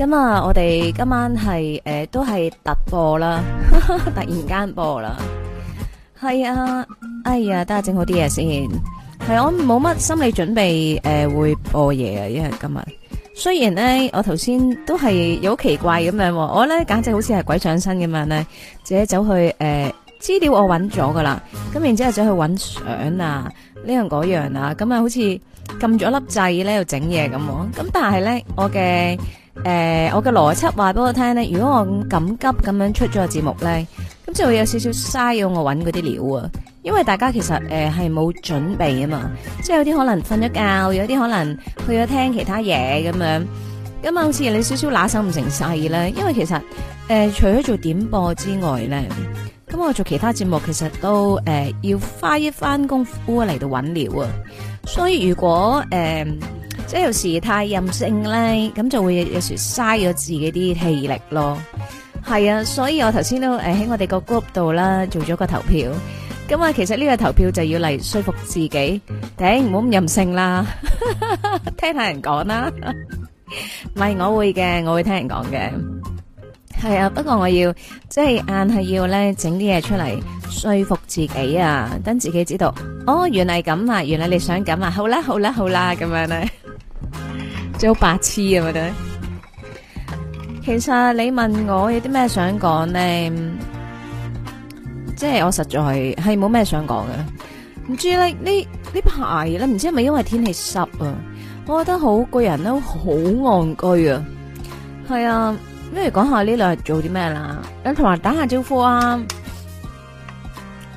咁啊，我哋今晚係誒、呃、都係突播啦， 突然間播啦。係啊，哎呀，等下整好啲嘢先。係啊，我冇乜心理準備誒、呃，會播嘢啊，因為今日雖然咧，我頭先都係有奇怪咁樣，我咧簡直好似係鬼上身咁樣咧，自己走去誒資、呃、料我揾咗噶啦，咁然之後走去揾相啊，呢樣嗰樣啊，咁啊好似撳咗粒掣咧度整嘢咁，咁但係咧我嘅。誒、呃，我嘅邏輯話俾我聽咧，如果我咁急咁樣出咗個節目咧，咁就會有少少嘥我搵嗰啲料啊，因為大家其實誒係冇準備啊嘛，即係有啲可能瞓咗覺，有啲可能去咗聽其他嘢咁樣，咁啊好似你少少拿手唔成世呢，因為其實誒、呃、除咗做點播之外咧，咁我做其他節目其實都誒、呃、要花一番功夫嚟到搵料啊，所以如果誒。呃即係有時太任性咧，咁就會有有時嘥咗自己啲氣力咯。係啊，所以我頭先都誒喺我哋個 group 度啦，做咗個投票。咁啊，其實呢個投票就要嚟說服自己，頂唔好咁任性啦。聽下人講啦，唔係我會嘅，我會聽人講嘅。係啊，不過我要即係硬係要咧，整啲嘢出嚟說服自己啊，等自己知道哦，原嚟咁啊，原嚟你想咁啊，好啦，好啦，好啦，咁樣咧。即係好白痴啊！我其實，你問我有啲咩想講呢？嗯、即係我實在係冇咩想講嘅。唔知咧，呢呢排咧，唔知係咪因為天氣濕啊？我覺得好個人都好戇居啊。係啊，不如講下呢兩日做啲咩啦？咁同埋打下招呼啊！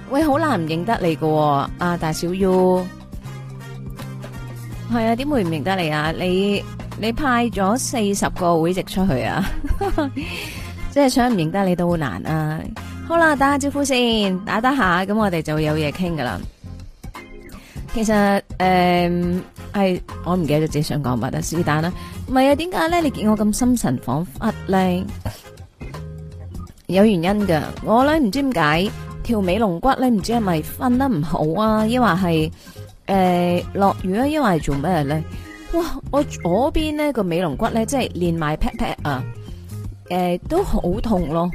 喂，好難唔認得你嘅，啊，阿大小 U。係啊，點會唔認得你啊？你你派咗四十個會籍出去啊，即 係想唔認得你都好難啊！好啦，打下招呼先，得打下，咁我哋就有嘢傾噶啦。其實，誒，係、呃，我唔記得自己想講乜啦，是但啦，唔係啊？點解咧？你見我咁心神恍惚咧？有原因噶，我咧唔知點解條尾龍骨咧，唔知係咪瞓得唔好啊？抑或係？誒、呃，落雨咧，因為係做咩咧？哇，我左邊呢個尾龍骨咧，即係連埋 pat pat 啊，誒、呃，都好痛咯。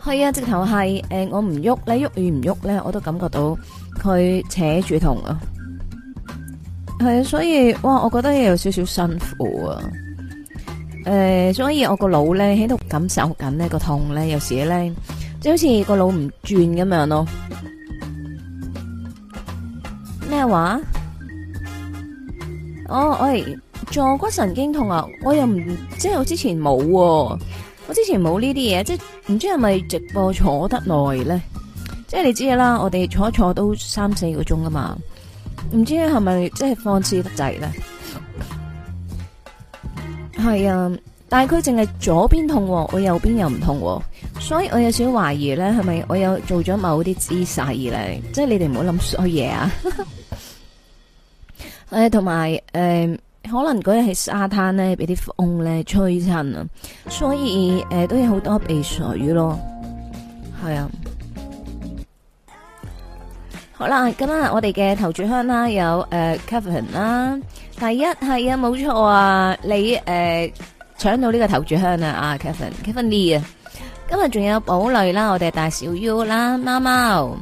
係啊，直頭係，誒、呃，我唔喐咧，喐與唔喐咧，我都感覺到佢扯住痛啊。係啊，所以哇，我覺得有少少辛苦啊。誒、呃，所以我個腦咧喺度感受緊呢個痛咧，有時咧，即係好似個腦唔轉咁樣咯。咩話？哦，我係坐骨神經痛啊！我又唔即係我之前冇喎，我之前冇呢啲嘢，即係唔知係咪直播坐得耐咧？即係你知啦，我哋坐一坐都三四個鐘噶嘛，唔知係咪即係放肆得滯咧？係啊，但係佢淨係左邊痛喎，我右邊又唔痛喎，所以我有少少懷疑咧，係咪我有做咗某啲姿勢嚟？即係你哋唔好諗衰嘢啊！ 誒、呃，同埋誒，可能嗰日喺沙灘咧，俾啲風咧吹親啊，所以誒、呃、都有好多鼻水咯，係啊、嗯。好啦，今天我們的啊我哋嘅頭柱香啦，有誒、呃、Kevin 啦，第一係啊，冇錯啊，你誒搶、呃、到呢個頭柱香啊，Kevin，Kevin Lee 啊，Kevin, Kevin Lee 今日仲有寶麗啦，我哋大小 U 啦，貓貓，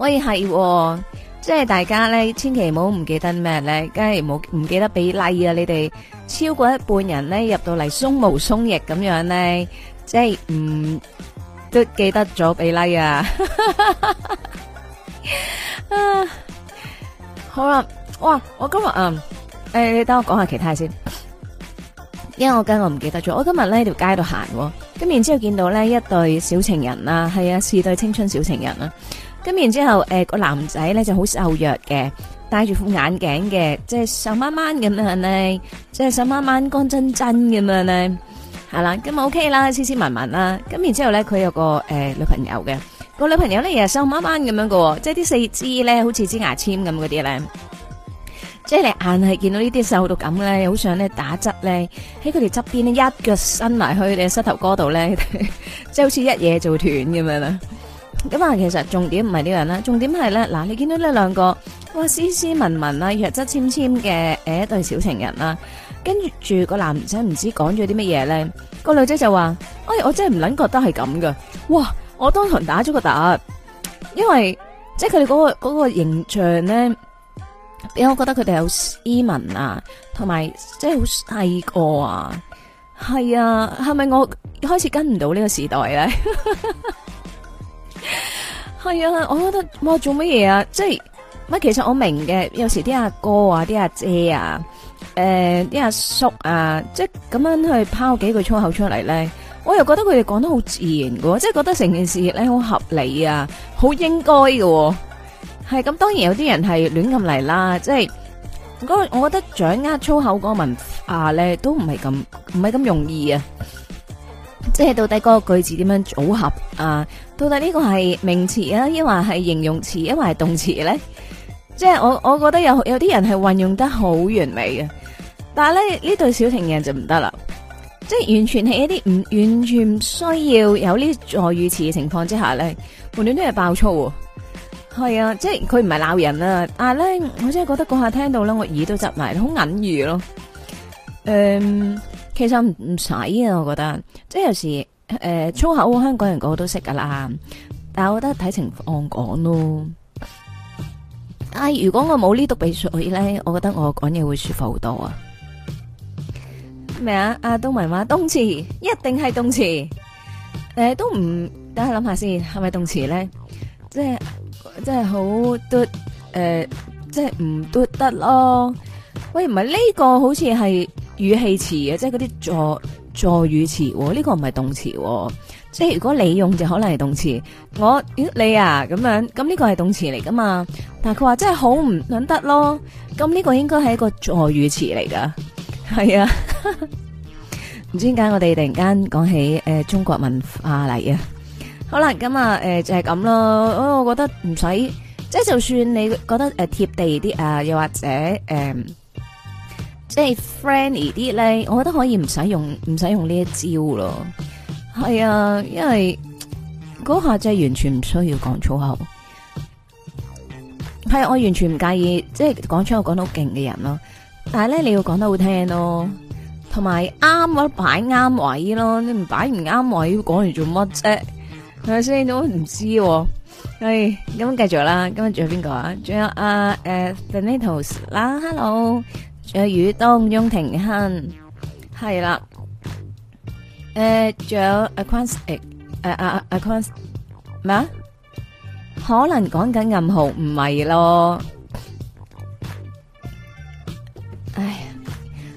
喂係。是啊即係大家咧，千祈唔好唔記得咩咧，梗係唔好唔記得俾 like 啊！你哋超過一半人咧入到嚟鬆毛鬆翼咁樣咧，即係唔都記得咗俾 like 啊！好啦，哇！我今日嗯誒，等、哎、我講下其他先，因為我今日我唔記得咗，我今日呢喺條街度行、啊，跟住之後見到呢，一對小情人啊，係啊，四對青春小情人啊。咁然之後，誒、呃、個男仔咧就好瘦弱嘅，戴住副眼鏡嘅，即係瘦掹掹咁樣咧，即係瘦掹掹乾真真咁樣咧，係啦，咁 OK 啦，斯斯文文啦。咁然之後咧，佢有個誒、呃、女朋友嘅，個女朋友咧又係瘦掹掹咁樣噶，即係啲四肢咧好似支牙籤咁嗰啲咧，即係你硬係見到呢啲瘦到咁咧，好想咧打側咧，喺佢哋側邊呢一腳伸埋去你膝頭哥度咧，即係好似一嘢就會斷咁樣啦。咁啊，其實重點唔係呢樣啦，重點係咧嗱，你見到呢兩個哇，斯斯文文啊，弱質纖纖嘅誒一對小情人啦，跟住個男仔唔知講咗啲乜嘢咧，個女仔就話，哎，我真係唔捻覺得係咁噶，哇，我當堂打咗個突，因為即係佢哋嗰個、嗰個形象咧，俾我覺得佢哋好斯文啊，同埋即係好細個啊，係啊，係咪我開始跟唔到呢個時代咧？ 係啊，我覺得哇，做乜嘢啊？即係乜？其實我明嘅，有時啲阿哥啊、啲阿姐啊、誒、啲阿叔啊，即係咁樣去拋幾句粗口出嚟咧，我又覺得佢哋講得好自然嘅，即係覺得成件事咧好合理啊，好應該嘅。係咁，當然有啲人係亂咁嚟啦。即係我，我覺得掌握粗口個文化咧，都唔係咁唔係咁容易啊。即係到底嗰個句子點樣組合啊？到底呢個係名詞啊，抑或係形容詞，抑或係動詞咧？即係我我覺得有有啲人係運用得好完美嘅，但係咧呢這對小情人就唔得啦，即係完全係一啲唔完全唔需要有呢啲助語詞嘅情況之下咧，胡亂都係爆粗。係啊，即係佢唔係鬧人啊，但係咧我真係覺得嗰下聽到咧，我耳都窒埋，好隱喻咯。誒、嗯。其實唔使啊，我覺得即係有時誒、呃、粗口，香港人個個都識噶啦。但係我覺得睇情況講咯。啊、哎，如果我冇呢度鼻水咧，我覺得我講嘢會舒服好多啊。咩啊？阿東文話動詞一定係動詞。誒、呃，都唔等下諗下先，係咪動詞咧？即係即係好嘟，誒、呃，即係唔嘟得咯。喂，唔係呢個好似係。語氣詞嘅，即係嗰啲助助語詞喎、哦，呢、這個唔係動詞喎、哦。即係如果你用就可能係動詞，我咦你啊咁樣，咁呢個係動詞嚟噶嘛？但係佢話真係好唔想得咯。咁呢個應該係一個助語詞嚟噶，係啊。唔 知點解我哋突然間講起誒、呃、中國文化嚟啊？好啦，咁啊誒、呃、就係、是、咁咯。哦，我覺得唔使，即係就算你覺得誒、呃、貼地啲啊，又、呃、或者誒。呃即係 friendly 啲咧，我覺得可以唔使用唔使用呢一招咯。係啊，因為嗰下真係完全唔需要講粗口。係、嗯，我完全唔介意，即係講粗口講得好勁嘅人咯。但係咧，你要講得好聽咯，同埋啱咯，擺啱位咯。你唔擺唔啱位，要講嚟做乜啫？係咪先？都唔知。係，咁繼續啦。今日，仲有邊個啊？仲有啊誒 Tomatoes、啊、啦、啊，Hello。有雨都唔用停慳，係啦。誒，仲、欸、有 a c o t 誒啊 c o n i t 咩啊 Aquance？可能講緊暗號唔係咯。唉，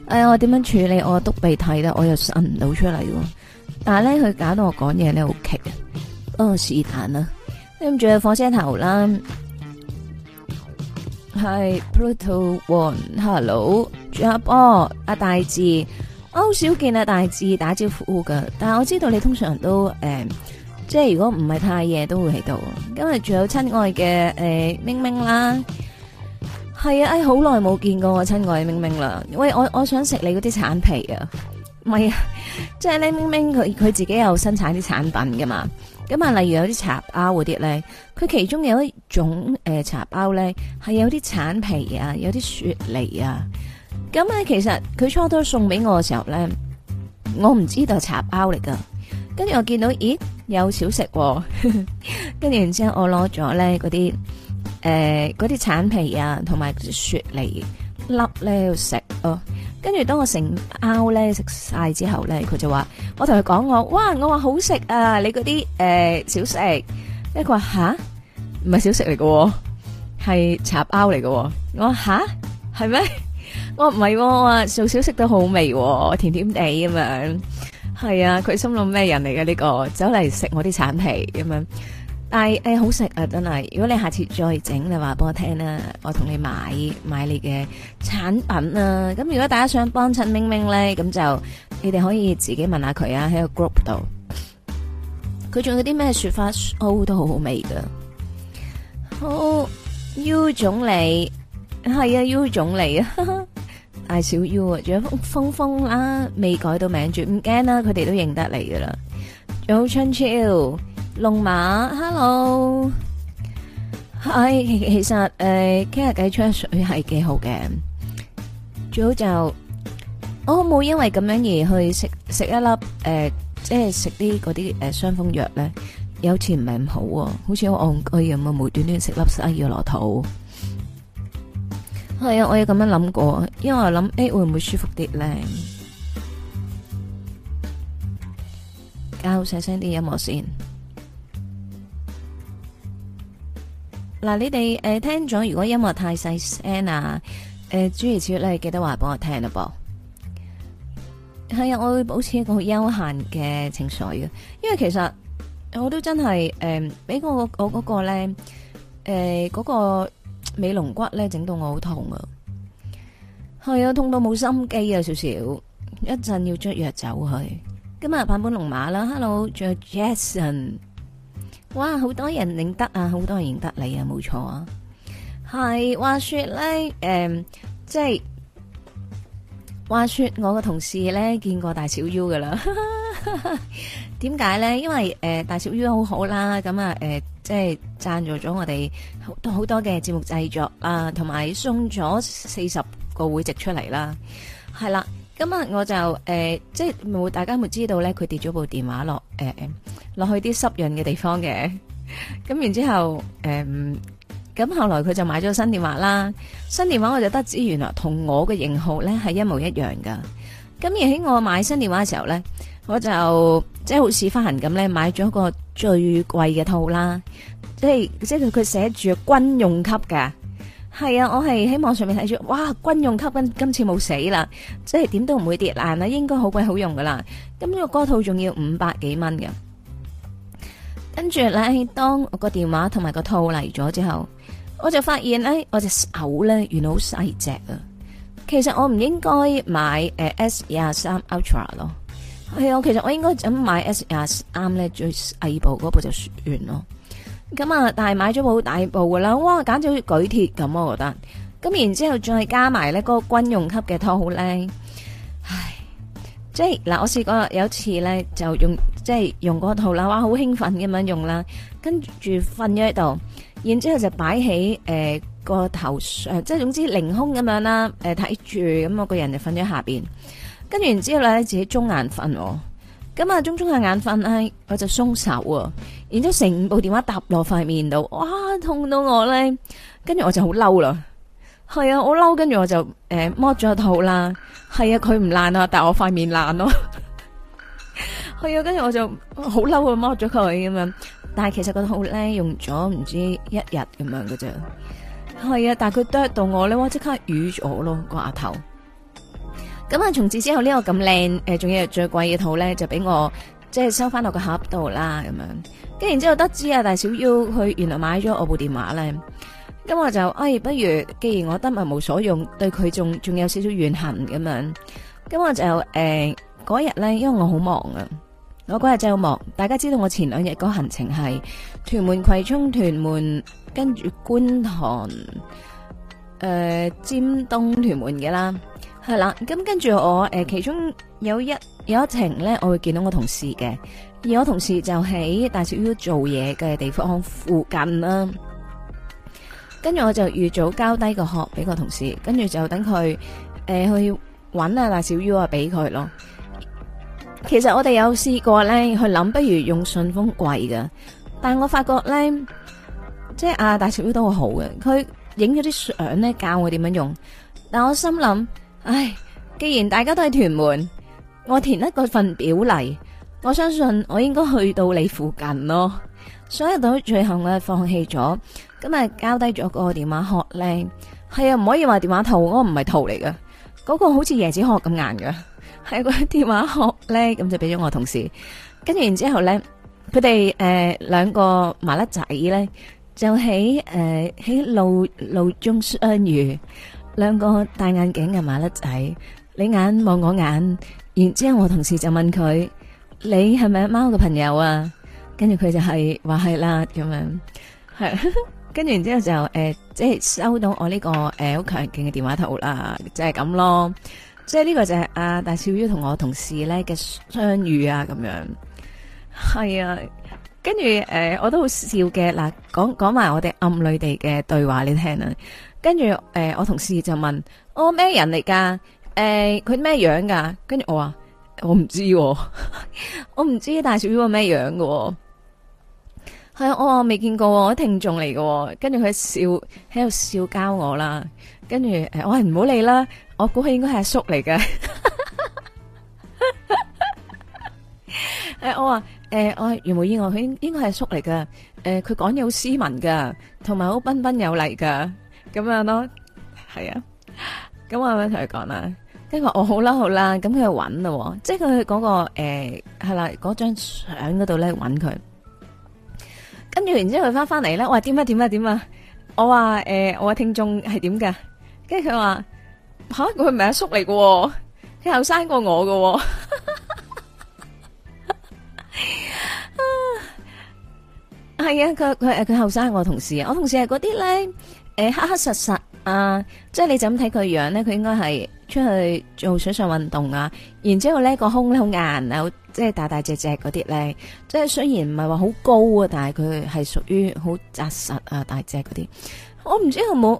唉，我點樣處理？我督鼻涕啦，我又擤唔到出嚟喎。但係咧，佢搞到我講嘢咧好奇，啊。哦，是但啦，跟住火車頭啦。係 Pluto One hello，阿波阿、啊、大志，我好少見啊大志打招呼噶，但係我知道你通常都誒、欸，即係如果唔係太夜都會喺度。今日仲有親愛嘅誒、欸，明明啦，係啊，哎，好耐冇見過我親愛嘅明明啦。喂，我我想食你嗰啲橙皮不是啊，唔係啊，即係咧明明佢佢自己有生產啲產品噶嘛。咁啊，例如有啲茶包嗰啲咧，佢其中有一種誒茶包咧，係有啲橙皮啊，有啲雪梨啊。咁啊，其實佢初初送俾我嘅時候咧，我唔知道是茶包嚟噶，跟住我見到，咦，有小食，啊，跟住然之後我攞咗咧嗰啲誒嗰啲橙皮啊，同埋雪梨粒咧要食咯。跟住當我成包咧食晒之後咧，佢就話：我同佢講我，哇！我話好食啊！你嗰啲誒小食，即係佢話吓，唔係小食嚟嘅，係茶包嚟嘅。我話吓，係咩？我唔係、啊，我話做小食都好味、啊，甜甜地咁樣。係啊，佢心諗咩人嚟嘅呢個？走嚟食我啲橙皮咁樣。但係誒、欸，好食啊，真係！如果你下次再整，你話幫我聽啦，我同你買買你嘅產品啦、啊。咁如果大家想幫襯明明咧，咁就你哋可以自己問下佢啊，喺個 group 度。佢仲有啲咩雪花糕都好好味噶。好 U 總理係啊 U 總理啊，大小 U 啊，仲有風風啦，未改到名住，唔驚啦，佢哋都認得你噶啦。早春超。龍馬，hello，係，其實誒傾下偈吹下水係幾好嘅，最好就我冇因為咁樣而去食食一粒誒，即係食啲嗰啲誒傷風藥咧，有次唔係咁好，好似好戇居咁啊，無端端食粒西藥落肚。係啊，我有咁樣諗過，因為我諗誒會唔會舒服啲咧？搞細聲啲音樂先。嗱，你哋誒、呃，聽咗如果音樂太細聲啊，誒、呃，諸如此類，記得話俾我聽咯，噃。係啊，我會保持一個好悠閒嘅情緒嘅，因為其實我都真係誒，俾、呃、我我嗰個咧，誒、呃，嗰、嗰個尾龍骨咧，整到我好痛啊，係啊，痛到冇心機啊，少少，一陣要捽藥走出去，今日版本龍馬啦，Hello，仲有 Jason。哇，好多人認得啊，好多人認得你啊，冇錯啊。係話說咧，誒、呃，即係話說我個同事咧見過大小 U 噶啦。點解咧？因為誒、呃、大小 U 好好啦，咁啊誒即係贊助咗我哋好，好多好多嘅節目製作啊，同埋送咗四十個會籍出嚟啦。係啦。今日我就誒、呃，即係大家冇知道咧，佢跌咗部電話落誒落去啲濕潤嘅地方嘅。咁 然之後誒，咁、呃、後來佢就買咗新電話啦。新電話我就得知原來同我嘅型號咧係一模一樣㗎。咁而喺我買新電話嘅時候咧，我就即係、就係、好似發行咁咧買咗個最貴嘅套啦。即係即係佢寫住軍用級嘅。係啊，我係喺網上面睇住，哇，軍用級跟今次冇死啦，即係點都唔會跌爛啦，應該好鬼好用噶啦。咁、那、呢個套仲要五百幾蚊嘅，跟住咧，當我個電話同埋個套嚟咗之後，我就發現咧，我隻手咧，原來好細隻啊。其實我唔應該買誒 S23 Ultra 咯，係啊，其實我應該咁買 S23 咧，最細部嗰部就算咯。咁啊！但係買咗部好大部噶啦，哇！簡直好似舉鐵咁，我覺得。咁然之後再加埋咧，個軍用級嘅套好靚。唉，即係嗱，我試過有一次咧，就、用即係用嗰套啦，哇！好興奮咁樣用啦，跟住瞓咗喺度，然之後就擺起誒、呃、個頭上、呃，即係總之凌空咁樣啦。誒、呃，睇住咁我個人就瞓咗下邊，跟住然之後咧自己中眼瞓喎。咁啊中中下眼瞓、啊，我就鬆手喎。然之後成部電話搭落塊面度，哇，痛到我咧！跟住我就好嬲啦，係啊，我嬲，跟住我就誒摸咗個肚啦，係、呃、啊，佢唔爛，爛 啊，啊，但係我塊面爛咯，係啊，跟住我就好嬲啊，摸咗佢咁樣，但係其實個肚咧，用咗唔知一日咁樣噶啫，係啊，但係佢啄到我咧，即刻瘀咗咯個頭。咁啊，從此之後呢、呢個咁靚誒，仲、呃、要最貴嘅肚咧，就俾我即係收翻落個盒度啦，咁樣。跟然之後得知啊，但小妖佢原來買咗我部電話咧，咁、嗯、我就哎不如，既然我得物無所用，對佢仲仲有少少怨恨咁樣，咁、嗯、我就誒嗰日咧，因為我好忙啊，我嗰日真係好忙，大家知道我前兩日個行程係屯門葵涌、屯門，跟住觀塘、誒、呃、尖東屯門嘅啦，係啦，咁、嗯、跟住我誒、呃、其中有一有一程咧，我會見到我同事嘅。而我同事就喺大小 U 做嘢嘅地方附近啦，跟住我就預早交低個殼俾個同事，跟住就等佢誒去搵啊大小 U 啊俾佢咯。其實我哋有試過咧去諗，不如用順豐櫃噶，但我發覺咧，即係啊大小 U 都好嘅，佢影咗啲相咧，教我點樣用，但我心諗，唉，既然大家都係屯門，我填一個份表嚟。我相信我應該去到你附近咯，所以到最後我就放棄咗。今日交低咗個電話殼咧。係啊，唔可以話電話套，嗰個唔係套嚟噶，嗰個好似椰子殼咁硬噶。係個電話殼咧，咁就俾咗我同事。跟住然之後咧，佢哋誒兩個麻甩仔咧，就喺誒喺路路中相遇，兩個戴眼鏡嘅麻甩仔，你眼望我眼，然之後我同事就問佢。你係咪貓嘅朋友啊？跟住佢就係話係啦，咁樣係，啊、 跟住然之後就誒、呃，即係收到我呢、這個誒好強勁嘅電話圖啦，就係、是、咁咯。即係呢個就係阿大少于同我同事咧嘅相遇啊，咁樣係啊。跟住誒、呃，我都好笑嘅。嗱，講講埋我哋暗裏地嘅對話你聽啊。跟住誒、呃，我同事就問：我、哦、咩人嚟噶？誒、呃，佢咩樣噶？跟住我話。我唔知，我唔知大少少咩樣嘅？係啊，我未見過，我聽眾嚟嘅。跟住佢笑喺度笑教我啦，跟住我係唔好理啦，我估佢應該係阿叔嚟嘅，誒我話誒我毫無意外，佢應該係叔嚟嘅，誒佢講嘢好斯文嘅，同埋好彬彬有禮嘅，咁樣咯，係啊，咁我咪同佢講啦。跟住我好啦好啦，咁佢去揾咯，即係佢嗰個誒系啦，嗰張相嗰度咧揾佢，跟住然之後佢翻翻嚟咧，我話點啊點啊點啊，我話誒我話聽眾係點噶，跟住佢話吓佢唔係阿叔嚟嘅，佢後生過我㗎，係啊佢佢誒佢後生係我同事啊，我同事係嗰啲咧誒，黑黑實實。啊，即係你就咁睇佢樣咧，佢應該係出去做水上運動啊，然之後咧個胸好硬，啊，即係大大隻隻嗰啲咧，即係雖然唔係話好高啊，但係佢係屬於好紮實啊大隻嗰啲。我唔知有冇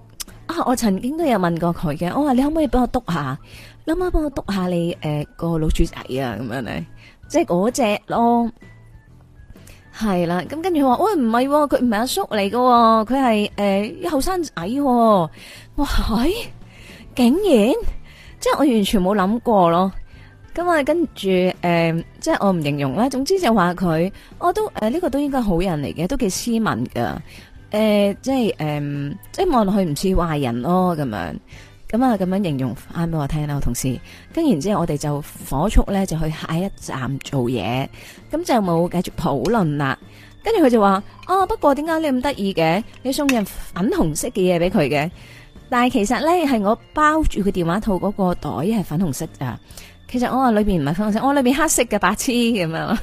啊，我曾經都有問過佢嘅，我話你可唔可以幫我督下，你可唔可以幫我督下你誒個、呃、老鼠仔啊咁樣咧，即係嗰隻咯。係啦，咁跟住佢話，喂，唔係，佢唔係阿叔嚟噶、哦，佢係誒後生仔，我話係竟然，即係我完全冇諗過咯。咁啊，跟住誒，即係我唔形容啦，總之就話佢，我都誒呢、呃呢個都應該好人嚟嘅，都幾斯文噶，誒、呃、即係誒、呃、即係望落去唔似壞人咯咁樣。咁啊，咁樣形容返俾我聽啦，我同事。跟然之後，我哋就火速咧就去下一站做嘢。咁就冇繼續討論啦。跟住佢就話，哦、啊，不過點解你咁得意嘅，你送人粉紅色嘅嘢俾佢嘅？但係其實咧，係我包住佢電話套嗰個袋係粉紅色噶。其實我話裏邊唔係粉紅色，我裏邊黑色嘅白痴咁樣。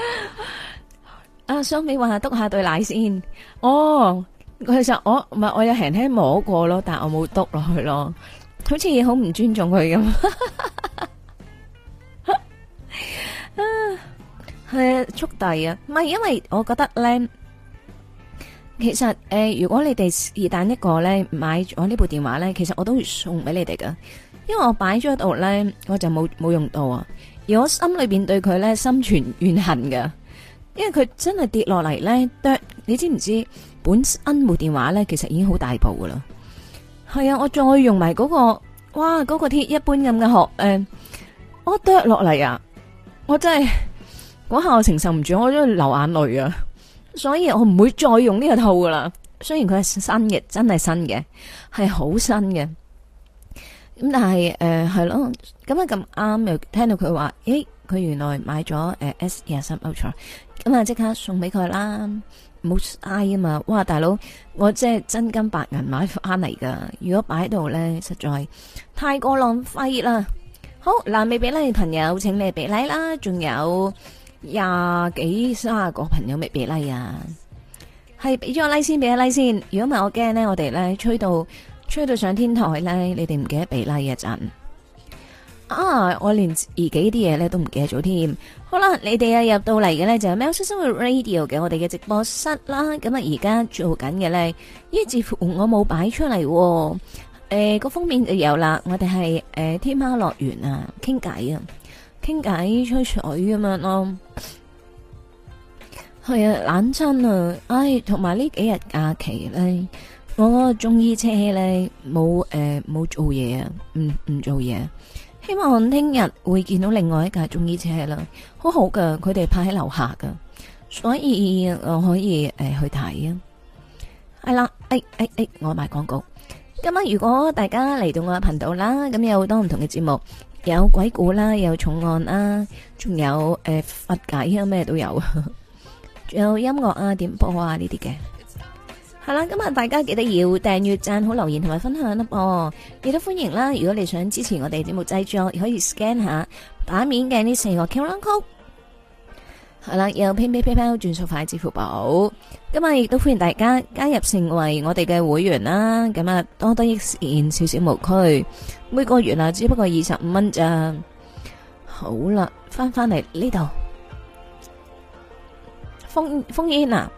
啊，相比話篤下對奶先。哦。其實我唔係我有輕輕摸過咯，但我冇篤落去咯，好似好唔尊重佢咁。係啊速遞啊，唔係、啊啊、因為我覺得咧，其實誒、呃，如果你哋二彈一個咧，買我呢部電話咧，其實我都會送俾你哋噶，因為我擺咗喺度咧，我就冇冇用到啊，而我心裏邊對佢咧心存怨恨噶，因為佢真係跌落嚟咧，你知唔知？本身部電話咧，其實已經好大部噶啦。係啊，我再用埋、那、嗰個，哇，嗰、那個鐵一般咁嘅殼，誒、呃，我 drop 落嚟啊！我真係嗰下我承受唔住，我都流眼淚啊！所以我唔會再用呢個套噶啦。雖然佢係新嘅，真係新嘅，係好新嘅。咁但係誒，係、呃、咯，咁啊咁啱又聽到佢話，誒、欸，佢原來買咗誒 S 廿三 Ultra，咁啊即刻送俾佢啦。冇嘥啊嘛！哇，大佬，我即係真金白銀買翻嚟噶，如果擺喺度咧，實在太過浪費啦。好，嗱，未俾 like 嘅朋友，請你俾 like 啦。仲有廿幾卅個朋友未俾 like 啊？係俾咗個 like 先，俾個 like 先。如果唔係，我驚咧，我哋咧吹到吹到上天台咧，你哋唔記得俾 like 一陣。啊！我連自己啲嘢咧都唔記得咗添。好啦，你哋啊入到嚟嘅咧就係喵式生活嘅 Radio 嘅我哋嘅直播室啦。咁、嗯、啊，而家做緊嘅咧，呢似乎我冇擺出嚟誒，個、欸、封面就有啦。我哋係誒天喵樂園啊，傾偈啊，傾偈吹水咁樣咯。係啊，冷親啊，唉，同埋呢幾日假期咧，我個中醫車咧冇誒冇做嘢啊，唔唔做嘢。希望聽日會見到另外一架中醫車啦，好好噶，佢哋派喺樓下噶，所以我可以誒、呃、去睇啊。係啦，誒誒誒，我賣廣告。今晚如果大家嚟到我頻道啦，咁有好多唔同嘅節目，有鬼故啦，有重案啦，仲有誒、呃、佛偈啊，咩都有，仲 有音樂啊，點播啊呢啲嘅。這些係啦，今日大家記得要訂閱、讚好、留言同埋分享啦，亦都歡迎啦。如果你想支持我哋節目製作，可以 scan 下打面嘅呢四個 QR code。係啦，有 PayPal 轉數快支付寶。今日亦都歡迎大家加入成為我哋嘅會員啦。咁啊，多多益善，少少無區，每個月啊，只不過二十五蚊咋。好啦，翻翻嚟呢度。封烽煙啊，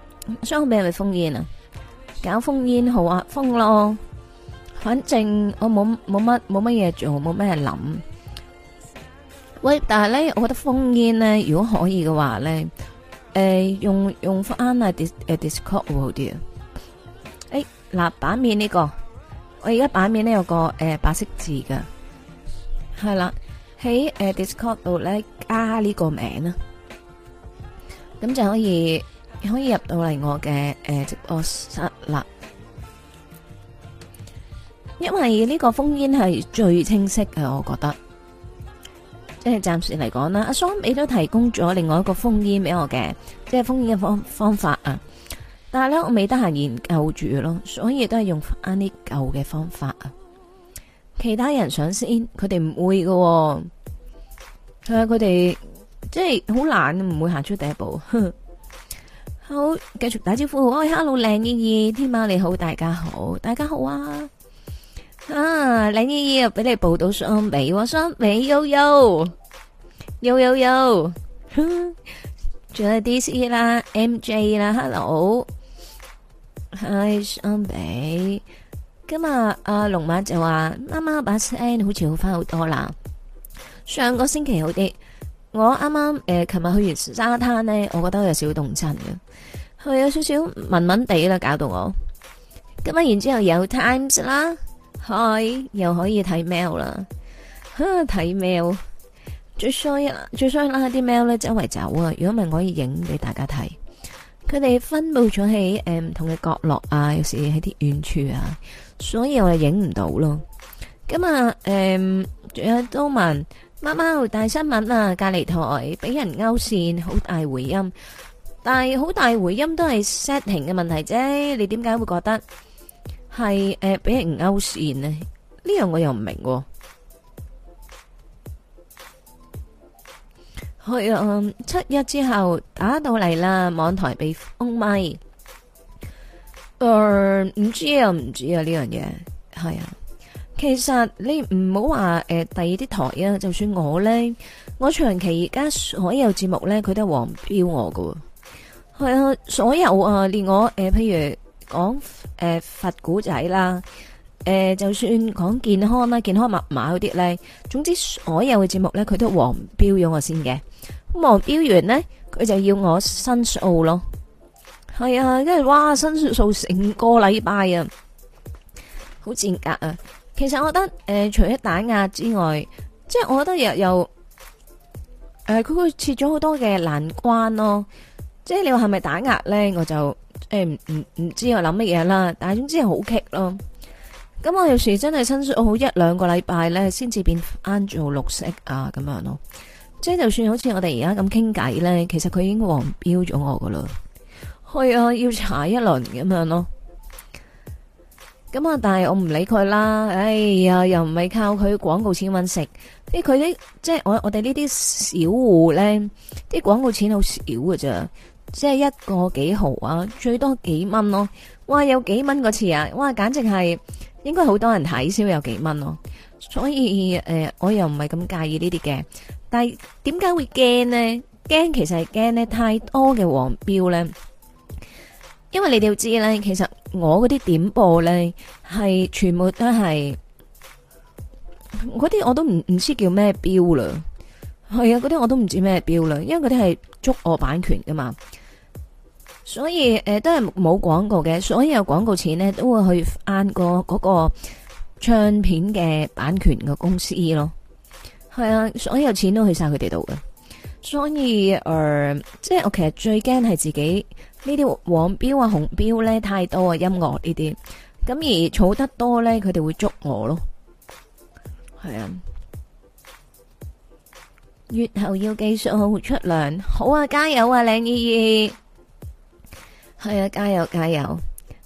雙面係咪封煙啊？搞封煙好啊，封咯，反正我冇冇乜冇乜嘢做，冇咩諗。喂，但係咧，我覺得封煙咧，如果可以嘅話咧，誒用用翻啊 dis 誒 Discord 會好啲啊。誒，嗱版面呢個，我而家版面咧有個誒白色字嘅，係啦，喺誒 Discord 度咧加呢個名啦，咁就可以。可以入到嚟我嘅誒，直播室啦。因為呢個烽煙係最清晰嘅，我覺得，即係暫時嚟講啦。阿雙美都提供咗另外一個烽煙俾我嘅，即係烽煙嘅方方法啊。但係咧，我未得閒研究住咯，所以都係用翻啲舊嘅方法啊。其他人想先，佢哋唔會嘅、哦，係、呃、啊，佢哋即係好懶唔會行出第一步。呵呵好，繼續打招呼。哎、哦、hello，靚姨姨，天喵啊！你好，大家好，大家好啊又又又又又呵呵 Hello、哎！啊，靚姨姨，又俾你報到雙美，雙美悠悠悠悠悠，仲有 D C 啦，M J 啦，hello，Hi 雙美，今日阿龍馬就話，媽媽把聲好似好返好多啦。上個星期好啲，我啱啱誒，琴、呃、日去完沙灘咧，我覺得有少少凍親嘅。係、嗯、有少少文文地啦，搞到我。咁、嗯、啊，然之後有 times 啦，係又可以睇 mail 啦。哈、啊，睇 mail 最衰啊，最衰啦，啲 mail 咧周圍走啊。如果唔係我可以影俾大家睇，佢哋分佈咗喺誒唔同嘅角落啊，有時喺啲遠處啊，所以我係影唔到咯。咁、嗯、啊，誒、嗯，仲有都問貓貓大新聞啊，隔離台俾人勾線，好大回音。但係好大回音都係 setting 嘅問題啫。你點解會覺得係誒俾人勾線呢？呢樣我又唔明、啊。係啊，七日之後打到嚟啦，網台被封咪。誒、呃，唔知啊，唔知啊？呢、啊、樣嘢係啊。其實你唔好話誒，第二啲台啊，就算我呢，我長期而家所有節目呢，佢都係黃標我噶。係啊，所有啊，連我誒、呃，譬如講誒，佛古仔啦，誒、呃，就算講健康啦，健康密碼嗰啲咧，總之所有嘅節目咧，佢都黃標咗我先嘅，咁黃標完咧，佢就要我申訴咯。係啊，跟住哇，申訴成個禮拜啊，好賤格啊！其實我覺得誒、呃，除咗打壓之外，即係我覺得又又誒，佢會設咗好多嘅難關咯。即係你話係咪打壓呢？我就誒唔唔唔知我諗乜嘢啦。但係總之係好棘咯。咁我有時真係親疏好一兩個禮拜呢，先至變翻做綠色啊咁樣咯。即係就算好似我哋而家咁傾偈呢，其實佢已經黃標咗我噶啦。係啊，要查一輪咁樣咯。咁啊，但係我唔理佢啦。哎呀，又唔係靠佢廣告錢揾食。即係佢啲即係我我哋呢啲小戶呢，啲廣告錢好少噶咋。即係一個幾毫啊，最多幾蚊咯。哇，有幾蚊嗰次啊！哇，簡直係應該好多人睇先會有幾蚊咯。所以誒、呃，我又唔係咁介意呢啲嘅。但係點解會驚呢？驚其實係驚呢太多嘅黃標呢？因為你哋要知呢，其實我嗰啲點播呢，係全部都係嗰啲，我都唔唔知叫咩標啦。係啊，嗰啲我都唔知咩標啦，因為嗰啲係捉我版權噶嘛。所以誒、呃，都係冇廣告嘅，所以有廣告錢呢都會去翻個嗰個唱片嘅版權嘅公司咯。係啊，所有錢都去晒佢哋度嘅。所以誒、呃，即係我其實最驚係自己呢啲黃標啊、紅標呢太多啊，音樂呢啲，咁而儲得多呢，佢哋會捉我咯。係啊，月後要技術好出糧，好啊，加油啊，靚姨姨！係啊，加油加油！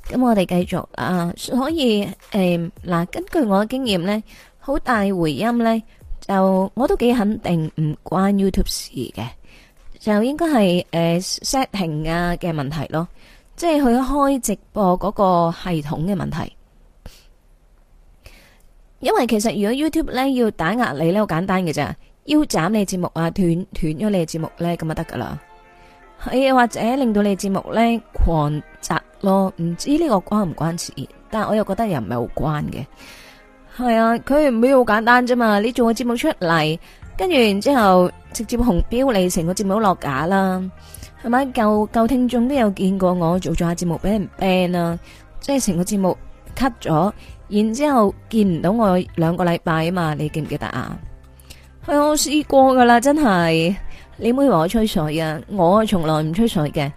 咁我哋繼續啊，所以誒嗱，根據我嘅經驗咧，好大回音咧，就我都幾肯定唔關 YouTube 事嘅，就應該係誒 setting 啊嘅問題咯，即係佢開直播嗰個系統嘅問題。因為其實如果 YouTube 咧要打壓你咧，好簡單嘅咋，腰斬你節目啊，斷斷咗你節目咧，咁就得噶啦。係或者令到你節目咧狂砸咯，唔知呢個關唔關事，但係我又覺得又唔係好關嘅。係啊，佢唔會好簡單啫嘛。你做個節目出嚟，跟住然之後直接紅標你成個節目都落架啦，係咪？舊舊聽眾都有見過我做咗下節目俾人 ban 啊，即係成個節目 cut 咗，然之後見唔到我兩個禮拜啊嘛，你記唔記得啊？係我試過噶啦，真係。你唔會話我吹水啊！我從來唔吹水嘅，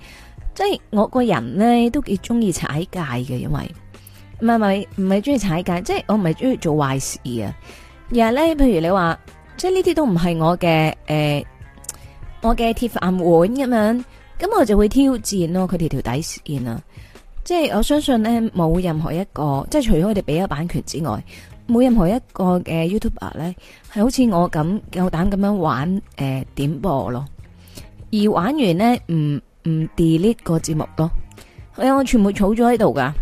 即係我個人咧都幾中意踩界嘅。因為唔係咪唔係中意踩界，即係我唔係中意做壞事啊！而係咧，譬如你話，即係呢啲都唔係我嘅誒、呃，我嘅鐵飯碗咁樣，咁我就會挑戰咯佢哋條底線啊！即係我相信咧冇任何一個，即係除咗佢哋俾咗版權之外。冇任何一個嘅 YouTuber 咧，係好似我咁夠膽咁樣玩誒、呃、點播咯，而玩完呢，唔唔 delete 個節目咯，係、哎、我全部儲咗喺度噶。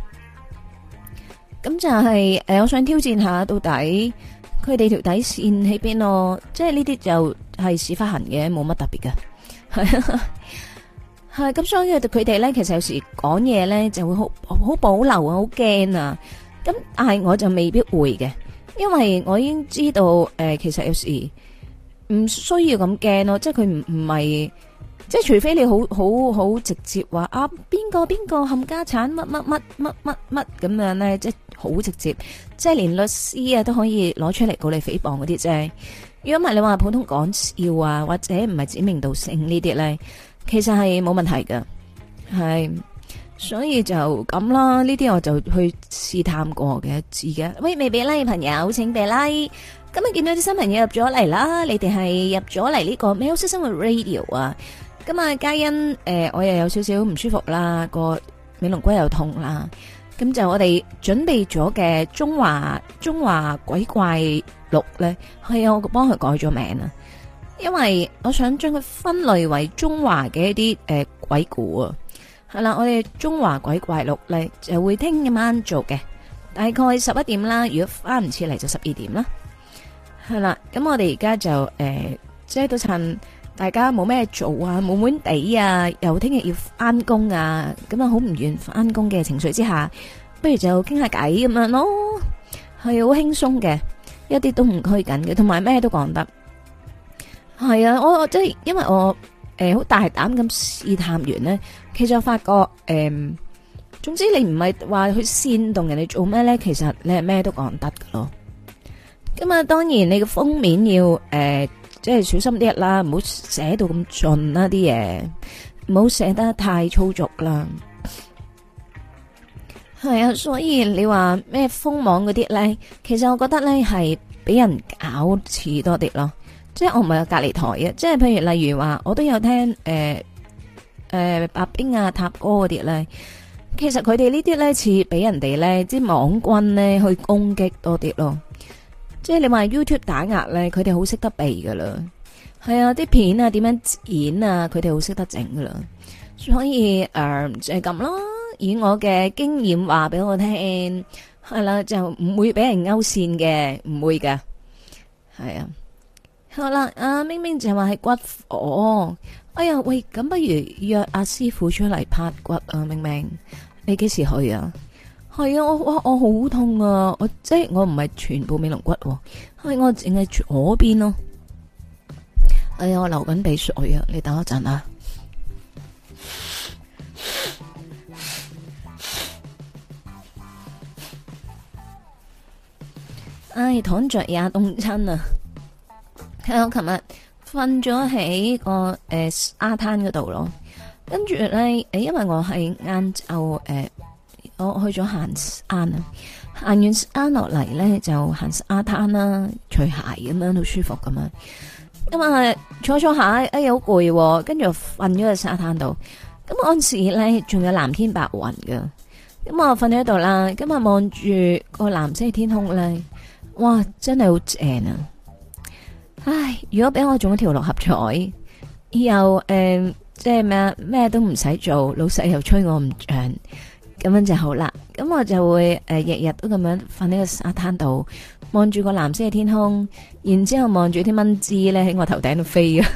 咁就係、是、誒、哎，我想挑戰下到底佢哋條底線喺邊咯，即係呢啲就係屎忽痕嘅，冇乜特別嘅，係係咁。所以佢哋咧，其實有時講嘢咧就會好好保留很怕啊，好驚啊。咁但係我就未必會嘅，因為我已經知道誒、呃，其實有時唔需要咁驚咯，即係佢唔唔係，即係除非你好好好直接話啊邊個邊個冚家產乜乜乜乜乜乜咁樣咧，即係好直接，即係連律師啊都可以攞出嚟告你誹謗嗰啲啫。如果唔係你話普通講笑啊，或者唔係指名道姓呢啲咧，其實係冇問題嘅，係。所以就咁啦，呢啲我就去試探過嘅一次嘅。喂，未俾 like，朋友，請俾拉、like。今日見到啲新朋友入咗嚟，啦你哋係入咗嚟呢個喵式生活 radio 啊。咁啊，嘉欣誒，我又有少少唔舒服啦，個尾龍骨又痛啦。咁就我哋準備咗嘅中華中華鬼怪錄咧，係啊，我幫佢改咗名啊，因為我想將佢分類為中華嘅一啲誒、呃、鬼故啊。係啦，我哋《中華鬼怪錄》咧就會聽今晚做嘅，大概十一點啦。如果翻唔切嚟，就十二點啦。係啦，咁我哋而家就誒，即係都趁大家冇咩做啊，悶悶地啊，又聽日要翻工啊，咁啊好唔願翻工嘅情緒之下，不如就傾下偈咁樣咯，係好輕鬆嘅，一啲都唔拘謹嘅，同埋咩都講得係啊。我我即係因為我誒好大膽咁試探完呢。其實我發覺，誒、嗯，總之你唔係話去煽動人哋做咩咧，其實你係咩都講得噶咯。咁啊，當然你個封面要誒、呃，即係小心啲啦，唔好寫到咁盡啦啲嘢，唔好寫得太粗俗啦。係啊，所以你話咩封網嗰啲咧，其實我覺得咧係俾人搞似多啲咯。即係我唔係有隔離台嘅，即係譬如例如話，我都有聽誒。呃誒，白兵啊，塔哥嗰啲咧，其實佢哋呢啲咧似俾人哋咧，即係網軍咧去攻擊多啲咯。即係你話 YouTube 打壓咧，佢哋好識得避噶啦。係啊，啲片啊，點樣剪啊，佢哋好識得整噶啦。所以誒、呃，就係咁咯。以我嘅經驗話俾我聽，係啦，就唔會俾人勾線嘅，唔會嘅。係啊，好啦，阿明明就話係骨火。哎呀，喂，咁不如約阿師傅出嚟拍骨啊，明明，你幾時去啊？係啊，我我好痛啊，我即係我唔係全部尾龍骨，啊、係、啊、我淨係左邊咯，啊。哎呀，我流緊鼻水啊，你等我一陣啊。哎，躺着也凍親啊！睇我琴日。瞓咗喺個誒、欸、沙灘嗰度咯，跟住咧誒，因為我係晏晝誒，我去咗行山啊，行完山落嚟，咧就行沙灘啦，除鞋咁樣好舒服咁樣咁啊，坐坐鞋，哎好攰，跟住瞓咗喺沙灘度。咁當時咧仲有藍天白雲噶，咁、嗯、我瞓喺度啦，咁啊望住個藍色天空咧，哇真係好正啊！唉，如果俾我中一條六合彩，以後誒，即係咩啊，咩都唔使做，老細又吹我唔脹，咁樣就好啦。咁我就會誒，日、呃、日都咁樣瞓喺個沙灘度，望住個藍色嘅天空，然之後望住啲蚊子咧喺我頭頂度飛啊。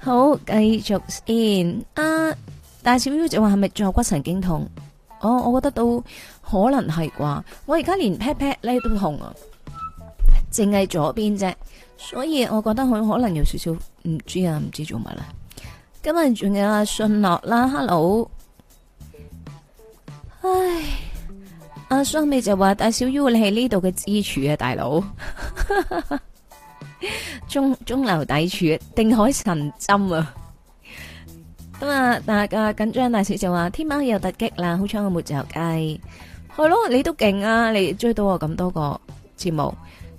好，繼續先。啊，大小 U 就話係咪仲有骨神經痛？我、哦、我覺得都可能係啩。我而家連 pat pat 咧都痛啊。淨係左邊隻，所以我覺得佢可能有少少唔知啊，唔知做乜啦。今日仲有阿信樂啦，hello，唉，阿信美就話：，大小 U 你喺呢度嘅支柱啊，大佬， 中中流砥柱定海神針啊。咁啊，大家阿緊張大小就話：，天喵又突擊啦，好彩我冇走街。」係咯，你都勁啊，你追到我咁多個節目。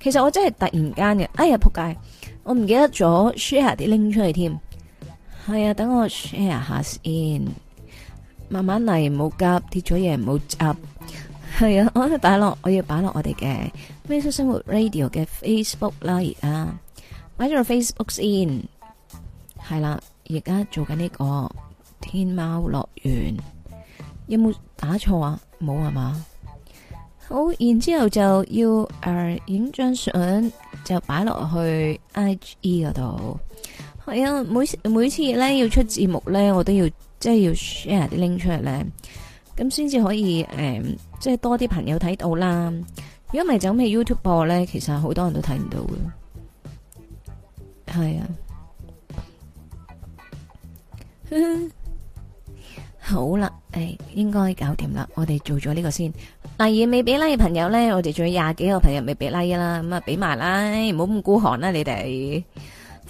其實我真係突然間嘅哎呀仆街，我唔記得咗 share 啲拎出嚟添，係啊，等我 share 下先，慢慢嚟，唔好急，跌咗嘢，唔好急，係啊，我都擺落，我要擺落我哋嘅喵式生活 radio 嘅 Facebook 啦，而家擺咗個 Facebook 先，係啦、啊，而家做緊呢、這個天喵樂園，有冇打錯啊？冇係嘛？是好，然之後就要誒影、呃、張相，就擺落去 IG 嗰度。係、嗯、啊，每次每次咧要出節目咧，我都要即係要 share 啲 link 出嚟咧，咁先至可以誒、呃，即係多啲朋友睇到啦。如果唔係走咩 YouTube 播咧，其實好多人都睇唔到嘅。係啊。 好啦，誒、哎，應該搞掂啦。我哋做咗呢個先，但係未俾 like 嘅朋友咧，我哋仲有廿幾個朋友未俾 like 啦，咁啊俾埋啦，唔好咁孤寒啦，你哋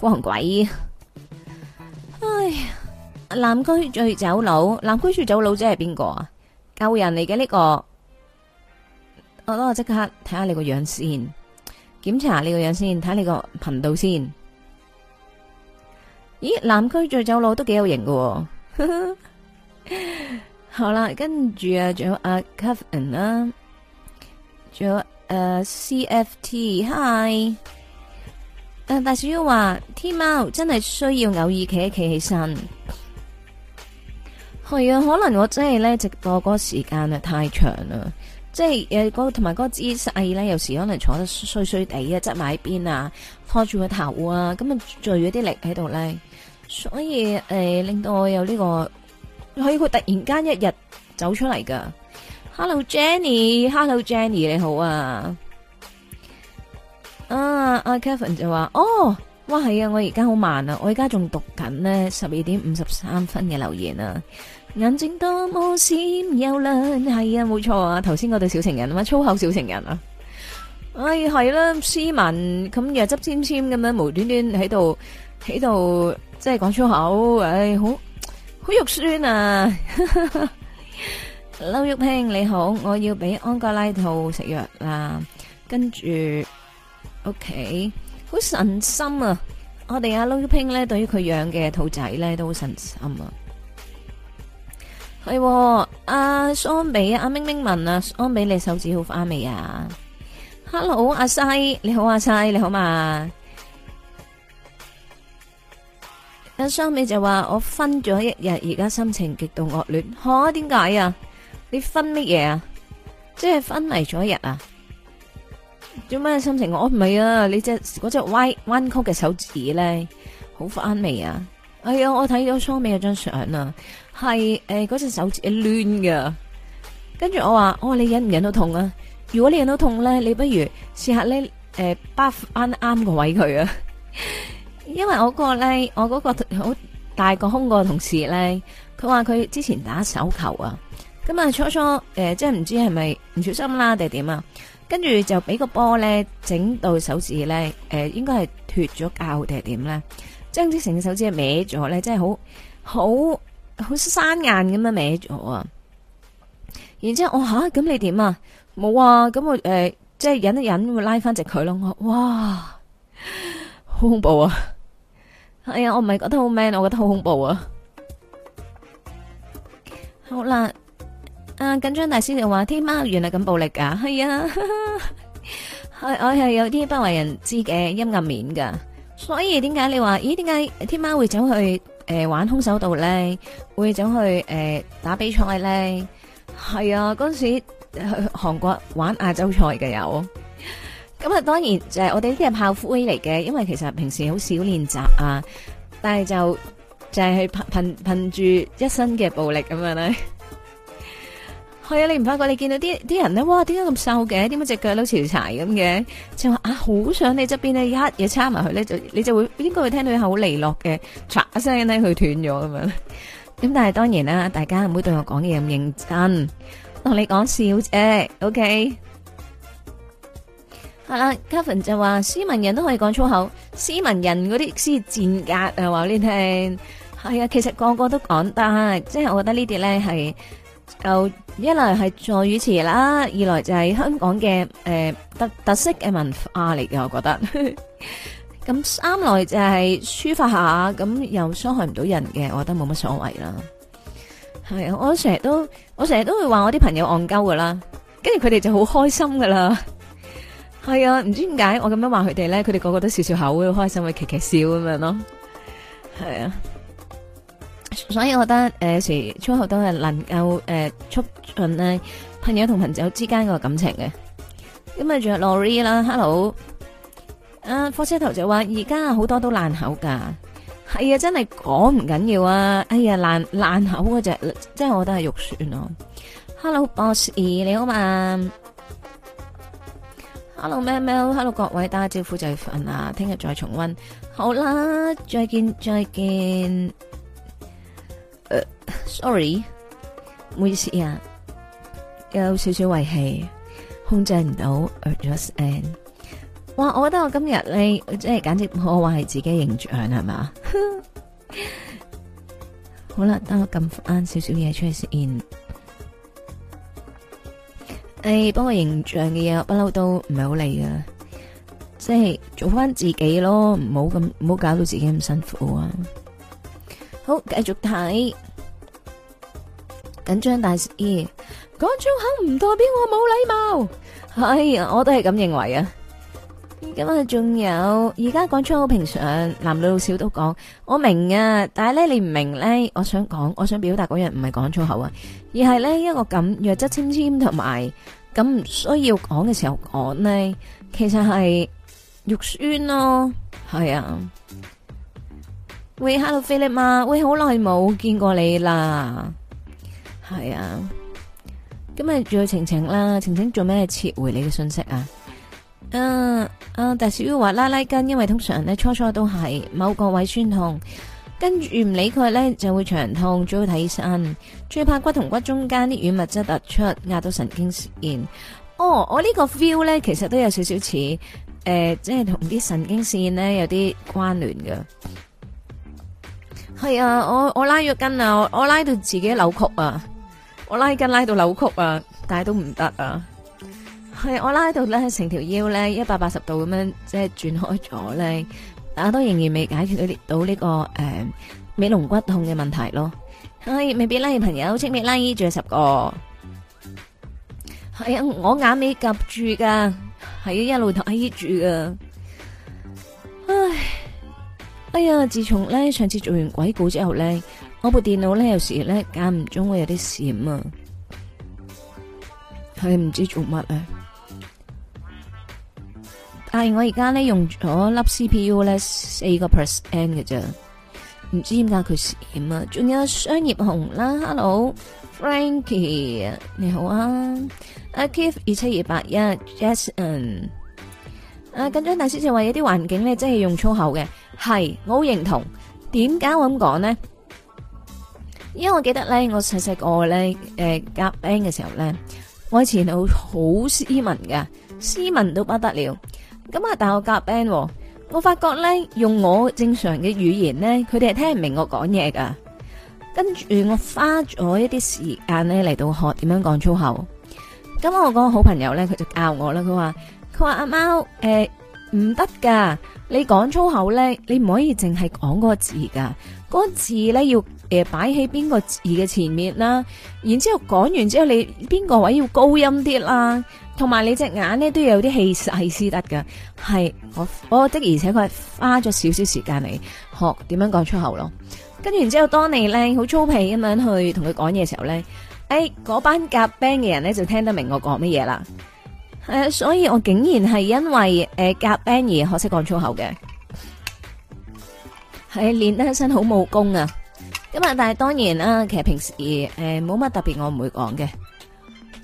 孤寒鬼。哎南區醉酒佬，南區醉酒佬即係邊個啊？救人嚟嘅呢個，我都即刻睇下你個樣先，檢查你個樣先，睇下你個頻道先。咦，南區醉酒佬都幾有型噶、哦。呵呵 好啦，跟住啊，仲有阿 Caven 啦，仲有誒 CFT，Hi，誒大小妖話天貓真係需要偶爾企一企起身，係、嗯、啊、嗯嗯，可能我真係咧直播嗰個時間啊太長啦，即係誒同埋嗰個姿勢咧，有時可能坐得衰衰地啊，側埋邊啊，拖住個頭啊，咁啊聚咗啲力喺度咧，所以誒、呃、令到我有呢、這個。可以佢突然間一日走出嚟㗎，Hello Jenny，Hello Jenny，你好啊！啊,啊，阿、啊、Kevin 就話，哦，哇係啊，我而家好慢啊，我而家仲讀緊呢十二點五十三分嘅留言啊！眼睛多麼閃又亮，係啊，冇錯啊，頭先嗰對小情人啊嘛，粗口小情人啊，哎，係啦、啊，斯文咁弱質纖纖咁樣無端端喺度喺度即係講粗口，哎，好。好肉酸啊，撈玉拼你好，我要俾安哥拉兔食藥啦，跟住，OK，好神心啊，我哋阿撈玉拼咧，對於佢養嘅兔仔咧，都好神心啊，係、啊，阿、啊、桑比啊，阿明明文啊，桑比你手指好返未啊？Hello，阿西你好，阿西你好嘛？雙尾就話我分咗一日，而家心情極度惡劣。吓點解啊？你分乜嘢啊？即係分嚟咗一日啊？做咩心情惡劣啊？你只隻歪彎曲嘅手指咧，好翻未啊？哎呀，我睇到雙尾嗰張相啊，係誒嗰隻手指亂噶。跟住我話，我、哦、話你忍唔忍到痛啊？如果你忍到痛咧，你不如試下咧誒，擺翻啱個位佢啊！因為我個咧，我嗰個好大個胸個同事咧，佢話佢之前打手球啊，咁、嗯、啊初初誒，即係唔知係咪唔小心啦定係點啊，跟住、啊、就俾個波咧整到手指咧，誒、呃，應該係脱咗臼定係點咧，張之成隻手指係歪咗咧，即係好好好生硬咁樣歪咗、哦、啊，然之後我吓，咁你點啊？冇啊，咁我誒，即、呃、係忍一忍，會拉翻只佢咯，我哇！好恐怖啊！係、哎、啊，我唔係覺得好 man，我覺得好恐怖啊！好啦，啊，緊張大師就話：天喵原來咁暴力噶，係啊，哎、哈哈是我我係有啲不為人知嘅陰暗面噶。所以點解你話？咦，點解天喵會走去誒、呃、玩空手道咧？會走去誒、呃、打比賽咧？係、哎、啊，嗰陣時去韓、呃、國玩亞洲賽嘅有。咁啊，當然就係我哋呢啲係炮灰嚟嘅，因為其實平時好少練習啊，但係就就係憑憑憑住一身嘅暴力咁樣咧。係啊， 哎、你唔發覺你見到啲啲人咧，哇，點解咁瘦嘅？點解隻腳都潮柴咁嘅？就話啊，好想你側邊咧，一嘢插埋去咧，就你就會應該會聽到好利落嘅嚓聲咧，佢斷咗咁樣、啊。咁 但係當然啦、啊，大家唔會對我講嘢咁認真，同你講笑啫，OK。係啊啦，Kevin 就話斯文人都可以講粗口，斯文人嗰啲先賤格啊！話你聽，係啊，其實個個都講，但係即係我覺得呢啲咧係，又一來係助語詞啦，二來就係香港嘅誒特特色嘅文化嚟嘅，我覺得，咁 三來就係抒發下，咁又傷害唔到人嘅，我覺得冇乜所謂啦。係啊，我成日都我成日都會話我啲朋友戇鳩噶啦，跟住佢哋就好開心噶啦。係啊，唔知點解我咁樣話佢哋咧，佢哋個個都笑笑口，開開心心，會奇奇笑咁樣咯。係啊，所以我覺得誒、呃，時初學都係能夠誒、呃、促進咧朋友同朋友之間個感情嘅。咁啊，仲有 Lori 啦，Hello，啊火車頭就話而家好多都爛口噶，係啊，真係講唔緊要啊。哎呀，爛爛口嗰隻，即係我覺得係肉酸咯。Hello，Bossie，你好嘛？Hello，喵，喵，Hello，Hello, 各位，打下招呼就係瞓啦，聽日再重溫，好啦，再見，再見。呃、uh，sorry，唔好意思啊，有少少胃氣，控制唔到，adjust a n d 哇，我覺得我今日你即係簡直可破壞自己的形象係嘛？ 好啦，等我撳翻少少嘢出去先。誒、哎，幫我形象嘅嘢，不嬲都唔係好理噶，即係做翻自己咯，唔好咁，唔好搞到自己咁辛苦啊！好，繼續睇緊張大師，講粗口唔代表我冇禮貌，係、哎、啊，我都係咁認為啊。咁今日仲有，而家講粗口。平常，男女老少都講，我明啊，但係咧你唔明咧，我想講，我想表達嗰樣唔係講粗口啊，而係咧一個咁弱質纖纖同埋咁唔需要講嘅時候講咧，其實係肉酸咯，係啊，喂，Hello，菲力嘛，喂，好耐冇見過你啦，係啊，今日再晴晴啦，晴晴做咩撤回你嘅信息啊？嗯、啊，誒、啊，但是要話拉拉筋，因為通常咧初初都係某個位酸痛，跟住唔理佢咧就會長痛，最好睇醫生，最怕骨同骨中間啲軟物質突出壓到神經線。哦，我呢個 feel 咧其實都有少少似誒，即係同啲神經線咧有啲關聯㗎。係啊，我我拉咗筋啊，我拉到自己扭曲啊，我拉筋拉到扭曲啊，但係都唔得啊。係我拉到咧，成條腰咧一百八十度咁樣，即係轉開咗咧，大家都仍然未解決到呢個誒尾龍骨痛嘅問題咯。唉，未必拉衣朋友，請你拉衣住十個。係啊，我眼尾夾住噶，係一路同阿姨住噶。唉，哎呀，自從咧上次做完鬼故之後咧，我部電腦咧有時咧間唔中會有啲閃啊，係唔知做乜啊。但係我而家咧用咗粒 C P U 咧四個 percent 嘅啫，唔知點解佢閃啊。仲有商業紅啦，Hello Frankie，你好啊，阿 Kif 二七二八一 Jason，啊，緊張、啊、大師就話有啲環境咧，真、就、係、是、用粗口嘅，係我好認同。點解我咁講呢？因為我記得咧，我細細個咧誒夾 band 嘅時候咧、呃，我以前好好斯文噶，斯文到不得了。咁啊，大學夾 band，我發覺咧用我正常嘅語言咧，佢哋係聽唔明我講嘢噶。跟住我花咗一啲時間咧嚟到學點樣講粗口。咁我嗰個好朋友咧，佢就教我啦。佢、呃、話：佢話阿貓誒，唔得噶，你講粗口咧，你唔可以淨係講嗰個字噶，嗰、嗰個字咧要誒擺喺邊個字嘅前面啦。然之後講完之後，你邊個位要高音啲啦？同埋你隻眼咧都要有啲氣勢得噶，係我我的而且佢係花咗少少時間嚟學點樣講粗口咯。跟住然之後，當你咧好粗鄙咁樣去同佢講嘢嘅時候咧，誒、欸、嗰班夾 band 嘅人咧就聽得明我講乜嘢啦。係、呃、啊，所以我竟然係因為誒夾 band 而學識講粗口嘅，係、呃、練得一身好武功啊。咁啊，但係當然啦，啊，其實平時誒冇乜特別，我唔會講嘅，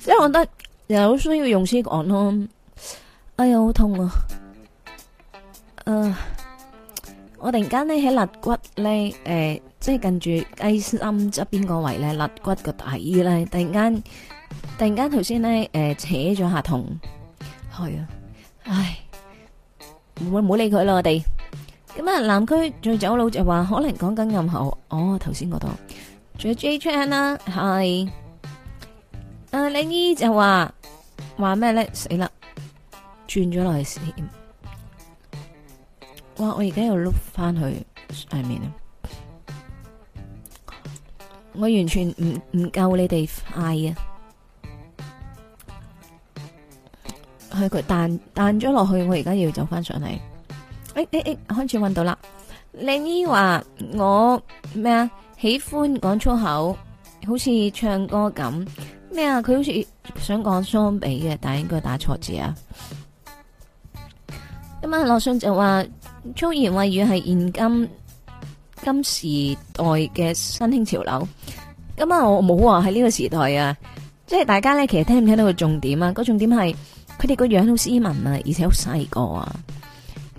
因為我覺得。有需要用詞講咯，哎呀，好痛啊！誒，我突然間咧喺肋骨咧，誒，即係近住雞心側邊個位咧，肋骨個底咧，突然間，突然間頭先咧，誒，扯咗下痛，係啊，唉，唔好唔好理佢啦，我哋，咁啊，南區最走佬就話可能講緊暗喉，哦，頭先嗰度，仲有 J H 啦，係，誒，靚姨就話。話咩咧？了轉了下死啦！轉咗落去添。哇！我而家又碌翻去上面啊！我完全唔唔夠你哋嗌啊！係佢彈彈咗落去，我而家要走翻上嚟。誒誒誒，開始揾到啦！靚姨話我咩啊？喜歡講粗口，好似唱歌咁。咩啊？佢好似想講相比嘅，但係應該打錯字啊！咁啊，羅上就話粗言穢語係現今今時代嘅新興潮流。咁啊，我冇話喺呢個時代啊，即係大家咧，其實聽唔聽到重，那個重點啊？嗰重點係佢哋個樣好斯文啊，而且好細個啊。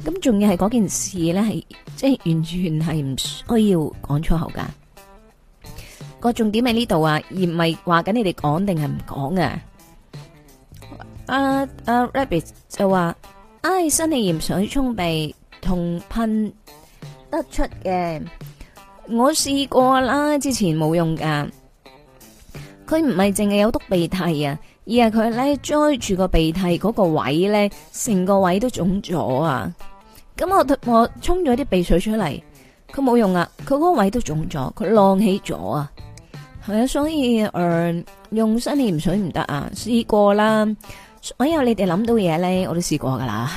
咁仲要係嗰件事咧，係即係完全係唔需要講粗口噶。個重點喺呢度啊，而唔係話緊你哋講定係唔講啊！阿阿、uh, uh, Rabbit 就話，唉、哎，生理鹽水沖鼻同噴得出嘅，我試過啦，之前冇用噶。佢唔係淨係有督鼻涕啊，而係佢咧，追住個鼻涕嗰個位咧，成個位都腫咗啊！咁、嗯、我我沖咗啲鼻水出嚟，佢冇用啊！佢嗰個位都腫咗，佢浪起咗啊！係、嗯、啊，所以誒、呃、用生理鹽水唔得啊，試過啦。所有你哋諗到嘢咧，我都試過噶啦。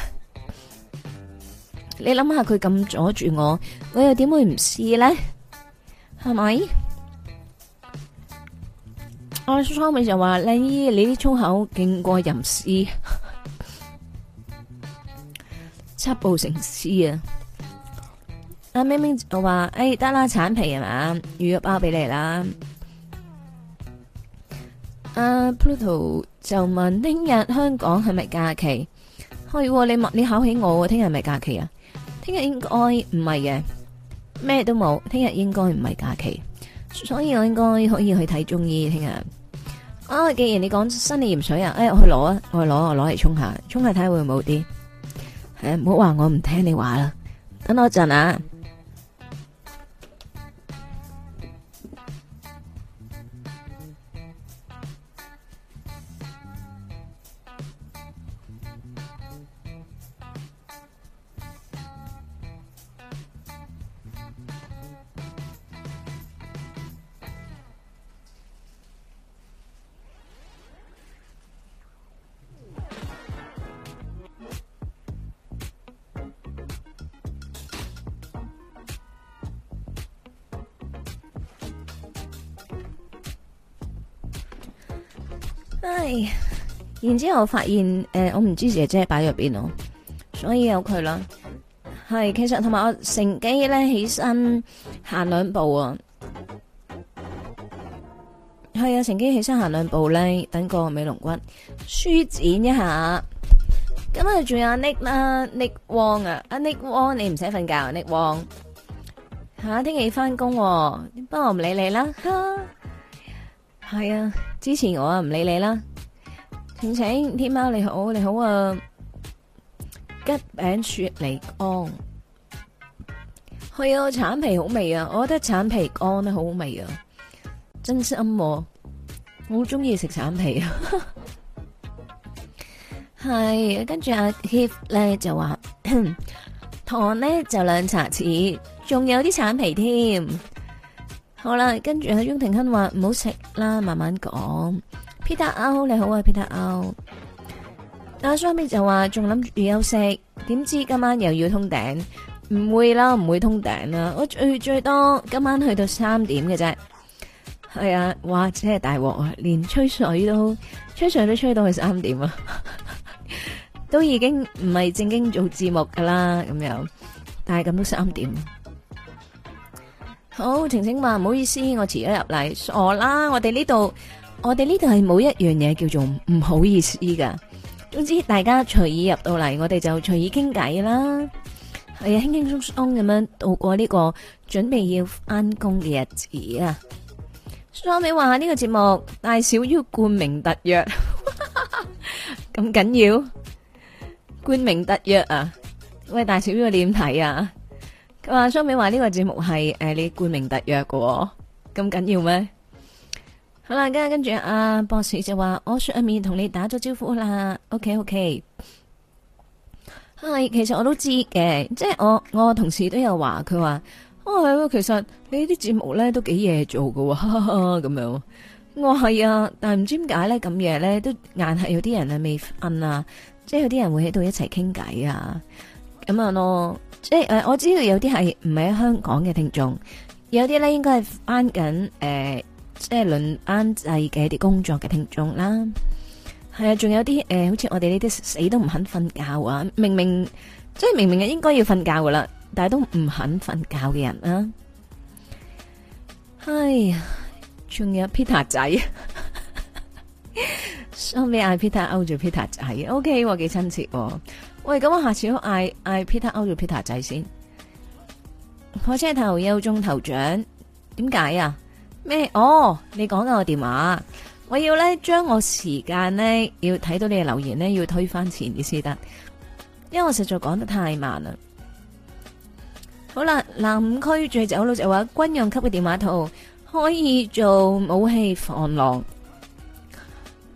你諗下佢咁阻住我，又麼不我又點會唔試咧？係咪？阿倉美就話靚姨，你啲粗口勁過吟詩，七步成詩啊！阿明明就話誒、哎、得啦，橙皮係嘛，預約包俾你啦。阿、uh, Pluto 就問聽日香港係咪假期？係、哦、你問你考起我，聽日係咪假期啊？聽日應該唔係嘅，咩都冇。聽日應該唔係假期，所以我應該可以去睇中醫。聽日，啊，既然你講生理鹽水啊，哎，我去攞啊，我去攞，我攞嚟沖下，沖下睇下會唔會好啲？誒、啊，唔好話我唔聽你話啦，等我一陣啊。哎，然之後我發現誒，呃，我唔知姐姐擺入邊哦，所以有佢啦。係其實同埋我乘機咧起身行兩步啊。係啊，乘機起身行兩步咧，等個美龍骨舒展一下。咁啊，仲有阿 Nick 啦，Nick Wong 啊，阿 Nick Wong，你唔使瞓覺啊，Nick Wong。吓，聽日翻工，不過唔理你啦。係啊，之前我啊唔理你啦。晴晴，天貓你好，你好啊！桔餅雪梨乾，係啊，橙皮好味啊！我覺得橙皮乾咧好味啊，真心我好中意食橙皮啊。係，跟住阿 Hip 咧就話糖咧就兩茶匙，仲有啲橙皮添。好啦，跟住阿雍廷亨話唔好食啦，慢慢講。Peter O，你好啊，Peter O。阿 Samy 就話仲諗住休息，點知今晚又要通頂？唔會啦，唔會通頂啦。我最最多今晚去到三點嘅啫。係啊，哇，真係大鑊啊！連吹水都吹水都吹到去三點啊， 都已經唔係正經做字幕噶啦，咁又，但係咁都三點。好，晴晴話唔好意思，我遲咗入嚟，傻啦，我哋呢度。我哋呢度係冇一樣嘢叫做唔好意思噶總之大家隨意入到嚟，我哋就隨意傾偈啦。係啊，輕輕鬆鬆咁樣度過呢個準備要翻工嘅日子啊。雙美話：呢個節目大小於冠名特約咁緊要？冠名特約啊！喂，大小於你點睇啊？佢話雙美話呢個節目係誒、啊、你冠名特約喎，咁緊要咩？好啦，跟住阿博士就話： 我上面同你打咗招呼啦。O K O K。係，其實我都知嘅，即係我我同事都有話，佢話哦，其實你啲節目咧都幾夜做噶，咁樣。我係啊，但係唔知點解咧，咁夜咧都硬係有啲人咧未瞓啊，即係有啲人會喺度一齊傾偈啊，咁啊咯。即係誒、呃，我知道有啲係唔係喺香港嘅聽眾，有啲咧應該係返緊誒。呃即係輪班制嘅一啲工作嘅聽眾啦，係啊，仲有啲誒，好似我哋呢啲死都唔肯瞓覺啊！明明即係明明係應該要瞓覺噶啦，但係都唔肯瞓覺嘅人啊！哎呀，仲有 Peter 仔，收尾嗌，Peter 勾住 Peter，係 OK，幾親切。喂，咁我下次要嗌嗌 Peter 勾住 Peter 仔先。火車頭又中頭獎，點解啊？咩？哦，你講緊我電話，我要咧將我時間咧要睇到你嘅留言咧要推翻前啲先得，因為我實在講得太慢啦。好啦，南五區最早老就話軍用級嘅電話套可以做武器防狼，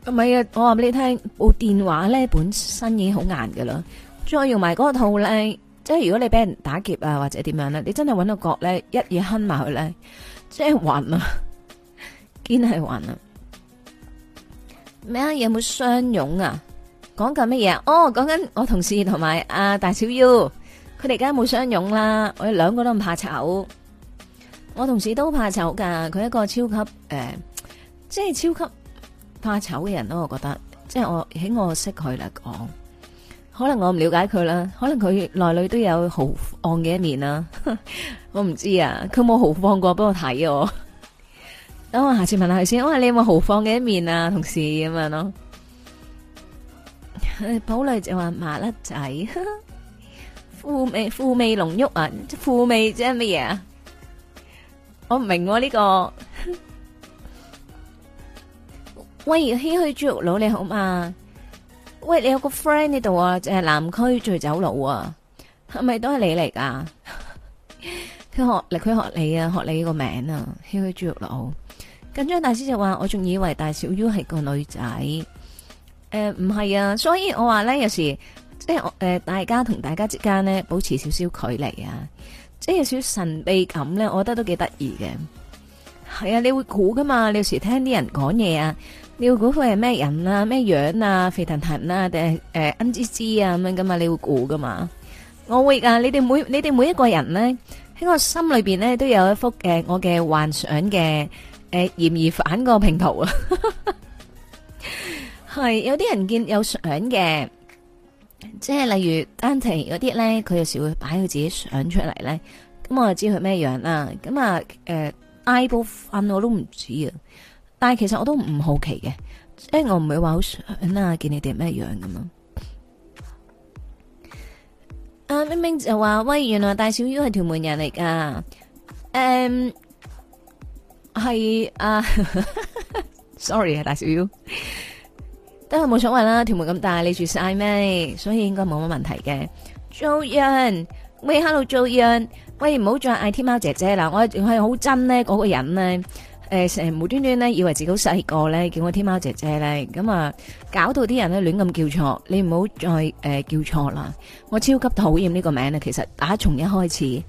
唔係啊！我話俾你聽，部電話咧本身已經好硬噶啦，再用埋嗰個套咧，即係如果你俾人打劫啊或者點樣咧，你真係搵到角咧一嘢吞埋去咧。即係暈啊，堅係暈啊。咩啊？有冇相擁啊？講緊乜嘢？哦，講緊我同事同埋阿大小 U，佢哋而家冇相擁啦。我哋兩個都唔怕醜，我同事都怕醜㗎。佢一個超級誒，即、欸、係超級怕醜嘅人咯、啊。我覺得，即係我喺我識佢嚟講。我可能我唔了解佢啦，可能佢內裏都有豪放嘅一面啊！我唔知啊，佢冇豪放過俾我睇哦。等我下次問下佢先，我話你有冇豪放嘅一面啊？同事咁樣咯。寶女就話麻甩仔，腐味腐味濃郁啊！腐味即係乜嘢啊？我唔明呢個。喂，唏噓豬肉佬你好嘛？喂，你有個 friend 呢度啊，就係南區醉酒佬啊，係咪都係你嚟噶？佢學嚟，佢學你啊，學你呢個名啊，謙虛豬肉佬。緊張大師就話，我仲以為大小 U 係個女仔誒，唔、呃、係啊，所以我話咧，有時即係我誒、呃，大家同大家之間咧保持少少距離啊，即係有少神秘感咧，我覺得都幾得意嘅。係啊，你會估噶嘛？你有時聽啲人講嘢啊。你會估佢係咩人啊？咩樣啊？肥騰騰啊？定係誒恩滋滋啊咁樣噶嘛？你會估噶嘛？我會噶。你哋每你哋每一個人咧，喺我心裏邊咧都有一幅誒我嘅幻想嘅誒、呃、嫌疑犯個拼圖啊。係 有啲人見有相嘅，即係例如丹提嗰啲咧，佢有時會擺佢自己相出嚟咧。咁我就知佢咩樣啊。咁啊誒，I n 分我都唔知啊。但係其實我都唔好奇嘅，即係我唔會話好想啊見你哋咩樣咁咯。阿明明就話喂，原來大小 U 係條門人嚟噶，誒係啊，sorry 啊， Sorry, 大小 U，都係冇所謂啦，條門咁大，你住晒咩？所以應該冇乜問題嘅。做人，喂 hello，做人，喂唔好再嗌天喵姐姐啦，我係好憎呢嗰個人呢。誒，成日無端端咧，以為自己好細個咧，叫我天貓姐姐咧，咁啊，搞到啲人咧亂咁叫錯，你唔好再誒叫錯啦！我超級討厭呢個名啊！其實打從一開始，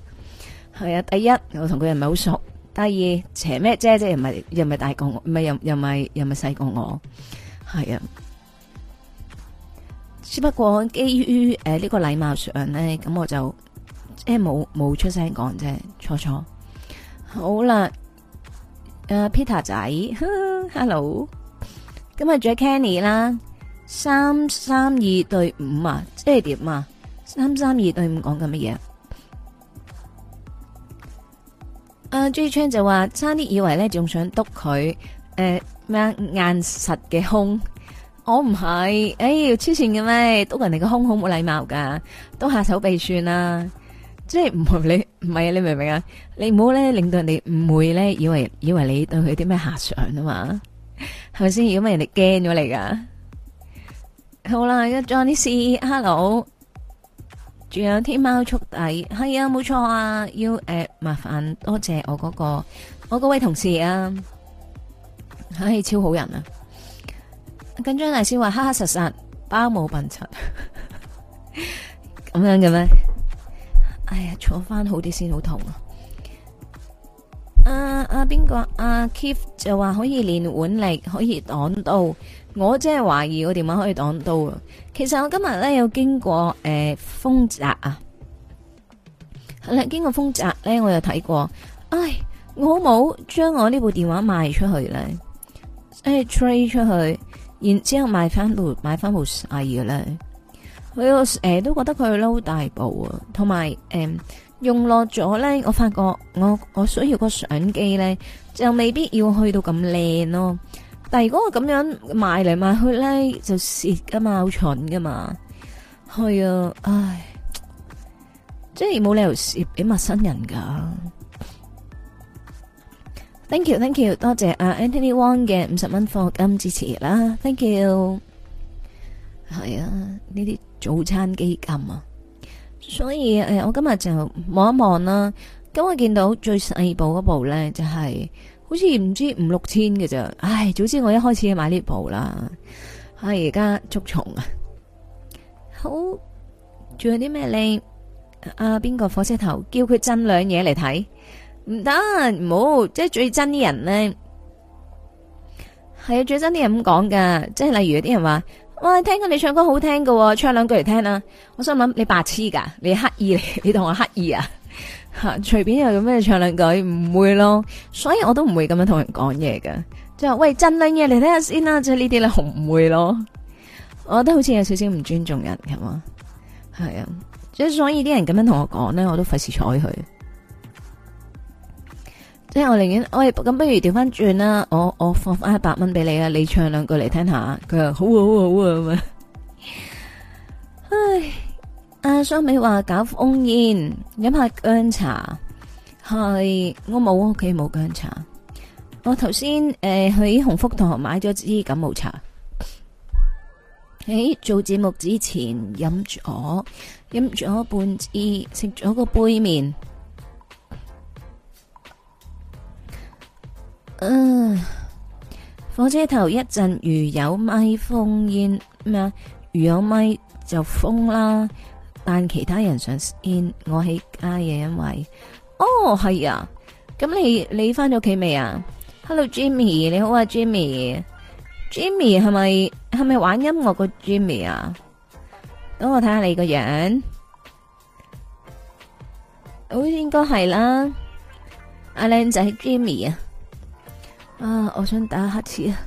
係啊，第一我同佢又唔係好熟，第二邪咩姐姐，又唔係又唔係大過我，唔係又又唔係又唔係細過我，係啊。只不過基於誒呢個禮貌上咧，咁我就即係冇冇出聲講啫，錯錯好啦。阿、uh, Peter 仔 ，Hello，今日仲有 Canny 啦，三三二對五啊，即係點啊？三三二對五講緊乜嘢？阿、uh, J Chan 就話差啲以為咧仲想督佢，誒、呃、咩硬實嘅胸，我唔係，誒黐線嘅咩，督人哋個胸好冇禮貌噶，督下手臂算啦。即係唔係你唔係啊？你明唔明啊？你唔好咧令到人哋誤會咧，以為以為你對佢啲咩遐想啊嘛？係咪先？如果咩人哋驚咗你噶？好啦、啊、，Johnny C，hello，仲有天貓速遞，係啊，冇錯啊，要誒、呃、麻煩多謝我嗰、嗰個我嗰位同事啊，唉、哎，超好人啊！緊張大師話黑黑實實包冇笨柒，咁 樣嘅咩？哎呀，坐翻好啲先好痛啊！阿邊邊個阿、啊、Keith 就話可以練腕力，可以擋刀。我真係懷疑我電話可以擋刀。其實我今日咧有經過誒、呃、豐澤啊，係啦，經過豐澤咧，我又睇過。唉，我冇將我呢部電話賣出去咧，誒、欸、trade 出去，然之後，後買翻部買翻部阿咧。我誒都覺得佢撈大步啊，同埋誒用落咗咧，我發覺我我需要個相機咧，就未必要去到咁靚咯。但係如果我咁樣賣嚟賣去咧，就蝕噶嘛，好蠢噶嘛。係啊，唉，即係冇理由蝕畀陌生人噶。Thank you，Thank you，多謝阿 Anthony Wong 嘅五十蚊課金支持啦。Thank you，係啊，呢啲。早餐基金啊，所以誒、哎，我今日就望一望啦。咁我見到最細部嗰部咧，就係、是、好似唔知五六千嘅咋。唉、哎，早知我一開始買呢部啦。唉、哎，而家捉蟲啊，好，仲有啲咩咧？啊，邊個火車頭叫佢真兩嘢嚟睇？唔得，唔好。即係最憎啲人咧，係啊，最憎啲人咁講噶。即係例如有啲人話。喂，聽講你唱歌好聽噶，唱兩句嚟聽啊！我心諗你白痴噶，你刻意嚟，你同我刻意啊吓？隨 便又咁樣唱兩句？唔會咯，所以我都唔會咁樣同人講嘢噶，即係喂真嘅嘢嚟聽下先啦，即係呢啲咧，紅唔會咯。我都好似有少少唔尊重人咁啊，係啊，即所以啲人咁樣同我講咧，我都費事睬佢。聽我寧願，喂，咁不如調翻轉啦，我我放翻一百蚊俾你啊，你唱兩句嚟聽下。佢話好啊，好好好咁啊！唉，阿、啊、雙美話搞烽煙，飲下薑茶。係我冇屋企冇薑茶，我頭先誒喺鴻福堂買咗支感冒茶。喺、欸、做節目之前飲咗飲咗半支，食咗個杯麵。嗯、呃，火車頭一陣，如有咪封煙咩？如有咪就封啦。但其他人想 i 我喺街嘢因為哦係啊。咁你你翻到屋企未啊？Hello，Jimmy，你好啊，Jimmy，Jimmy 係咪係咪玩音樂個 Jimmy 啊？等我睇下你個樣。好，應該係啦。阿靚仔係 Jimmy 啊。啊！我想打乞嗤，啊，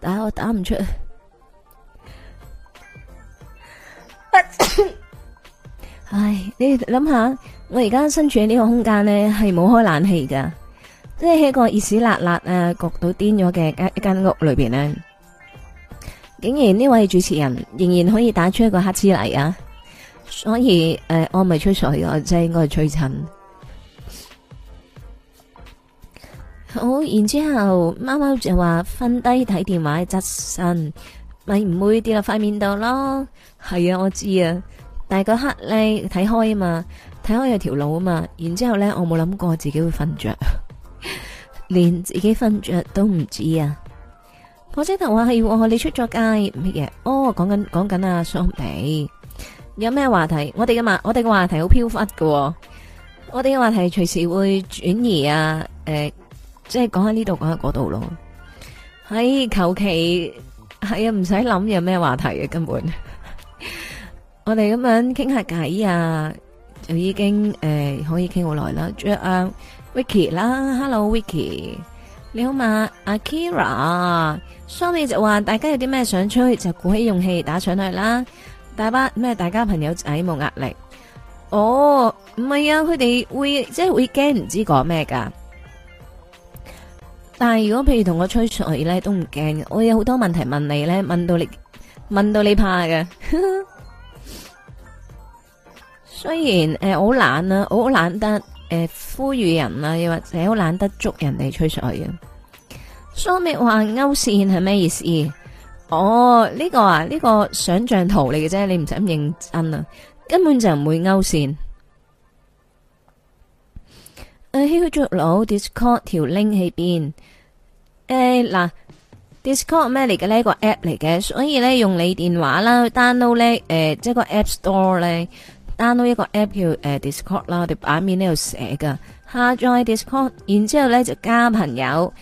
打我打唔出。 唉，你諗下，我而家身處喺呢個空間呢係冇開冷氣噶，即係喺個熱屎辣辣啊焗到癲咗嘅一一間屋裏邊呢，竟然呢位主持人仍然可以打出一個乞嗤嚟啊！所以誒、呃，我唔係吹水，我真係應該係吹塵。好，然之後貓貓就話瞓低睇電話側身，咪唔會跌落塊面度咯。係啊，我知啊。但係嗰刻咧睇開啊嘛，睇開有條路啊嘛。然之後咧，我冇諗過自己會瞓着， 連自己瞓着都唔知啊。火車頭話係我、哦、你出咗街乜嘢？哦，講緊講緊啊，雙皮有咩話題？我哋嘅嘛，我哋個話題好飄忽噶，哦，我哋嘅話題隨時會轉移啊，誒。即係講喺呢度，講喺嗰度咯。喺求其係啊，唔使諗有咩話題嘅根本。 我哋咁樣傾下偈啊，就已經誒、呃、可以傾好耐啦。啊 Vicky 啦，Hello Vicky，你好嘛？阿 Kira，So 咪就話大家有啲咩想吹，就鼓起勇氣打上去啦。大把咩？大家朋友仔冇壓力。哦，唔係啊，佢哋會即係會驚唔知講咩噶。但係如果譬如同我吹水咧，都唔驚。我有好多問題問你咧，問到你問到你怕嘅。 雖然誒好懶啊，好、呃、懶得誒、呃、呼籲人啊，又或者好懶得捉人嚟吹水啊。so 咩話勾線係咩意思？哦，呢個啊，呢、呢個想象圖嚟嘅啫，你唔使咁認真啊，根本就唔會勾線。Hugh Jones，Discord 條 link 喺邊？誒、uh,，嗱，Discord 咩嚟嘅，呢個 app 嚟嘅，所以咧用你電話啦去 download 咧，誒，即係個 app store 咧 download 一個 app 叫誒、uh, Discord 啦，我哋版面呢度寫噶，下載 Discord，然之後咧就加朋友，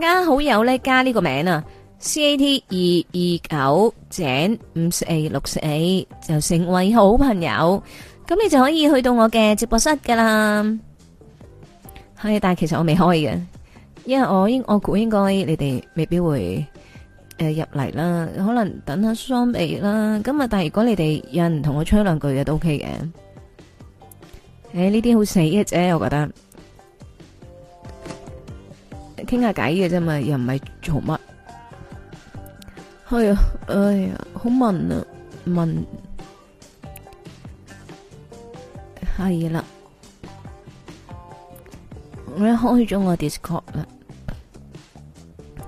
加好友咧加呢個名啊，CAT 二二九井五四 A 六四 A 就成為好朋友，咁你就可以去到我嘅直播室噶啦。係，但係其實我未開嘅，因為我應該我估應該你哋未必會誒入嚟啦，可能等下雙臂啦。噉但係如果你哋有人同我吹兩句嘅都 OK 嘅，誒呢啲好死嘅啫，我覺得傾下偈嘅啫嘛，又唔係做乜。係、哎哎、啊，哎呀，好悶啊悶，係啦。開我開咗我 Discord 啦，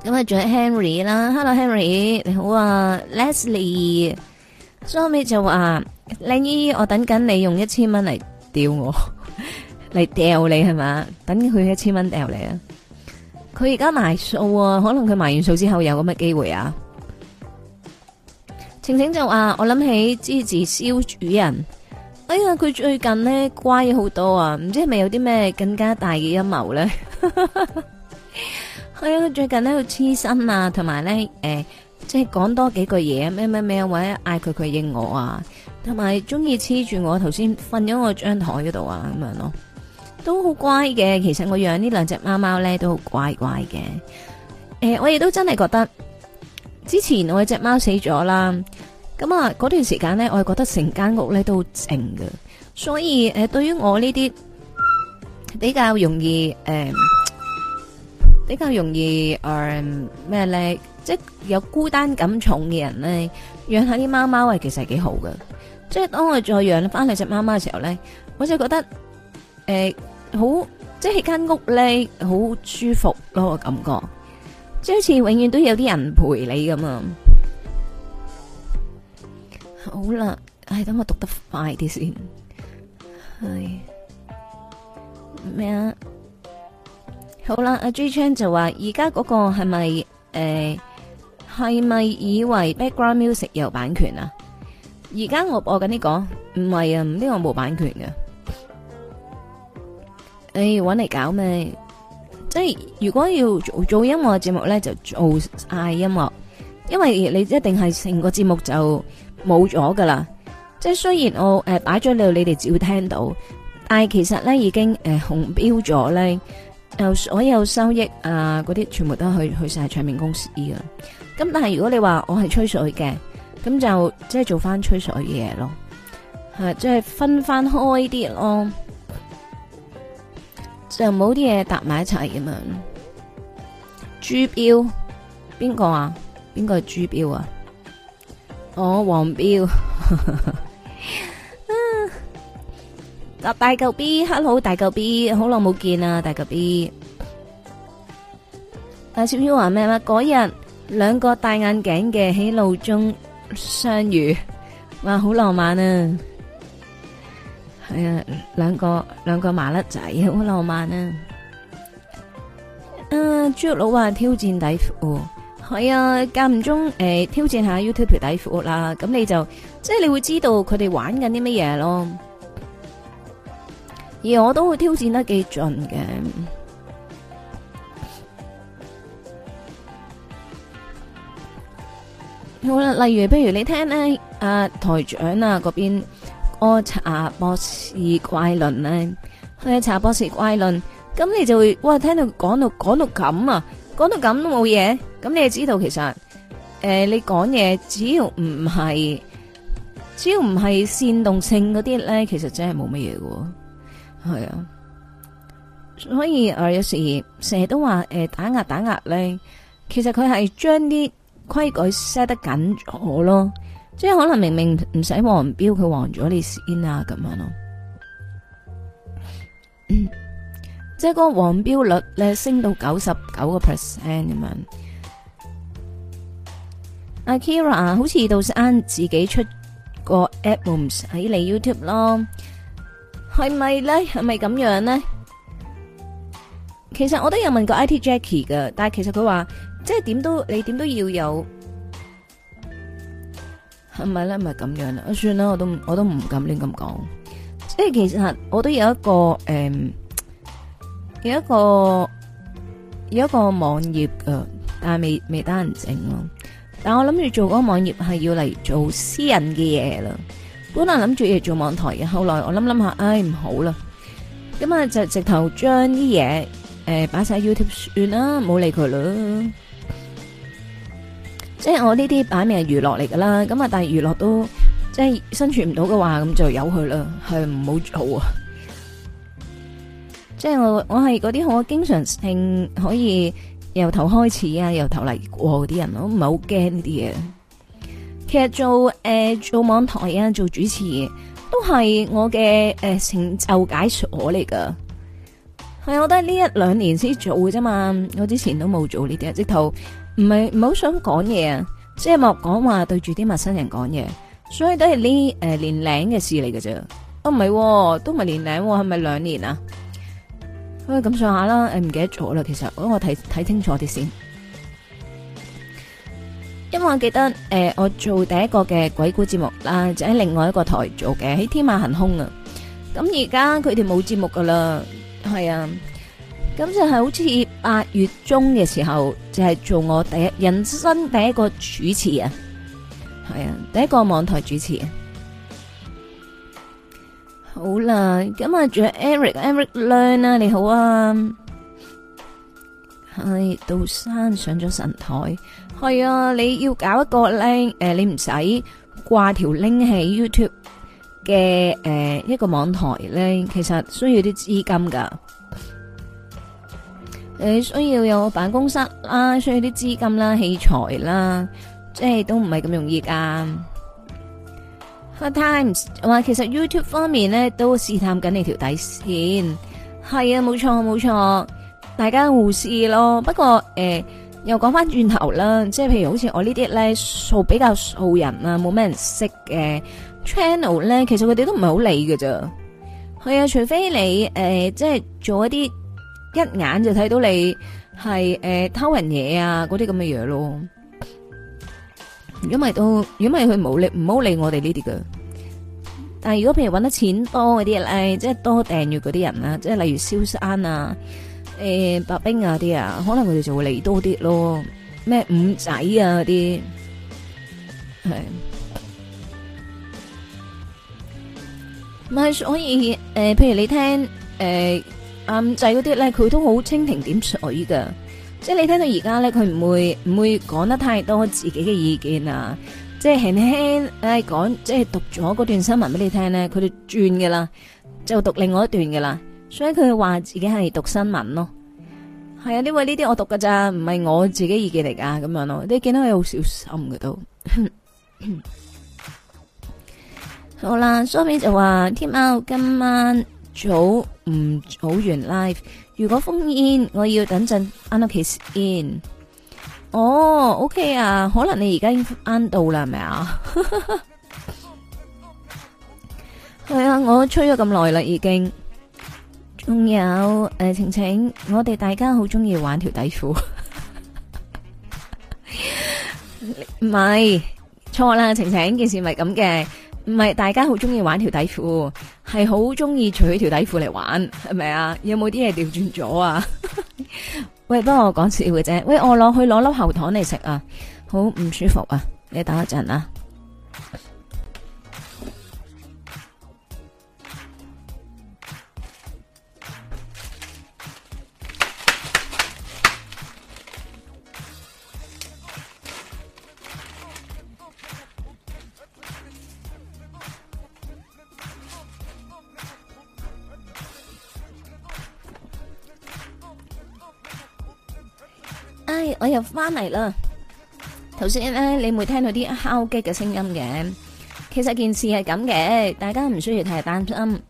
咁啊仲有 Henry 啦，Hello Henry，你好啊 Leslie，所以後尾就話靚姨，我等緊你用一千蚊嚟吊我，嚟吊你係嘛？等佢一千蚊吊你啊！佢而家埋數啊，可能佢埋完數之後有咁嘅機會啊！ 晴晴就話我諗起芝士燒主人。哎呀，佢最近咧乖好多啊，唔知係咪有啲咩更加大嘅陰謀咧？係 啊、佢，最近咧度黐身啊，同埋咧誒，即係講多幾句嘢咩咩咩，或者嗌佢佢應我啊，同埋中意黐住我。頭先瞓咗我張台嗰度啊，咁樣咯，都好乖嘅。其實我養呢兩隻貓貓咧都好乖乖嘅。誒、呃，我亦都真係覺得，之前我隻貓死咗啦。咁啊，嗰段時間咧，我係覺得成間屋咧都靜嘅，所以誒，對於我呢啲比較容易誒，比較容易誒咩咧，即係有孤單感重嘅人咧，養下啲貓貓喂，其實係幾好嘅。即係當我再養翻兩隻貓貓嘅時候咧，我就覺得誒好，即係，間屋咧好舒服囉，我感覺，即係好似永遠都有啲人陪你咁啊。好啦，唉，等我讀得快啲先。係咩啊？好啦，阿 G Chan 就話：而家嗰個係咪誒？係、呃、咪以為 Background Music 有版權啊？而家我播緊呢個，唔係啊，呢個冇版權嘅。誒、哎，搵嚟搞咩？即係如果要做做音樂節目咧，就做晒音樂，因為你一定係成個節目就。冇咗噶啦，即係雖然我誒擺咗你，你哋只會聽到，但係其實咧已經誒、呃、紅標咗咧、呃，所有收益啊嗰啲全部都去去晒唱片公司噶。咁但係如果你話我係吹水嘅，咁就即係做翻吹水嘅嘢咯，吓、啊、即係分翻開啲咯，就冇啲嘢搭埋一齊咁樣。朱標邊個啊？邊個係朱標啊？我、哦、黃彪哈大舊 B，hello 大舊 B，好耐冇見啊大舊 B，大小少話咩啊？嗰日兩個戴眼鏡嘅喺路中相遇，哇、啊、好浪漫啊！係啊，兩個兩個麻甩仔，好浪漫啊！啊，豬肉佬話挑戰底褲。哦係啊，間唔中誒挑戰下 YouTube 條底褲啦，咁你就即係你會知道佢哋玩緊啲乜嘢咯。而我都會挑戰得幾盡嘅。好啦，例如，譬如你聽咧，阿、啊、台長啊嗰邊個查博士怪論咧、啊，去、啊、查博士怪論，咁你就會哇聽到講到講到咁啊。講到咁都冇嘢，咁你就知道其實，誒、呃、你講嘢只要唔係，只要唔係煽動性嗰啲咧，其實真係冇乜嘢嘅，係啊。所以誒有時成日都話誒、呃、打壓打壓咧，其實佢係將啲規矩 set 得緊咗咯，即係可能明明唔使黃標佢黃咗你先啊，咁樣咯。 即係個黃標率咧升到九十九個 percent 咁樣，阿 Kira 好似到時啱自己出個 App 喺你 YouTube 咯，係咪咧？係咪咁樣呢？其實我都有問過 IT Jackie 噶，但係其實佢話即係點都你點都要有，係咪咧？咪咁樣啦、啊？算啦，我都我都唔敢亂咁講。即係其實我都有一個誒。嗯有一個有一個網頁嘅，但係未未得人整咯。但係我諗住做嗰個網頁係要嚟做私人嘅嘢啦。本來諗住要做網台嘅，後來我諗諗下，唉，唔好啦。咁啊就直頭將啲嘢誒擺晒 YouTube 算啦，唔好理佢啦。即係我呢啲擺明係娛樂嚟噶啦。咁啊，但係娛樂都即係生存唔到嘅話，咁就由佢啦，係唔好做啊。即係我，我係嗰啲我經常性可以由頭開始啊，由頭嚟過嗰啲人，我唔係好驚呢啲嘢。其實做誒、呃、做網台啊，做主持都係我嘅誒、呃、成就解鎖嚟噶。係啊，我都係呢一兩年先做嘅啫嘛，我之前都冇做呢啲啊，即係唔係唔好想講嘢啊，即係莫講話對住啲陌生人講嘢，所以都係呢誒年齡嘅事嚟噶啫。都唔係、啊，都唔係年齡，係咪兩年啊？咁、嗯、上下啦，誒，唔記得咗啦，其實，我我睇睇清楚啲先，因為我記得誒、呃，我做第一個嘅鬼故節目啦、啊，就喺另外一個台做嘅，喺天馬行空啊，咁而家佢哋冇節目㗎啦，係啊，咁就係好似八月中嘅時候，就係、是、做我第一人生第一個主持啊，係啊，第一個網台主持、啊。好啦，咁啊，仲有 Eric，Eric Learn 啊，你好啊，係到山上咗神台，係啊，你要搞一個咧，誒，你唔使掛條 link 喺 YouTube 嘅誒一個網台咧，其實需要啲資金噶，你需要有個辦公室啦，需要啲資金啦，器材啦，即係都唔係咁容易噶。個 time 話其實 YouTube 方面咧都試探緊你條底線。係啊，冇錯冇錯，大家互試咯。不過誒、呃，又講翻轉頭啦，即係譬如好似我呢啲咧素比較素人啊，冇咩人識嘅 channel 咧，其實佢哋都唔係好理㗎咋。係啊，除非你誒、呃，即係做一啲一眼就睇到你係誒、呃、偷人嘢啊嗰啲咁嘅嘢咯。因為都，如果佢冇理，唔好理我哋呢啲㗎。但係如果譬如搵得錢多嗰啲，誒，即係多訂閱嗰啲人啦，即係例如蕭山啊，誒，白冰啊啲啊，可能佢哋就會嚟多啲咯。咩五仔啊嗰啲，係。唔係所以，誒，譬如你聽，誒，五仔嗰啲咧，佢都好蜻蜓點水㗎。即係你聽到而家咧，佢唔會唔會講得太多自己嘅意見啊！即係輕輕，唉，講即係讀咗嗰段新聞俾你聽咧，佢就轉噶啦，就讀另外一段噶啦。所以佢話自己係讀新聞咯，係、哎、啊，因為呢啲我讀噶咋，唔係我自己的意見嚟噶咁樣咯。你見到佢好小心噶都，呵呵 好啦，所以就話天喵今晚。早唔早完 live？如果封煙，我要等陣 unlock his in。哦，OK 啊，可能你而家已經啱到啦，係咪啊？係啊，我吹咗咁耐啦，已經。仲有誒，晴晴，我哋大家好中意玩條底褲，唔係錯啦，晴晴件事唔係咁嘅。唔係，大家好中意玩條底褲，係好中意除條底褲嚟玩，係咪啊？有冇啲嘢調轉咗啊？ 喂，幫我講笑嘅啫。喂，我落去攞粒喉糖嚟食啊，好唔舒服啊！你等一陣啊。我又翻嚟啦！頭先咧，你會聽到啲敲擊嘅聲音嘅。其實件事係咁嘅，大家唔需要太擔心。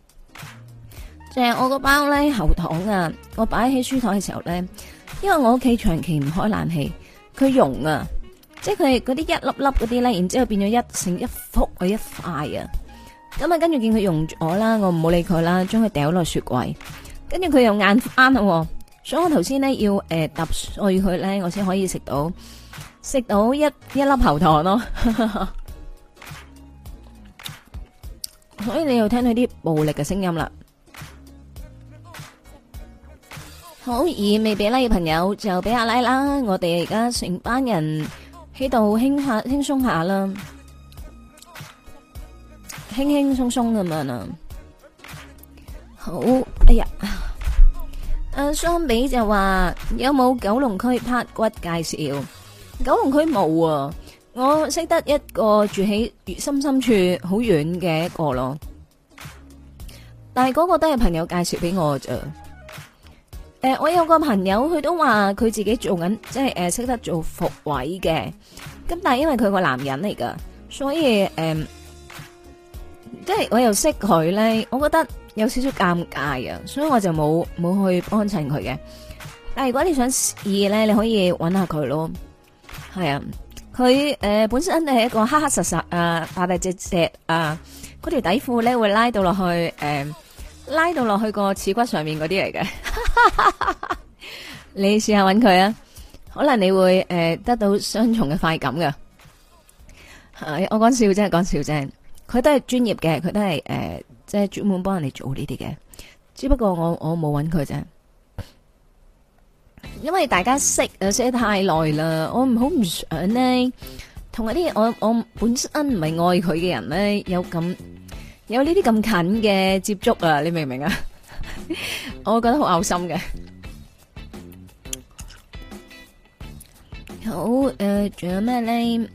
就係、是、我個包咧，喉糖啊，我擺喺書台嘅時候咧，因為我屋企長期唔開冷氣，佢溶啊，即係佢嗰啲一粒粒嗰啲咧，然之後變咗一成一幅嗰一塊啊。咁啊，跟住見佢溶咗啦，我唔好理佢啦，將佢掉落雪櫃。跟住佢又硬翻啦。所以我頭先呢要，誒，搭我要佢咧，我先可以食到食到一一粒喉糖咯。所以你又聽到啲暴力嘅聲音啦。好易未俾啦，朋友就俾阿拉啦。我哋而家成班人喺度輕下輕鬆下啦，輕輕鬆鬆咁樣啊。好，哎呀。誒，相比就話有冇九龍區拍骨介紹？九龍區冇啊，我識得一個住喺越深深處好遠嘅一個咯，但係嗰個都係朋友介紹俾我啫。誒、呃，我有個朋友佢都話佢自己做緊，即係誒識得做復位嘅，咁但係因為佢個男人嚟噶，所以誒。呃即係我又識佢咧，我覺得有少少尷尬啊，所以我就冇冇去幫襯佢嘅。但係如果你想試咧，你可以揾下佢咯。係啊，佢誒、呃、本身係一個黑黑實實啊，大大隻隻啊，嗰條底褲咧會拉到落去誒、呃，拉到落去個恥骨上面嗰啲嚟嘅。 你試下揾佢啊，可能你會誒、呃、得到雙重嘅快感噶。我講笑真係講笑啫。佢都係專業嘅，佢都係誒，即係專門幫人哋做呢啲嘅。只不過我我冇揾佢啫，因為大家識誒識得太耐啦，我唔好唔想呢，同一啲我我本身唔係愛佢嘅人咧，有咁有呢啲咁近嘅接觸啊！你明唔明啊？ 我覺得好嘔心嘅。好誒，仲、呃、有咩咧？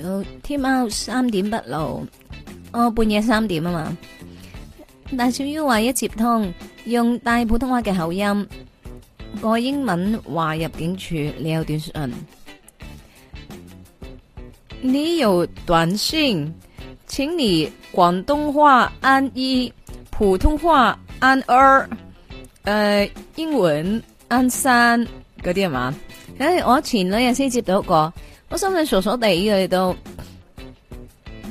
要天貓三點不露，我、哦、半夜三點啊嘛。大少於話一接通用帶普通話嘅口音，我英文話入境處你有短信，你有短信，請你廣東話按一，普通話按二，誒、呃、英文按三嗰啲係嘛？誒、哎，我前兩日先接到個。我心裏傻傻地去都，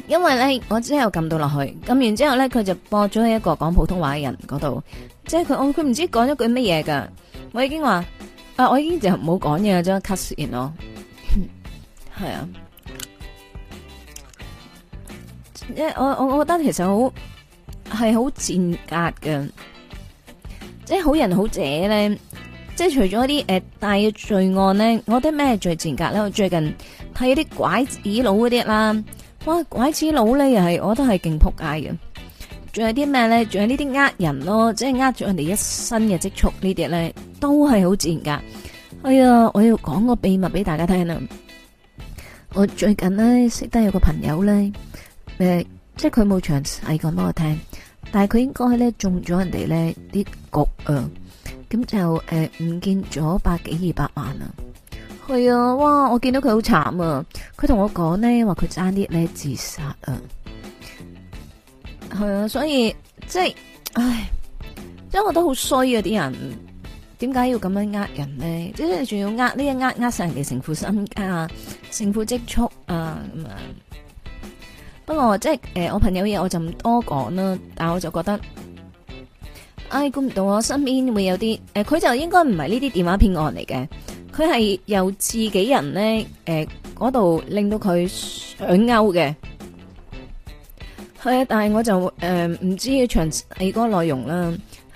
因為咧我之後撳到落去，撳完之後咧佢就播咗喺一個講普通話嘅人嗰度，即係佢我佢唔知講咗句乜嘢噶，我已經話，啊我已經就唔好講嘢將 cut 線咯，係 啊，即係我我我覺得其實好係好賤格嘅，即係好人好者咧。即係除咗啲誒大嘅罪案咧，我覺得咩最賤格噶咧？我最近睇啲拐子佬嗰啲啦，哇，拐子佬咧又係我都係勁仆街嘅。仲有啲咩咧？仲有呢啲呃人咯，即係呃咗人哋一身嘅積蓄呢啲咧，都係好賤格。哎呀，我要講個秘密俾大家聽啦。我最近咧識得有個朋友咧，誒、呃，即係佢冇詳細講俾我聽，但係佢應該咧中咗人哋咧啲局啊。呃咁就誒唔見咗百幾二百萬啊，係啊哇！我見到佢好慘啊，佢同我講呢，話佢爭啲咧自殺啊，係啊，所以即係，唉，即係我都好衰啊！啲人點解要咁樣呃人呢？即係仲要呃呢一呃呃晒人哋成副身家、成副積蓄啊咁樣！不過即係誒，我朋友嘢我就唔多講啦，但係我就覺得。唉、哎，估唔到我身邊會有啲，誒、呃，佢就應該唔係呢啲電話騙案嚟嘅，佢係由自己人呢誒，嗰、呃、度令到佢想勾嘅。係、嗯、啊，但係我就誒唔、呃、知詳細嗰個內容啦。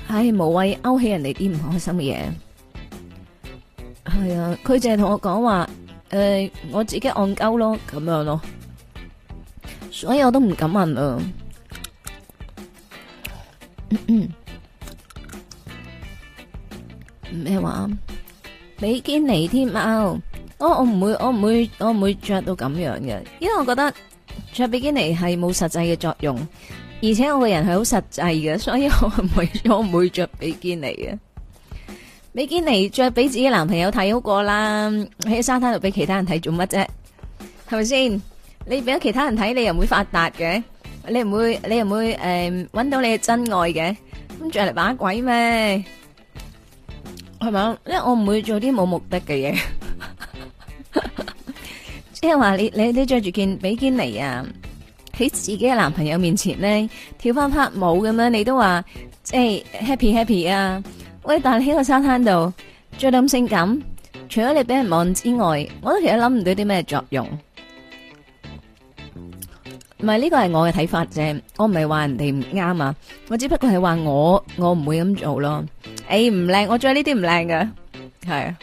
唉、哎，無謂勾起人哋啲唔開心嘅嘢。係、嗯、啊，佢淨係同我講話，誒、呃，我自己按勾咯，咁樣咯。所以我都唔敢問啊。嗯。 咩話？比基尼添啊！我我唔會，我唔會，我唔會着到咁樣嘅，因為我覺得着比基尼係冇實際嘅作用，而且我個人係好實際嘅，所以我唔會，我唔會着比基尼嘅。比基尼着俾自己男朋友睇好過啦，喺沙灘度俾其他人睇做乜啫？係咪先？你俾其他人睇，你又唔會發達嘅，你唔會，你又唔會誒搵到你嘅真愛嘅，咁着嚟扮鬼咩？係咪啊？因為我唔會做啲冇目的嘅嘢， 即係話你你你着住件比堅尼啊，喺自己嘅男朋友面前咧跳翻拍舞咁樣，你都話即係 happy happy 啊？喂，但係喺個沙灘度着得咁性感，除咗你俾人望之外，我都其實諗唔到啲咩作用。唔係呢個係我嘅睇法啫，我唔係話人哋唔啱啊，我只不過係話我我唔會咁做咯。誒，唔靚，我着呢啲唔靚㗎。係、欸、啊。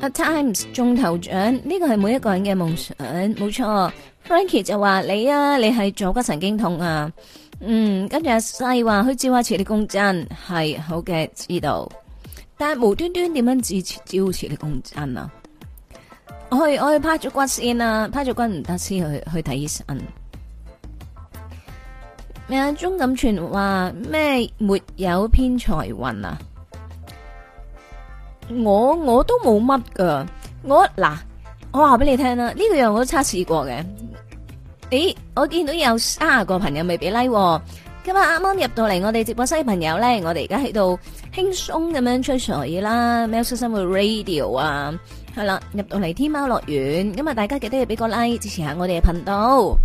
At times 中頭獎呢、這個係每一個人嘅夢想，冇錯。Frankie 就話你啊，你係坐骨神經痛啊，嗯，跟住阿細話去照下磁力共振，係好嘅，知道。但係無端端點樣照磁力共振啊？我去我去拍咗骨先啊，拍咗骨唔得先去去睇醫生。咩啊？鍾錦全話咩沒有偏財運啊？我我都冇乜噶，我嗱我話俾你聽啦，呢個樣我都測試過嘅。誒，我見到有三十個朋友未俾 like、啊。今日啱啱入到嚟我哋直播室嘅朋友咧，我哋而家喺度輕鬆咁樣吹水啦，喵式生活 Radio 啊。係啦，入到嚟天貓樂園，咁啊，大家記得要俾個 like 支持下我哋嘅頻道。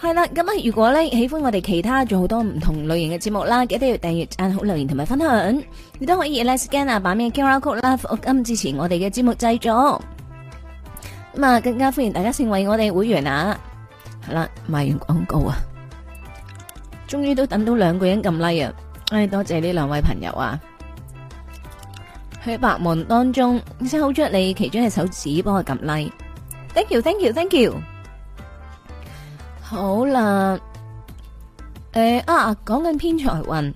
係啦，咁啊，如果咧喜歡我哋其他仲好多唔同類型嘅節目啦，記得要訂閱、讚好留言同埋分享。你都可以咧 scan 啊版面 QR code 啦，咁支持我哋嘅節目製作。咁啊，更加歡迎大家成為我哋會員啊！係啦，賣完廣告啊，終於都等到兩個人㩒 like 啊！哎，多謝呢兩位朋友啊！喺白門當中，先好着你其中一隻手指幫佢撳 like Thank you, thank you, thank you。好啦，誒、呃、啊，講緊偏財運，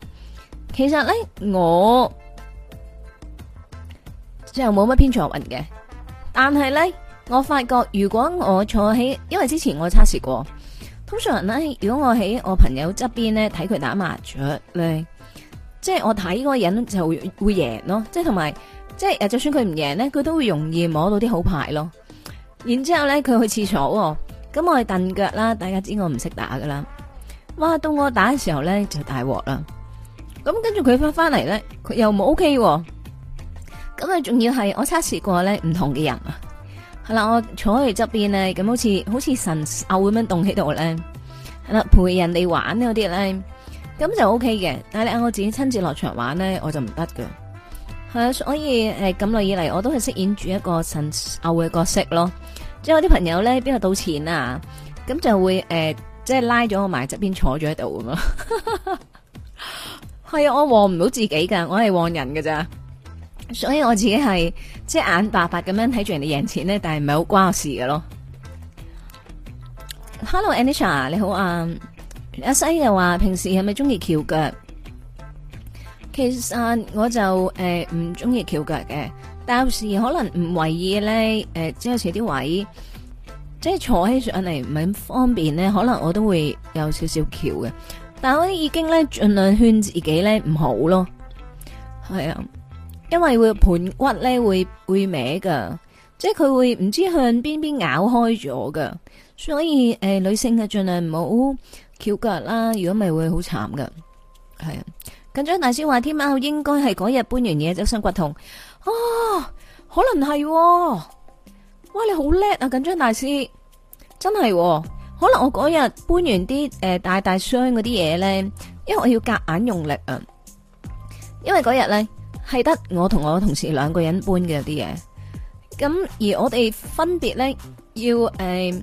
其實咧我就冇乜偏財運嘅，但係咧我發覺如果我坐喺，因為之前我測試過，通常咧如果我喺我朋友側邊咧睇佢打麻雀咧。即係我睇嗰個人就會贏咯，即係同埋即係誒，就算佢唔贏咧，佢都會容易摸到啲好牌咯。然之後咧，佢去廁所，咁、嗯、我去蹬腳啦。大家知我唔識打噶啦。哇，到我打嘅時候咧就大鑊啦。咁、嗯、跟住佢翻翻嚟咧，佢又唔 OK。咁、嗯、啊，仲要係我測試過咧唔同嘅人啊。係、嗯、啦，我坐喺佢側邊咧，咁好似好似神獸咁樣動喺度咧，係、嗯、啦陪人哋玩嗰啲咧。咁就 O K 嘅，但係你嗌我自己親自落場玩咧，我就唔得噶係啊，所以誒咁耐以嚟，我都係飾演住一個神偶嘅角色咯。即係我啲朋友咧邊度賭錢啊，咁就會誒、呃、即係拉咗我埋側邊坐咗喺度咁嘛。係我旺唔到自己噶我係旺人噶咋，所以我自己係即係眼白白咁樣睇住人哋贏錢咧，但係唔係好關我事噶咯。Hello，Anisha 你好啊。阿西又話平時係咪中意翹腳？其實我就誒唔中意翹腳嘅，有、呃、時可能唔為意咧，誒即係坐啲位，即係坐起上嚟唔係咁方便咧，可能我都會有少少翹嘅。但我已經咧盡量勸自己咧唔好咯，係啊，因為會盤骨咧會會歪噶，即係佢會唔知道向邊邊咬開咗噶，所以誒、呃、女性嘅盡量唔好。翹腳啦，如果咪會好慘噶，係、哦、啊！緊張、啊、大師話天喵應該係嗰日搬完嘢，就身骨痛啊，可能係，哇你好叻啊！緊張大師真係，可能我嗰日搬完啲誒、呃、大大箱嗰啲嘢咧，因為我要夾硬用力啊，因為嗰日咧係得我同我同事兩個人搬嘅啲嘢，咁而我哋分別咧要誒。呃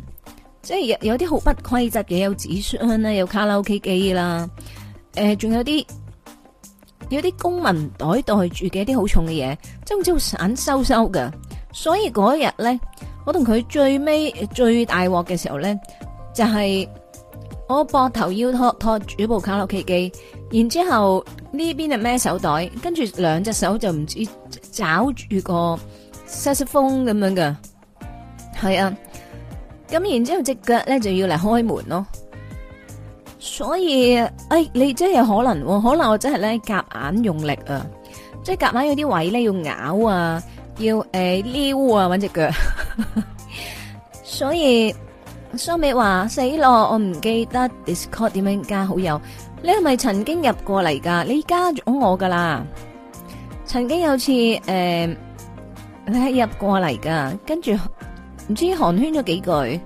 即係有有啲好不規則嘅，有紙箱啦，有卡拉 OK 機啦，誒、呃，仲有啲有啲公文袋袋住嘅一啲好重嘅嘢，朝朝散收收㗎。所以嗰日咧，我同佢最尾最大鑊嘅時候咧，就係、是、我膊頭要拖拖住部卡拉 OK 機，然之後呢邊係孭手袋，跟住兩隻手就唔知抓住個 saxophone 咁樣嘅，係啊。咁然之後隻腳咧就要嚟開門咯，所以誒、哎、你真係可能，可能我真係咧夾硬用力啊，即係夾硬有啲位咧要咬啊，要誒撩啊，搵、呃、隻腳。 所以收尾話死咯，我唔記得 Discord 點樣加好友，你係咪曾經入過嚟噶？你加咗我噶啦，曾經有次誒、呃、你係入過嚟噶，跟住。唔知寒暄咗幾句，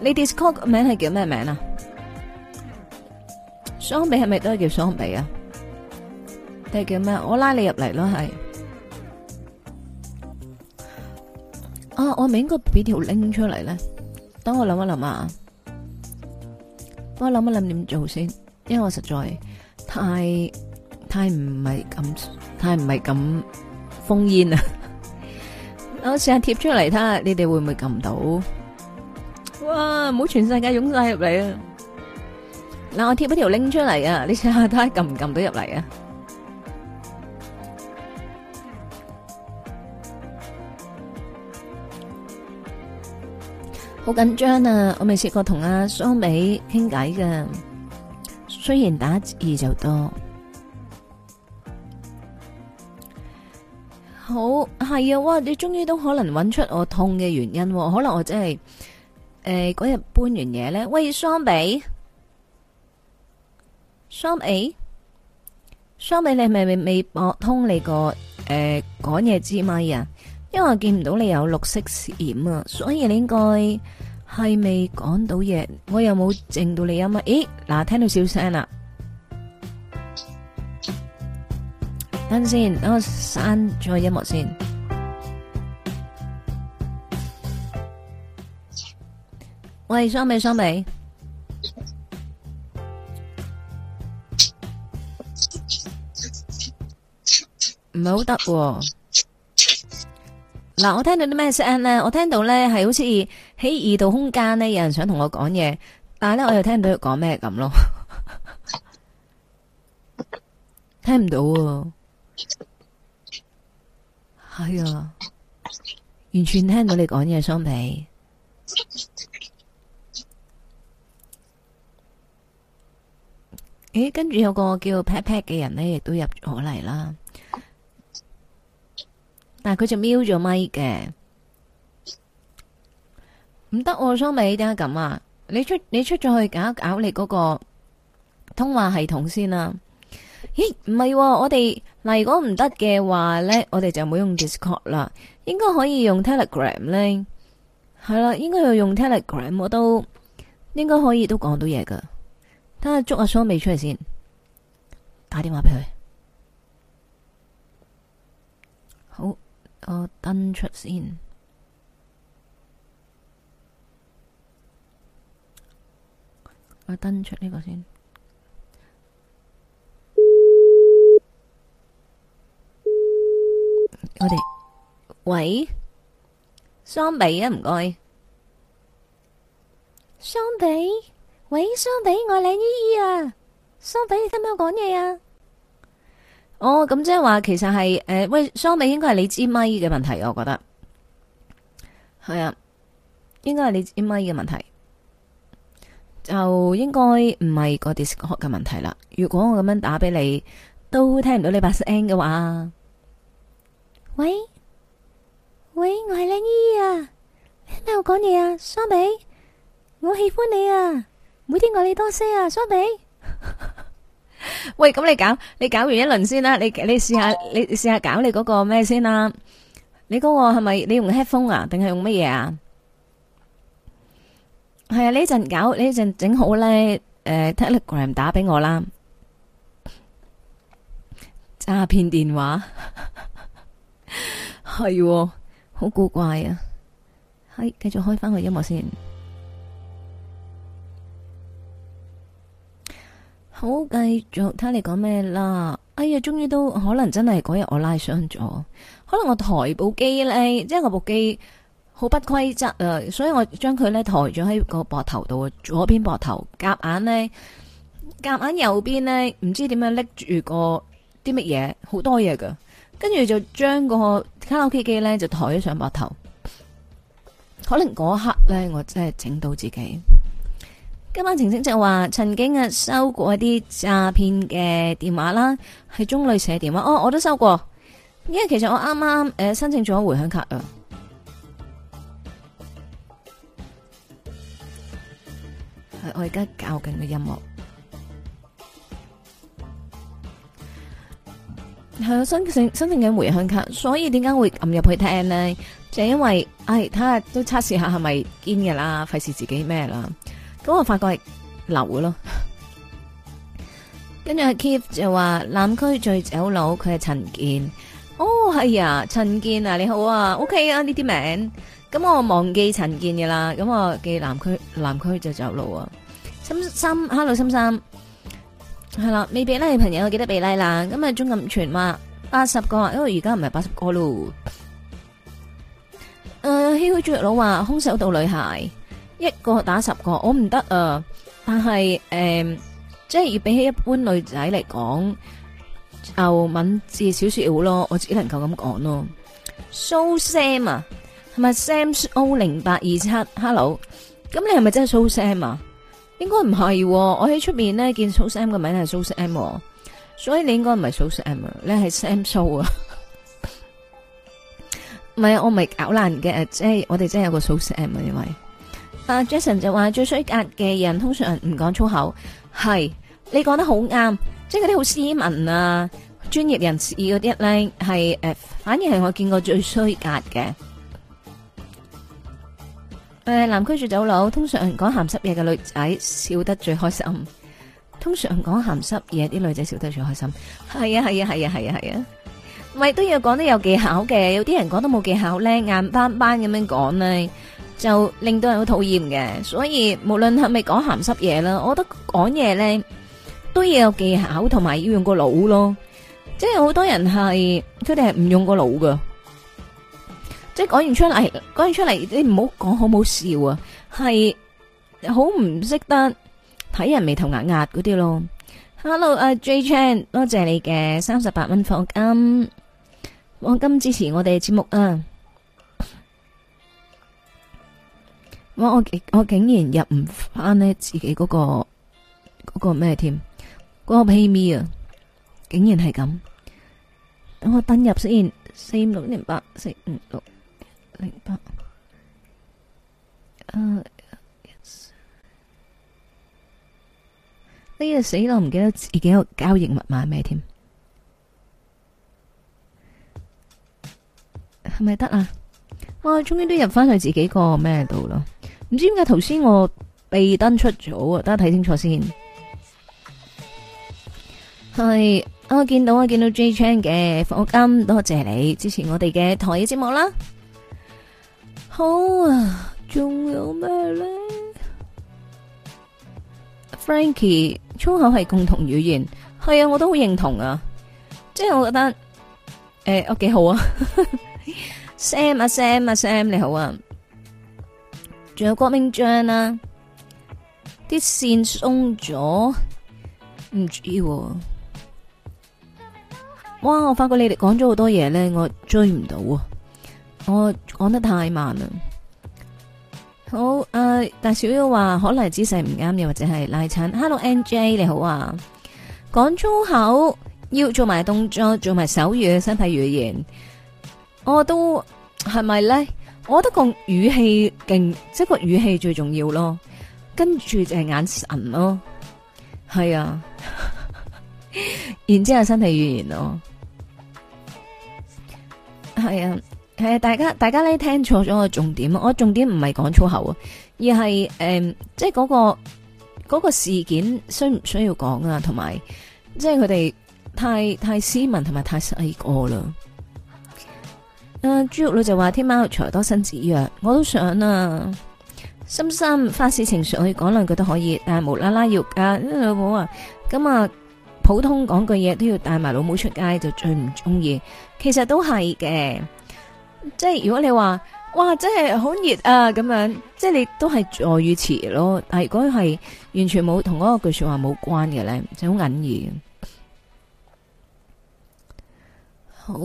你 Discord 名係叫咩名啊？雙比係咪都係叫雙比啊？定係叫咩？我拉你入嚟咯，係。啊，我咪應該俾條 link 出嚟咧。等我諗一諗啊，我諗一諗點做先，因為我實在太太唔係咁，太唔係咁烽煙啊。我試下貼出嚟，睇下，你哋會唔會撳到？哇！唔好全世界湧晒入嚟啊！嗱，我貼一條拎出嚟啊，你試下睇下撳唔撳到入嚟啊？好緊張啊！我未試過同阿雙美傾偈噶，雖然打字就多。好係啊哇，你終於都可能揾出我痛嘅原因，哦，可能我真係誒嗰日搬完嘢咧。喂，桑比，桑比，桑比，你係咪未未駁通你個誒講嘢之咪啊？因為我見唔到你有綠色閃啊，所以你應該係未講到嘢，我又冇靜到你啊嘛。咦，嗱，聽到小聲啦。等先，等我刪咗音樂先。喂，雙眉，雙眉，唔係好得。嗱，我聽到啲咩聲咧？我聽到咧係好似喺異度空間咧，有人想同我講嘢，但係咧我又聽唔到佢講咩咁咯，聽唔到。係、哎、啊，完全聽到你講嘢，雙皮。誒，跟住有個叫 Pat Pat 嘅人呢，亦都入咗嚟啦。但係佢就瞄咗咪嘅，唔得喎，雙皮，點解咁啊？你出你出咗去搞一搞你嗰個通話系統先啦、啊。咦，唔係、啊，我哋嗱，如果唔得嘅話咧，我哋就冇用 Discord 啦，應該可以用 Telegram 咧，係啦、啊，應該要用 Telegram 我都應該可以都講到嘢噶。等下捉阿蘇未出嚟先，打電話俾佢，好，我登出先，我登出呢個先。我哋喂，雙比啊，唔該，雙比，喂，雙比，我靚姨姨啊，雙比，你聽唔聽到我講嘢啊？哦，咁即係話，其實係誒，喂、呃，雙比，應該係你支咪嘅問題，我覺得係啊、嗯，應該係你支咪嘅問題，就應該唔係個 Discord 嘅問題啦。如果我咁樣打俾你，都聽唔到你把聲嘅話。喂喂，我係靚姨啊，你係度講嘢啊，雙比，我喜歡你啊，每天愛你多些啊，雙比。喂，咁你搞，你搞完一輪先啦。你你試下，你試下搞你嗰個咩先啦？你嗰個係咪你用 headphone 啊？定係用乜嘢啊？係啊，呢陣搞，呢陣整好咧。誒，Telegram 打俾我啦。詐騙電話。係、哦，好古怪啊！係，繼續開翻個音樂先。好，繼續睇你講咩啦？哎呀，終於都可能真係嗰日我拉傷咗，可能我抬部機呢，即係我部機好不規則啊，所以我將佢呢抬咗喺個膊頭度啊，左邊膊頭夾硬呢，夾硬右邊呢，唔知點樣拎住個啲乜嘢，好多嘢噶。跟住就將個卡拉 OK 機咧就抬咗上膊頭，可能嗰一刻咧我真係整到自己。今晚晴晴就話曾經啊收過一啲詐騙嘅電話啦，係中旅社嘅電話哦，我都收過，因為其實我啱啱誒申請咗回響卡啊，係、嗯、我而家搞緊嘅音樂。係啊，申請緊嘅回鄉卡，所以點解會撳入去聽呢？就是、因為，哎，睇下都測試下係咪堅嘅啦，費事自己咩啦。咁我發覺係流嘅咯。跟住阿 Keep 就話南區最酒佬，佢係陳建。」哦，係啊，陳建啊，你好啊，OK 啊，呢啲名字。咁我忘記陳建嘅啦。咁我記南區南區就走佬啊。森森，Hello，心心係啦，未俾拉嘅朋友，我記得俾拉啦。咁啊，鍾錦全話八十個，因為而家唔係八十個咯。誒，h u g 佬 j 話空手道女孩一個打十個，我唔得啊。但係誒、嗯，即係要比起一般女仔嚟講，就敏字少少，少好咯，我自己能夠咁講咯。So Sam, 是是是是 so Sam 啊，係咪 Sam O 零八二七？Hello，咁你係咪真係 So Sam 啊？應該唔係，哦，我喺出面咧見蘇 sam 嘅名係蘇 sam，所以你應該唔係蘇 sam，你係 sam Show 啊，唔 係我咪搞爛嘅，即係我哋真係有個蘇 sam 嘅位。阿、uh, Jason 就話 最衰格嘅人通常唔講粗口，係你講得好啱，即係嗰啲好斯文啊，專業人士嗰啲咧係誒，反而係我見過最衰格嘅。誒、呃，南區住酒樓，通常講鹹濕嘢嘅女仔笑得最開心。通常講鹹濕嘢啲女仔笑得最開心。係啊，係啊，係啊，係啊，係啊，唔係都要講得有技巧嘅。有啲人講得冇技巧咧，硬斑斑咁樣講咧，就令到人好討厭嘅。所以無論係咪講鹹濕嘢啦，我覺得講嘢咧都要有技巧，同埋要用個腦咯。即係好多人係，佢哋係唔用個腦噶。即係講完出嚟，講完出嚟，你唔好講好冇笑啊！係好唔識得睇人眉頭眼額嗰啲咯。Hello，阿 J Chan，多謝你嘅三十八蚊課金，課金支持我哋嘅節目啊！我我我竟然入唔翻呢自己嗰個嗰個咩添，嗰個 PayMe 啊，竟然係咁。等我登入先，四五六零八四五六。零八，呢日死我唔記得自己個交易密碼咩？添係咪得啊？我終於都入翻去自己個咩度啦？唔知點解頭先我被登出咗啊？等下睇清楚先。係啊，我見到我見到 J Chan 嘅課金，多謝你支持我哋嘅台嘅節目啦。好啊，仲有咩咧？Frankie，粗口係共同語言，係啊，我都好認同啊，即係我覺得誒，我幾好啊。Sam 啊，Sam 啊，Sam 你好啊，仲有郭明章啊，啲線鬆咗，唔知喎。哇，我發覺你哋講咗好多嘢咧，我追唔到啊。我、哦、講得太慢啦，好誒，但、啊、小優話可能姿勢唔啱，又或者係拉親。Hello N J，你好啊，講粗口要做埋動作，做埋手語、身體語言。我、哦、都係咪咧？我覺得個語氣勁，即、就、係、是、個語氣最重要咯。跟住就係眼神咯，係啊， 然之後身體語言咯，係啊。係大家，大家咧聽錯咗個重點，我重點唔係講粗口啊，而係誒、嗯，即係嗰、嗰個嗰、嗰個事件需唔需要講啊？同埋即係佢哋太太斯文同埋太細個啦。啊，豬肉佬就話：天喵財多身子弱，我都想啊！心心發泄情緒可以講兩句都可以，但係無啦啦要啊老母啊！咁啊，普通講句嘢都要帶埋老母出街，就最唔中意。其實都係嘅。即係如果你話，哇，真係好熱啊！咁樣，即係你都係助語詞咯。但如果係完全冇同嗰個句說話冇關嘅咧，就好隱喻。好，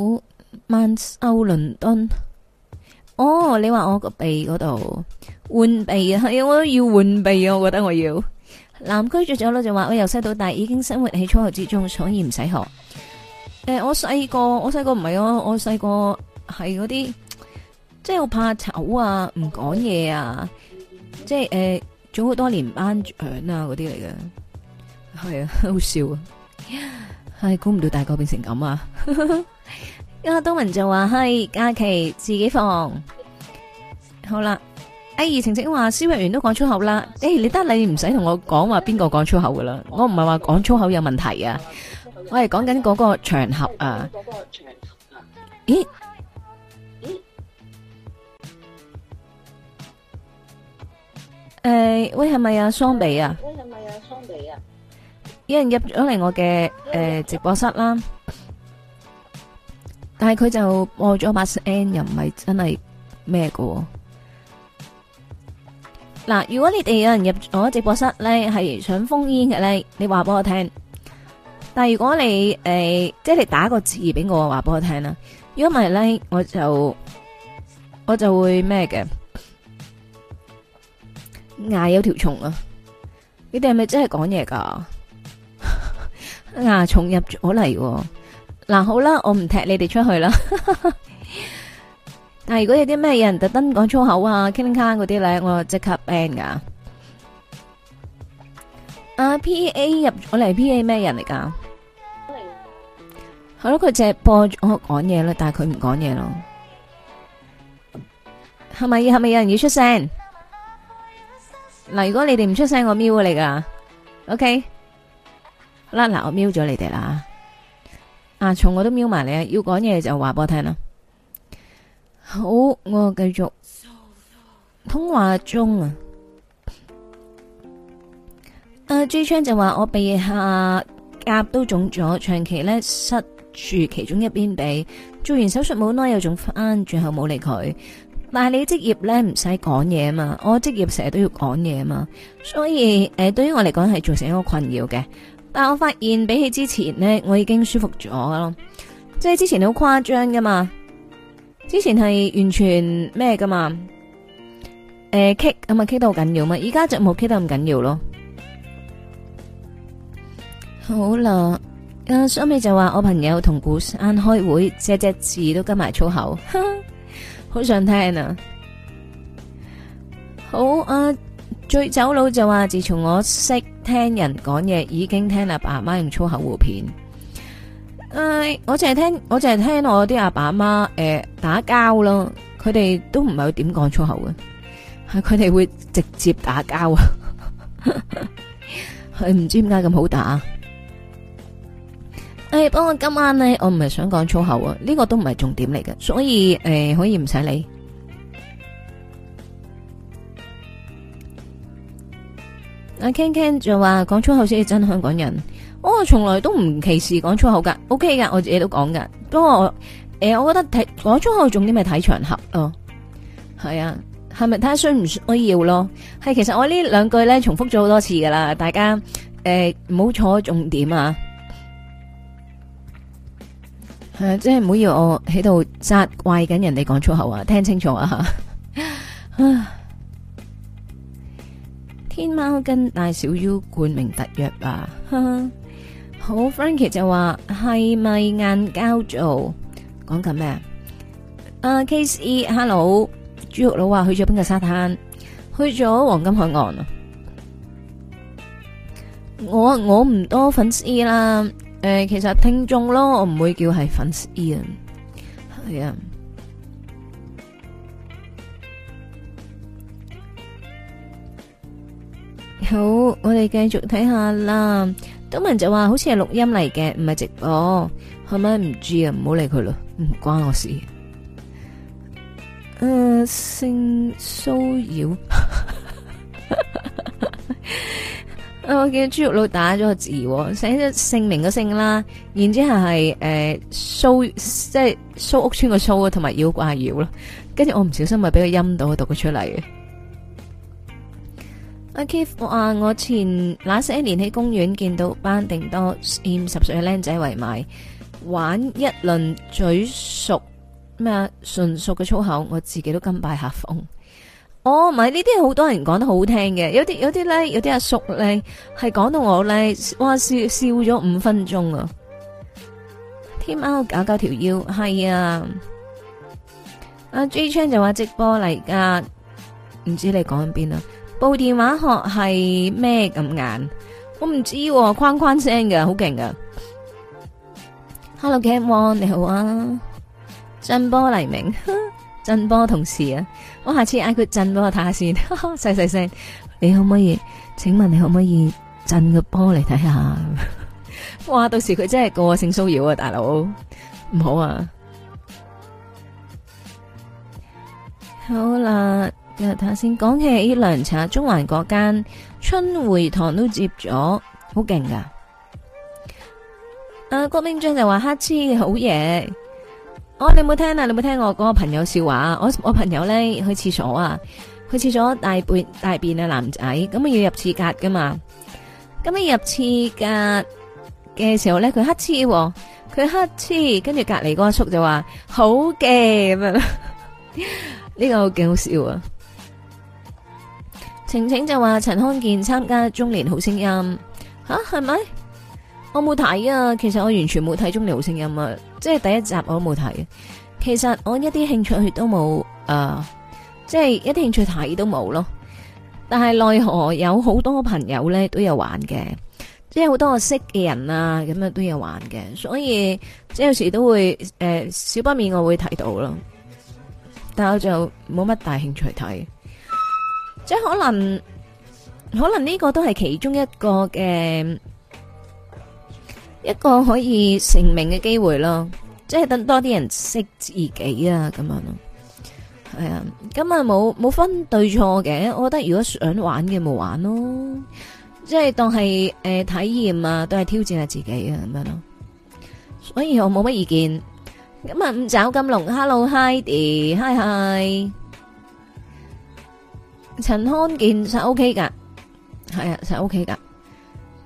曼歐倫敦。哦，你話我個鼻嗰度換鼻啊！我都要換鼻啊！我覺得我要。南區住咗囉，就話我由細到大已經生活喺粗豪之中，所以唔使學。誒、欸，我細個，我細個唔係啊，我細個。係嗰啲，即係好怕醜啊，唔講嘢啊，即係誒、呃，做好多年班長啊，嗰啲嚟嘅，係啊，好笑啊，係估唔到大個變成咁啊！因 阿東文就話係假期自己放，好啦。阿、欸、二晴晴話，消防員都講粗口啦。誒、欸，你得你唔使同我講話邊個講粗口噶啦，我唔係話講粗口有問題啊，我係講緊嗰個場合啊。咦、欸？誒，喂，係咪阿雙鼻啊？喂，係咪阿雙鼻啊？有人入咗嚟我嘅誒直播室啦，但係佢就播咗把聲，又唔係真係咩嘅。嗱，如果你哋有人入我直播室咧，係想封煙嘅咧，你話俾我聽。但係如果你誒，即係你打個字俾我話俾我聽啦。如果唔係咧，我就我就會咩嘅。牙、啊、有條蟲啊！你哋係咪真係講嘢噶？ 牙蟲入咗嚟、啊，嗱、啊、好啦，我唔踢你哋出去啦。但 係、啊、如果有啲咩人特登講粗口啊、傾計嗰啲咧，我即刻 ban 噶。阿、啊、P A 入咗嚟，P A 咩人嚟噶？係 咯，佢淨播我講嘢啦，但係佢唔講嘢咯。係咪？係咪有人要出聲？嗱，如果你哋唔出聲，我瞄你噶，OK？嗱，嗱，我瞄咗你哋啦，啊，從我都瞄埋你，要講嘢就話俾我聽啦。好，我繼續通話中啊。啊、呃，朱昌就話我鼻下甲都腫咗，長期呢塞住其中一邊鼻，做完手術冇耐又腫翻，最後冇理佢。但係你職業咧，唔使講嘢啊嘛，我職業成日都要講嘢啊嘛，所以誒對於我嚟講係造成一個困擾嘅。但係我發現比起之前咧，我已經舒服咗咯，即係之前好誇張噶嘛，之前係完全咩噶嘛，誒 kick 咁啊 kick 到好緊要嘛，而家就冇 kick 到咁緊要咯。好啦，收尾就話我朋友同古山開會，只只字都跟埋粗口。呵呵好想聽啊！好啊，醉酒佬就話，自從我識聽人講嘢，已經聽阿爸阿媽用粗口互片。唉、啊，我淨係聽，我淨係聽我啲阿爸阿媽誒打交咯。佢哋都唔係點講粗口嘅，係佢哋會直接打交啊！佢 唔知點解咁好打。誒、哎，不過今晚咧，我唔係想講粗口啊，呢、這個都唔係重點嚟嘅，所以誒、呃、可以唔使理。阿、啊、Ken Ken 就話講粗口先係真香港人，哦、我從來都唔歧視講粗口噶，OK 噶，我自己都講噶。不過我誒、呃，我覺得睇講粗口重點係睇場合哦，係啊，係咪睇下需唔需要咯？係其實我兩呢兩句咧重複咗好多次噶啦，大家誒唔好錯重點啊。係、啊，即係唔好要我喺度責怪緊人哋講粗口啊！聽清楚啊！呵呵天喵跟大小 U 冠名特約啊呵呵！好，Frankie 就話係咪硬膠做？講緊咩啊？Casey，Hello，豬肉佬話去咗邊個沙灘？去咗黃金海岸啊！我我唔多粉絲啦。誒、呃，其實聽眾咯，我唔會叫係粉絲人係啊。好，我哋繼續睇下啦。東文就話好似係錄音嚟嘅，唔係直播，係咪唔知啊？唔好理佢咯，唔關我事。誒、呃，性騷擾。 我見到豬肉佬打咗個字，寫咗姓名嘅姓啦，然之後係誒蘇，即係蘇屋村嘅蘇，同埋妖怪妖啦。跟住我唔小心咪俾佢陰到，讀佢出嚟嘅。阿 Kif 話我前那些年喺公園見到班定多二十歲嘅僆仔圍埋玩一輪嘴熟咩純熟嘅粗口，我自己都甘拜下風。哦，唔係呢啲，好多人講得好聽嘅，有啲有啲咧，有啲阿叔咧，係講到我咧，哇笑笑咗五分鐘啊！天喵搞搞條腰，係啊！阿 J Chang 就話直播嚟噶，唔知你講緊邊啊？部電話殼係咩咁硬？我唔知，框框聲嘅，好勁噶！Hello，Kim，你好啊！震波黎明，震波同事啊！我下次嗌佢震俾我睇下先，細細聲。你可唔可以？請問你可唔可以震個波嚟睇下？哇！到時佢真係個性騷擾啊，大佬，唔好啊！好啦，睇下先，講起涼茶，中環嗰間春回堂都接咗，好勁噶。阿、啊、郭秘書就話黑痴好嘢。我、哦、你冇聽啊！你冇聽我嗰個朋友笑話啊！我我朋友咧去廁所啊，去廁所大便大便啊男仔，咁啊要入廁格噶嘛，咁你入廁格嘅時候咧佢乞嗤，佢乞嗤，跟住隔籬嗰個叔就話好嘅咁樣，呢 個幾好，好笑啊！晴晴就話陳康健參加中年好聲音吓？係、啊、咪？我冇睇啊，其實我完全冇睇《中年好聲音》啊，即係第一集我都冇睇。其實我一啲興趣都冇，啊，呃，即係一啲興趣睇都冇咯。但係奈何有好多朋友咧都有玩嘅，即係好多我識嘅人啊，咁樣都有玩嘅，所以即係有時都會誒，呃，小不免我會睇到咯。但係我就冇乜大興趣睇，即係可能可能呢個都係其中一個嘅。一個可以成名嘅機會咯，即係等多啲人識自己啊咁樣咯，係啊，咁啊冇冇分對錯嘅，我覺得如果想玩嘅冇玩咯，即係當係誒體驗啊，都係挑戰下自己啊咁樣咯，所以我冇乜意見。咁啊，五爪金龍，Hello Heidi，嗨嗨，陳康健實 OK 噶，係啊，實 OK 噶。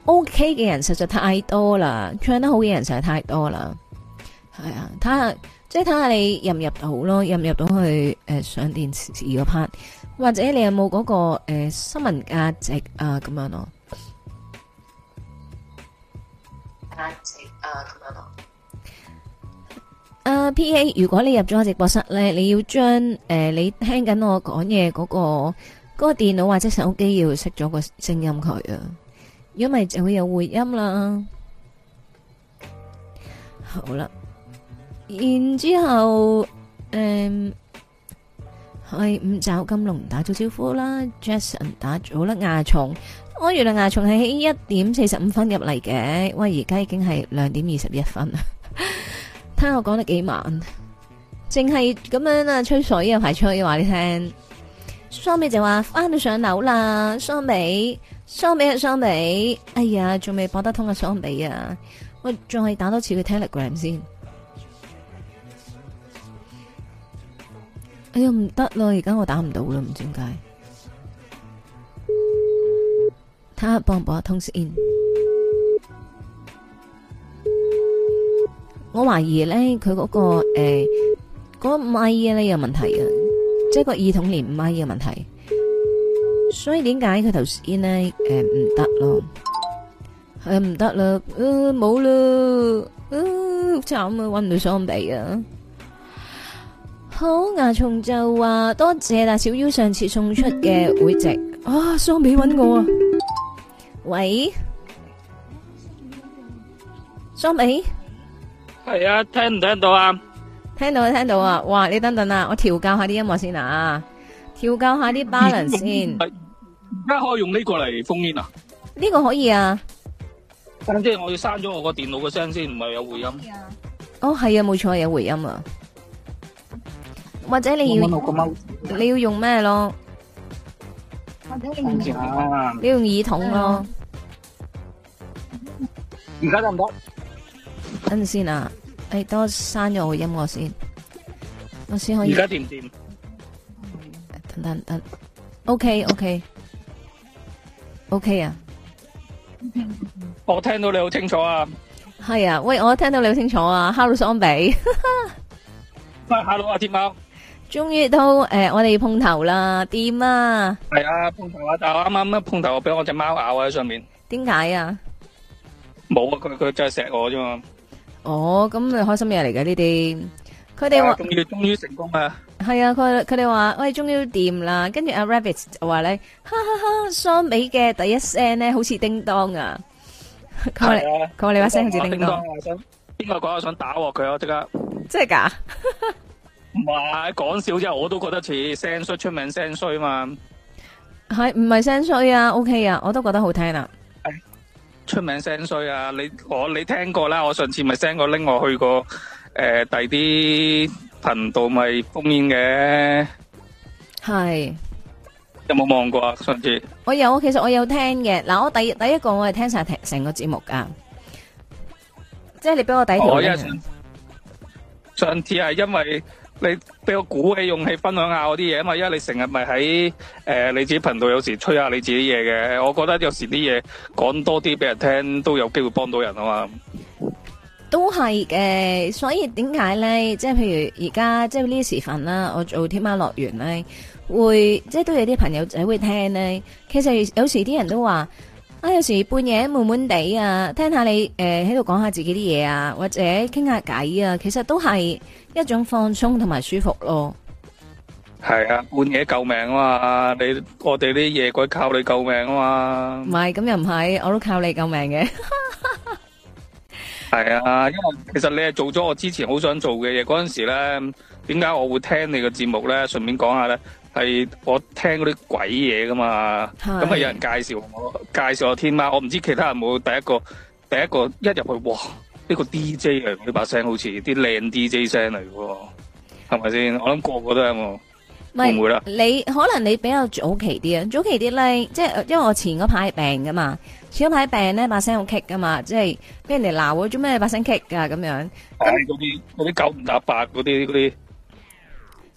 O K 嘅人實在太多啦，唱得好嘅人實在太多啦，係啊，睇下即係睇下你入唔入到咯，入唔入到去誒、呃、上電視嗰 part，或者你有冇嗰、嗰個誒、呃、新聞價值啊咁樣咯、啊？價值、uh, 啊咁樣咯。Uh, P A，如果你入咗直播室呢，你要將誒、呃、你聽緊我講嘢嗰個嗰、嗰個電腦或者手機要熄咗個聲音佢啊。如果唔係就會有回音啦。好啦，然之後，誒、嗯，係五爪金龍打咗招呼啦。Jason 打咗啦，牙蟲。我原來牙蟲係喺一點四十五分入嚟嘅，喂，而家已經係兩點二十一分啦。睇我講得幾慢，淨係咁樣啊吹水啊，排吹，要話你聽。雙尾就話翻到上樓啦，雙尾。雙比啊雙比，哎呀，仲未播得通啊雙比啊，喂，仲係打多次佢 Telegram 先。哎呀，唔得咯，而家我打唔到啦，唔知點解。睇下播唔播得通先、啊。我懷疑咧，佢嗰、嗰個誒，嗰、欸嗰個、米咧有問題啊，即係個耳筒連五米嘅問題。所以點解佢頭先咧誒，唔得咯？係唔得啦？誒冇啦？誒好慘啊！搵唔到雙臂啊！好牙重就話多謝啦，小妖上次送出嘅會籍啊！雙臂搵我啊！喂，雙臂係啊？聽唔聽到啊？聽到聽到啊！哇！你等等啊，我調教下啲音樂先啊，調教下啲 balance 先。咩可以用呢個嚟封面啊？呢、這個可以啊！即係我要刪咗我個電腦個聲先，唔係有回音。哦，係啊，冇錯，有回音啊！或者你要、嗯嗯嗯嗯嗯嗯、你要用咩咯你？你要用耳筒咯？而家咁多，等陣先啊！誒、哎，等我刪咗個音樂先，我先可以。而家點點？等等等，等，等，等，OK OK。O K 啊，我聽到你好清楚啊。係啊，喂，我聽到你好清楚啊，Hello 雙比，喂，Hello 啊，天喵，終於都誒，我哋碰頭啦，掂啊？係啊，碰頭啊，但係我啱啱一碰頭，我俾我隻貓咬喺上面，點解啊？冇啊，佢佢真係錫我啫嘛。哦，咁你開心嘢，嚟嘅呢啲。佢哋話終於終於成功啊！係啊，佢佢哋話，喂，終於掂啦，跟住阿 Rabbit 就話咧，哈哈哈，雙尾嘅第一聲咧好似叮噹啊！佢話、啊、 你把聲好似叮噹、啊，邊個講我想打我佢啊！即刻，真係噶？唔係講笑啫，我都覺得似聲衰出名聲衰啊嘛！係唔係聲衰啊？OK 啊，我都覺得好聽啊！哎、出名聲衰啊！你我你聽過啦，我上次咪 send 我拎我去過。誒、嗯，第二啲頻道咪封面嘅，係有冇望過啊？上次我有，其實我有聽嘅。嗱，我第第一個我係聽晒成成個節目噶，即係你俾我抵啲。上次係因為你俾我鼓起勇氣分享下我啲嘢啊嘛，因為你成日咪喺誒你自己頻道有時吹下你自己嘢嘅，我覺得有時啲嘢講多啲俾人聽都有機會幫到人啊嘛。都係嘅，所以點解咧？即係譬如而家即係呢時份啦，我做天喵樂園咧，會即係都有啲朋友仔會聽咧。其實有時啲人都話啊，有時半夜悶悶地啊，聽下你誒喺度講下自己啲嘢啊，或者傾下偈啊，其實都係一種放鬆同埋舒服咯。係啊，半夜救命啊嘛！你我哋啲夜鬼靠你救命啊嘛！唔係咁又唔係，我都靠你救命嘅。係啊，因為其實你係做咗我之前好想做嘅嘢，嗰陣時咧，點解我會聽你嘅節目咧？順便講下咧，係我聽嗰啲鬼嘢噶嘛，咁啊有人介紹我，介紹我天喵，我唔知其他人有冇第一個，第一個一入去，哇，呢個 DJ 嚟，呢把聲好似啲靚 DJ 聲嚟嘅，係咪先？我諗個個都係冇，唔會啦。你可能你比較早期啲啊，早期啲咧，即係因為我前嗰排病噶嘛。前排病咧，把聲好棘噶嘛即係俾人哋鬧，做咩把聲棘噶咁樣係嗰啲嗰啲九唔搭八嗰啲嗰啲，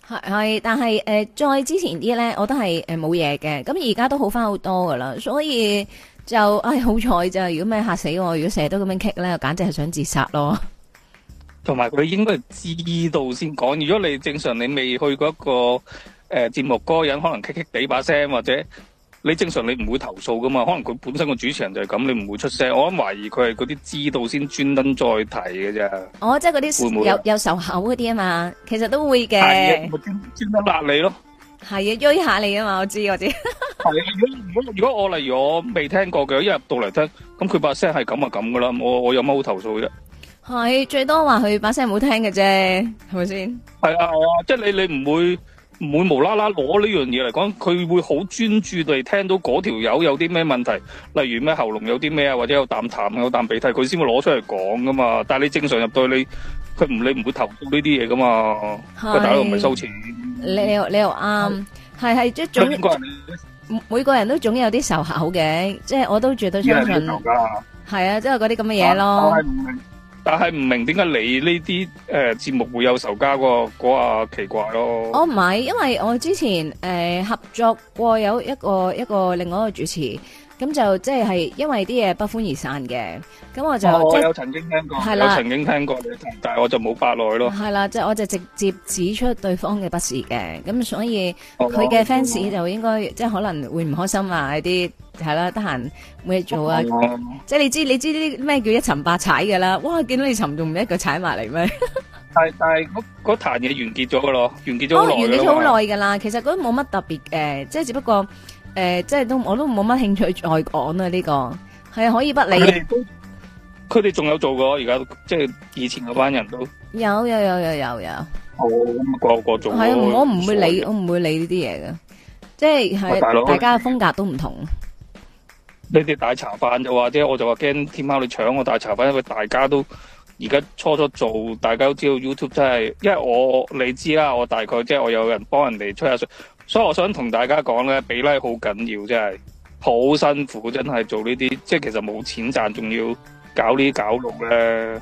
係係，但係誒再之前啲咧，我都係誒冇嘢嘅，咁而家都好翻好多噶啦所以就唉好彩就係如果咪吓死我，如果成日都咁樣棘咧，簡直係想自殺咯。同埋佢應該知道先講，如果你正常你未去過一個誒節目，個人可能棘棘地把聲或者。你正常你唔會投訴噶嘛？可能佢本身個主持人就係咁，你唔會出聲。我諗懷疑佢係嗰啲知道先專登再提嘅啫。哦，即係嗰啲有有仇口嗰啲啊嘛，其實都會嘅。係啊，咪專專登辣你咯。係啊，追下你啊嘛，我知我知。係如果如果如果我例如我未聽過嘅，一入到嚟聽，咁佢把聲係咁啊咁噶啦，我我有乜好投訴啫？係最多話佢把聲唔好聽嘅啫，係咪先？係啊係啊，即係你你唔會。唔會無啦啦攞呢樣嘢嚟講，佢會好專注地聽到嗰條友有啲咩問題，例如咩喉嚨有啲咩啊，或者有啖痰有啖鼻涕，佢先會攞出嚟講噶嘛。但係你正常入到去佢唔你唔會投訴呢啲嘢噶嘛。佢大佬唔係收錢，你你又你又啱，係係即係總，每個人都總有啲仇口嘅，即係我都絕對相信，係、就是、啊，即係嗰啲咁嘅嘢咯。但係唔明點解你呢啲誒節目會有仇家喎？嗰個奇怪咯。我唔係，因為我之前誒、呃、合作過有一個一個另外一個主持。咁就即係，因為啲嘢不歡而散嘅。咁我就我有曾經聽過，我曾經聽過，但係我就冇發耐咯。係啦，即係我就直接指出對方嘅不是嘅。咁所以佢嘅 fans 就應該即係可能會唔開心啊！啲係啦，得閒冇嘢做啊！即係你知你知啲咩叫一沉百踩噶啦？哇！見到你沉仲唔一腳踩埋嚟咩？但係但係嗰嗰壇嘢完結咗噶咯，完結咗。哦，完結咗好耐噶啦。其實嗰啲都冇乜特別嘅，即係只不過。誒、欸，即係都我都冇乜興趣再講啦，呢、這個係可以不理，佢哋仲有做嘅，而家即係以前嗰班人都有有有有有有。我個個做係啊，我唔會理，我唔會理呢啲嘢嘅，即係係大，大家嘅風格都唔同。呢啲大茶飯就話係我就話驚天貓你搶我大茶飯，因為大家都而家初初做，大家都知道 YouTube 真係，因為我你知啦，我大概即係、就是、我有人幫人哋吹下水。所以我想同大家講咧，比例好緊要，真係好辛苦，真係做呢啲，即係其實冇錢賺，仲要搞，搞呢啲搞路咧。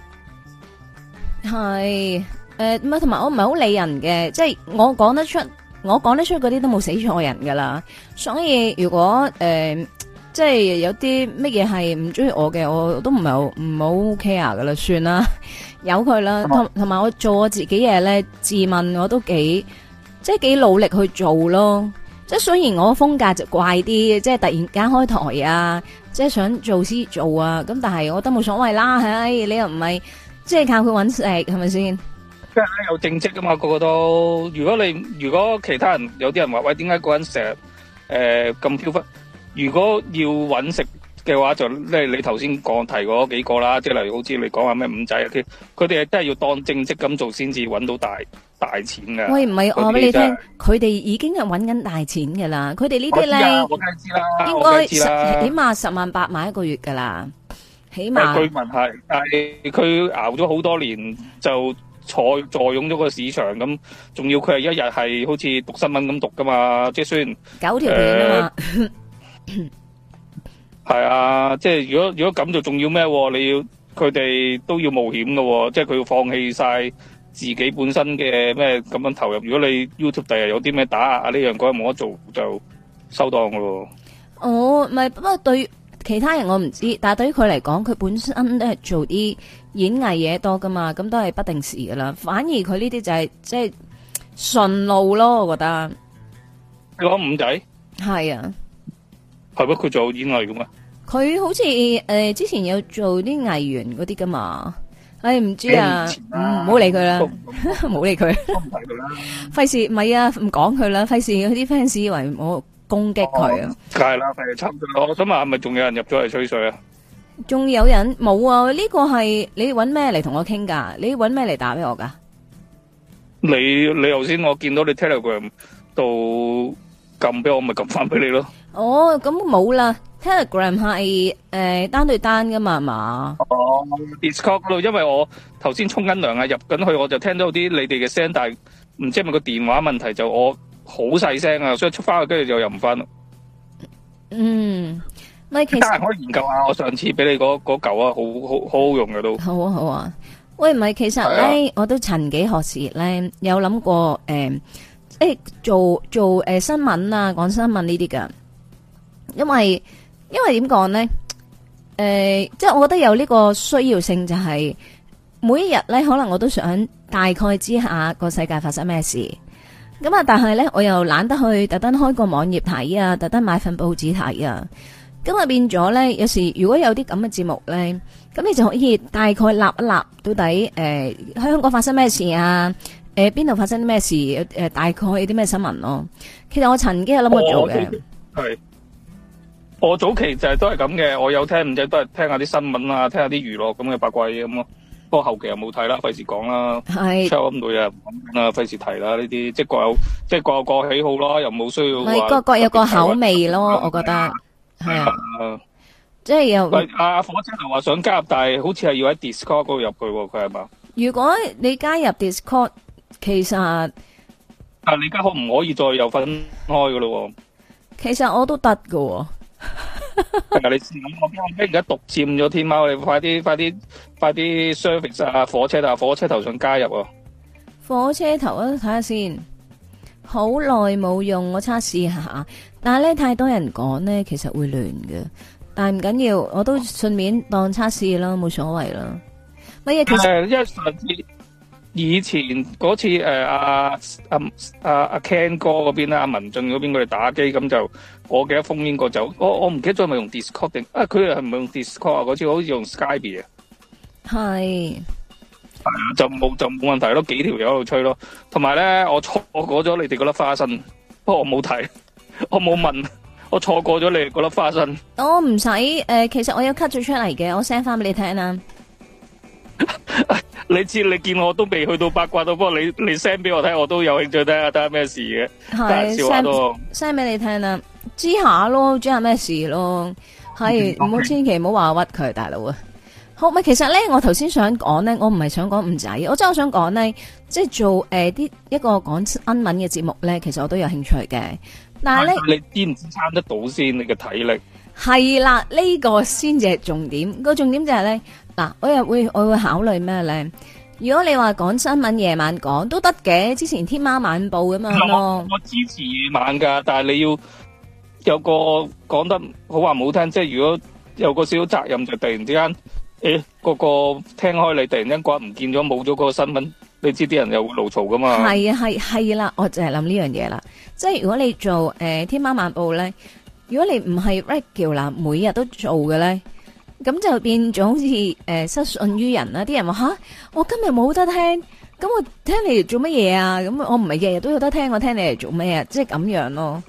係，誒、呃，唔係同埋我唔係好理人嘅，即、就、係、係、我講得出，我講得出嗰啲都冇死錯人噶啦。所以如果誒，即、呃、係、就係、有啲乜嘢係唔中意我嘅，我都唔係唔好 care 噶啦，算啦，由佢啦。同同埋我做我自己嘢咧，自問我都幾。即係幾努力去做咯，即係雖然我風格就怪啲，即係突然間開台啊，即係想做先做啊，咁但係我覺得冇所謂啦，唉，你又唔係即係靠佢揾食係咪先？即係有正職噶嘛，個個都。如果你如果其他人有啲人話喂，點解個人成日誒咁飄忽？如果要揾食，嘅話就咧，你頭先講提嗰幾個啦，即係例如好似你講話咩五仔，佢佢哋係真係要當正職咁做先至搵到大大錢嘅。喂，唔係我俾你聽，佢哋已經係搵緊大錢噶啦，佢哋呢啲咧應該起碼十萬八萬一個月噶啦，起碼。居民係，但係佢熬咗好多年，就坐坐擁咗個市場咁，仲要佢係一日係好似讀新聞咁讀噶嘛，即係雖然。九條片啊。 係啊，即係如果如果咁就仲要咩？你要佢哋都要冒險喎，即係佢要放棄晒自己本身嘅咩咁樣投入。如果你 YouTube 第日有啲咩打壓啊呢樣嗰樣冇得做，就收檔噶咯。我、哦、咪不過對其他人我唔知，但係對於佢嚟講，佢本身都係做啲演藝嘢多噶嘛，咁都係不定時噶啦。反而佢呢啲就係、是、即係順路咯，我覺得。講五仔。係啊。係不佢做演藝嘅咩？佢好似誒之前有做啲藝員嗰啲噶嘛？哎唔知啊，唔好理佢啦，唔好理佢。都唔睇到啦，費事咪啊，唔講佢啦，費事嗰啲 fans 以為我攻擊佢。梗係啦，費事插唔對路。我想問，係咪仲有人入咗嚟吹水啊？仲有人冇啊？呢個係你揾咩嚟同我傾噶？你揾咩嚟打俾我噶？你你頭先我見到你 Telegram 到。撳俾我，我咪撳翻俾你咯。哦，咁冇啦。Telegram 係誒單對單噶嘛，係嘛？哦，Discord 咯，因為我頭先沖緊涼啊，入緊去我就聽到啲你哋嘅聲，但係唔知係咪個電話問題，就我好細聲啊，所以出翻去跟住就入唔翻。嗯，咪其實可以研究下，我上次俾你嗰嗰嚿啊，好好好好用嘅都。好啊好啊，喂，唔係其實咧，我都曾幾何時咧有諗過誒。誒，做做誒、呃、新聞啊，講新聞呢啲㗎，因為因為點講咧？誒、呃，即係我覺得有呢個需要性，就係每一日呢，可能我都想大概知下個世界發生咩事。咁啊，但係呢，我又懶得去特登開個網頁睇啊，特登買份報紙睇啊。咁啊，變咗呢，有時如果有啲咁嘅節目呢，咁你就可以大概立一立到底，誒、呃，香港發生咩事啊？誒、呃，邊度發生啲咩事？誒、呃，大概有啲咩新聞咯？其實我曾經有諗過做嘅。係，我早期就係都係咁嘅。我有聽，唔知都係聽下啲新聞啊，聽下啲娛樂咁嘅八卦嘢咁咯。不、嗯、過後期又冇睇啦，費事講啦。係 s 咁多嘢啊，費事提啦。呢啲即係各有，即係各有各個喜好囉，又冇需要。咪各，各有個口味咯，我覺得係啊，啊，啊。即係又阿火車頭話想加入，但係好似係要喺 Discord 嗰度入去喎。佢係嘛？如果你加入 Discord。其實，但、啊、你而家可唔可以再又分開噶咯、啊？其實我都得噶、哦。但、 啊、你先咁，我驚我驚而家獨占咗天貓，你快啲快啲快啲 service 啊火車啊火車頭想加入、啊。火車頭啊，睇下先，好耐冇用，我測試下。但係咧太多人講咧，其實會亂噶。但係唔緊要，我都順便當測試啦，冇所謂啦。乜嘢其實？啊因為以前嗰次誒阿阿阿阿 Ken 哥嗰邊啦，阿文進嗰邊佢哋打機咁就我記得封英國走。我我唔記得咗係咪用 Discord 定啊？佢哋係唔係用 Discord 嗰次好似用 Skype 啊。係、嗯。就冇就冇問題咯，幾條友喺度吹咯。同埋咧，我錯我過咗你哋嗰粒花生，不過我冇睇，我冇問，我錯過咗你哋嗰粒花生。我唔使誒，其實我有 cut 咗出嚟嘅，我 send 翻俾你聽啊。你知，你見我都未去到八卦到，不過你你 send 俾我睇，我都有興趣睇下，睇下咩事嘅。係，send send 俾你聽啦，知下咯，知下咩事咯。係， 唔好千祈唔好話屈佢，大佬啊。好，咪其實咧，我頭先想講咧，我唔係想講唔仔，我真係想講咧，即係做誒啲、呃、一個講新聞嘅節目咧，其實我都有興趣嘅。但係咧， 你堅唔堅撐得到先？你嘅體力係啦，呢、呢個先至係重點。個重點就係咧。嗱，我又會我會考慮咩咧？如果你話講新聞，夜晚講都得嘅。之前《天喵晚報》噶嘛，我支持夜晚噶，但係你要有個講得好話唔好聽，即係如果有個少少責任，就突然之間，誒，個個聽開你，突然間掛唔見咗，冇咗個新聞，你知啲人又會怒嘈噶嘛？係啊，係係啦，我就係諗呢樣嘢啦。即係如果你做誒《天喵晚報》咧，如果你唔係 regular 嗱，每日都做嘅咧。咁就變咗好似誒失信於人啦！啲人話吓，我今日冇得聽，咁我聽你嚟做乜嘢啊？咁我唔係日日都有得聽，我聽你嚟做咩啊？即係咁樣咯。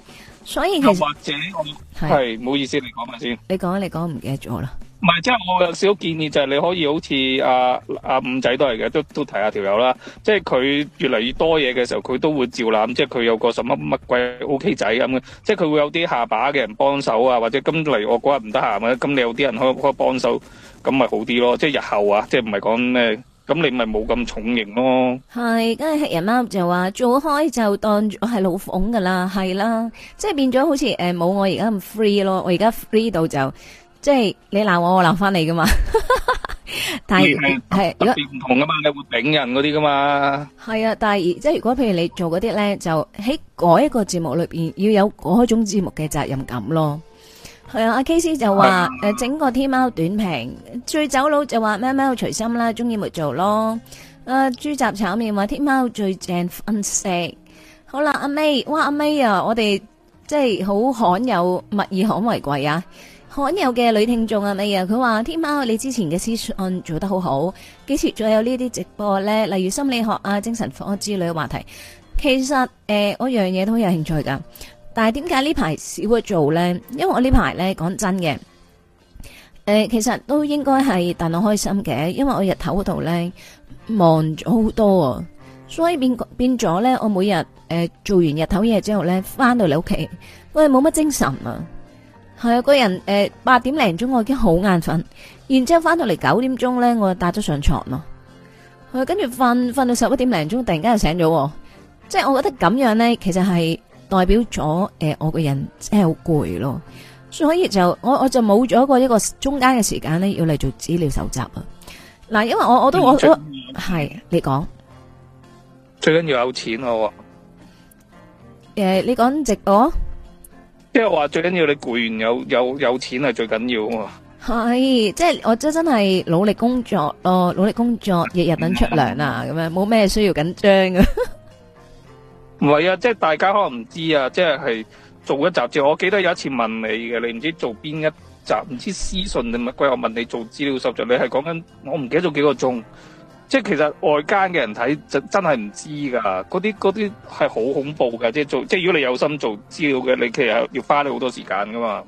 所以其實或者我係，唔好意思，你講埋先。你講啊，你講，唔記得咗啦。唔係，即係我有少建議就係你可以好似阿阿五仔都係嘅，都都提下條友啦。即係佢越嚟越多嘢嘅時候，佢都會照攬。即係佢有個什麼乜鬼 OK 仔咁嘅，即係佢會有啲下把嘅人幫手啊，或者今日我嗰日唔得閒啊，咁你有啲人可可幫手，咁咪好啲咯。即係日後啊，即係唔係講咩？咁你咪冇咁重型咯。係，梗係黑人貓就話做開就當係老馮噶啦，係啦，即係變咗好似誒冇我而家咁 free 咯，我而家 free 到就，即係你鬧我，我鬧翻你噶嘛。係係特別唔同噶嘛，你會頂人嗰啲噶嘛。係啊，但係即係如果譬如你做嗰啲咧，就喺嗰一個節目裏邊要有嗰種節目嘅責任感咯。係啊，阿 KC 就話誒，整個天喵短評醉酒佬就話咩咩好隨心啦，中意咪做咯。誒，豬雜炒麵話天喵最正分食。好啦，阿 May。哇，阿 May 啊，我哋即係好罕有，物以罕為貴啊！罕有嘅女聽眾啊，咪啊，佢話：天喵，你之前嘅諮詢做得好好，幾時仲有呢啲直播呢，例如心理學啊、精神科之類嘅話題。其實誒、呃，我樣嘢都好有興趣噶，但係點解呢排少做呢？因為我呢排呢講真嘅，誒、呃，其實都應該係但係開心嘅，因為我日頭嗰度呢忙咗好多、啊，所以變變咗呢，我每日誒、呃、做完日頭嘢之後呢，翻到你屋企，我係冇乜精神啊。係啊，個人誒八點零鐘我已經好眼瞓，然之後翻到嚟九點鐘咧，我就打咗上床咯。佢跟住瞓瞓到十一點零鐘，突然間就醒咗。即係我覺得咁樣咧，其實係代表咗誒、呃，我個人真係好攰咯。所以就我我就冇咗一個一個中間嘅時間咧，要嚟做資料搜集啊。嗱，因為我我都我都係你講，最緊要有錢咯。誒、呃，你講直播。即係話最緊要你攰完有有有錢係最緊要啊嘛？係即係我真真係努力工作咯，努力工作日日等出糧啊，咁樣冇咩需要緊張啊。唔係啊，即係大家可能唔知啊，即係做一集就，我記得有一次問你嘅，你唔知做邊一集，唔知私信定咪過後問你做資料收集，你係講緊我唔記得做幾個鐘。即係其實外間嘅人睇就真係唔知噶，嗰啲嗰啲係好恐怖噶。即係做即係如果你有心做資料嘅，你其實要花你好多時間噶嘛。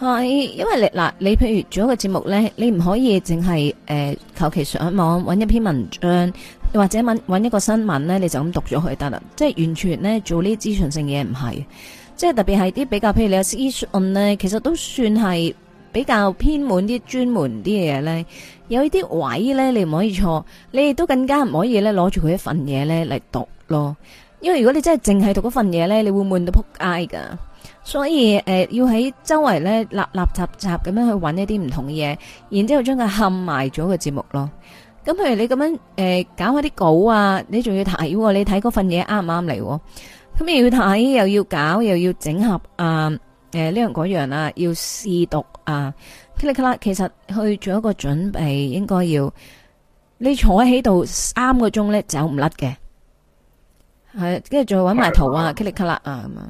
係，因為你嗱，你譬如做一個節目咧，你唔可以淨係誒求其上網搵一篇文章或者搵一個新聞咧，你就咁讀咗佢得啦。即係完全咧做呢啲資訊性嘢唔係，即係特別係啲比較譬如你有資訊咧，其實都算係。比較偏門啲，專門啲嘢呢，有啲位呢，你唔可以錯，你亦都更加唔可以呢攞住佢一份嘢呢嚟讀咯。因為如果你真係淨係讀嗰份嘢呢，你會悶到撲街㗎。所以誒，呃，要喺周圍呢，垃垃雜雜咁樣去揾一啲唔同嘢，然之後將佢冚埋咗個節目咯。咁譬如你咁樣誒，呃，搞下啲稿啊，你仲要睇，哦，你睇嗰份嘢啱唔啱嚟？咁要睇又要搞又要整合啊！誒，呢樣嗰樣啦，要試讀啊，卡里卡啦，其實去做一個準備，應該要你坐喺度三個鐘咧，走唔甩嘅，係，跟住再搵埋圖啊，卡里卡啦啊咁樣。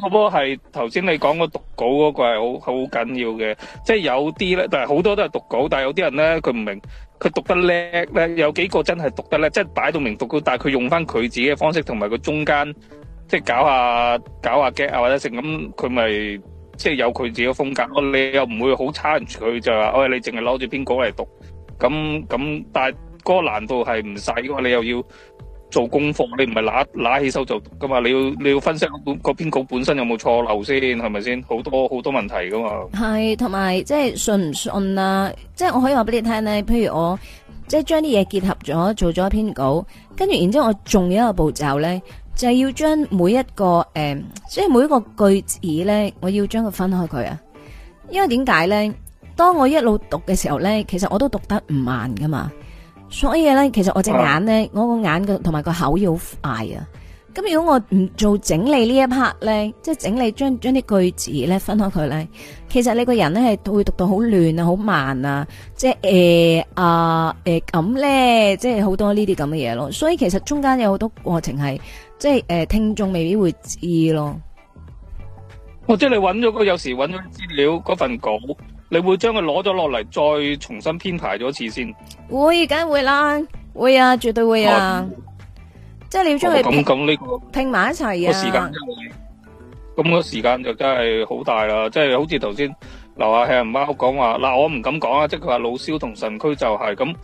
不過係頭先你講個讀稿嗰個係好好緊要嘅，即係有啲咧，但係好多都係讀稿，但係有啲人咧，佢唔明，佢讀得叻咧，有幾個真係讀得叻，即係擺到明讀到，但係佢用翻佢自己嘅方式，同埋佢中間。即係搞下搞下 get 啊，或者成咁，佢咪即係有佢自己嘅風格咯。你又唔會好差住佢就係話，喂，你淨係攞住篇稿嚟讀咁咁。但係嗰個難度係唔細嘅嘛。你又要做功課，你唔係揦揦起手就讀嘅嘛。你要你要分析嗰本嗰篇稿本身有冇錯漏先，係咪先？好多好多問題嘅嘛。係同埋即係信唔信啊？即係我可以話俾你聽咧。譬如我即係將啲嘢結合咗做咗一篇稿，跟住然之後我仲有一個步驟咧。就係、是、要將每一個誒，即、呃、係、就是、每一個句子咧，我要將佢分開佢啊。因為點解咧？當我一路讀嘅時候咧，其實我都讀得唔慢噶嘛。所以咧，其實我隻眼咧，我個眼同埋個口要好快啊。咁如果我唔做整理一刻呢一 part 咧，即、就、係、是、整理將將啲句子咧分開佢咧，其實你個人咧係會讀到好亂啊，好慢啊，即係誒啊誒咁咧，即係好多呢啲咁嘅嘢咯。所以其實中間有好多過程係。即係誒，聽眾未必會知咯。哦，即係你揾咗嗰有時揾咗資料嗰份稿，你會將佢攞咗落嚟再重新編排咗一次先。會，梗係會啦，會啊，絕對會啊。即係你要將佢拼，咁呢個拼埋一齊啊。咁個時間就真係好大啦。即係好似頭先樓下係人貓講話嗱，我唔敢講啊。即係佢話老蕭同神區就係咁。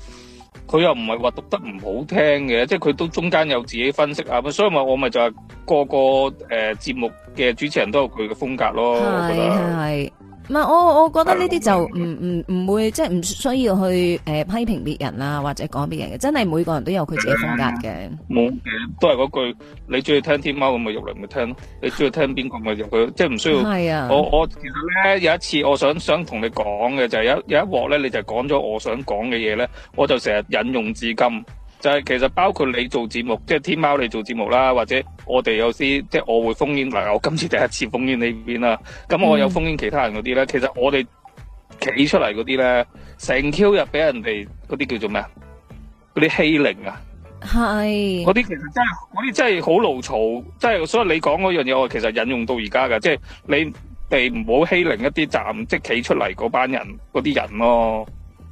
佢又唔係話讀得唔好聽嘅，即係佢都中間有自己分析啊，所以咪我咪就係個個誒、呃、節目嘅主持人都有佢嘅風格咯，係係。我覺得。唔係我，我覺得呢啲就唔唔唔會即係唔需要去誒、呃、批評別人啦、啊，或者講別人嘅，真係每個人都有佢自己風格嘅。冇、呃、都係嗰句，你中意聽天喵咁咪入嚟咪聽咯，你中意聽邊個咪入去， 即係唔需要。係啊！我我其實咧有一次我想想同你講嘅就係、是、有有一鑊咧你就講咗我想講嘅嘢咧，我就成日引用至今。就係、是、其實包括你做節目，即、就、係、是、天喵你做節目啦，或者我哋有啲即係我會封煙，嗱我今次第一次封煙呢邊啦，咁我有封煙其他人嗰啲咧，嗯、其實我哋企出嚟嗰啲咧，成 Q 日俾人哋嗰啲叫做咩啊？嗰啲欺凌啊，係、嗰啲其實真係嗰啲真係好牢嘈，即係所以你講嗰樣嘢，我其實引用到而家㗎。即係你哋唔好欺凌一啲站即企出嚟嗰班人嗰啲人咯、哦。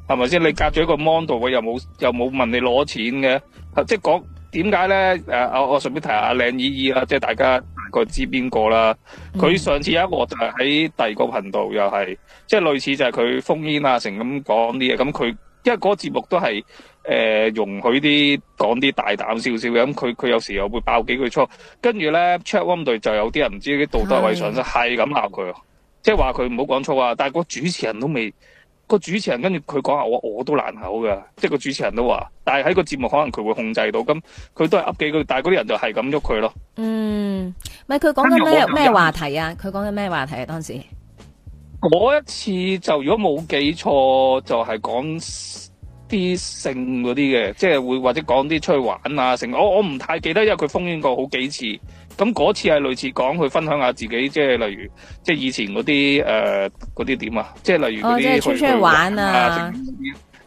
係咪先？你隔咗一個 model，我又冇又冇問你攞錢嘅，即係講點解咧？誒，我、啊、我順便提下阿靚姨姨啦，即係大家大概知邊個啦。佢、嗯、上次有一個就係喺第二個頻道，又係即係類似就係佢封煙阿、啊、成咁講啲嘢，咁、嗯、佢因為嗰個節目都係誒、呃、容許啲講啲大膽少少嘅，咁佢佢有時又會爆幾句粗，跟住咧 chatroom 度就有啲人唔知啲道德為上，真係咁鬧佢，即係話佢唔好講粗啊，但係個主持人都未。那個主持人跟住佢講下我我都爛口㗎，即係個主持人都話，但係喺個節目可能佢會控制到，咁佢都係噏幾句，但係嗰啲人就係咁喐佢咯。嗯，唔係佢講緊咩咩話題啊？佢講緊咩話題啊？當時我一次就如果冇記錯，就係講啲性嗰啲嘅，即係會或者講啲出去玩啊，成我我唔太記得，因為佢封癲過好幾次。咁嗰次係類似講去分享下自己，即係例如即係以前嗰啲誒嗰啲點啊，即係例如嗰啲去去玩啊，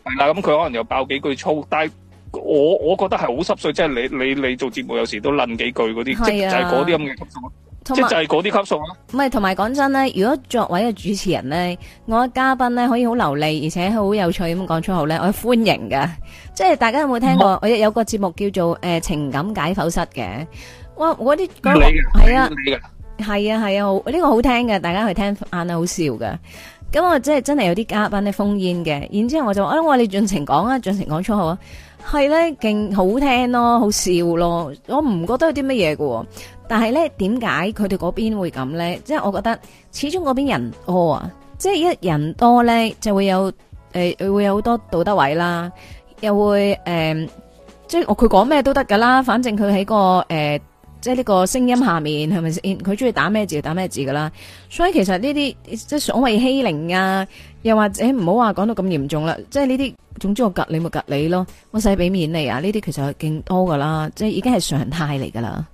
係啦。咁佢可能又爆幾句粗，但係我我覺得係好濕碎，即係你你你做節目有時都撚幾句嗰啲，即係嗰啲咁嘅級數，即係就係嗰啲級數咯。唔係同埋講真咧，如果作為一個主持人咧，我嘅嘉賓咧可以好流利而且好有趣咁講粗口咧，我歡迎㗎。即係大家有冇聽過？我有個節目叫做誒情感解剖室嘅。哇！我啲係啊，係啊，係啊，呢、這個好聽嘅，大家去聽，眼好笑嘅。咁我即係真係有啲嘉賓咧封煙嘅，然之後我就，話：「我話你盡情講啊，盡情講粗口啊，係咧、啊，勁好聽咯，好笑咯，我唔覺得有啲乜嘢喎。」但係咧，點解佢哋嗰邊會咁咧？即係我覺得始終嗰邊人多啊、哦，即係一人多咧就會有誒、呃，會有好多道德位啦，又會誒、呃，即係佢講咩都得噶啦，反正佢喺個誒。呃即係呢個聲音下面係咪先？佢中意打咩字就打咩字噶啦，所以其實呢啲即係所謂欺凌啊，又或者唔好話講到咁嚴重啦。即係呢啲，總之我隔你咪隔你咯，我使俾面你啊。呢啲其實係勁多噶啦，即係已經係常態嚟噶啦。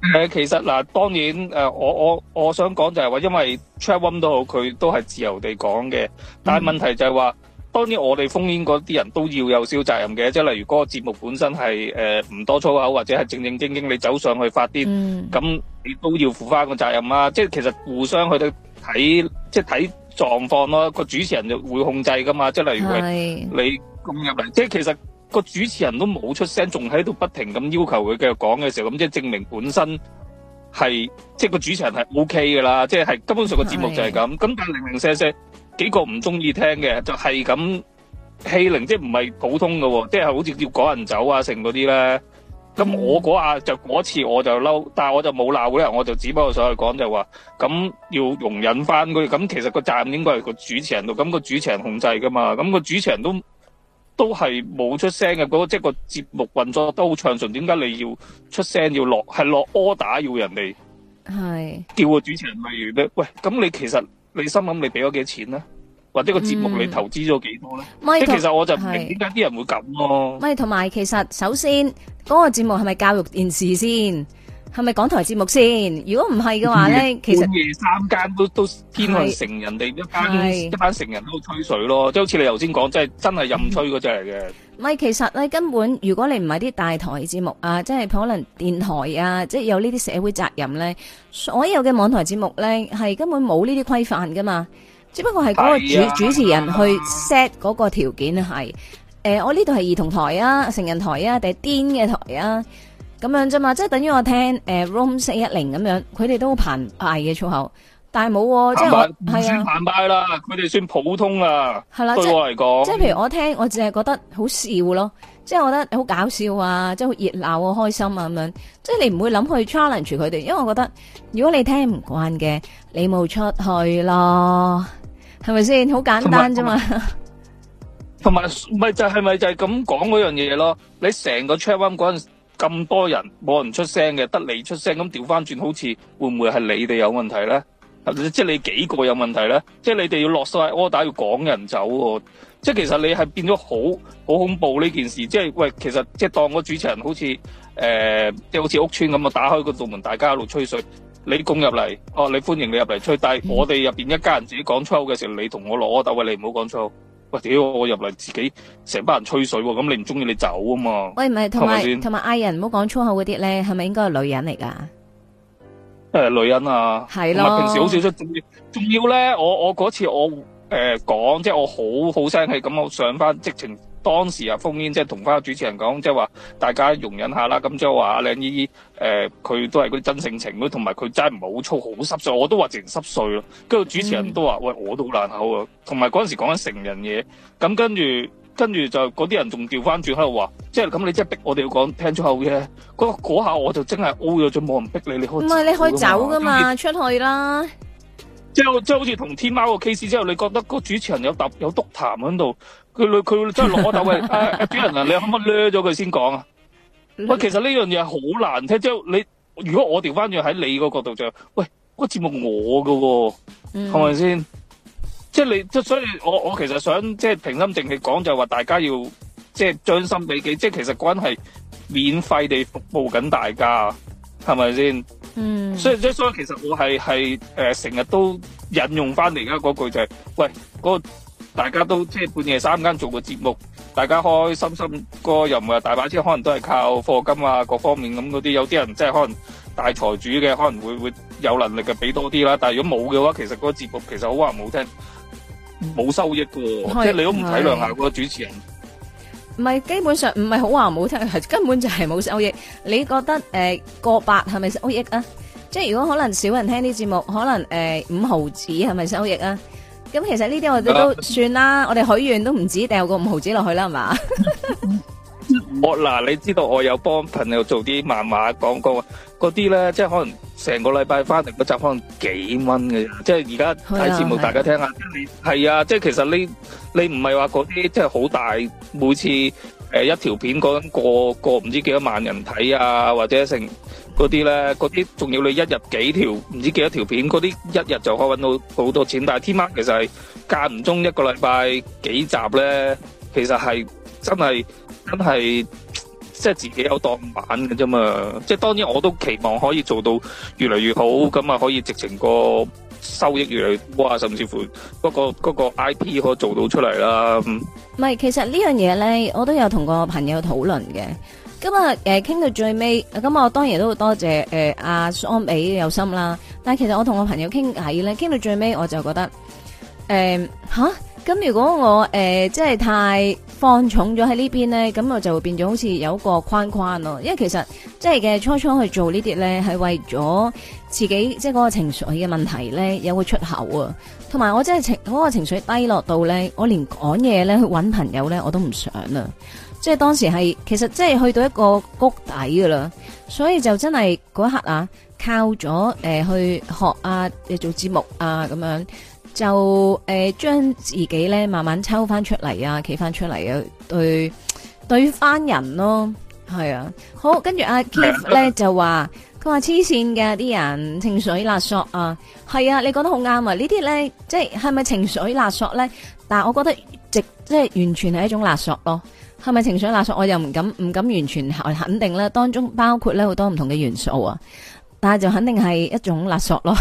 誒、呃，其實嗱、呃，當然誒、呃，我我我想講就係話，因為 chat room 都好，佢都係自由地講嘅、嗯，但係問題就係話。當然，我哋封煙嗰啲人都要有少責任嘅，即係例如嗰個節目本身係誒唔多粗口，或者係正正經經你走上去發癲，咁你都要負翻個責任啦。即係其實互相去到睇，即係睇狀況咯。個主持人就會控制噶嘛，即係例如係你咁入嚟，即係其實個主持人都冇出聲，仲喺度不停咁要求佢繼續講嘅時候，咁即係證明本身。係即係個主持人係 O K 噶啦，即係根本上個節目就係咁。咁但零零舍舍幾個唔中意聽嘅就係咁欺凌，即係唔係普通喎，即係好似叫「趕人走」啊剩嗰啲咧。咁我嗰下就嗰次我就嬲，但係我就冇鬧嗰人，我就只不過所謂講就話，咁要容忍翻佢。咁其實個站應該係個主持人度，咁個主持人控制噶嘛，咁個主持人都。都係冇出聲嘅，嗰即係個節目運作都好暢順。點解你要出聲要落係落 order 要人哋？係叫個主持人例如呢？喂，咁你其實你心諗你俾咗幾多錢咧？或者個節目你投資咗幾多咧、嗯？即其實我就唔明點解啲人會咁咯、啊。咪同埋，其實首先嗰、嗰個節目係咪教育電視先？係咪港台節目先？如果唔係嘅話咧，其實三間都都偏向成人哋一間一班成人都吹水咯，即係好似你頭先講，即係真係任吹嗰隻嚟嘅。唔係，其實咧根本如果你唔係啲大台節目啊，即係可能電台啊，即係有呢啲社會責任咧，所有嘅網台節目咧係根本冇呢啲規範噶嘛，只不過係嗰個主主持人去 set 嗰個條件係，誒，我呢度係兒童台啊，成人台啊，定係癲嘅台啊？咁樣啫嘛，即係等於我聽誒 room 410咁樣，佢哋都好澎湃嘅粗口，但係冇即係我係啊，澎湃排啦，佢哋、啊、算，算普通啦，係啦、啊，對我嚟講，即係譬如我聽，我淨係覺得好笑咯，即係我覺得好搞笑啊，即係好熱鬧啊，開心啊咁樣，即係你唔會諗去 challenge 佢哋，因為我覺得如果你聽唔慣嘅，你冇出去咯，係咪先？好簡單啫嘛。同埋咪就係、是、咪就係咁講嗰樣嘢咯？你成個 check room 陣。咁多人冇人出聲嘅，得你出聲，咁調翻轉好似會唔會係你哋有問題呢？即係你幾個有問題呢？即係你哋要落晒柯打要趕人走喎、啊。即係其實你係變咗好好恐怖呢件事。即係喂，其實即係當個主持人好似誒，即、呃、係好似屋村咁啊，打開個道門，大家一路吹水。你攻入嚟，哦，你歡迎你入嚟吹。但係我哋入邊一家人自己講粗嘅時候，你同我攞柯打，喂，你唔好講粗。喂，屌！我入嚟自己成班人吹水喎、啊，咁你唔中意你走啊嘛？喂，唔係，同埋同埋嗌人唔好講粗口嗰啲咧，係咪應該係女人嚟噶？誒、呃，女人啊，係咯，平時好少出。仲要咧，我我嗰次我誒講，呃，即係我好好聲氣咁，我上翻即情。當時啊，烽煙即係同翻個主持人講，即係話大家容忍下啦。咁即係話阿靚姨姨，誒、呃、佢都係嗰啲真性情咯，同埋佢真係唔係好粗，好濕碎，我都話直情濕碎咯。跟住主持人都話、嗯：喂，我都好爛口啊。同埋嗰陣時講緊成人嘢，咁跟住跟住就嗰啲人仲調翻轉喺度話，即係咁你即係逼我哋要講聽出口嘅。嗰下我就真係 O 咗，就冇人逼你，你可以唔係你可以走㗎嘛，出去啦。即係即係好似同天貓個 case 之後，你覺得個主持人有揼有督痰喺度？佢佢佢即係攞豆嚟。主持人，你可唔可以掠咗佢先講啊？喂，其實呢樣嘢，好難聽。即係你如果我掉返轉喺你個角度就，喂，個節目我噶喎，係咪先？即係你即係，所以我我其實想即係平心靜氣講，就係話大家要即係將心比己，即係其實關係免費地服務緊大家，係咪先？所以即所以，所以其實我係係誒成日都引用翻嚟家嗰句就係、是：喂，嗰、那個、大家都即半夜三更做個節目，大家開心心歌人。歌個又唔係大把錢，可能都係靠課金啊各方面咁嗰啲。有啲人即可能大財主嘅，可能會會有能力嘅俾多啲啦。但係如果冇嘅話，其實嗰節目其實好話唔好聽，冇收益嘅、啊、即係你都唔體諒下個主持人。唔係基本上唔係好話唔好聽，根本就係冇收益。你覺得誒、呃、過百係咪收益啊？即係如果可能少人聽啲節目，可能誒、呃、五毫子係咪收益啊？咁其實呢啲我哋都算啦， 我哋許願都唔止掉個五毫子落去啦，係嘛？我嗱，你知道我有幫朋友做啲漫畫廣告啊，嗰啲咧，即係可能成個禮拜翻嚟個集可能幾蚊嘅。即係而家睇節目，大家聽下，係啊，係啊，係啊，即係其實你，你唔係話嗰啲即係好大，每次誒一條片嗰種過過唔知幾多萬人睇啊，或者成嗰啲咧，嗰啲仲要你一日幾條唔知幾多條片，嗰啲一日就可以搵到好多錢。但係天喵，其實係間唔中一個禮拜幾集咧，其實係真係。真係即係自己有當板嘅啫嘛，即係當然我都期望可以做到越嚟越好，咁啊可以直情個收益越嚟越高啊，甚至乎嗰個嗰個 IP 可以做到出嚟啦。唔係，其實呢樣嘢咧，我都有同個朋友討論嘅。咁啊誒，傾到最尾，咁我當然都會多謝誒阿桑美有心啦。但係其實我同我朋友傾偈咧，傾到最尾我就覺得誒吓，咁如果我誒即係太。放重咗喺呢邊呢，咁我就會變咗好似有個框框咯。因為其實即係嘅初初去做呢啲呢，係為咗自己即係嗰個情緒嘅問題呢，有個出口啊。同埋我真係情嗰個情緒低落到呢，我連講嘢呢，去搵朋友呢，我都唔想啦。即係當時係其實即係去到一個谷底㗎喇，所以就真係嗰一刻啊，靠咗誒去學啊做節目啊咁樣。就誒，將、呃、自己咧慢慢抽翻出嚟啊，企翻出嚟啊，對對翻人咯，係啊，好，跟住阿 k e h 咧就話，佢話黐線嘅啲人情緒勒索啊，係啊，你覺得好啱啊？呢啲咧即係係咪情緒勒索咧？但係我覺得直即係完全係一種勒索咯，係咪情緒勒索？我又唔敢唔敢完全肯肯定啦，當中包括咧好多唔同嘅元素啊，但係就肯定係一種勒索咯。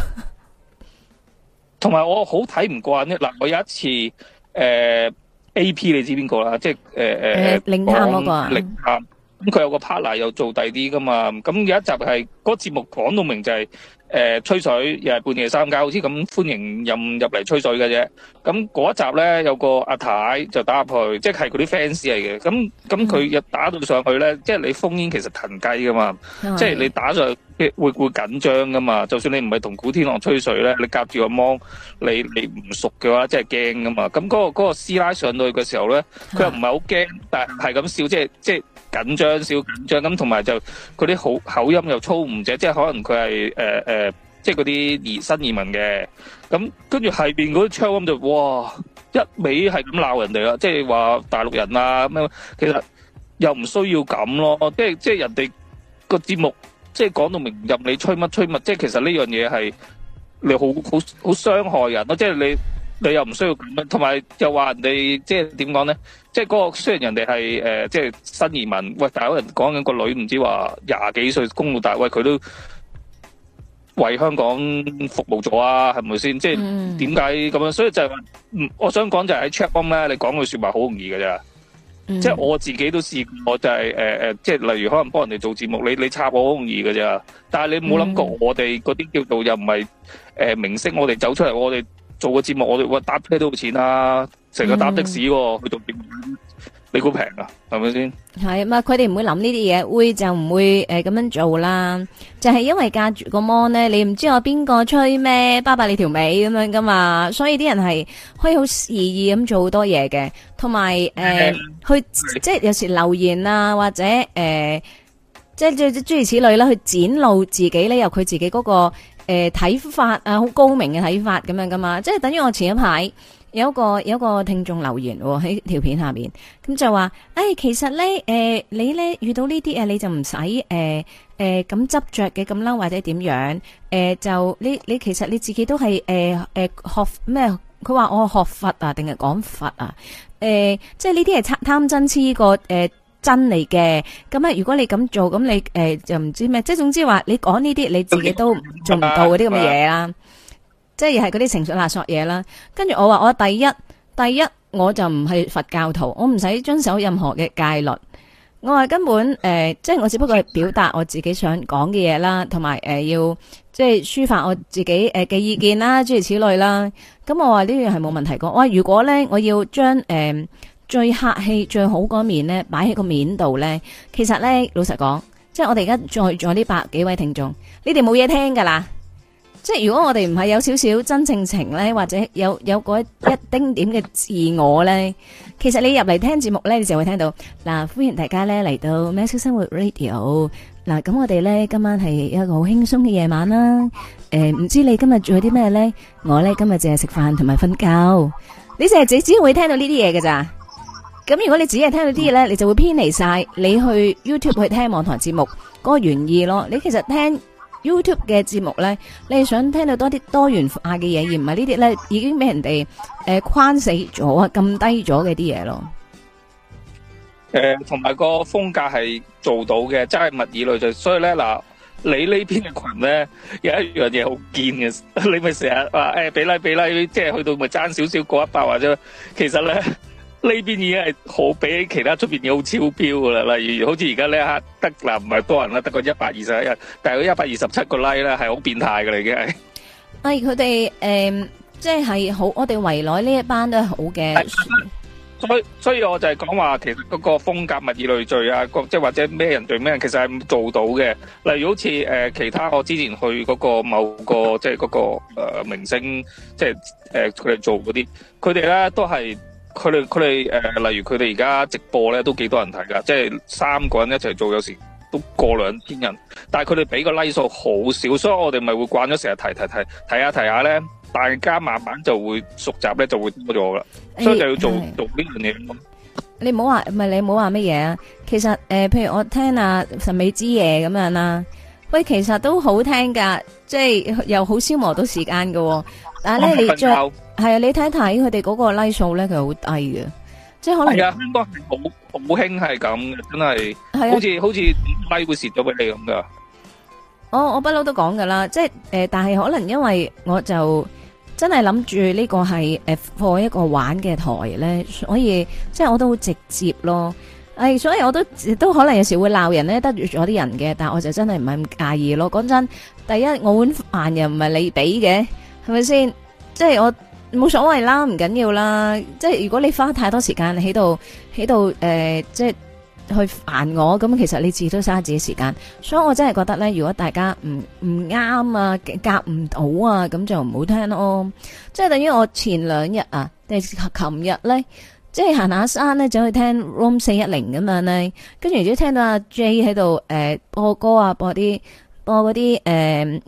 同埋我好睇唔慣啫。嗱，我有一次誒、呃、A P 你知邊個啦，即係誒誒講零三嗰個啊，零三，咁佢有個 partner 又做第啲噶嘛，咁有一集係嗰個節目講到明就係、是。誒、呃、吹水又係半夜三更，好似咁歡迎任入入嚟吹水嘅啫。咁嗰一集咧，有個阿太就打入去，即係佢啲 fans 嚟嘅。咁咁佢又打到上去咧、嗯，即係你烽煙其實騰雞噶嘛，即係你打上去會會緊張噶嘛、嗯。就算你唔係同古天樂吹水咧，你夾住個芒，你你唔熟嘅話，即係驚噶嘛。咁嗰、嗰個嗰師奶上到去嘅時候咧，佢又唔係好驚，但係係咁笑，即係即係。緊張少緊張咁，同埋就嗰啲好口音又粗唔者，即係可能佢係、呃呃、即係嗰啲二新移民嘅。咁跟住係邊嗰啲槍音就哇一味係咁鬧人哋啦，即係話大陸人啊咩。其實又唔需要咁咯，即係即係人哋個節目即係講到明，任你吹乜吹乜，即係其實呢樣嘢係你好好好傷害人咯，即係你。你又唔需要咁樣，同埋又話人哋即係點講咧？即係嗰個雖然人哋係誒，即係新移民，喂，但係有人講緊個女唔知話廿幾歲供到大，喂，佢都為香港服務咗啊，係咪先？即係點解咁樣？所以就係，是，我想講就係喺 chatroom 咧，你講句說話好容易嘅啫，嗯。即係我自己都試過，就是，就係誒誒即係例如可能幫人哋做節目，你你插我好容易嘅啫。但係你冇諗過我哋嗰啲叫做又唔係誒明星，我哋走出嚟，我哋。做個節目，我哋我搭車都冇錢啊！成日搭的士、啊嗯，去到邊你估平啊？係咪先？係咪？佢哋唔會諗呢啲嘢，會就唔會誒咁、呃、樣做啦？就係、是、因為隔住個 mon 咧，你唔知我邊個吹咩，巴拜你條尾咁樣噶嘛，所以啲人係可以好肆意咁做好多嘢嘅，同埋誒，去即係有時留言啊，或者誒、呃，即係諸諸如此類啦，去展露自己咧，由佢自己嗰、那個。誒、呃，睇法啊，好高明嘅睇法咁樣噶嘛，即係等於我前一排有一個有一個聽眾留言喺、哦、條片下面，咁就話，誒、哎，其實咧，誒、呃，你咧遇到呢啲啊，你就唔使誒誒咁執着嘅咁啦，或者點樣，誒、呃，就你你其實你自己都係誒誒學咩？佢話我學佛啊，定係講佛啊？誒、呃，即係呢啲係貪貪嗔痴、這個誒。呃真嚟嘅，咁啊！如果你咁做，咁你誒、呃、就唔知咩？即係總之話，你講呢啲你自己都做唔到嗰啲咁嘅嘢啦，啊啊、即係係嗰啲情緒勒索嘢啦。跟住我話，我第一，第一我就唔係佛教徒，我唔使遵守任何嘅戒律。我話根本誒、呃，即係我只不過係表達我自己想講嘅嘢啦，同埋誒要即係抒發我自己誒嘅、呃、意見啦，諸如此類啦。咁我話呢樣係冇問題嘅。我話我如果咧，我要將誒。呃最客氣最好嗰面咧，擺喺個面度咧。其實咧，老實講，即係我哋而家在在啲百幾位聽眾，你哋冇嘢聽噶啦。即係如果我哋唔係有少少真性情咧，或者有有嗰一丁點嘅自我咧，其實你入嚟聽節目咧，你就會聽到嗱。歡迎大家咧嚟到《喵式生活 Radio》嗱。咁我哋咧今晚係一個好輕鬆嘅夜晚啦。誒，唔知你今日做咗啲咩咧？我咧今日淨係食飯同埋瞓覺。你淨係只會聽到呢啲嘢噶咋？咁如果你只係聽到啲嘢咧，你就會偏離曬你去 YouTube 去聽網台節目嗰個原意咯。你其實聽 YouTube 嘅節目咧，你係想聽到多啲多元化嘅嘢，而唔係呢啲咧已經俾人哋誒框死咗、禁低咗嘅啲嘢咯。誒，同埋個風格係做到嘅，真係物以類聚。所以咧嗱，你呢邊嘅群咧有一樣嘢好堅嘅，你咪成日話誒比拉比拉，即係去到咪爭少少過一百萬或者，其實咧。呢邊已經係好比其他出邊嘢好超標噶啦，例如好似而家呢一刻，得嗱，唔係多人啦，得個一百二十一人，但係佢一百二十七個 like 啦，係好變態噶啦已經係。係佢哋誒，即係、呃就是、好，我哋圍內呢一班都係好嘅。所以所以我就係講話，其實嗰個風格物以類聚啊，即係或者咩人對咩人，其實係做到嘅。例如好似誒、呃、其他我之前去嗰個某個即係嗰個誒、呃、明星，即係誒佢哋做嗰啲，佢哋咧都係。佢哋佢哋誒，例如佢哋而家直播咧，都幾多人睇噶？即係三個人一齊做，有時都過兩千人。但係佢哋俾個 like 數好少，所以我哋咪會慣咗成日睇睇睇睇下睇下咧，大家慢慢就會熟習咧，就會多咗啦。所以就要做做呢樣嘢。你唔好話唔係，你唔好話乜嘢啊？其實誒，譬如我聽啊神美之夜咁樣啦，喂，其實都好聽噶，即係又好消磨到時間嘅喎。但係你着係啊！你睇睇佢哋嗰個 like 數咧，佢好低嘅，即係可能香港係好好興係咁嘅，真係係啊！好似好似 like 會蝕咗俾你咁噶。我我不嬲都講噶啦，即係誒，但係可能因為我就真係諗住呢個係誒，for 一個玩嘅台咧，所以即係我都好直接咯。係，所以我都都可能有時會鬧人咧，得罪咗啲人嘅，但係我就真係唔係咁介意咯。講真，第一我碗飯又唔係你俾嘅。係咪先？即係我冇所謂啦，唔緊要啦。即係如果你花太多時間喺度喺度誒，即係去煩我咁，其實你自己都嘥自己時間。所以我真係覺得咧，如果大家唔唔啱啊，夾唔到啊，咁就唔好聽咯。即係等於我前兩日啊，即係琴日咧，即係行下山咧，走去聽 Room 四一零咁樣咧，跟住如果聽到阿 J 喺度誒播歌啊，播啲播嗰啲誒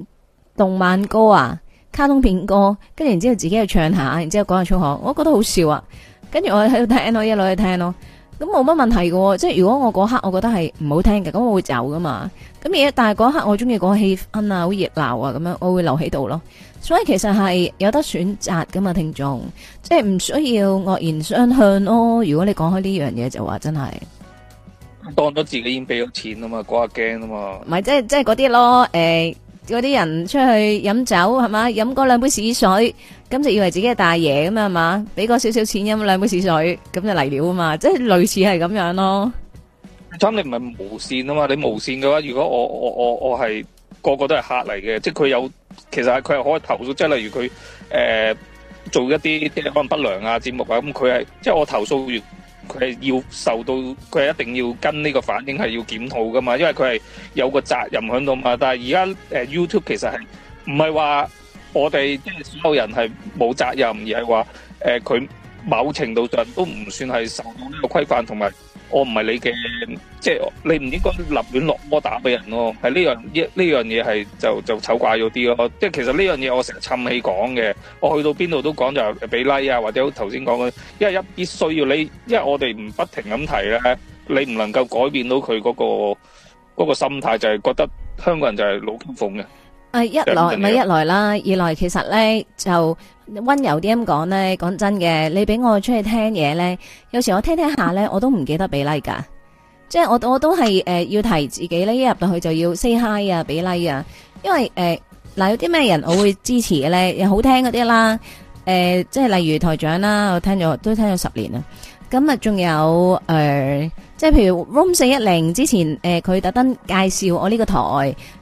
動漫歌啊。卡通片歌，跟住然之後自己去唱下，然之後講下粗口，我都覺得好笑啊！跟住我喺度聽，我一路去聽咯，咁冇乜問題嘅，哦。即係如果我嗰刻我覺得係唔好聽嘅，咁我會走噶嘛。咁而但係嗰刻我中意嗰個氣氛啊，好熱鬧啊，咁樣我會留喺度咯。所以其實係有得選擇噶嘛，聽眾即係唔需要惡言相向咯。如果你講開呢樣嘢就話真係，當咗自己已經俾咗錢啊嘛，掛驚啊嘛。唔係即係即係嗰啲咯，誒、哎。嗰啲人出去飲酒係嘛？飲嗰兩杯屎水，咁就以為自己係大爺咁啊嘛？俾個少少錢飲兩杯屎水，咁就嚟料啊嘛！即係類似係咁樣咯。咁你唔係無線啊嘛？你無線嘅話，如果我我我我係個個都係客嚟嘅，即係佢有其實佢係可以投訴，即係例如佢誒做一啲可能不良啊節目啊，咁佢係即係我投訴完。佢係要受到，佢係一定要跟呢個反應係要檢討㗎嘛，因為佢係有個責任喺度嘛。但係而家誒 YouTube 其實係唔係話我哋即係所有人係冇責任，而係話誒佢。呃某程度上都唔算係受到呢個規範，同埋我唔係你嘅，即係你唔應該立亂落摩打俾人咯。係呢樣呢呢樣嘢係就就醜怪咗啲咯。即係其實呢樣嘢我成日氹氣講嘅，我去到邊度都講就俾 like 啊，或者頭先講嘅，因為一必須要你，因為我哋唔不停咁提咧，你唔能夠改變到佢嗰個嗰個心態，就係覺得香港人就係老闆奉嘅。誒、啊，一來咪一來啦，二來其實咧就温柔啲咁講咧，講真嘅，你俾我出去聽嘢咧，有時候我聽聽下咧，我都唔記得俾 like，即係、就是、我我都係誒、呃、要提自己咧，一入到去就要 say hi 啊，俾 like 啊，因為誒嗱、呃、有啲咩人我會支持嘅咧，又 好聽嗰啲啦，誒、呃、即係例如台長啦，我聽咗都聽咗十年啦，咁啊仲有誒。呃即係譬如 Room 四一零之前，誒佢特登介紹我呢個台，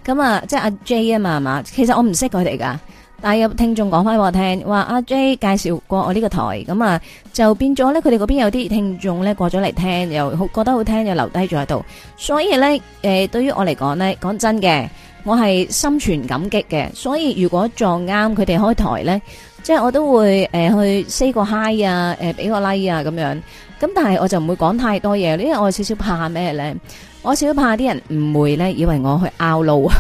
咁啊即係阿 J 啊嘛，係嘛？其實我唔識佢哋噶，但係有聽眾講翻俾我聽，話阿 J 介紹過我呢個台，咁啊就變咗咧，佢哋嗰邊有啲聽眾咧過咗嚟聽，又覺得好聽，又留低咗喺度，所以咧誒對於我嚟講咧，講真嘅，我係心存感激嘅，所以如果撞啱佢哋開台咧，即係我都會誒去 say 個 hi 啊，誒俾個 like 啊咁樣。咁、嗯、但係我就唔會講太多嘢，因為我少少怕咩咧？我少少怕啲人誤會咧，以為我去拗路啊！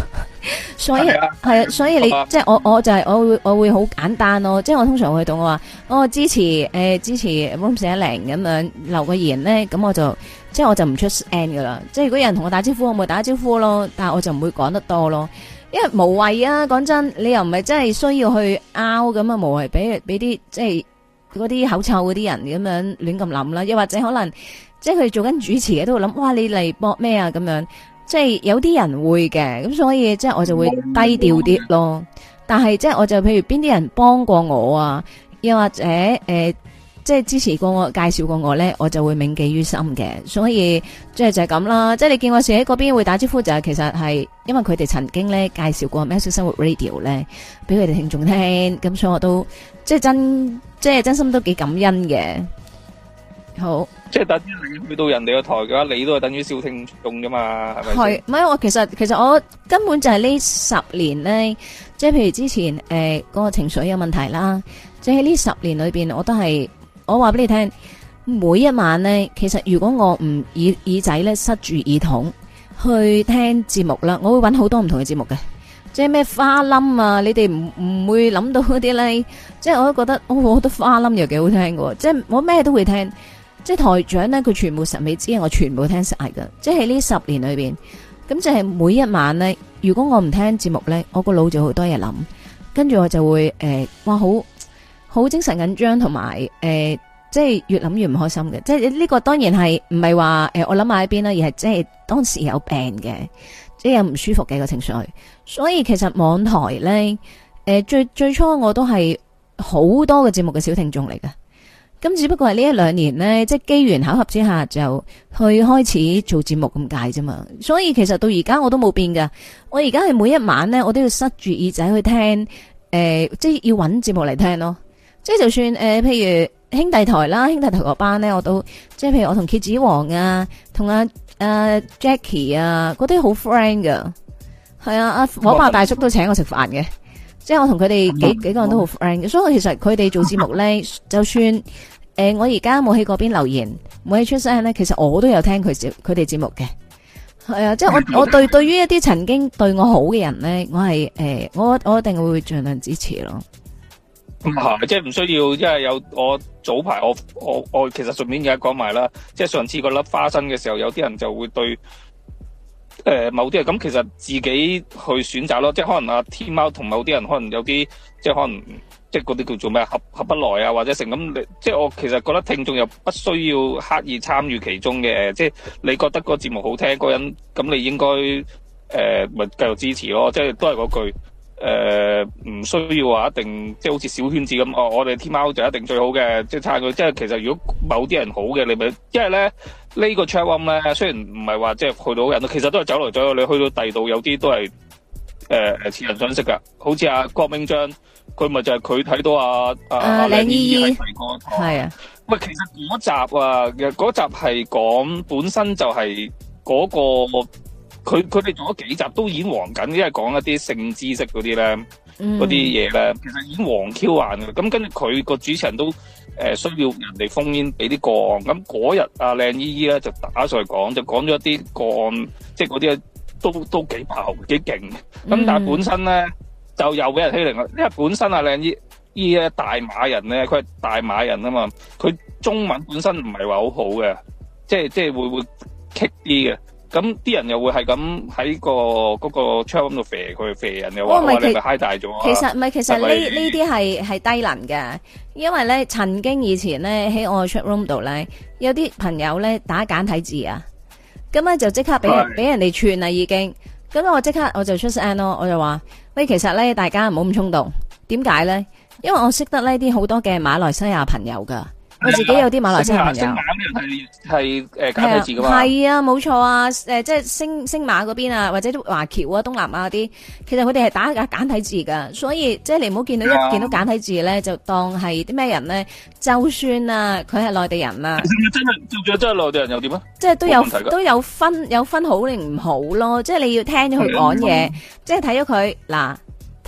所以係啊，所以你即係我我就係、是、我會我會好簡單咯，即係我通常會同我話我支持誒、呃、支持 r o m 咁樣留個言咧，咁我就即係我就唔出聲㗎喇。即係如果有人同我打招呼，我咪打招呼咯。但係我就唔會講得多咯，因為無謂啊。講真，你又唔係真係需要去拗咁啊，無謂俾俾啲即係。嗰啲口臭嗰啲人咁樣亂咁諗啦，又或者可能即係佢哋做緊主持嘅都諗哇，你嚟搏咩啊咁樣？即係有啲人會嘅咁，所以即係我就會低調啲咯。但係即係我就譬如邊啲人幫過我啊，又或者誒。呃即係支持過我，介紹過我咧，我就會銘記於心嘅。所以即係就係咁啦。即係你見我住喺嗰邊會打招呼，就係其實係因為佢哋曾經咧介紹過《喵式生活 Radio》咧，俾佢哋聽眾聽，咁所以我都即係真即係真心都幾感恩嘅。好，即係等於去到人哋個台嘅話，你都係等於少聽眾噶嘛？係咪？係，唔係我其實其實我根本就係呢十年咧，即係譬如之前誒嗰個情緒有問題啦，即係呢十年裏邊我都係。我話俾你聽，每一晚呢，其實如果我唔耳耳仔咧塞住耳筒去聽節目啦，我會揾好多唔同嘅節目嘅，即係咩花冧啊，你哋唔唔會諗到嗰啲呢？即係我都覺得，哦、我覺得花冧又幾好聽嘅，即係我咩都會聽，即係台長呢，佢全部十美知，我全部聽晒㗎。即係喺呢十年裏邊，咁就係每一晚呢，如果我唔聽節目呢，我個腦就好多嘢諗，跟住我就會誒、呃，哇好！好精神緊張，同埋、呃、即係越諗越唔開心嘅。即係呢、這個當然係唔係話呃、我諗下喺邊啦，而係即係當時有病嘅，即係有唔舒服嘅一個情緒。所以其實網台呢，呃、最最初我都係好多個節目嘅小聽眾嚟嘅。咁只不過係呢一兩年呢，即係機緣巧合之下就去開始做節目咁解啫嘛。所以其實到而家我都冇變㗎。我而家係每一晚呢，我都要塞住耳仔去聽、呃、即係要揾節目嚟聽咯。即係就算誒、呃，譬如兄弟台啦，兄弟台個班咧，我都即係譬如我同蠍子王啊，同阿誒 Jacky 啊，嗰啲好 friend 噶，係啊，阿、啊啊、火爆大叔都請我食飯嘅，即係我同佢哋幾幾個人都好 friend 嘅，所以其實佢哋做節目咧，就算誒、呃、我而家冇喺嗰邊留言，冇喺出聲咧，其實我都有聽佢節佢哋節目嘅，係啊，即係我我對對於一啲曾經對我好嘅人咧，我係誒、欸、我我一定會盡量支持咯。Mm -hmm. 啊、即係唔需要，因為有我早排我我我其實順便而家講埋啦，即係上次嗰粒花生嘅時候，有啲人就會對誒、呃、某啲人咁，其實自己去選擇咯，即係可能阿天喵同某啲人可能有啲，即係可能即係嗰啲叫做咩合合不來啊，或者成咁，即係我其實覺得聽眾又不需要刻意參與其中嘅，即係你覺得嗰個節目好聽，嗰人咁你應該誒咪、呃、繼續支持咯，即係都係嗰句。誒、呃、唔需要話一定，即係好似小圈子咁。我我哋天貓就一定最好嘅，即係撐佢。即係其實如果某啲人好嘅，你咪。因為咧呢、呢個 check 咧，雖然唔係話即係去到人其實都係走嚟走去。你去到第度有啲都係誒似人相識㗎。好似阿、啊、郭明章，佢咪就係佢睇到阿、啊、阿、啊啊、李依依係啊。喂，其實嗰集啊，其實嗰集係講本身就係嗰、嗰個。佢佢哋做咗幾集都演黃緊，因為講一啲性知識嗰啲咧，嗰啲嘢咧，其實演黃 Q 硬嘅。咁跟住佢個主持人都、呃、需要人哋封煙，俾啲個案。咁嗰日阿靚姨姨咧就打上去講，就講咗一啲個案，即係嗰啲都都幾爆、幾勁。咁但係本身咧就又俾人欺凌，因為本身阿靚姨姨咧大馬人咧，佢係大馬人啊嘛，佢中文本身唔係話好好嘅，即係即係會會棘啲嘅。咁啲人又會係咁喺個嗰、個 chatroom 度吠佢吠人，又話呢個 high 大咗，其實唔係，其實呢呢啲係係低能嘅。因為咧曾經以前咧喺我 chatroom 度咧有啲朋友咧打簡體字啊，咁咧就即刻俾俾人哋串啦已經。咁我即刻我就出聲咯，我就話喂，其實咧大家唔好咁衝動。點解咧？因為我識得呢啲好多嘅馬來西亞朋友噶。我自己有啲馬來西亞人，簡字係係簡體字噶嘛，係啊冇錯啊，即係星星馬嗰邊啊，或者啲華僑啊、東南亞嗰啲，其實佢哋係打嘅簡體字噶，所以即係你唔好見到一見到簡體字咧，就當係啲咩人咧，就算啊佢係內地人啊，真係真真係內地人又點啊？即係都有都有分有分好定唔好咯，即係你要聽咗佢講嘢，即係睇咗佢嗱。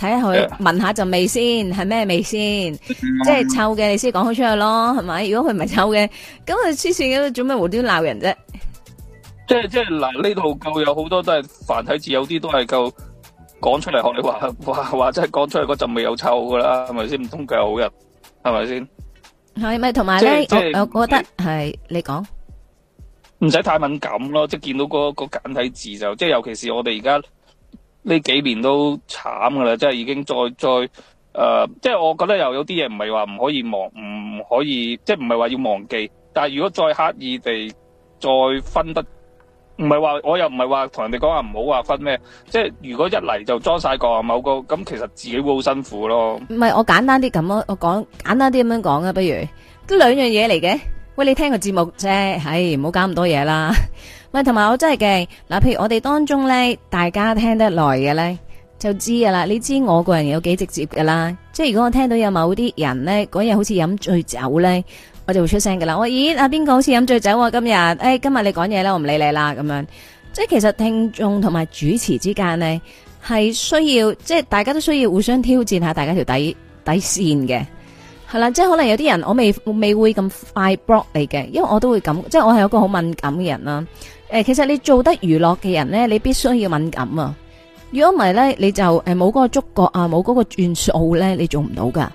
睇下佢聞下陣味先，係咩味先？嗯、即係臭嘅，你先講好出去咯，係咪？如果佢唔係臭嘅，咁佢黐線嘅做咩無端鬧人啫？即係即係嗱，呢度夠有好多都係繁體字有都是說出來說，有啲都係夠講出嚟學你話話話，即係講出嚟嗰陣味又臭噶啦，係咪先？唔通佢係好人係咪先？係咪同埋咧？我覺得係你講，唔使太敏感咯，即係見到嗰、嗰個嗰簡體字就，即係尤其是我哋而家。呢幾年都慘噶啦，即係已經再再誒、呃，即係我覺得又有啲嘢唔係話唔可以忘，唔可以即係唔係話要忘記。但係如果再刻意地再分得，唔係話我又唔係話同人哋講話唔好話分咩，即係如果一嚟就裝晒個某個，咁其實自己會好辛苦咯。唔係我簡單啲咁咯，我講簡單啲咁樣講啊，不如都兩樣嘢嚟嘅。喂，你聽個節目啫，唉、哎，唔好搞咁多嘢啦。咪同埋我真係嘅，嗱，譬如我哋當中咧，大家聽得來嘅咧，就知噶啦。你知我個人有幾直接噶啦，即係如果我聽到有某啲人咧，講嘢好似飲醉酒咧，我就會出聲噶啦。我咦，阿、啊、邊個好似飲醉酒啊？今日，誒、哎，今日你講嘢咧，我唔理你啦。咁樣，即係其實聽眾同埋主持之間咧，係需要，即係大家都需要互相挑戰下大家條底底線嘅，係啦。即係可能有啲人我未我未會咁快 block 你嘅，因為我都會咁，即係我係一個好敏感嘅人啦。誒，其實你做得娛樂嘅人咧，你必須要敏感啊！如果唔係咧，你就誒冇嗰個觸覺啊，冇嗰個轉數咧，你做唔到噶。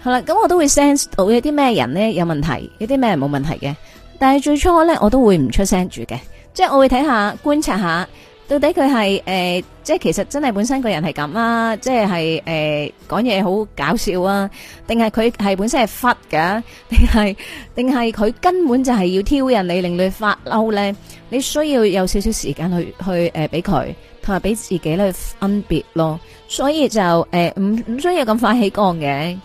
好啦，咁我都會 sense 到一啲咩人咧有問題，一啲咩人冇問題嘅。但係最初咧，我都會唔出聲住嘅，即係我會睇下觀察下。到底佢係誒，即係其實真係本身個人係咁啊，即係誒講嘢好搞笑啊，定係佢係本身係忽嘅，定係定係佢根本就係要挑人嚟令你發嬲咧？你需要有少少時間去去誒，俾佢同埋俾自己咧去分別咯。所以就誒，唔唔需要咁快起槓嘅。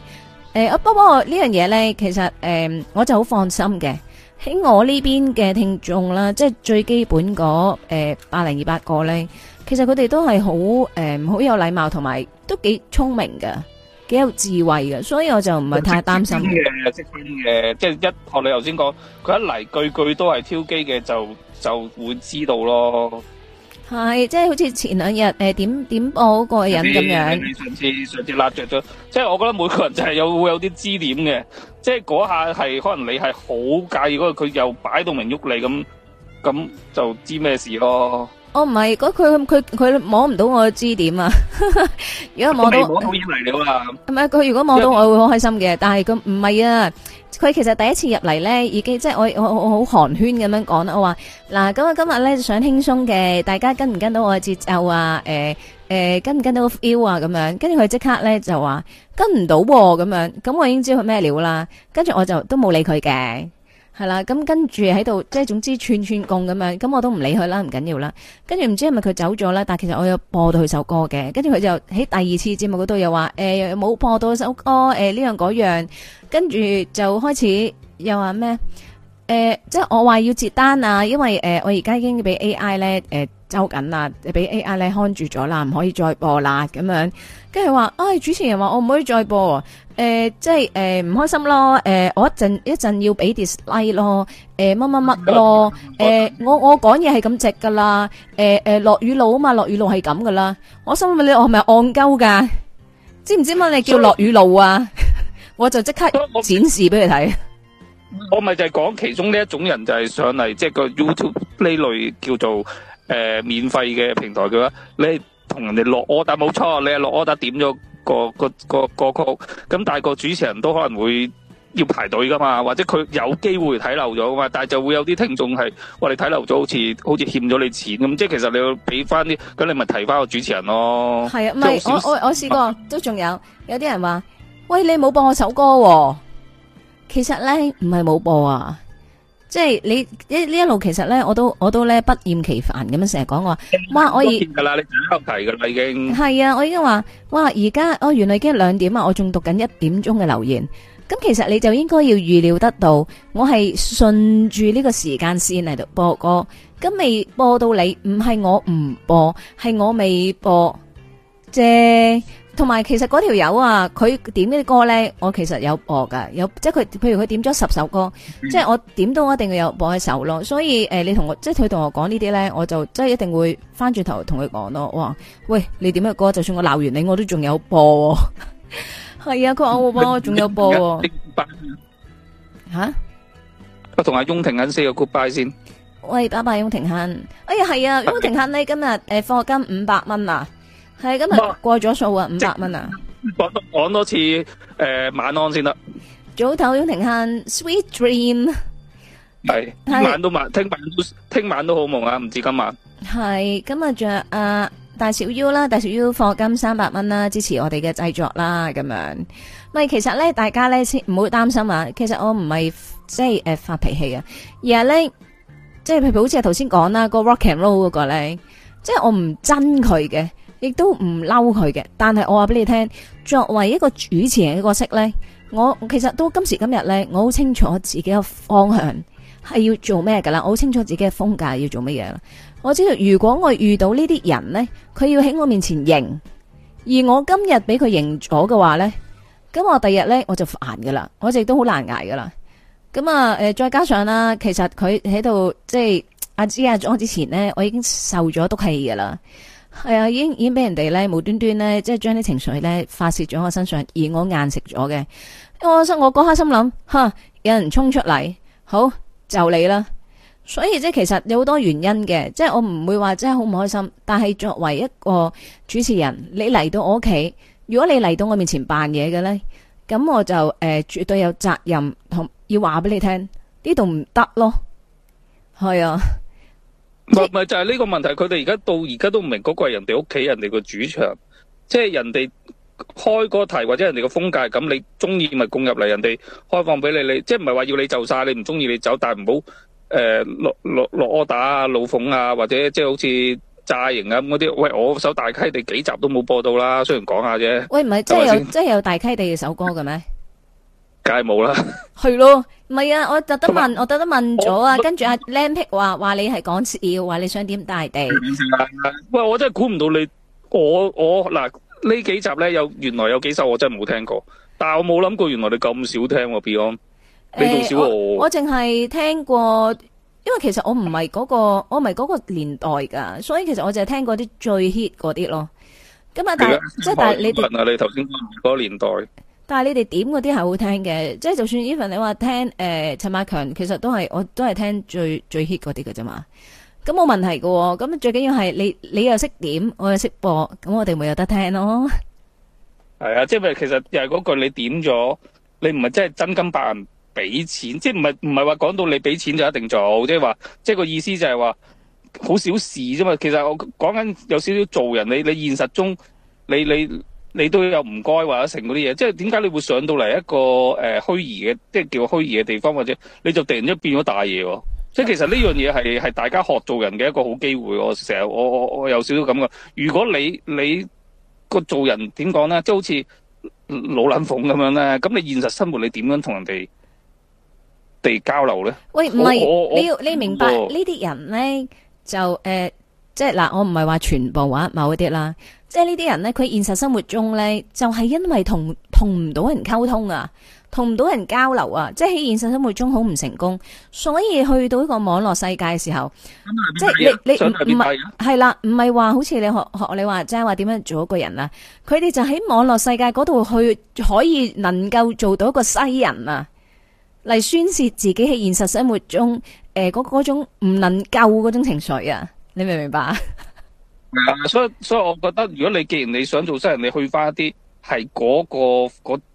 誒，不過呢樣嘢咧，其實誒，我就好放心嘅。喺我呢邊嘅聽眾啦，即係最基本嗰誒八零二八個咧，其實佢哋都係好誒，好、呃、有禮貌，同埋都幾聰明嘅，幾有智慧嘅，所以我就唔係太擔心嘅。即係一學你頭先講，佢一嚟句句都係挑機嘅，就就會知道咯。係，即係好似前兩日誒、呃、點點我個人咁樣。上次上次拉著咗，即係我覺得每個人就係有會有啲支點嘅。即係嗰下係可能你係好介意嗰個，佢又擺到明喐你咁，咁就知咩事咯。我唔係，如果佢佢佢摸唔到我嘅支點啊？如果摸到，我討厭嚟料啊！係咪佢如果摸到我會好開心嘅，但係佢唔係啊。佢其實第一次入嚟咧已經即係我我我好寒暄咁樣講啦。我話嗱咁啊今日咧想輕鬆嘅，大家跟唔跟到我嘅我節奏啊？誒。.誒、欸，跟唔跟到 feel 啊？咁樣，跟住佢即刻咧就話跟唔到喎，咁樣，咁我已經知佢咩料啦。跟住我就都冇理佢嘅，係啦。咁跟住喺度，即係總之串串貢咁樣，咁我都唔理佢啦，唔緊要啦。跟住唔知係咪佢走咗啦？但係其實我有播到佢首歌嘅。跟住佢就喺第二次節目嗰度又話，誒、欸，冇播到首歌，誒呢樣嗰樣，跟住就開始又話咩？誒、呃，即係我話要接單啊，因為誒、呃，我而家已經俾 AI 咧誒，周緊啦，俾 AI 咧看住咗啦，唔可以再播啦咁樣。跟住話，誒、哎，主持人話我唔可以再播，誒、呃，即係誒，唔、呃、開心咯，誒、呃，我一陣一陣要俾 dislike 咯，誒、呃，乜乜乜咯，誒、呃，我我講嘢係咁直噶啦，誒、呃、誒，落、呃、雨路啊嘛，落雨路係咁噶啦，我心諗你我係咪戇鳩噶？知唔知乜你叫落雨路啊？ 我就即刻展示俾你睇。我咪就係講其中呢一種人就係上嚟即係個 YouTube 呢類叫做誒、呃、免費嘅平台嘅話，你同人哋落 order，但冇錯，你係落 order，但點咗個個個歌曲，咁但係個主持人都可能會要排隊噶嘛，或者佢有機會睇漏咗啊嘛，但係就會有啲聽眾係，我哋睇漏咗，好似好似欠咗你錢咁，即係其實你要俾翻啲，咁你咪提翻個主持人咯。係啊，唔係我我我試過都仲有，有啲人話，喂，你冇播我首歌，哦。其實咧唔係冇播啊，即係你一呢一路其實咧，我都我都咧不厭其煩咁樣成日講我話，哇我而，噶啦你幾題噶啦已經，係啊我已經話，哇而家哦原來已經兩點啊，我仲讀緊一點鐘嘅留言，咁其實你就應該要預料得到，我係順住呢個時間線嚟，度播歌，咁未播到你，唔係我唔播，係我未播，啫。同埋其實嗰條友啊，佢點呢啲歌咧，我其實有播噶，有即係佢，譬如佢點咗十首歌，嗯、即係我點到我一定要有播喺首咯。所以誒、呃，你同我即係佢同我講呢啲咧，我就即係一定會翻轉頭同佢講咯。哇，喂，你點嘅歌，就算我鬧完你，我、哦 啊、你，我都仲有播、哦，係啊，佢會幫我仲有播吓，我同阿雍婷欣 say 個 goodbye 先。喂，拜拜，雍婷欣。哎呀，係啊，雍婷欣，你今日誒課金五百蚊啊。係今日過咗數啊，五百蚊啊！講多講多次誒，晚安先啦。早唞要停限，Sweet Dream 係。晚都晚，聽晚都聽晚都好夢啊！唔止今晚係今日着誒大小 U 啦，大小 U 課金三百蚊啦，支持我哋嘅製作啦，咁樣咪其實咧，大家咧先唔好擔心啊。其實我唔係即係誒發脾氣啊，而係咧即係譬如好似我頭先講啦，個 Rock and Roll 嗰個咧，即係我唔憎佢嘅。亦都唔嬲佢嘅，但係我話俾你聽，作為一個主持人嘅角色呢，我其實到今時今日呢，我好清楚自己嘅方向係要做咩噶啦，我好清楚自己嘅風格要做乜嘢啦。我知道如果我遇到呢啲人呢，佢要喺我面前認，而我今日俾佢認咗嘅話呢，咁我第日呢，我就煩噶啦，我亦都好難捱噶啦。咁啊誒，再加上啦、啊，其實佢喺度即係阿芝阿莊之前呢，我已經受咗毒氣噶啦。係啊，已經已經俾人哋咧，無端端咧，即係將啲情緒咧發泄咗我身上，而我硬食咗嘅。我，我刻心我嗰心諗，吓有人衝出嚟，好就你啦。所以即係其實有好多原因嘅，即係我唔會話真係好唔開心。但係作為一個主持人，你嚟到我屋企，如果你嚟到我面前扮嘢嘅咧，咁我就誒、呃、絕對有責任同要話俾你聽，呢度唔得咯。係啊。唔係，就係呢個問題。佢哋而家到而家都唔明，嗰個係人哋屋企，人哋個主場，即係人哋開個題或者人哋個風格。咁你中意咪供入嚟，人哋開放俾你。你即係唔係話要你就晒，你唔中意你走。但係唔好誒落落落柯打啊，老鳳啊，或者即係好似炸營啊咁嗰啲。喂，我首大溪地幾集都冇播到啦，雖然講下啫。喂，唔係即係有即係有大溪地嘅首歌嘅咩？梗係冇啦，係咯，唔係啊，我特登問我特登問咗啊，跟住阿 Lam pick 話話你係講笑，話你想點大地，喂，我真係估唔到你，我我嗱呢幾集咧有原來有幾首我真係冇聽過，但係我冇諗過原來你咁少聽、啊、Beyond、欸、你少我淨係聽過，因為其實我唔係嗰個，我唔係嗰個年代噶，所以其實我淨係聽過啲最 hit 嗰啲咯，咁啊，但即係但，但你問下你頭先嗰個年代。但係你哋點嗰啲係好聽嘅，即係就算呢份你話聽誒陳、呃、百強，其實都係我都係聽最最 hit 嗰啲嘅啫嘛。咁冇問題喎。咁最緊要係你你又識點，我又識播，咁我哋咪有得聽咯。係啊，即係其實又係嗰句，你點咗，你唔係真係真金白銀俾錢，即係唔係唔係話講到你俾錢就一定做，即係話即係個意思就係話好小事啫嘛。其實我講緊有少少做人，你你現實中你你。你你都有唔該或者成嗰啲嘢，即係點解你會上到嚟一個誒、呃、虛擬嘅，即係叫虛擬嘅地方，或者你就突然之間變咗大嘢喎？即係其實呢樣嘢係大家學做人嘅一個好機會喎。成日我我我有少少咁嘅，如果你你個做人點講咧，即係好似老撚奉咁樣咧，咁你現實生活你點樣同人哋地交流咧？喂，唔係你要你明白，你明白呢啲人咧就誒。呃即係嗱，我唔係話全部話某一啲啦。即係呢啲人呢，佢現實生活中呢，就係、是、因為同同唔到人溝通啊，同唔到人交流啊，即係喺現實生活中好唔成功，所以去到一個網絡世界嘅時候，啊、即係你你唔係係啦，唔係話好似你學學你話即係話點樣做一個人啊？佢哋就喺網絡世界嗰度去可以能夠做到一個西人啊，嚟宣洩自己喺現實生活中誒嗰嗰種唔能夠嗰種情緒啊。你明唔明白 啊？所以所以我覺得，如果你既然你想做新人，你去翻一啲係嗰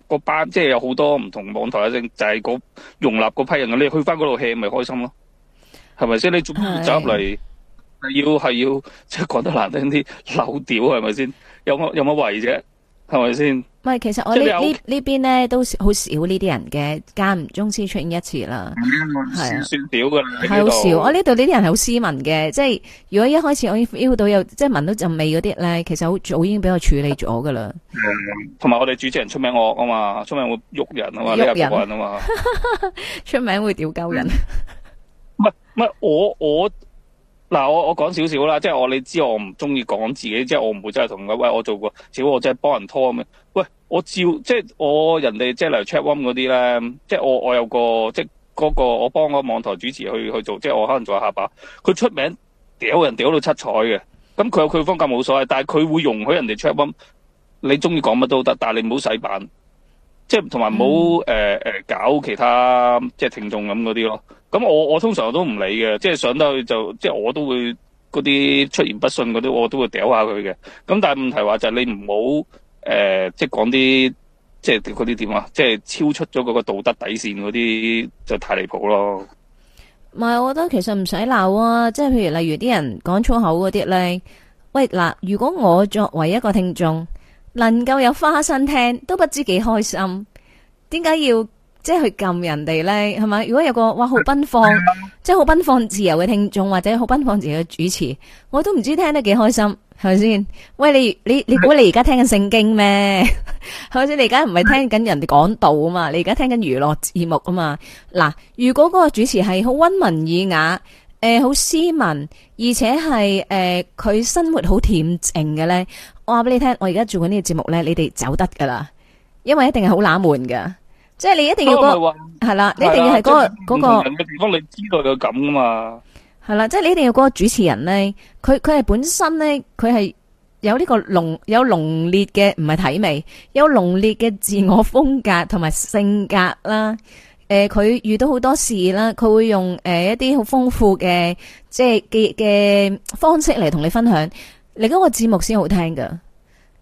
個班，即係有好多唔同網台嘅正就係嗰容納嗰批人嘅，你去翻嗰度 hea 咪開心咯，係咪先？你仲要走入嚟，係要係要即係講得難聽啲，扭屌係咪先？有乜有乜為啫？係咪先？唔係，其實我這這這呢呢呢邊咧都好少呢啲人嘅，間唔中先出現一次啦。係算屌噶啦。係好少，少，我呢度呢啲人係好斯文嘅，即係如果一開始我 feel 到有即係聞到陣味嗰啲咧，其實好早已經俾我處理咗噶啦。同、嗯、埋我哋主持人出名惡啊嘛，出名會喐人啊嘛，呢人啊嘛， 出名會屌鳩人。唔係唔係，我我。嗱，我我講少少啦，即係我你知我唔中意講自己，即係我唔會真係同佢喂，我做過，只我真係幫人拖咁喂，我照即係我人哋即係嚟 check o n m 嗰啲咧，即係我即我，我有個即係嗰個我幫個網台主持去去做，即係我可能做下吧。佢出名屌人屌到七彩嘅，咁佢有佢風格冇所謂，但係佢會容許人哋 check o n m 你中意講乜都得，但係你唔好洗版，即係同埋唔好誒誒搞其他即係聽眾咁嗰啲咯。咁我我通常都唔理嘅，即係上到去就即係我都會嗰啲出言不遜嗰啲，我都會屌下佢嘅。咁但係問題話就係你唔好誒，即係講啲即係嗰啲點啊，即係超出咗嗰個道德底線嗰啲就太離譜咯。唔、嗯、係，我覺得其實唔使鬧啊，即係譬如例如啲人講粗口嗰啲咧，喂嗱，如果我作為一個聽眾能夠有花生聽，都不知幾開心。點解要？即係去禁人哋呢，係咪？如果有個哇好奔放，即係好奔放自由嘅聽眾，或者好奔放自由嘅主持，我都唔知聽得幾開心，係咪先？喂，你你你估你而家聽緊聖經咩？係咪先？ 你而家唔係聽緊人哋講道啊嘛？你而家聽緊娛樂節目啊嘛？嗱，如果嗰個主持係好温文爾雅，呃、好斯文，而且係誒佢生活好恬靜嘅呢，我話俾你聽，我而家做緊呢個節目呢，你哋走得㗎啦，因為一定係好冷門嘅。即係你一定要嗰個係啦，你一定要係嗰、嗰個嗰個唔同人嘅地方、嗰個，你知道就咁嘛？係啦，即係你一定要嗰個主持人咧，佢佢係本身咧，佢係有呢個濃有濃烈嘅唔係體味，有濃烈嘅自我風格同埋性格啦。誒、呃，佢遇到好多事啦，佢會用誒、呃、一啲好豐富嘅即係嘅嘅方式嚟同你分享，你嗰個節目先好聽㗎。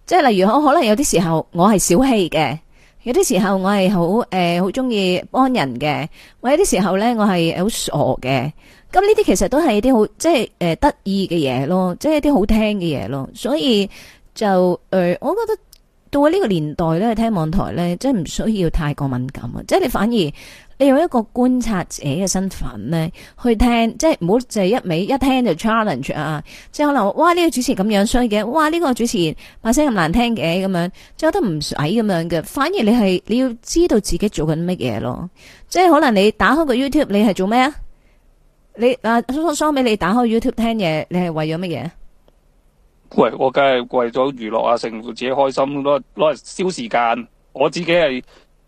即係例如我可能有啲時候我係小氣嘅。有啲時候我係好誒好中意幫人嘅，我有啲時候咧我係好傻嘅，咁呢啲其實都係啲好即係誒、呃、得意嘅嘢咯，即係啲好聽嘅嘢咯，所以就誒、呃、我覺得。到我呢個年代咧，聽網台咧，真係唔需要太過敏感啊！即係你反而你用一個觀察者嘅身份咧去聽，即係唔好就係一味一聽就 challenge 啊！即係可能哇呢個主持咁樣衰嘅，哇呢個主持把聲咁難聽嘅咁樣，即係覺得唔使咁樣嘅，反而你係你要知道自己做緊乜嘢咯！即係可能你打開個 YouTube，你係做咩啊？你啊，蘇蘇俾你打開 YouTube 聽嘢，你係為咗乜嘢？喂，我梗係為咗娛樂啊，成自己開心咯，攞嚟消時間。我自己係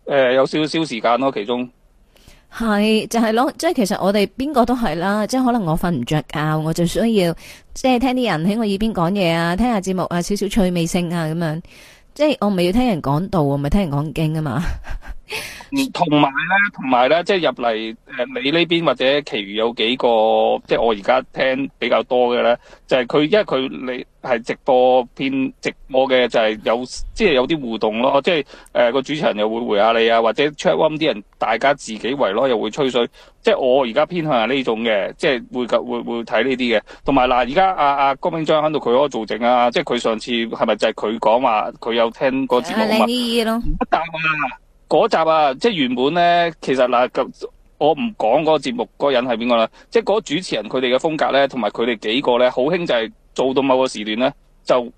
誒有少少時間咯，其中係就係、是、咯，即係其實我哋邊個都係啦。即係可能我瞓唔着覺，我就需要即係聽啲人喺我耳邊講嘢啊，聽下節目啊，少少趣味性啊咁樣。即係我唔係要聽人講道，我咪聽人講經啊嘛。嗯， 同埋咧，同埋咧，即係入嚟誒，你呢邊或者其餘有幾個，即、就、係、是、我而家聽比較多嘅咧，就係、是、佢，因為佢你係直播偏直播嘅，就係、是、有即係有啲互動咯，即係誒個主持人又會回下你啊，或者 chat one 啲人，大家自己圍咯，又會吹水。即、就、係、是、我而家偏向係、就是、呢種嘅，即係會會會睇呢啲嘅。同埋嗱，而家阿阿郭明章喺度，佢個做證啊，即係佢上次係咪就係佢講話，佢有聽個節目啊？靚 咯，唔嗰集啊，即原本咧，其實嗱，我唔講嗰個節目嗰人係邊個啦。即係嗰主持人佢哋嘅風格咧，同埋佢哋幾個咧，好興就係做到某個時段咧，就誒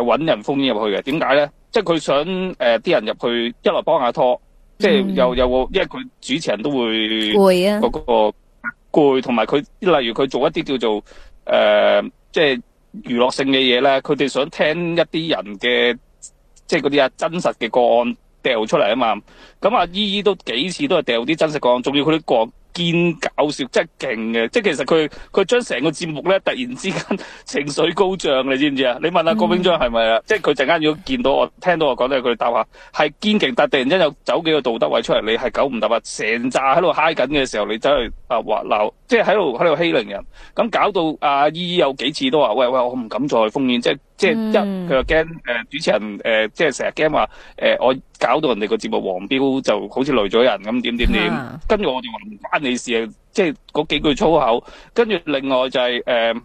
揾人封入去嘅。點解咧？即佢想誒啲、呃、人入去一來幫下拖，即係又又因為佢主持人都會攰啊，嗰個攰，同埋佢例如佢做一啲叫做誒、呃、即係娛樂性嘅嘢咧，佢哋想聽一啲人嘅即嗰啲啊真實嘅個案。掉出嚟啊嘛，咁啊姨姨都幾次都係掉啲真實講，仲要佢啲講堅搞笑，即係勁嘅，即係其實佢佢將成個節目咧突然之間情緒高漲，你知唔知啊？你問下郭炳章係咪啊？即係佢陣間如果見到我，聽到我講嘢，佢答話係堅勁，但突然間又走幾個道德位出嚟，你係九唔搭八，成扎喺度嗨緊嘅時候，你走去啊滑鬧，即係喺度喺度欺凌人，咁搞到阿姨姨有幾次都話：喂喂，我唔敢再封面，即係。即、就、係、是、一，佢又驚誒主持人誒，即係成日驚話誒，我搞到人哋個節目黃標，就好似累咗人咁，點點點。跟住我就話唔關你事啊，即係嗰幾句粗口。跟住另外就係、是、誒，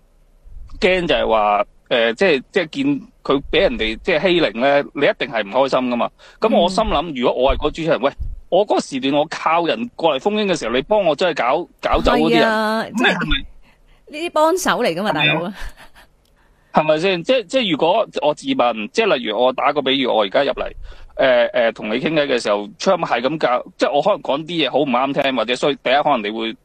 驚、呃、就係話誒，即係即係見佢俾人哋即係欺凌咧，你一定係唔開心噶嘛。咁我心諗、嗯，如果我係個主持人，喂，我嗰個時段我靠人過嚟封英嘅時候，你幫我真係搞搞走嗰啲人，即係係咪呢啲幫手嚟噶嘛，大佬。係咪先？即即如果我自問，即例如我打個比喻，我而家入嚟，誒、呃、誒，同、呃、你傾偈嘅時候，昌係咁搞，即我可能講啲嘢好唔啱聽，或者所以第一可能你會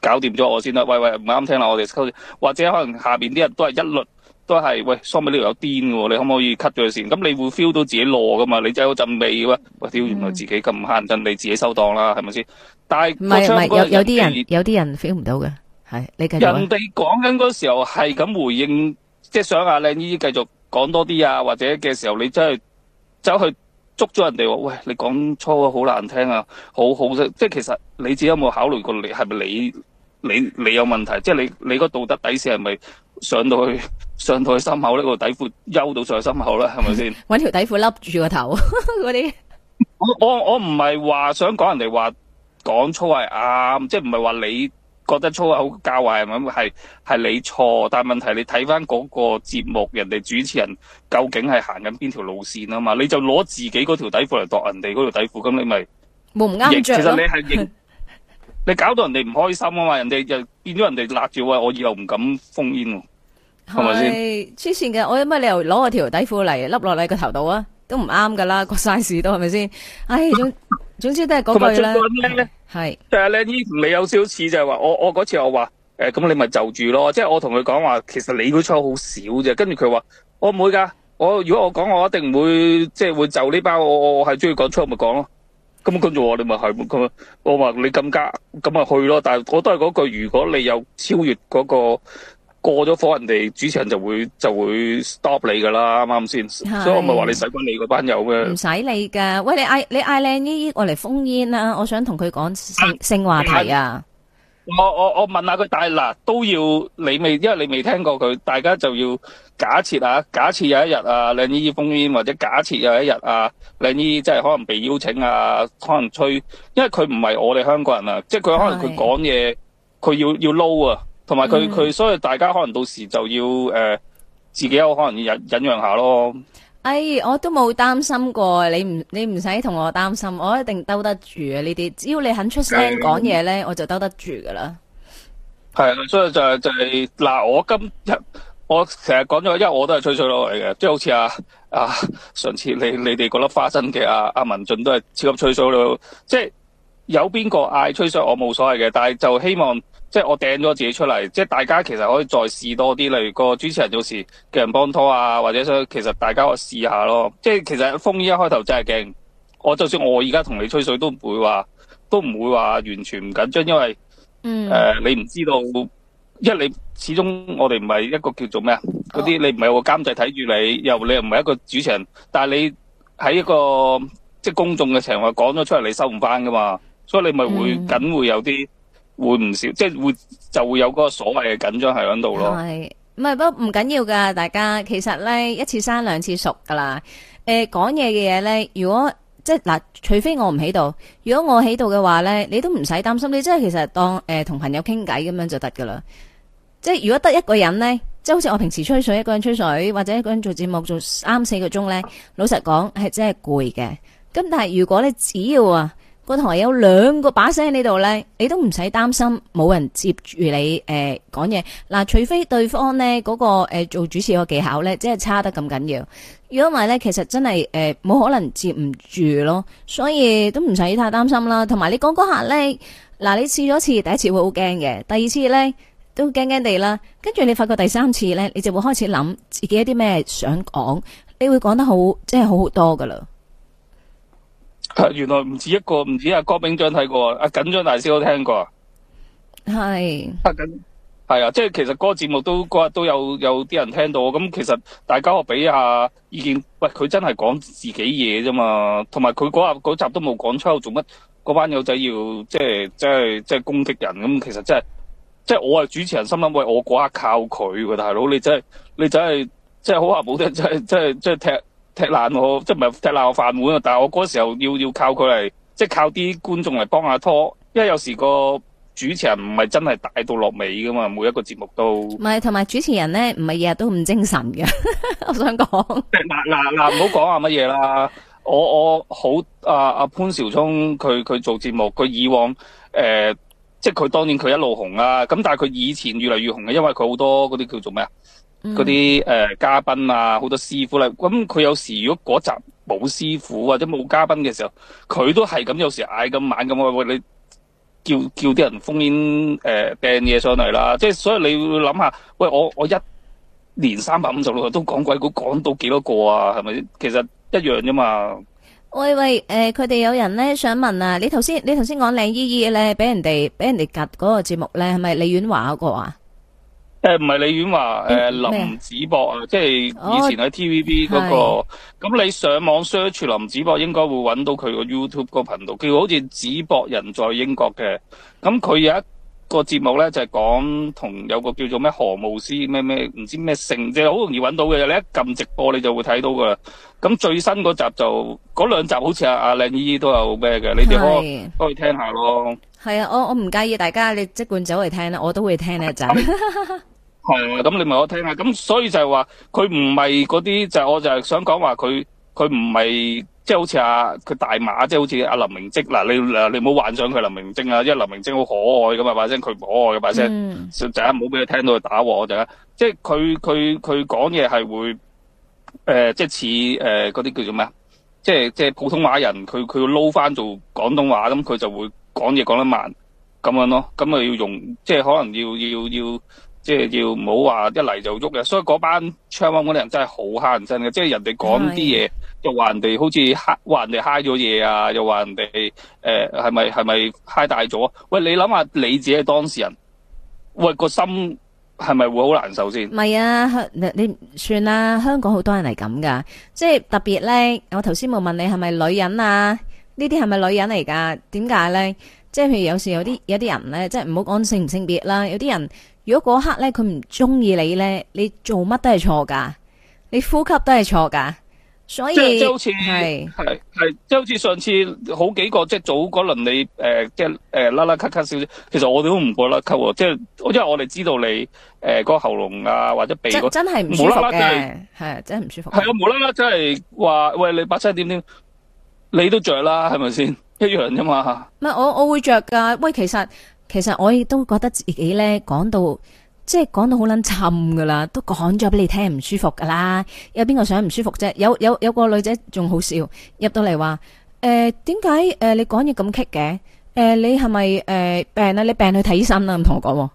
搞掂咗我先啦。喂喂，唔啱聽啦，我哋收。或者可能下邊啲人都係一律都係喂，雙倍呢度有癲嘅喎，你可唔可以 cut 咗佢先？咁你會 feel 到自己落噶嘛？你有陣味喎，話，喂，屌，原來自己咁慳陣，你自己收檔啦，係咪先？但係唔係唔係有有啲人，人有啲人 feel 唔到嘅，係你、繼續、啊、人哋講緊嗰時候係咁回應。即係想阿、啊、靚姨繼續講多啲啊，或者嘅時候你真係走去捉咗人哋話，喂，你講粗啊，好難聽啊，好好即係其實你自己有冇考慮過你是是你，你係咪你你你有問題？即係你你個道德底線係咪上到去上到去心口呢個底褲優到上去心口啦係咪先？搵條 底褲笠住個頭嗰啲 我我我唔係話想講人哋話講粗係啱，即係唔係話你。覺得粗口教壞咁係係你錯，但問題你睇翻嗰個節目，人哋主持人究竟係行緊邊條路線啊嘛？你就攞自己嗰條底褲嚟度人哋嗰條底褲，咁你咪冇唔啱著咯？其實你係認你搞到人哋唔開心啊嘛？人哋就變咗人哋辣住話，我以後唔敢封煙喎，係咪先？黐線嘅，我有乜理由攞我條底褲嚟笠落你個頭度啊？都唔啱噶啦，個 size 都係咪先？唉，總總之都係嗰句啦。佢做過咩咧？係，但係咧呢你有少似就係話，我我嗰次我話，誒、欸、咁你咪就，就住咯，即係我同佢講話，其實你嗰出好少啫，跟住佢話我唔會㗎，我，我如果我講我一定唔會，即係會就呢包，我我係中意講出我咪講咯，咁跟住我你咪係咁我話你咁加，咁咪去咯，但係我都係嗰句，如果你有超越嗰、嗰個。過咗火，人哋主持人就會就會 stop 你噶啦，啱啱先？所以我咪話你使鬼你嗰班友咩？唔使你噶，喂你嗌你嗌靚姨姨過嚟封煙啊！我想同佢講性性話題啊！我我我問下佢，但係嗱都要你未，因為你未聽過佢，大家就要假設啊，假設有一日啊靚姨姨封煙，或者假設有一日啊靚姨姨即係可能被邀請啊，可能吹，因為佢唔係我哋香港人啊，即係佢可能佢講嘢，佢要要撈啊！同埋佢佢，所以大家可能到時就要誒、呃、自己有可能要忍忍讓下咯。哎，我都冇擔心過，你唔你唔使同我擔心，我一定兜得住嘅呢啲。只要你肯出聲講嘢咧，我就兜得住噶啦。係啊，所以就係就係嗱，我今日我成日講咗，因為我都係吹水佬嚟嘅，即係好似啊，啊上次你你哋嗰粒花生嘅阿阿文進都係超級吹水佬，即、就、係、是、有邊個嗌吹水，我冇所謂嘅，但係就希望。即係我掟咗自己出嚟，即係大家其實可以再試多啲，例如個主持人有時叫人幫拖啊，或者想其實大家試下咯。即係其實風衣一開頭真係勁，我就算我而家同你吹水都唔會話，都唔會話完全唔緊張，因為，嗯，誒、呃，你唔知道，因為你始終我哋唔係一個叫做咩啊，嗰啲你唔係有個監製睇住你，又你又唔係一個主持人，但係你喺一個即係公眾嘅場合講咗出嚟，你收唔返㗎嘛，所以你咪會緊、嗯、會有啲。會唔少，即係會就會有嗰個所謂嘅緊張係喺度咯。係，唔係不唔緊要噶，大家其實咧一次生兩次熟噶啦。誒、呃，講嘢嘅嘢咧，如果即係嗱，除非我唔喺度，如果我喺度嘅話咧，你都唔使擔心，你真係其實當誒同、呃、朋友傾偈咁樣就得噶啦。即係如果得一個人咧，即係好似我平時吹水，一個人吹水或者一個人做節目做三四個鐘咧，老實講係真係攰嘅。咁但係如果你只要啊～個台有兩個把聲喺呢度呢，你都唔使擔心冇人接住你誒講嘢。嗱、呃，除非對方呢嗰、嗰個誒、呃、做主持嘅技巧呢，即係差得咁緊要。如果唔係呢，其實真係誒冇可能接唔住咯。所以都唔使太擔心啦。同埋你講嗰刻呢，嗱你試咗一次，第一次會好驚嘅，第二次呢，都驚驚地啦。跟住你發覺第三次呢，你就會開始諗自己一啲咩想講，你會講得好即係好好多噶啦。原來唔止一個，唔止阿郭炳章睇過，阿緊張大師都聽過。係，係、啊、係啊，即係其實嗰個節目都嗰日都有有啲人聽到，咁其實大家我俾下意見，喂，佢真係講自己嘢啫嘛，同埋佢嗰日嗰集都冇講出口，做乜嗰班友仔要即係即係即係攻擊人咁，其實、就是、即係即係我係主持人心諗喂，我嗰刻靠佢㗎大佬，你真係你真係即係好話冇聽，即係即係即係踢。踢爛我，即係唔係踢爛我飯碗啊！但係我嗰個時候要要靠佢嚟，即係靠啲觀眾嚟幫下拖，因為有時個主持人唔係真係大到落尾噶嘛，每一個節目都唔係，同埋主持人咧唔係日日都咁精神嘅， 我想講。嗱嗱嗱，唔好講啊乜嘢啦！我我好啊阿潘紹聰，佢佢做節目，佢以往誒、呃，即係佢當年佢一路紅啊，咁但係佢以前越嚟越紅嘅，因為佢好多嗰啲叫做咩啊？嗰啲誒，嘉賓啊，好多師傅啦、啊。咁、嗯、佢有時如果嗰集冇師傅或者冇嘉賓嘅時候，佢、啊、都係咁有時嗌，咁猛咁話，喂，你叫叫啲人封煙誒，掟嘢上嚟啦。即、就、係、是、所以你諗下，喂，我我一年三百五十六日都講鬼故講到幾多個啊？係咪其實一樣啫嘛？喂喂誒，佢、呃、哋有人咧想問啊，你頭先你頭先講靚姨姨咧，俾人哋俾人哋夾嗰個節目咧，係咪李婉華嗰個啊？誒、呃，唔係李婉華，誒林子博啊，即係以前喺 TVB 嗰個。咁你上網 search 林子博，林子博應該會揾到佢個 YouTube 個頻道，叫好似子博人在英國嘅。咁佢有一個節目咧，就係講同有個叫做咩何慕斯咩咩唔知咩性，即係好容易揾到嘅。你一撳直播，你就會睇到噶啦。咁最新嗰集就嗰兩集好像，啊，好似阿阿靚姨都有咩嘅，你哋可都可，可以聽下咯。係啊，我我唔介意大家你即管走嚟聽啦，我都會聽一集。 咁、 嗯、你問我聽下。咁所以就係話佢唔係嗰啲，就是、我就係想講話佢佢唔係即係好似阿佢大馬，即、就、係、是、好似阿、啊、林明禎嗱、啊。你你唔好幻想佢林明禎啊，因為林明禎好可愛咁啊，把聲佢可愛把聲。陣間唔好俾佢聽到佢打我陣間即係佢佢佢講嘢係會誒，即係似誒嗰啲叫做咩啊？即係即係普通話人，佢佢要撈翻做廣東話咁，佢就會講嘢講得慢咁樣咯。咁啊要用即係、就是、可能要要要。要即、就、係、是、即係要唔好話一嚟就喐嘅，所以嗰班槍灣嗰啲人真係好慳人真嘅，即係人哋講啲嘢，又話人哋好似慳，話人哋慳咗嘢啊，又話人哋誒係咪係咪慳大咗？喂，你諗下你自己係當事人，喂個心係咪會好難受先？唔係啊，你算啦，香港好多人係咁噶，即係特別咧。我頭先冇問你係咪女人啊？呢啲係咪女人嚟噶？點解咧？即係譬如有時有啲有啲人咧，即係唔好講性唔性別啦，有啲人。如果嗰刻咧佢唔中意你咧，你做乜都係錯噶，你呼吸都係錯噶，所以係係係即係好似上次好幾個即係早嗰輪你誒、呃、即係誒拉拉咳咳少少，其實我哋都唔過拉咳，即係因為我哋知道你誒、呃那個喉嚨啊或者鼻個真係唔舒服，係、就是、真係唔舒服。係啊，冇啦啦真係話喂你把聲點點，你都着啦係咪先？是是 一樣啫嘛。唔係我我會着噶喂，其實。其實我亦都覺得自己咧講到即係講到好捻沉噶啦，都講咗俾你聽唔舒服噶啦。有邊個想唔舒服啫？有有有個女仔仲好笑入到嚟話：誒，點解誒你講嘢咁棘嘅？誒、呃，你係咪誒病啊？你病去睇醫生啦！唔同我講，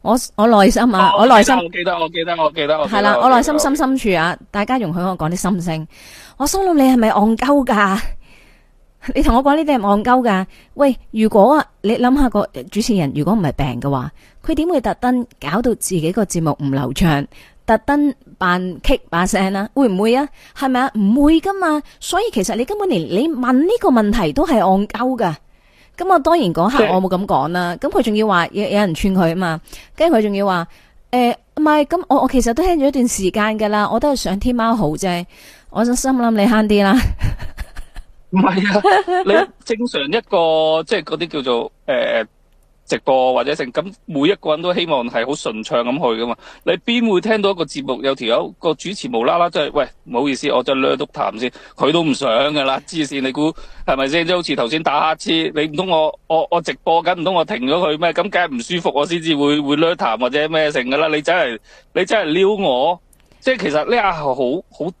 我我內心啊，我內心，我記得，我記得，我記得，係啦，我內心深深處啊，大家容許我講啲心聲。我心諗你係咪戇鳩噶？ 你同我講，呢啲係戇鳩噶？喂，如果啊，你諗下個主持人，如果唔係病嘅話，佢點會特登搞到自己個節目唔流暢，特登扮 kick 把聲啦？會唔會啊？係咪啊？唔會噶嘛？所以其實你根本連你問呢個問題都係戇鳩噶。咁我當然嗰刻我冇咁講啦。咁佢仲要話有有人串佢啊嘛？跟住佢仲要話，誒唔係咁，我我其實都聽咗一段時間噶啦，我都係想天貓好啫。我就心諗你慳啲啦。 唔係啊！你正常一個即係嗰啲叫做誒、呃、直播或者成咁，每一個人都希望係好順暢咁去噶嘛？你邊會聽到一個節目有條友個、個主持無啦啦即係喂，唔好意思，我就撩篤痰先吐一吐一吐一吐，佢都唔想噶啦！黐線，你估係咪先？即係好似頭先打乞嗤，你唔通我我我直播緊唔通我停咗佢咩？咁梗係唔舒服我，我先至會會撩痰或者咩成噶啦！你真係你真係撩我，即係其實呢下係好好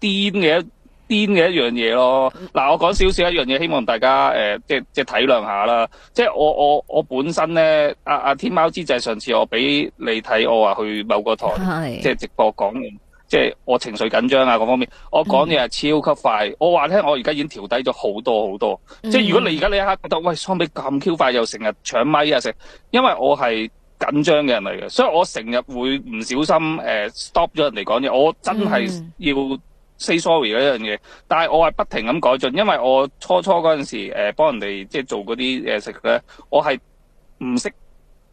癲嘅。癲嘅一,一樣嘢咯，嗱我講少少一樣嘢，希望大家、呃、即即體諒下啦。即我我我本身咧，阿、啊、阿天貓之際上次我俾你睇，我話去某個台，即直播講嘢，即我情緒緊張啊嗰方面，我講嘢係超級快。嗯、我話聽我而家已經調低咗好多好多、嗯。即如果你而家呢一刻覺得喂桑比咁 Q 快又成日搶咪又成，因為我係緊張嘅人嚟嘅，所以我成日會唔小心誒、呃、stop 咗人嚟講嘢。我真係要。嗯 say sorry 嗰樣嘢，但係我係不停咁改進，因為我初初嗰陣時誒、呃、幫人哋即係做嗰啲嘢食咧，我係唔識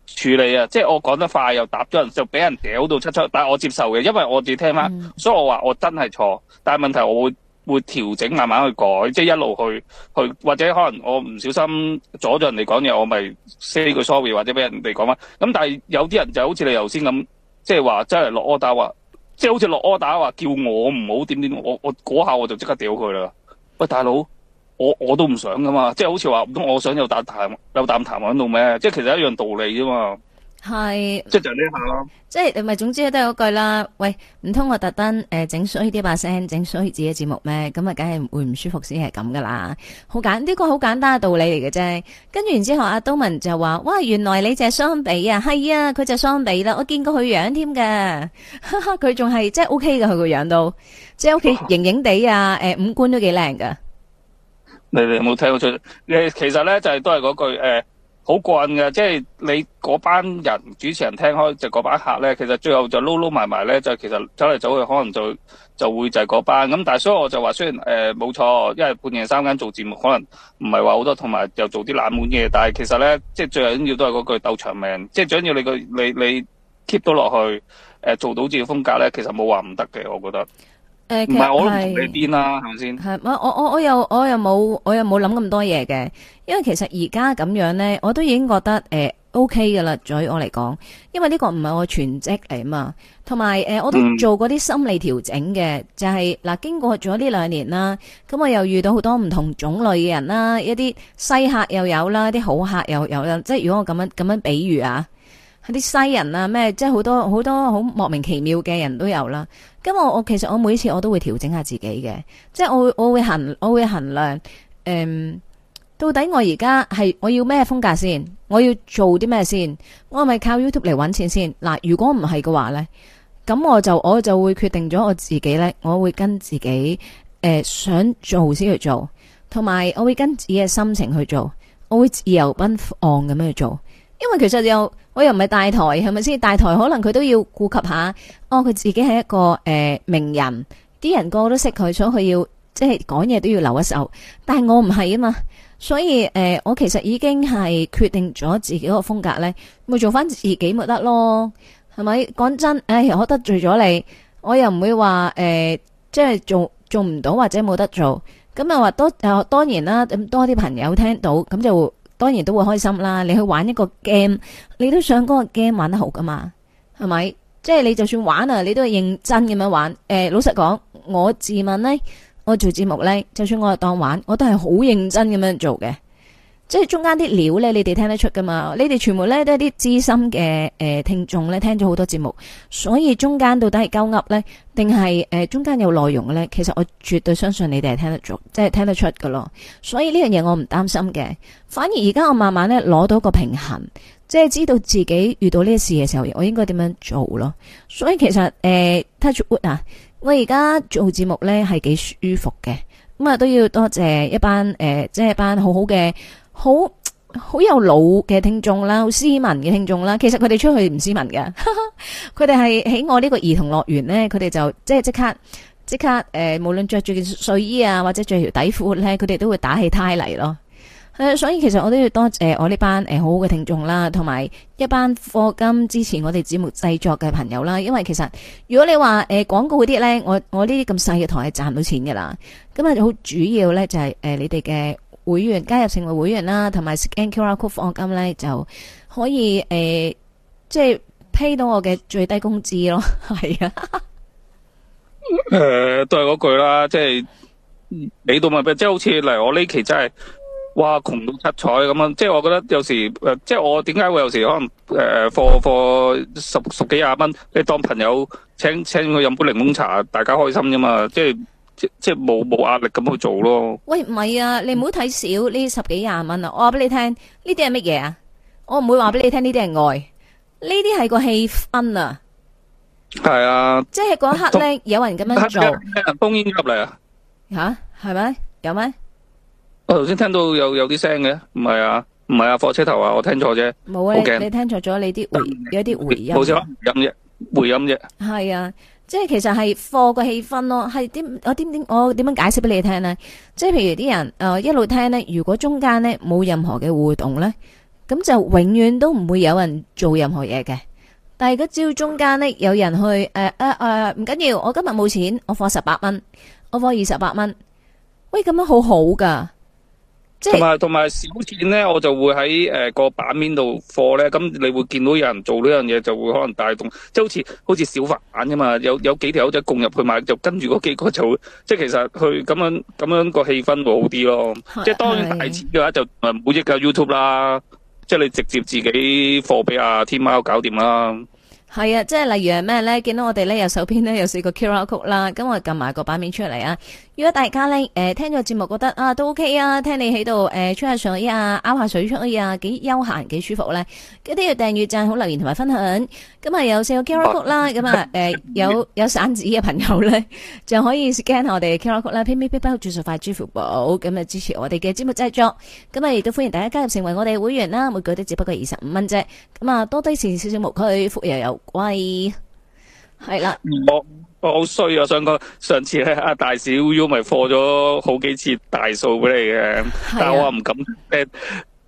處理啊，即、就、係、是、我講得快又答咗人，就俾人屌到七七，但係我接受嘅，因為我自己聽翻、嗯，所以我話我真係錯，但係問題我會會調整慢慢去改，即、就、係、是、一路去去或者可能我唔小心阻咗人哋講嘢，我咪 say 句 sorry 或者俾人哋講翻，咁但係有啲人就好似你頭先咁，即係話真係落 order 話即係好似落柯打話叫我唔好點點，我我嗰下我就即刻屌佢啦。喂，大佬，我我都唔想噶嘛。即係好似話唔通我想有啖痰有啖痰喺度咩？即係其實是一樣道理啫嘛。係，即係就呢下咯。即係你咪，總之都係嗰句啦。喂，唔通我特登誒整衰啲把聲，整衰啲自己節目咩？咁啊，梗係會唔舒服先係咁噶啦。好簡呢個好簡單嘅道理嚟嘅啫。跟住然之後，阿東文就話：，哇，原來你隻雙比啊，係啊，佢隻雙比啦，啊，我見過佢樣添嘅。佢仲係即係 O K 嘅，佢個樣都即係 ok 盈盈地啊，誒、呃，五官都幾靚噶。你你有冇睇到出？誒，其實咧就係、是、都係嗰句誒。呃好慣嘅，即係你嗰班人主持人聽開就嗰班客咧，其實最後就撈撈埋埋咧，就其實走嚟走去可能就就會就係嗰班。咁但係所以我就話，雖然誒冇、呃、錯，因為半夜三更做節目可能唔係話好多，同埋又做啲冷門嘢，但係其實咧，即係最緊要都係嗰句鬥長命，即係最緊要你個你你 keep 到落去，誒做到自己風格咧，其實冇話唔得嘅，我覺得。其實我都唔會變啦，係咪先？係，我我我，我又我又冇我又冇諗咁多嘢嘅，因為其實而家咁樣咧，我都已經覺得誒、呃、OK 噶啦，對於我嚟講，因為呢個唔係我全職嚟嘛，同埋誒我都做過啲心理調整嘅，嗯，就係、是、嗱經過咗呢兩年啦，咁我又遇到好多唔同種類嘅人啦，一啲西客又有啦，啲好客又又有啦。即係如果我咁樣咁樣比喻啊。啲西人啊，咩即係好多好多好莫名其妙嘅人都有啦。咁我我其實我每次我都會調整下自己嘅，即係我我會衡我會衡量，誒、嗯，到底我而家係我要咩風格先，我要做啲咩先，我係咪靠 YouTube 嚟搵錢先？嗱，如果唔係嘅話呢，咁我就我就會決定咗我自己呢，我會跟自己誒、呃、想做先去做，同埋我會跟自己嘅心情去做，我會自由奔放咁樣去做。因為其實又我又唔係大台，係咪先？大台可能佢都要顧及下，哦，佢自己係一個誒、呃、名人，啲人個個都識佢，所以佢要即係講嘢都要留一手。但係我唔係啊嘛，所以誒、呃，我其實已經係決定咗自己嗰個風格呢，咪做翻自己，咪得咯，係咪？講真，唉、哎，我得罪咗你，我又唔會話誒，即、呃、係、就是、做做唔到或者冇得做。咁又話多當然啦，多啲朋友聽到咁就。當然都會開心啦！你去玩一個 game，你都想嗰個 game 玩得好㗎嘛？係咪？即係你就算玩啊，你都係認真咁樣玩。誒、欸，老實講，我自問呢，我做節目呢，就算我當玩，我都係好認真咁樣做嘅。即係中間啲料咧，你哋聽得出噶嘛？你哋全部咧都係啲資深嘅誒聽眾咧，聽咗好多節目，所以中間到底係鳩噏呢？定係誒中間有內容咧？其實我絕對相信你哋係聽得出，即係聽得出噶咯。所以呢樣嘢我唔擔心嘅，反而而家我慢慢咧攞到個平衡，即係知道自己遇到呢啲事嘅時候，我應該點樣做咯。所以其實誒 Touchwood 啊，呃、touch wood, 我而家做節目咧係幾舒服嘅，咁啊都要多謝一班誒、呃、即係一班好好嘅。好好有腦嘅聽眾啦，好斯文嘅聽眾啦。其實佢哋出去唔斯文嘅，佢哋係喺我呢個兒童樂園呢，佢哋就即係即刻即刻誒、呃，無論着住件睡衣啊，或者着條底褲咧，佢哋都會打起呔嚟咯。係、嗯、啊，所以其實我都要多謝，我呢班誒好好嘅聽眾啦，同埋一班課金支持我哋節目製作嘅朋友啦。因為其實如果你話誒廣告嗰啲呢，我我呢啲咁細嘅台係賺唔到錢噶啦。咁啊好主要呢，就係、是、誒、呃、你哋嘅。會員加入成為會員啦，同埋 scan QR code 放金咧，就可以誒，即、呃、係、就是、pay 到我嘅最低工資咯。係啊，誒、呃，都係嗰句啦，即係你到咪即係好似嚟，我呢期真係，哇窮到七彩咁啊！即係我覺得有時誒，即係我點解會有時可能誒，貨、呃、貨十十幾廿蚊，你當朋友請請佢飲杯檸檬茶，大家開心啫嘛，即係。即係冇冇壓力咁去做咯。喂，唔係啊，你唔好睇少呢十幾廿蚊啊！我話俾你聽，呢啲係乜嘢啊？我唔會話俾你聽，呢啲係愛，呢啲係個氣氛啊。係啊。即係嗰一刻咧，有人咁樣做。封煙入嚟啊！吓，係咪有咩？我頭先聽到有有啲聲嘅，唔係啊，唔係啊，火車頭啊，我聽錯啫。冇啊，你聽錯咗，你啲一啲回音。冇錯，音啫，回音啫。係啊。即係其實係貨個氣氛咯，係點我點點我點樣解釋俾你聽呢？即係譬如啲人誒、呃、一路聽呢，如果中間呢冇任何嘅互動呢，咁就永遠都唔會有人做任何嘢嘅。但係如果只要中間呢有人去誒誒誒唔緊要，我今日冇錢，我貨十八蚊，我貨二十八蚊，喂咁樣好好噶。同埋同埋小錢咧，我就會喺誒、呃嗰個版面度貨咧，咁你會見到有人做呢樣嘢，就會可能帶動，即係好似好似小發版噶嘛，有有幾條友仔共入去買，就跟住嗰幾個就會，即係其實佢咁樣咁樣個氣氛會好啲咯。即係當然大錢嘅話就唔好益㗎 YouTube 啦，即係你直接自己貨俾阿天喵搞掂啦。係啊，即係例如係咩咧？見到我哋咧，右手邊咧有四個 QR Code 啦，咁我撳埋個版面出嚟啊！如果大家咧誒聽咗節目覺得啊都 OK 啊，聽你喺度誒吹下水啊，勾下水出啊，幾悠閒幾舒服咧，記得要訂閱讚好，留言同埋分享。咁啊有四個 QR Code 啦，咁啊誒有有散紙嘅朋友咧，就可以 scan 我哋 QR Code 啦，pay p a pay 包括轉數快、支付寶，咁啊支持我哋嘅節目製作。咁啊亦都歡迎大家加入成為我哋會員啦，每個月都只不過二十五蚊啫，咁啊多低事少少無區，富又有。喂，係啦，我我好衰啊！想講上次咧，阿大小 U 咪貨咗好幾次大數俾你嘅，但係我又唔敢，誒、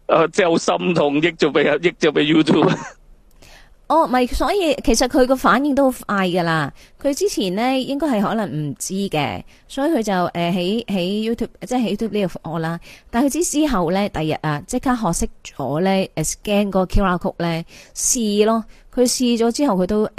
呃，即係好心痛，益咗俾啊，益咗俾 YouTube。 哦，唔係，所以其實佢個反應都好快噶啦。佢之前咧應該係可能唔知嘅，所以佢就誒喺喺 YouTube 即係喺 YouTube 呢個服務啦。但係佢之之後咧，第日啊即刻學識咗咧，誒 scan 個 QR code 咧試咯。佢試咗之後，佢都誒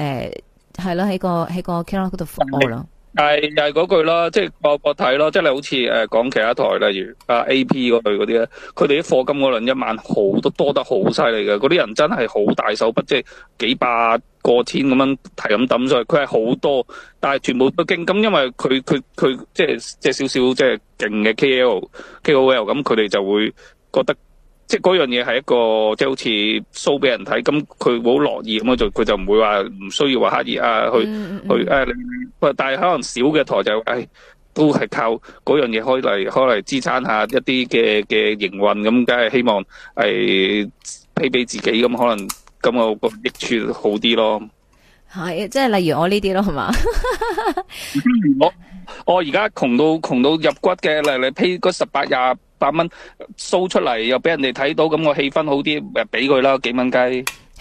係咯喺個喺個 QR code 度服務咯。係又係嗰句啦，即係我我睇咯，即係你好似誒講其他台，例如啊 A P 嗰類嗰啲咧，佢哋啲課金嗰輪一萬好多多得好犀利嘅，嗰啲人真係好大手筆，即係幾百個千咁樣睇，咁抌上去，佢係好多，但係全部都驚，咁因為佢佢佢即係即係少少即係勁嘅 K L K O L，咁佢哋就會覺得。即嗰樣嘢，係一個即係好似 show 俾人睇，咁佢好樂意，咁佢就唔會話唔需要話刻意啊去去誒，但係可能少嘅台就誒都係靠嗰樣嘢開嚟開嚟支撐下一啲嘅嘅營運，咁梗係希望係批俾自己咁、嗯、可能咁我個益處好啲咯。係即係例如我呢啲咯，係嘛 ？我我而家窮到窮到入骨嘅，嚟你批嗰十八廿。百蚊 show 出嚟又俾人哋睇到，咁個氣氛好啲，咪俾佢啦，幾蚊雞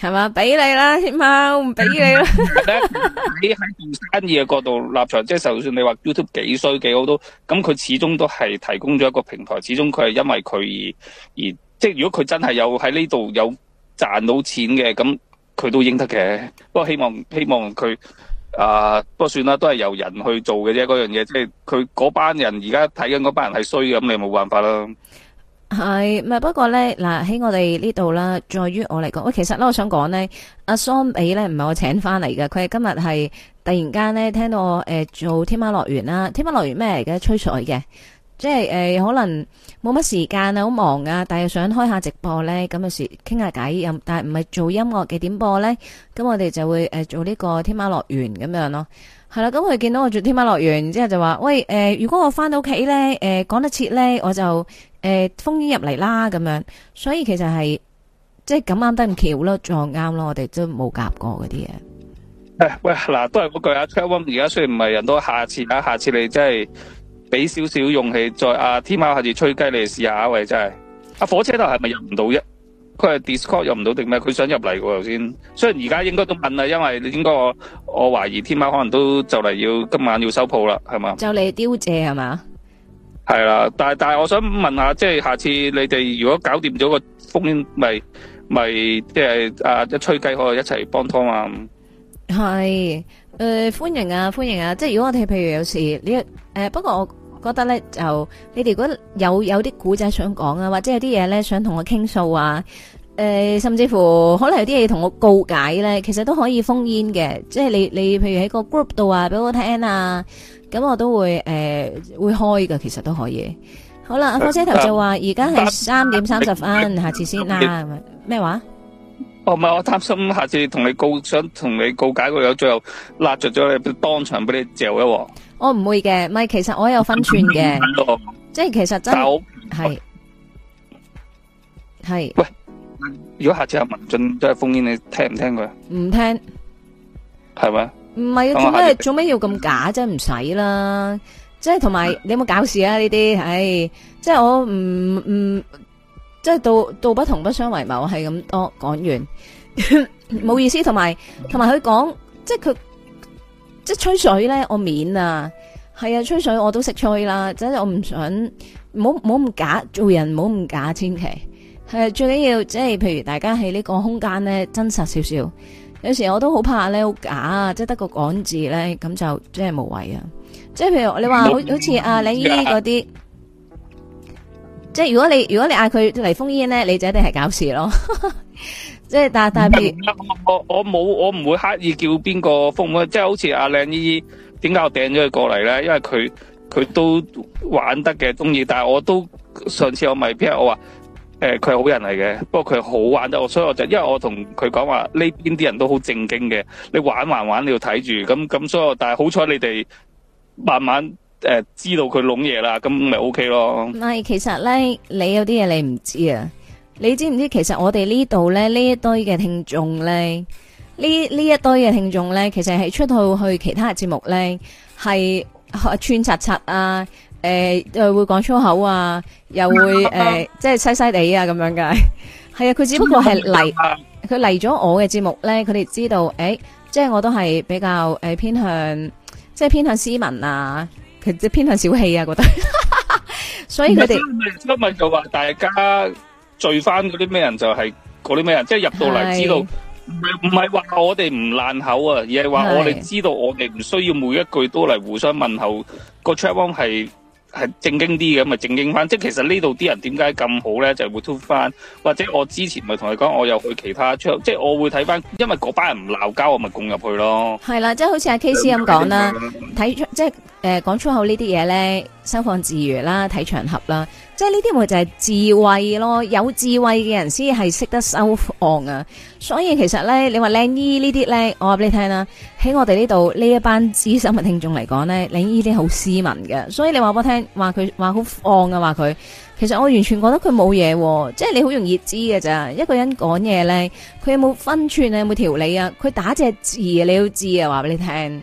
係嘛？俾你啦，起碼我唔俾你啦。 你喺做生意嘅角度立場，即係就算你話 YouTube 幾衰，幾好都咁，佢始終都係提供咗一個平台，始終佢係因為佢而而即係如果佢真係有喺呢度有賺到錢嘅，咁佢都應得嘅。不過希望希望佢。啊，不過算啦，都係由人去做嘅啫，嗰樣嘢即係佢嗰班人而家睇緊嗰班人係衰嘅，咁你冇辦法啦。係，唔係？不過咧，嗱喺我哋呢度啦，在於我嚟講，喂其實咧，我想講咧，阿桑比咧唔係我請翻嚟嘅，佢係今日係突然間咧聽到我誒、呃、做天喵樂園啦，天喵樂園咩嚟嘅？吹水嘅。即係誒、呃，可能冇乜時間啊，好忙啊，但係又想開下直播咧，咁有時傾下偈，但係唔係做音樂嘅點播咧，咁我哋就會誒、呃、做呢、這個天喵樂園咁樣咯。係啦，咁佢見到我做天喵樂園，之後就話：喂誒、呃，如果我翻到屋企咧，誒、呃、講得切咧，我就誒、呃、烽煙入嚟啦咁樣。所以其實係即係咁啱得咁橋咯，撞啱咯，我哋都冇夾過嗰啲嘢。喂，嗱都係嗰句啊，而家雖然唔係人多，下次啊，下次你真係。俾少少勇氣，再阿、啊、天喵下次吹雞，你哋試下喂。真係阿火車頭係咪入唔到啫？佢係 Discord 入唔到定咩？佢想入嚟嘅頭先，雖然而家應該都問啦，因為應該我我懷疑天喵可能都就嚟要今晚要收鋪啦，係嘛？就嚟凋謝係嘛？係啦，但係但係，我想問下，即係下次你哋如果搞掂咗個風險，咪咪即係阿一吹雞可以一齊幫拖啊？係。誒、呃，歡迎啊，歡迎啊！即係如果我哋譬如有時你誒、呃，不過我覺得咧就你哋如果有有啲古仔想講啊，或者有啲嘢，咧想同我傾訴啊，誒、呃，甚至乎可能有啲嘢同我告解咧，其實都可以烽煙嘅。即係你你譬如喺個 group 度啊，俾我聽啊，咁我都會誒、呃、會開噶，其實都可以。好啦，阿火車頭就話而家係三點三十分，下次先啦。咩話？哦，唔係，我擔心下次同你告，想同你告解個樣，最後拉著咗你，當場俾你嚼一鑊。我唔會嘅，唔係其實我有分寸嘅，即係其實真係，係係。喂，如果下次有文進都係封煙，你聽唔聽佢啊？唔聽，係咪啊？唔係，做咩做咩要咁假？即係唔使啦，即係同埋你有冇搞事啊？呢啲，唉，即係我唔唔。即係道道不同，不相為謀，係咁多講完，冇意思。同埋同埋佢講，即係佢即係吹水咧，我免啊，係啊，吹水我都識吹啦。即係我唔想，唔好咁假，做人唔好咁假，千祈係、啊、最緊要，即係譬如大家喺呢個空間咧，真實少少。有時我都好怕咧，好假啊，即係得個講字咧，咁就即係無謂啊。即係譬如你話，好好似阿李姨嗰啲。即係如果你如果你嗌佢嚟封煙咧，你就一定係搞事咯 即大。即係但但我我冇我唔會刻意叫邊個封門，即係好似阿靚姨姨，點解我掟咗佢過嚟咧？因為佢佢都玩得嘅，中意。但係我都上次我咪，譬如我話誒，佢係好人嚟嘅，不過佢好玩得我。所以我就因為我同佢講話，呢邊啲人都好正經嘅，你玩還玩，你要睇住。咁咁所以，但係好彩你哋慢慢。誒，知道佢弄嘢啦，咁咪 O K 咯。唔係，其實咧，你有啲嘢你唔知啊。你知唔知？其實我哋呢度咧，呢一堆嘅聽眾咧，呢呢一堆嘅聽眾咧，其實係出到去其他嘅節目咧，係串插插啊，誒，誒，會講粗口啊，又會誒，即係細細哋啊，咁樣嘅。係 啊，佢只不過係嚟，佢嚟咗我嘅節目咧，佢哋知道，誒，即係我都係比較誒偏向，即係偏向斯文啊。佢即係偏向小氣啊，覺得，所以佢哋今日就話大家聚翻嗰啲咩人就係嗰啲咩人，即係入到嚟知道，唔唔係話我哋唔爛口啊，而係話我哋知道我哋唔需要每一句都嚟互相問候，個 check one 係。係正經啲嘅，咪正經翻。即係其實麼麼呢度啲人點解咁好咧？就係會吐翻。或者我之前咪同你講，我又去其他出口，即係我會睇翻。因為嗰班人唔鬧交，我咪供入去咯。係啦，即係好似阿 KC 咁講啦，睇、嗯嗯、即係誒講出口呢啲嘢咧，收放自如啦，睇場合啦。即係呢啲咪就係智慧咯，有智慧嘅人先係識得收放啊！所以其實咧，你話靚姨呢啲咧，我話俾你聽啦，喺我哋呢度呢一班資深嘅聽眾嚟講咧，靚姨啲好斯文嘅，所以你話俾我聽話佢話好放啊，話佢其實我完全覺得佢冇嘢，即係你好容易知㗎咋，一個人講嘢咧，佢有冇分寸啊，有冇條理啊，佢打隻字啊你都知啊，話俾你聽。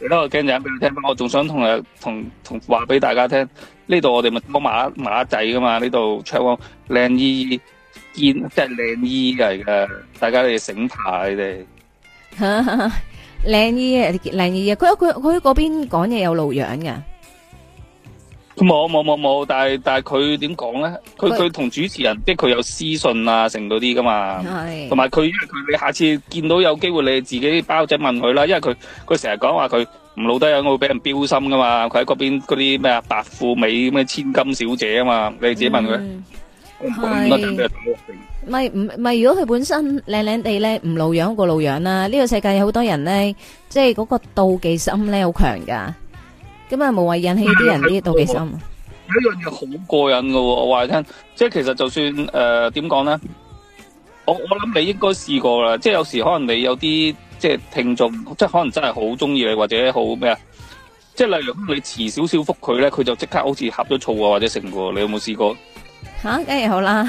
你都我驚人俾佢聽，我仲想同同同話俾大家聽。呢度我哋咪攞馬馬仔㗎嘛？呢度出靚姨見即係靚姨嚟㗎？大家都要醒牌，你哋靚姨啊靚姨啊！佢佢佢喺嗰邊講嘢有路樣㗎。冇冇冇冇！但係但係佢點講咧？佢佢同主持人即係佢有私信啊，成嗰啲㗎嘛。同埋佢因為佢你下次見到有機會，你自己包仔問佢啦。因為佢佢成日講話佢。唔露得樣，我會俾人標心噶嘛？佢喺嗰邊嗰啲咩啊，白富美咩千金小姐啊嘛，你自己問佢。係。唔係唔唔，如果佢本身靚靚地咧，唔露樣過露樣啦。呢個世界有好多人咧，即係嗰個妒忌心咧，好強噶。咁啊，無謂引起啲人啲妒忌心。呢樣嘢好過癮噶，我話你聽，即係其實就算誒，點講咧？我我諗你應該試過啦，即係有時可能你有啲。即係聽眾，即係可能真係好中意你，或者好咩啊？即係例如你遲少少復佢咧，佢就即刻好似呷咗醋啊，或者成個。你有冇試過？吓、啊，梗係，好啦，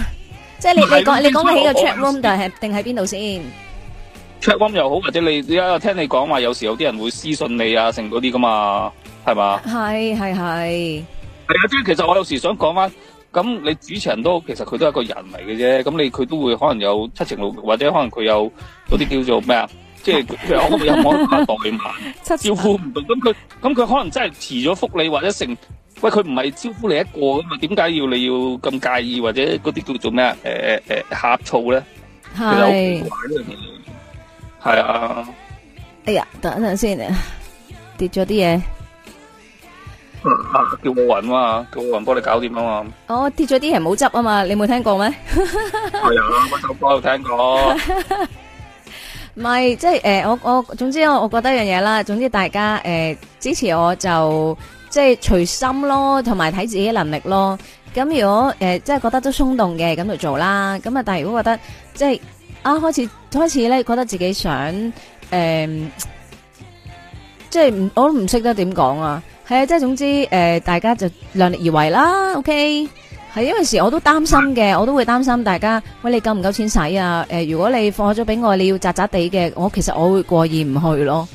即係你你講你講起個 chat room 度係定喺邊度先？chat room 又好，或者你而家聽你講話，有時有啲人會私信你啊，成嗰啲噶嘛，係嘛？係係係，係啊！即係其實我有時想講翻，咁你主持人都其實佢都係一個人嚟嘅啫。咁你佢都會可能有七情六欲，或者可能佢有嗰啲叫做咩啊？ 即係其實我嗰邊有冇發代理碼？招呼唔到，咁佢咁佢可能真係遲咗福利或者成喂佢唔係招呼你一個咁啊？點解要你要咁介意或者嗰啲叫做咩啊？誒誒誒呷醋咧，其實好古怪呢樣嘢，係啊！哎呀，等一陣先，跌咗啲嘢。啊！叫我揾啊，叫我揾幫你搞掂啊嘛。哦，跌咗啲嘢冇執啊嘛，你冇聽過咩？係啊，嗰首歌有聽過。唔係，即係誒、呃，我我總之我我覺得一樣嘢啦。總之大家誒、呃、支持我就即係隨心咯，同埋睇自己能力咯。咁如果誒、呃、即係覺得都鬆動嘅咁就做啦。咁啊，但係如果覺得即係啊開始開始咧覺得自己想誒、呃，即係唔我都唔識得點講啊。係啊，即係總之誒、呃，大家就量力而為啦。OK。係因為時我都擔心嘅，我都會擔心大家，喂，你夠唔夠錢使啊？誒、呃，如果你放咗俾我，你要咋咋哋嘅，我其實我會過意唔去咯。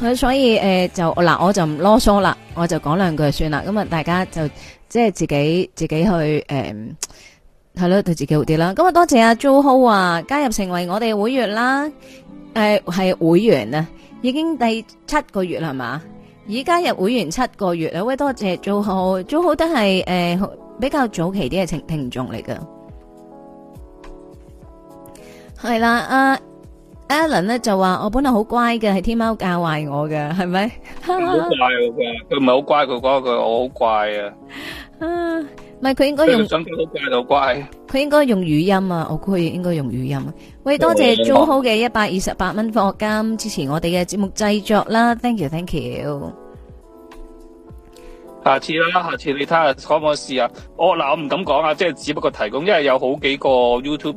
呃、所以誒、呃、就嗱、呃，我就唔囉嗦啦，我就講兩句就算啦。咁啊，大家就即係自己自己去誒，係、呃、咯對，對自己好啲啦。咁啊，多謝阿、啊、JoHo 啊，加入成為我哋會員啦。誒、呃，係會員啊，已經第七個月係嘛？已加入會員七個月啦，喂，多謝 JoHo，JoHo 都係誒。比較早期啲嘅聽聽眾嚟噶，係啦，阿、uh, Alan 咧就話：我本來好乖嘅，係天喵教壞我嘅，係咪？好 乖，乖，乖，佢佢乖啊！佢唔係好乖，佢講佢我好怪啊！唔係佢應該用好乖就乖，佢應該用語音啊！我估佢應該用語音。喂，多謝做好嘅一百二十八蚊課金支持我哋嘅節目製作啦 ！Thank you，Thank you。You. 下次啦，下次你睇下可唔可以試下。我嗱，我唔敢講啊，即係只不過提供，因為有好幾個 YouTube 誒、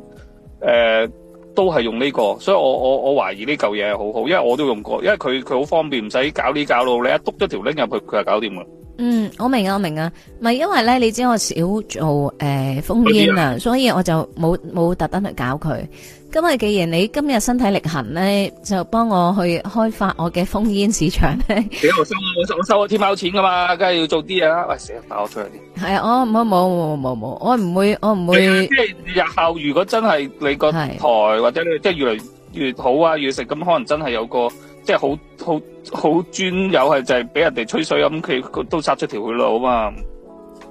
呃、都係用呢、呢個，所以我我我懷疑呢嚿嘢係好好，因為我都用過，因為佢佢好方便，唔使搞呢搞路，你一篤咗條 link 入去，佢就搞掂啦。嗯，我明啊，我明啊，咪因為咧，你知我少做誒封面啊，所以我就冇冇特登去搞佢。今日既然你今日身體力行咧，就幫我去開發我嘅烽煙市場咧。幾好心啊！我收我收我天喵錢噶嘛，梗係要做啲嘢啦。喂，成日打我出嚟啲。係啊，我冇冇冇冇冇，我唔會我唔會。即係日後如果真係你個台或者你即係越嚟越好啊，越食咁可能真係有個即係好好好專有係就係俾人哋吹水咁，佢佢都殺出條血路啊嘛。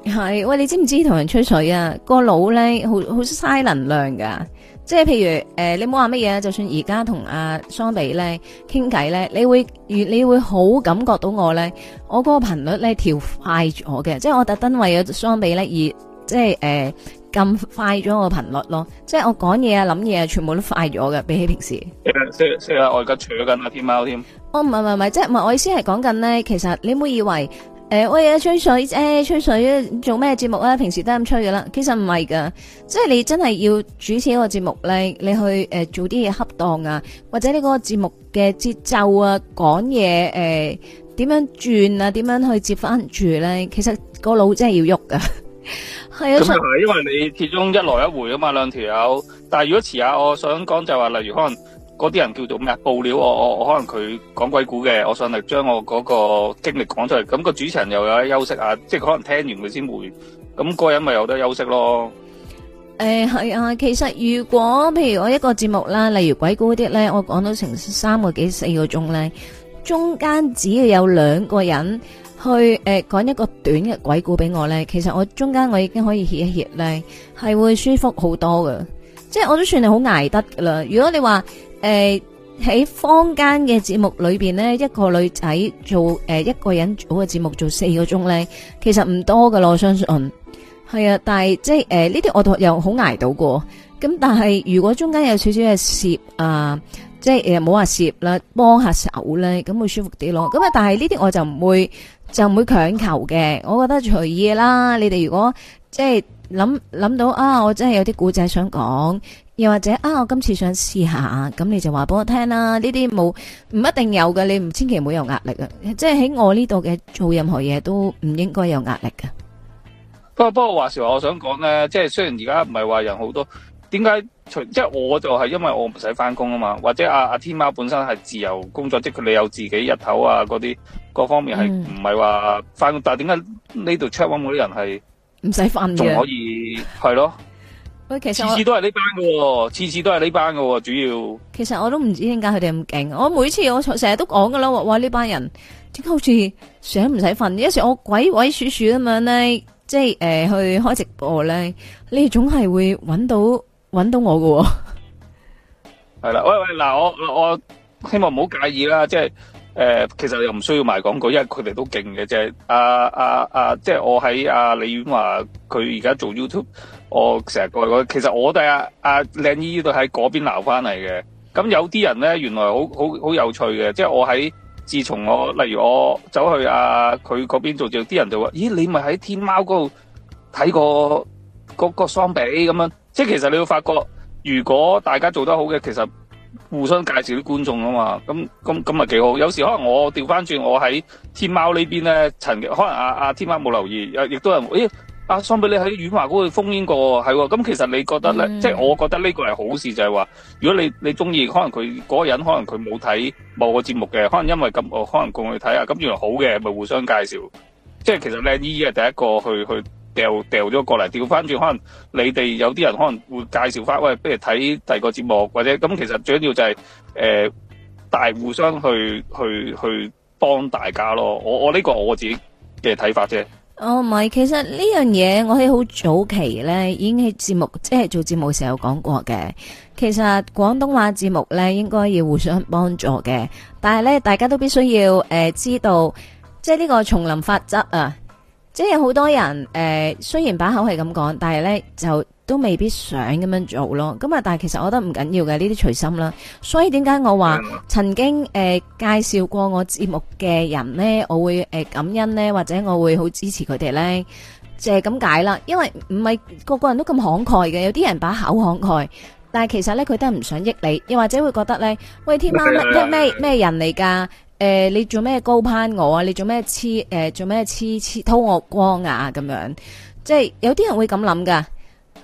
係，喂，你知唔知同人吹水啊？個腦咧好好嘥能量噶。即係譬如誒、呃，你冇話乜嘢，就算而家同阿雙比咧傾偈咧，你會越你會好感覺到我咧，我個個頻率咧調快咗嘅，即係我特登為咗雙比咧而即係誒咁快咗個頻率咯，即係我講嘢啊諗嘢啊全部都快咗嘅，比起平時。即係即係我而家除咗緊阿天貓添。我唔係唔係即係，我意思係講緊咧，其實你唔好以為。誒，喂啊！吹水，誒，吹水做咩節目啊？平時都係咁吹噶啦。其實唔係噶，即係你真係要主持一個節目咧，你去誒做啲嘢恰當啊，或者呢個節目嘅節奏啊，講嘢誒，點樣轉啊，點樣去接翻住咧？其實個腦真係要喐噶。係 啊，咁就係因為你始終一來一回啊嘛，兩條友。但係如果遲下，我想講就話，例如可能。嗰啲人叫做咩啊？報料我我我可能佢講鬼故嘅，我上嚟將我嗰個經歷講出嚟，咁個主持人又有得休息啊！即係可能聽完佢先回，咁個人咪有得休息咯。誒，係啊，其實如果譬如我一個節目啦，例如鬼故嗰啲咧，我講到成三個幾四個鍾咧，中間只要有兩個人去誒講一個短嘅鬼故俾我咧，其實我中間我已經可以歇一歇咧，係會舒服好多噶，即係我都算係好捱得噶啦。如果你話，誒、呃，喺坊間嘅節目裏邊咧，一個女仔做誒、呃、一個人做嘅節目做四個鐘呢，其實唔多㗎咯，我相信係啊。但係即係誒呢啲我都又好捱到過。咁但係如果中間有少少嘅攝啊，即係冇話攝啦，幫下手呢，咁會舒服啲咯。咁啊，但係呢啲我就唔會就唔會強求嘅。我覺得隨意啦。你哋如果即係諗諗到啊，我真係有啲古仔想講。又或者、啊、或者啊，我今次想試下，咁你就話俾我聽啦。呢啲冇唔一定有嘅，你唔千祈唔好有壓力啊！即係喺我呢度嘅做任何嘢都唔應該有壓力㗎。不過不過話時話，我想講咧，即係雖然而家唔係話人好多，點解除即係我就係因為我唔使翻工啊嘛？或者阿阿天喵本身係自由工作，即係佢你有自己日頭啊嗰啲各方面係唔係話翻工？但係點解呢度 check 嗰啲人係唔使翻嘅？仲可以係咯。喂，其實次次都係呢班噶、哦，次次都係呢班噶、哦，主要。其實我都唔知點解佢哋咁勁，我每次我成日都講噶啦，哇，呢班人點解好似想唔使瞓。有時我鬼鬼祟祟咁樣咧，即係誒、呃、去開直播咧，你總係會搵到搵到我噶、哦。係啦，喂喂，嗱，我我希望唔好介意啦，即係。誒、呃，其實又唔需要賣廣告，因為佢哋都勁嘅啫。阿阿阿，即係我喺阿李婉華，佢而家做 YouTube，我成日過嚟講，其實我哋阿阿靚姨都喺嗰邊鬧翻嚟嘅。咁有啲人咧，原來好好好有趣嘅，即係我喺，自從我例如我走去阿佢嗰邊做，就啲人就話：，咦，你咪喺天喵嗰度睇過嗰個雙比咁樣？即係其實你會發覺，如果大家做得好嘅，其實。互相介紹啲觀眾啊嘛，咁咁咁咪幾好。有時可能我調翻轉，我喺天貓呢邊咧，陳可能阿、啊、阿、啊、天貓冇留意，亦都可能誒阿桑畀你喺遠華嗰度封煙過，係喎、哦。咁其實你覺得咧、嗯，即係我覺得呢個係好事，就係、是、話，如果你你中意，可能佢嗰個人，可能佢冇睇某個節目嘅，可能因為咁，我可能共佢睇下，咁原來好嘅，咪互相介紹。即係其實靚姨姨係第一個去去。掉掉咗過嚟，調翻轉可能你哋有啲人可能會介紹翻，喂、哎，不如睇第二個節目，或者咁。其實最緊要就係、是、誒、呃，大互相去去去幫大家咯。我我呢個我自己嘅睇法啫。哦，唔係，其實呢樣嘢我喺好早期咧，已經喺節目即係做節目時候有講過嘅。其實廣東話節目咧，應該要互相幫助嘅。但係咧，大家都必須要誒、呃、知道，即係呢個叢林法則啊。即係好多人誒、呃，雖然把口係咁講，但係呢就都未必想咁樣做咯。咁啊，但係其實我覺得唔緊要嘅呢啲隨心啦。所以點解我話曾經誒、呃、介紹過我節目嘅人呢，我會誒、呃、感恩呢，或者我會好支持佢哋呢？就係、是、咁解啦。因為唔係個個人都咁慷慨嘅，有啲人把口慷慨，慨，但係其實呢，佢都係唔想益你，又或者會覺得呢：「喂，天喵，咩咩咩人嚟噶？誒、欸，你做咩高攀我啊？你做咩黐誒？做咩黐黐偷我光啊？咁樣，即係有啲人會咁諗噶。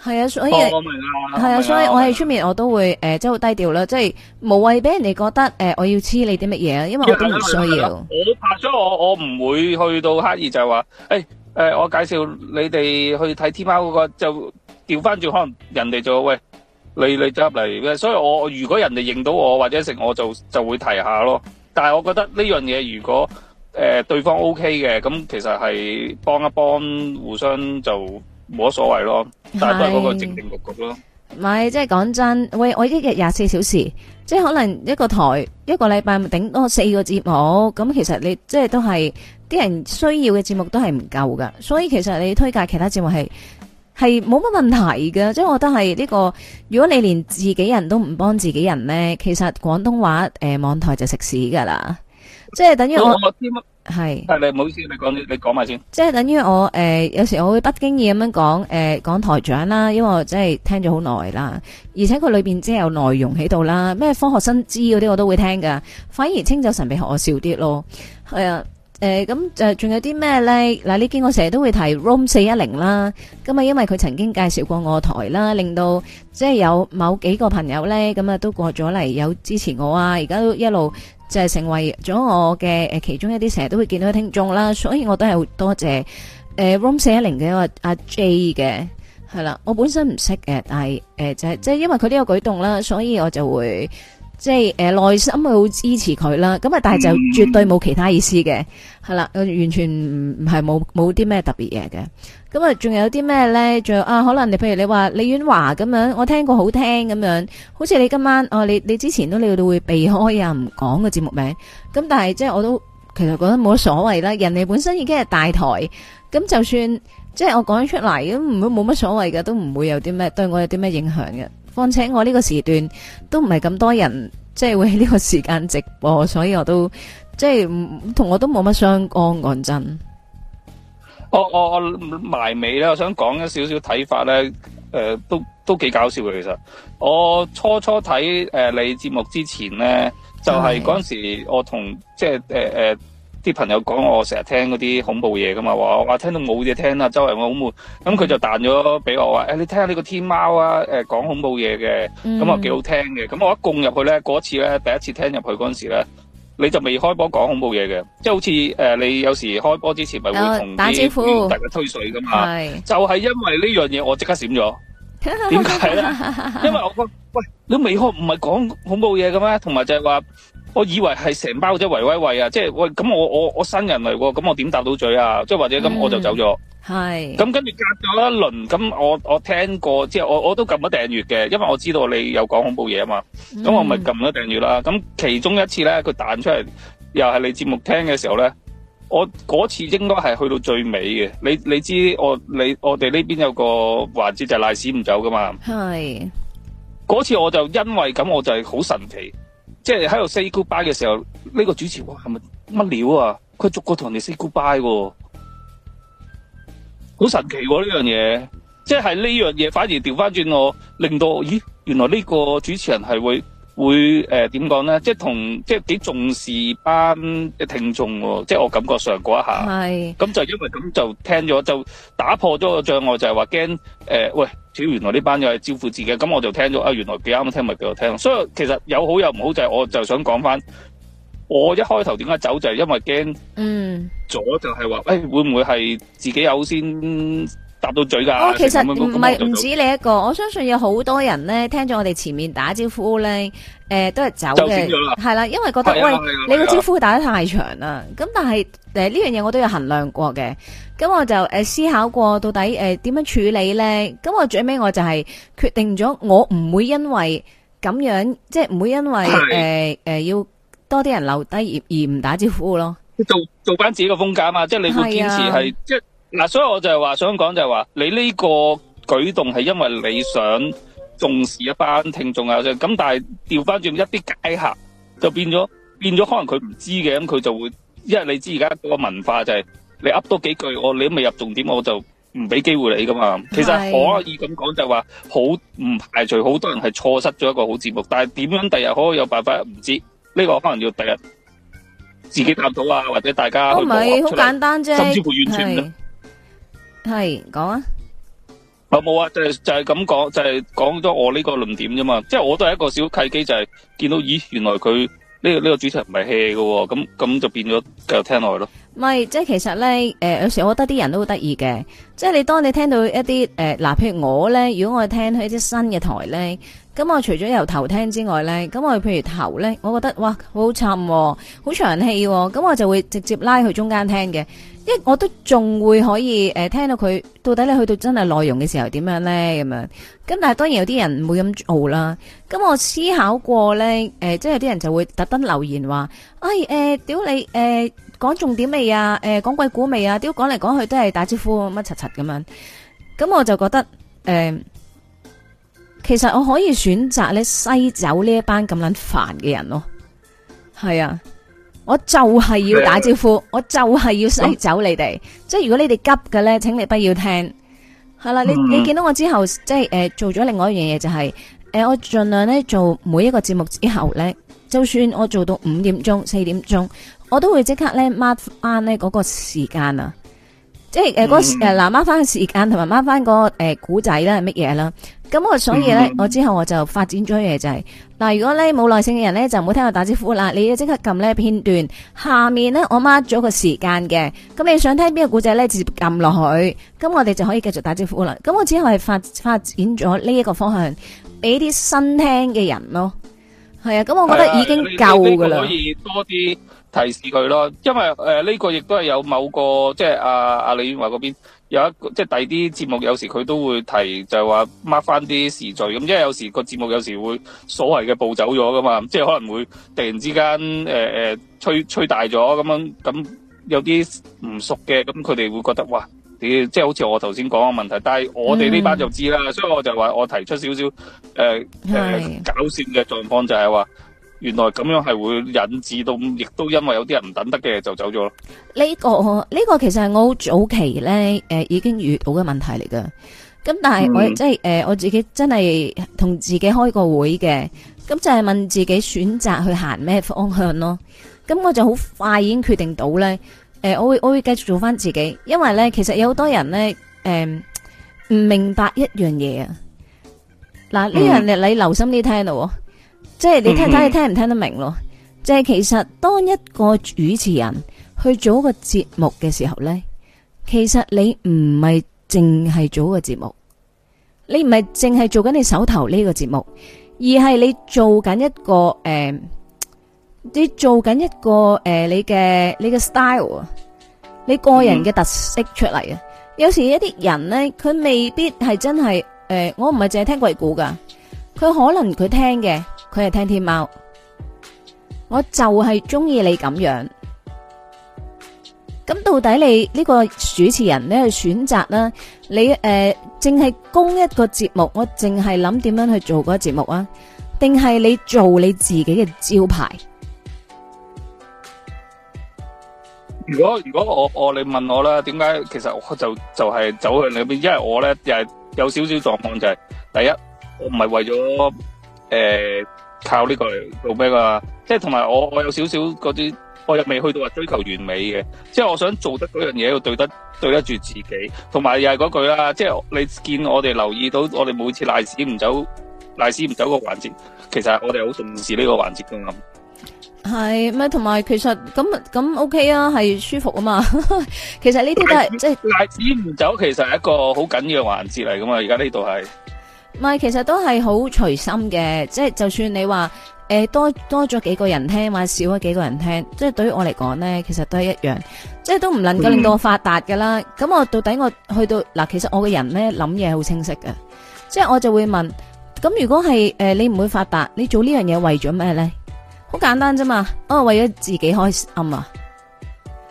係啊，所以係啊、哦明明，所以我喺出面我都會誒，即係好低調啦。即係無謂俾人哋覺得誒，我要黐你啲乜嘢啊？因為我都唔需要、哦。嗯嗯嗯、嗯嗯我都拍咗我，我唔會去到刻意就係話誒誒，我介紹你哋去睇天喵嗰個。就調翻轉可能人哋做。」喂你你入嚟嘅，所以我如果人哋認到我或者識我就就會提下咯。但係，我覺得呢樣嘢如果誒、呃、對方 OK 嘅，咁其實係幫一幫，互相就冇乜所謂咯。大概嗰個正正局局咯，唔係即係講真，喂，我一日廿四小時，即係可能一個台一個禮拜咪頂多四個節目，咁其實你即係都係啲人需要嘅節目都係唔夠噶，所以其實你推介其他節目係。係冇乜問題嘅，即係我覺得係呢、這個，如果你連自己人都唔幫自己人呢，其實廣東話誒、呃、網台就食屎噶啦，即係等於我係係，你唔好意思，你講你講埋先。即係等於我誒、呃，有時我會不經意咁樣講誒，講、呃、台長啦，因為我真係聽咗好耐啦，而且佢裏邊真係有內容喺度啦，咩科學新知嗰啲我都會聽噶，反而清酒神秘學我笑啲咯，係啊。誒、呃，咁就仲有啲咩咧？嗱、啊，呢件我成日都會提 Room 四一零啦。咁啊，因為佢曾經介紹過我台啦，令到即係有某幾個朋友咧，咁啊都過咗嚟有支持我啊。而家都一路就係成為咗我嘅誒，其中一啲成日都會見到嘅聽眾啦。所以我都係好多謝誒 Room 四一零嘅一個阿 J 嘅，係、呃、啦、啊啊。我本身唔識嘅，但係誒就係即係因為佢呢個舉動啦，所以我就會。即係誒、呃、內心會好支持佢啦，咁啊，但係就絕對冇其他意思嘅，係啦，完全唔係冇冇啲咩特別嘢嘅。咁啊，仲有啲咩咧？仲有啊，可能你譬如你話李婉華咁樣，我聽過好聽咁樣，好似你今晚哦、啊，你你之前都你會避開啊，唔講個節目名。咁但係即係我都其實覺得冇乜所謂啦。人哋本身已經係大台，咁就算即係我講出嚟咁，都冇乜所謂嘅，都唔會有啲咩對我有啲咩影響嘅。況且我呢個時段都唔係咁多人，即係會喺呢個時間直播，所以我都即係同我都冇乜相干，講真，我我我埋尾咧，我想講一少少睇法咧，誒、呃，都都幾搞笑嘅。其實我初初睇誒、呃、你節目之前咧，就係嗰陣時我同即係誒誒。呃呃啲朋友講我成日聽嗰啲恐怖嘢㗎嘛，話話聽到冇嘢聽啦，周圍我好悶。咁佢就彈咗俾我話：，誒，你聽下呢個天喵啊，誒，講恐怖嘢嘅，咁啊幾好聽嘅。咁我一共入去咧，嗰次咧，第一次聽入去嗰時時咧，你就未開波講恐怖嘢嘅，即係好似誒、呃，你有時開波之前咪會同啲大家吹水㗎嘛，就係、是、因為呢樣嘢，我即刻閃咗。點解咧？ 因為我喂你未開唔係講恐怖嘢嘅咩？同埋就係話。我以為係成包啫，喂喂喂啊！即係我咁，我我我新人嚟喎，咁我點答到嘴啊？即係或者咁，我就走咗。係、嗯。咁跟住隔咗一輪，咁我我聽過，即係我我都撳咗訂閱嘅，因為我知道你有講恐怖嘢啊嘛。咁我咪撳咗訂閱啦。咁、嗯、其中一次咧，佢彈出嚟，又係你節目聽嘅時候咧，我嗰次應該係去到最尾嘅。你你知我，你我哋呢邊有個環節就係賴屎唔走噶嘛。係。嗰次我就因為咁，我就係好神奇。即係喺度 say goodbye 嘅時候，呢個主持哇係咪乜料啊？佢逐個同人哋 say goodbye 喎，好神奇喎呢樣嘢，即係呢樣嘢反而調翻轉我，令到咦原來呢個主持人係、啊啊、會。會誒點講咧？即係同即係幾重視班嘅聽眾喎，即係我感覺上嗰一下，係咁就，因為咁就聽咗就打破咗個障礙，就係話驚誒，喂，原來呢班友係招呼自己，咁我就聽咗啊，原來幾啱，咁聽咪俾我聽。所以其實有好有唔好，就係我就想講翻，我一開頭點解走就係因為驚，嗯，咗就係話喂，會唔會係自己有先，答到嘴噶。哦，其實唔係，唔止你一個，我相信有好多人咧聽咗我哋前面打招呼咧誒、呃，都係走嘅，係啦、啊，因為覺得、啊啊、喂，啊啊、你個招呼打得太長啦。咁但係誒呢樣嘢我都有衡量過嘅，咁我就誒、呃、思考過到底誒點、呃、樣處理咧。咁我最尾我就係決定咗，我唔會因為咁樣，即係唔會因為誒誒、啊呃呃、要多啲人留低而而唔打招呼咯。做做翻自己個風格啊嘛，即、就、係、是、你會堅持係即。嗱、啊，所以我就係話想講就係話，你呢個舉動係因為你想重視一班聽眾啊，咁但係調翻轉一啲街客就變咗變咗，可能佢唔知嘅，咁佢就會因為你知而家個個文化就係、是、你噏多幾句，我你都未入重點，我就唔俾機會你噶嘛。其實可以咁講就話，好唔排除好多人係錯失咗一個好節目，但係點樣第日可以有辦法唔知呢、這個可能要第日自己答到啊，或者大家去磨合出啫、就是，甚至乎完全係講啊，啊冇、哦、啊，就係就係咁講，就係講咗我呢個論點啫嘛，即係我都係一個小契機，就係、是、見到咦，原來佢呢、呢個呢、呢個主題唔係 hea 嘅，咁咁就變咗繼續聽落去咯。唔係，即係其實呢，誒、呃，有時我覺得啲人都好得意嘅，即係你當你聽到一啲誒，嗱、呃，譬如我呢，如果我聽一啲新嘅台呢，咁我除咗由頭聽之外呢，咁我譬如頭呢，我覺得哇，好沉、喔，好長氣、喔，咁我就會直接拉去中間聽嘅，因為我都仲會可以誒、呃，聽到佢到底你去到真係內容嘅時候點樣呢。咁樣，咁但係當然有啲人唔會咁做啦，咁我思考過呢，誒、呃，即係有啲人就會特登留言話，哎，誒、呃，屌你，誒、呃。講重點未啊？誒，講鬼故未啊？屌，講嚟講去都係打招呼乜柒柒咁樣，咁我就覺得誒、呃，其實我可以選擇咧篩走呢一班咁撚煩嘅人咯。係啊，我就係要打招呼，我就係要篩走你哋。 即係如果你哋急嘅咧，請你不要聽。係啦、啊，你你見到我之後，即係誒、呃、做咗另外一樣嘢、就是，就係誒我盡量咧做每一個節目之後咧，就算我做到五點鐘、四點鐘。我都會即刻咧，mark 翻呢嗰個時間啊，即係誒嗰誒嗱，mark 翻個時、嗯、時間同埋 mark 翻個誒古仔啦，係乜嘢啦，咁、嗯、我所以咧、嗯，我之後我就發展咗嘢就係、是，嗱如果咧冇耐性嘅人咧，就唔好聽我打招呼啦，你要即刻撳呢片段下面咧，我 mark 咗個時間嘅，咁你想聽邊個古仔咧，直接撳落去，咁我哋就可以繼續打招呼啦。咁我之後係發發展咗呢一個方向，俾啲新聽嘅人咯，係啊，咁我覺得已經夠噶啦，可以多啲。提示佢咯，因為誒呢、呃這個亦都係有某個即係阿阿李婉華嗰邊，有一個即係第二啲節目，有時佢都會提就係話 mark 翻啲時序咁，因為有時個節目有時會所謂嘅暴走咗噶嘛，即係可能會突然之間誒誒、呃、吹吹大咗咁樣，咁有啲唔熟嘅，咁佢哋會覺得哇，你即係好似我頭先講嘅問題，但係我哋呢班就知啦、嗯，所以我就話我提出少少誒誒、呃呃、搞笑嘅狀況就係話。原來咁樣係會引致到，亦都因為有啲人唔等得嘅就走咗咯。呢、呢個呢、呢個其實係我好早期咧，誒、呃、已經遇到嘅問題嚟噶。咁但係我、嗯、即係誒、呃，我自己真係同自己開個會嘅，咁就係問自己選擇去行咩方向咯。咁我就好快已經決定到咧，誒、呃、我會我會繼續做翻自己，因為咧其實有好多人咧，誒、呃、唔明白一樣嘢啊。嗱，呢樣嘢你留心啲聽到。即係你睇睇，你聽唔聽得明咯？即係其實當一個主持人去做個節目嘅時候呢，其實你唔係淨係做個節目，你唔係淨係做緊你手頭呢個節目，而係你做緊一個誒、呃，你做緊一個誒、呃，你嘅你嘅 style，你個人嘅特色出嚟啊、嗯。有時一啲人呢，佢未必係真係誒、呃，我唔係淨係聽鬼故㗎，佢可能佢聽嘅。佢係聽天貓，我就係中意你咁樣。咁到底你呢個主持人你去選擇啦？你誒，淨係供一個節目，我淨係諗點樣去做嗰個節目啊？定係你做你自己嘅招牌？如果如果我我你問我啦，點解？其實我就就係走向你嗰邊，因為我咧又係有少少狀況，就係第一，我唔係為咗誒。靠呢個嚟做咩噶、啊？即係同埋我，我有少少嗰啲，我又未去到話追求完美嘅，即係我想做得嗰樣嘢要對得對得住自己，同埋又係嗰句啦，即係你見我哋留意到，我哋每次賴屎唔走，賴屎唔走個環節，其實我哋好重視呢個環節嘅咁。係咩？同埋其實咁咁 OK 啊，係舒服啊嘛。 其實呢啲都係即係賴屎唔走，其實係一個好緊要嘅環節嚟噶嘛。而家呢度係。唔係，其實都係好隨心嘅，即係就算你話誒、呃、多多咗幾個人聽，或者少咗幾個人聽，即係對於我嚟講呢，其實都係一樣，即係都唔能夠令到我發達噶啦。咁、嗯、我到底我去到嗱，其實我個人呢諗嘢係好清晰嘅，即係我就會問，咁如果係誒、呃、你唔會發達，你做呢樣嘢為咗咩呢？好簡單啫嘛，哦、啊、為咗自己開心啊！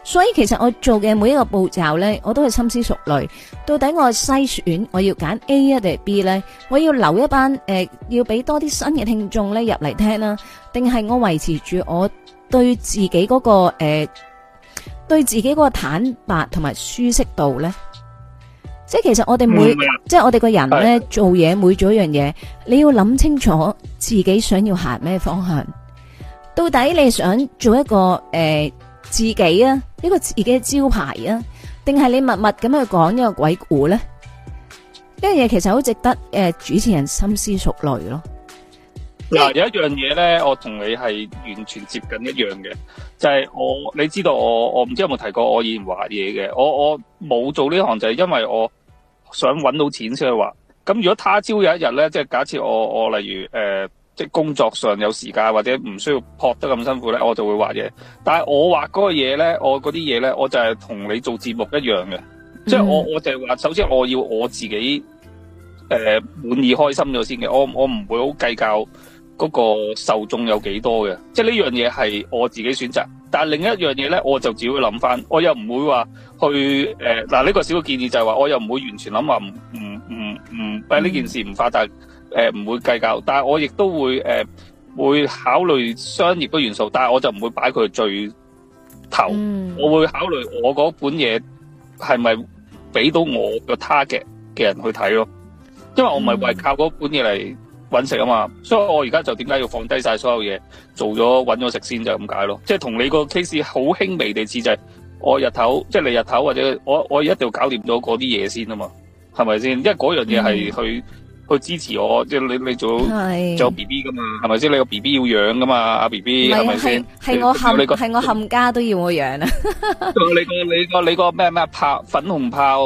所以其實我做嘅每一個步驟呢，我都係深思熟慮。到底我篩選我要揀 A 啊，定係 B 呢？我要留一班誒、呃，要俾多啲新嘅聽眾呢入嚟聽啦，定係我維持住我對自己嗰、嗰個誒、呃，對自己嗰個坦白同埋舒適度呢？即係其實我哋每、嗯、即係我哋個人呢，做嘢每做一樣嘢，你要諗清楚自己想要行咩方向？到底你想做一個誒？呃自己啊，一、呢個自己嘅招牌啊，定係你默默咁去講呢個鬼故咧？呢樣嘢，其實好值得誒、呃，主持人深思熟慮咯。嗱、呃，有一樣嘢咧，我同你係完全接近一樣嘅，就係、是、我你知道我我唔知有冇提過，我以前畫嘢嘅，我我冇做呢行就係因為我想揾到錢先去畫。咁如果他朝有一日咧，即係假設我我例如誒。呃即工作上有時間或者唔需要撲得咁辛苦咧，我就會畫嘢。但係我畫嗰個嘢咧，我嗰啲嘢咧，我就係同你做節目一樣嘅、嗯。即係我我就係話，首先我要我自己誒、呃、滿意開心咗先嘅。我我唔會好計較嗰個受眾有幾多嘅。即係呢樣嘢係我自己選擇。但係另一樣嘢咧，我就只會諗翻，我又唔會話去誒嗱呢個小建議就係話，我又唔會完全諗話唔唔唔唔，誒、嗯、呢、嗯嗯嗯嗯、件事唔發達。嗯。誒、呃，唔會計較，但係我亦都會誒、呃，會考慮商業嘅元素，但係我就唔會擺佢最頭、嗯。我會考慮我嗰本嘢係咪俾到我個 target 嘅人去睇咯，因為我唔係為靠嗰本嘢嚟搵食啊嘛、嗯，所以我而家就點解要放低晒所有嘢，做咗搵咗食先就咁解咯。即係同你個 case 好輕微地似就係、是，我日頭即係你日頭或者我我一定要搞掂咗嗰啲嘢先啊嘛，係咪先？因為嗰樣嘢係去。嗯去支持我，即係你你做做 B B 噶嘛，係咪先？你個 B B 要養噶嘛，阿 B B 係咪先？係我冚，係我冚家都要我養啊！你個你個你個咩咩炮，粉紅炮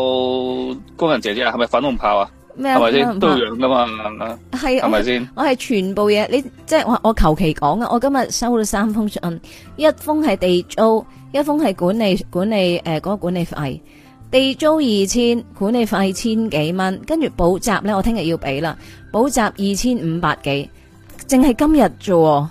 工人姐姐係咪粉紅炮啊？係咪先都要養噶嘛？係咪先？我係全部嘢，你即係我我求其講啊！我今日收到三封信，一封係地租，一封係管理管理誒嗰個管理費。地租二千，管理費千幾蚊，跟住補習呢，我聽日要俾啦，補習二千五百幾，淨係今日咋？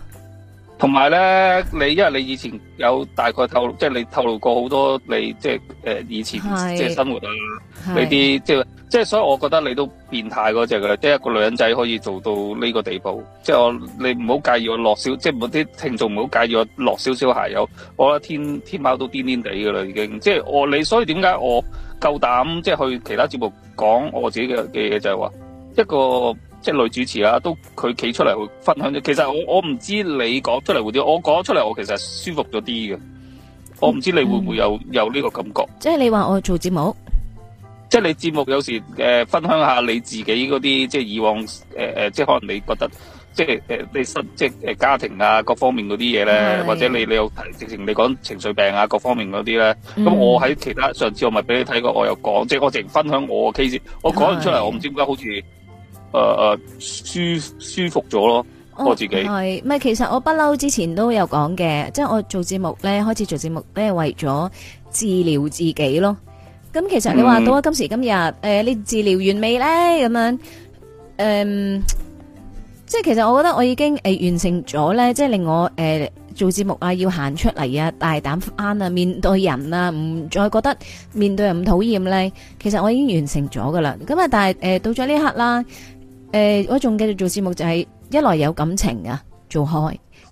同埋咧，你因為你以前有大概透露，即係你透露過好多你即係呃以前即係生活啊，你啲即係即係，所以我覺得你都變態嗰隻㗎喇，即係一個女人仔可以做到呢個地步。即係我你唔好介意我落少，即係冇啲聽眾唔好介意我落少少鞋油。我覺得天天喵都癲癲哋㗎喇，已經。即係我你，所以點解我夠膽即係去其他節目講我自己嘅嘅嘢就係話一個。即係女主持啊，都佢企出嚟會分享咗。其實我我唔知你講出嚟會點，我講出嚟我，我其實舒服咗啲嘅。我唔知你會唔會有、嗯、有呢個感覺。嗯、即係你話我做節目，即係你節目有時誒、呃、分享下你自己嗰啲，即係以往誒誒、呃，即係可能你覺得即係誒你身，即係誒、呃、家庭啊各方面嗰啲嘢咧，或者你你有提直情你講情你講情緒病啊各方面嗰啲咧。咁、嗯、我喺其他上次我咪俾你睇過，我又講，即係我直分享我嘅 case 我。我講出嚟，我唔知點解好似。誒、uh, 誒、uh，舒舒服咗咯，我自己係、哦、其實我不嬲之前都有講嘅，即、就、係、是、我做節目咧，開始做節目咧係為咗治療自己咯。咁其實你話到啊，今時今日誒、嗯、呃，你治療完未咧？咁樣誒、嗯，即係其實我覺得我已經誒、呃、完成咗咧，即係令我誒、呃、做節目啊，要行出嚟啊，大膽啱啊，面對人啊，唔再覺得面對人咁討厭咧。其實我已經完成咗噶啦。咁啊，但係誒、呃、到咗呢一刻啦。誒、欸，我仲繼續做節目，就係、是、一來有感情啊，做開；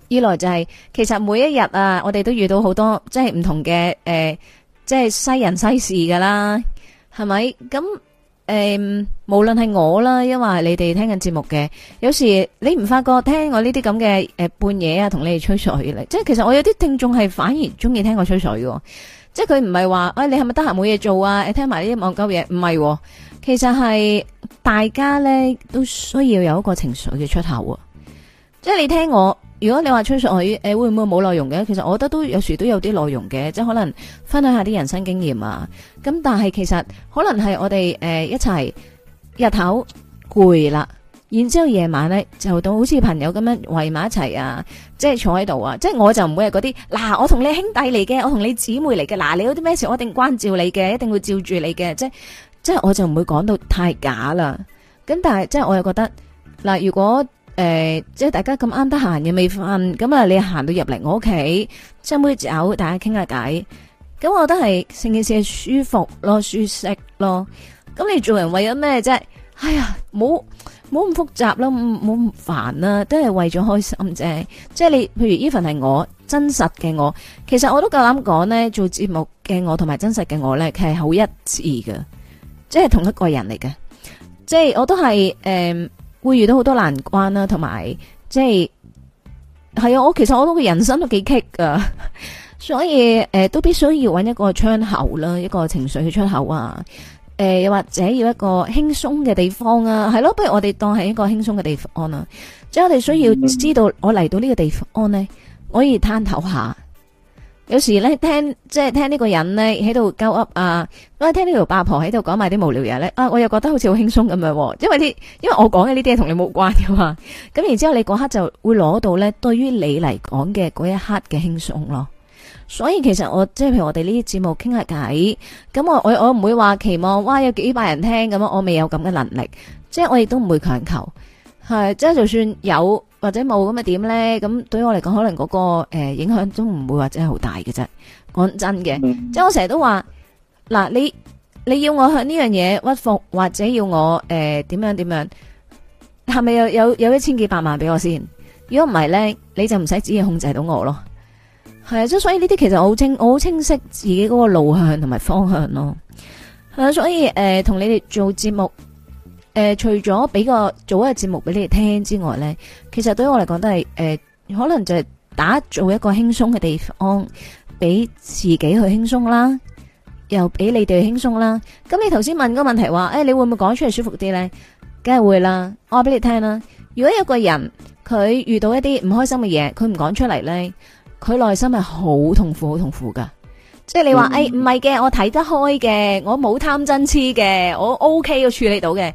二來就係、是，其實每一日啊，我哋都遇到好多即係唔同嘅誒，即係、欸、西人西事噶啦，係咪？咁誒、欸，無論係我啦，因為你哋聽緊節目嘅，有時你唔發覺聽我呢啲咁嘅誒，半夜啊同你哋吹水嚟。即係其實我有啲聽眾係反而中意聽我吹水喎，即係佢唔係話，哎，你係咪得閒冇嘢做啊？你聽埋呢啲戇鳩嘢，唔係、啊。其實係大家呢都需要有一個情緒嘅出口，即係你聽我，如果你話吹水，我誒會唔會冇內容嘅？其實我覺得都有時都有啲內容嘅，即係可能分享下啲人生經驗啊。咁但係其實可能係我哋誒一齊、呃、日頭攰啦，然之後夜晚呢就到好似朋友咁樣圍埋一齊啊，即係坐喺度啊！即係我就唔會係嗰啲嗱，我同你兄弟嚟嘅，我同你姊妹嚟嘅嗱，你有啲咩事我一定關照你嘅，一定會照住你嘅，即係。即係我就唔會講到太假啦。咁但係即係我又覺得嗱，如果誒、呃，即係大家咁啱得閒又，未瞓，咁啊，你行到入嚟我屋企，斟杯酒，大家傾下偈。咁我都係整件事係舒服咯，舒適咯。咁你做人為咗咩啫？哎呀，冇，冇唔好咁複雜咯，唔好咁煩啦，都係為咗開心啫。即係你譬如 even 係我真實嘅我，其實我都夠膽講呢，做節目嘅我同埋真實嘅我呢，其實好一致嘅。即係同一個人嚟嘅，即係我都係誒、呃，會遇到好多難關啦，同埋即係係啊！我其實我嗰個人生都幾棘噶，所以誒、呃、都必須要搵一個窗口啦，一個情緒嘅出口啊！誒、呃，又或者要一個輕鬆嘅地方啊，係咯、啊，不如我哋當係一個輕鬆嘅地方啊。即係我哋需要知道，我嚟到呢個地方呢，可以探討下。有時咧，聽，即係聽呢個人咧喺度交 up 啊，我聽呢條八婆喺度講埋啲無聊嘢咧啊，我又覺得好似好輕鬆咁樣，哦，因為啲因為我講嘅呢啲嘢同你冇關噶嘛，咁然之後你嗰刻就會攞到咧，對於你嚟講嘅嗰一刻嘅輕鬆咯。所以其實我即係譬如我哋呢啲節目傾下偈，咁我我我唔會話期望哇有幾百人聽咁樣，我未有咁嘅能力，即係我亦都唔會強求。係，即係就算有或者冇咁啊點呢？咁對我嚟講，可能嗰、嗰個誒、呃、影響都唔會話真係好大嘅啫。講真嘅，即係我成日都話，嗱，你你要我向呢樣嘢屈服，或者要我誒點、呃、樣點樣，係咪有有有一千幾百萬俾我先？如果唔係呢，你就唔使旨意控制到我咯。係啊，即所以呢啲其實我好清，我好清晰自己嗰個路向同埋方向咯。啊，所以誒同、呃、你哋做節目。誒、呃，除咗俾個做一日節目俾你哋聽之外呢，其實對於我嚟講都係誒、呃，可能就係打造一個輕鬆嘅地方，俾自己去輕鬆啦，又俾你哋輕鬆啦。咁你頭先問個問題話，誒、欸，「你會唔會講出嚟舒服啲呢？」梗係會啦，我話俾你聽啦。如果有個人佢遇到一啲唔開心嘅嘢，佢唔講出嚟呢，佢內心係好痛苦、好痛苦噶。即係你話誒唔係嘅，我睇得開嘅，我冇貪真癡嘅，我 OK 嘅處理到嘅，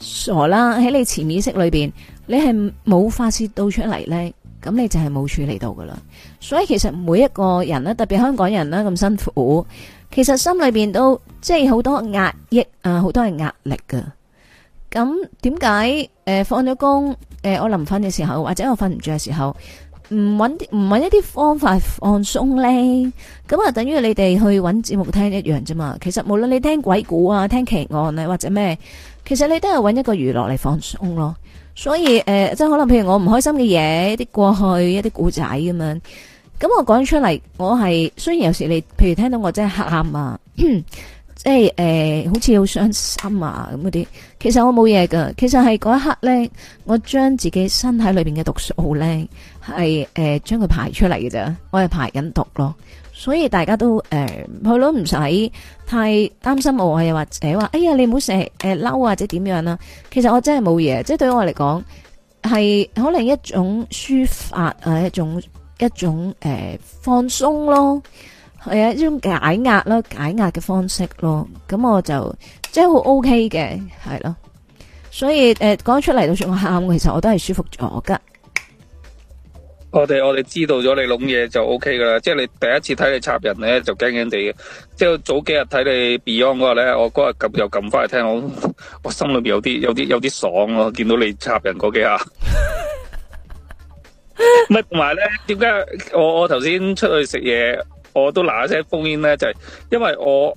傻啦！喺你潛意識裏邊，你係冇發洩到出嚟呢，咁你就係冇處理到噶啦。所以其實每一個人咧，特別香港人咧咁辛苦，其實心裏邊都即係好多壓抑啊，好多係壓力噶。咁點解誒放咗工誒我臨瞓嘅時候，或者我瞓唔住嘅時候？唔揾唔揾一啲方法放鬆咧，咁啊等於你哋去揾節目聽一樣啫嘛。其實無論你聽鬼故啊，聽奇案啊，或者咩，其實你都係揾一個娛樂嚟放鬆咯。所以誒、呃，即係可能譬如我唔開心嘅嘢，一啲過去一啲古仔咁樣，咁我講出嚟，我係雖然有時你譬如聽到我真係喊啊，即係誒、呃，好似好傷心啊咁嗰啲，其實我冇嘢噶。其實係嗰一刻咧，我將自己身體裏邊嘅毒素咧。係誒，將、呃、佢排出嚟嘅啫，我係排緊毒咯，所以大家都誒，佢都唔使太擔心我，係又或者話，哎呀，你唔好成日誒嬲或者點樣啦。其實我真係冇嘢，即、就、係、是、對我嚟講係可能一種抒發，誒一種一種誒、呃、放鬆咯，係啊一種解壓咯，解壓嘅方式咯。咁我就即係好 OK 嘅，係咯。所以誒講、呃、出嚟，就算我喊，其實我都係舒服咗噶。我哋我哋知道咗你諗嘢就 OK 噶啦，即係你第一次睇你插人咧就驚驚地嘅，即係早幾日睇你 Beyond 嗰日咧，我嗰日撳又撳翻嚟聽我，我心裏邊有啲有啲有啲爽咯，見到你插人嗰幾下。唔係同埋咧，點解我我頭先出去食嘢，我都嗱一聲烽煙咧，就係因為我。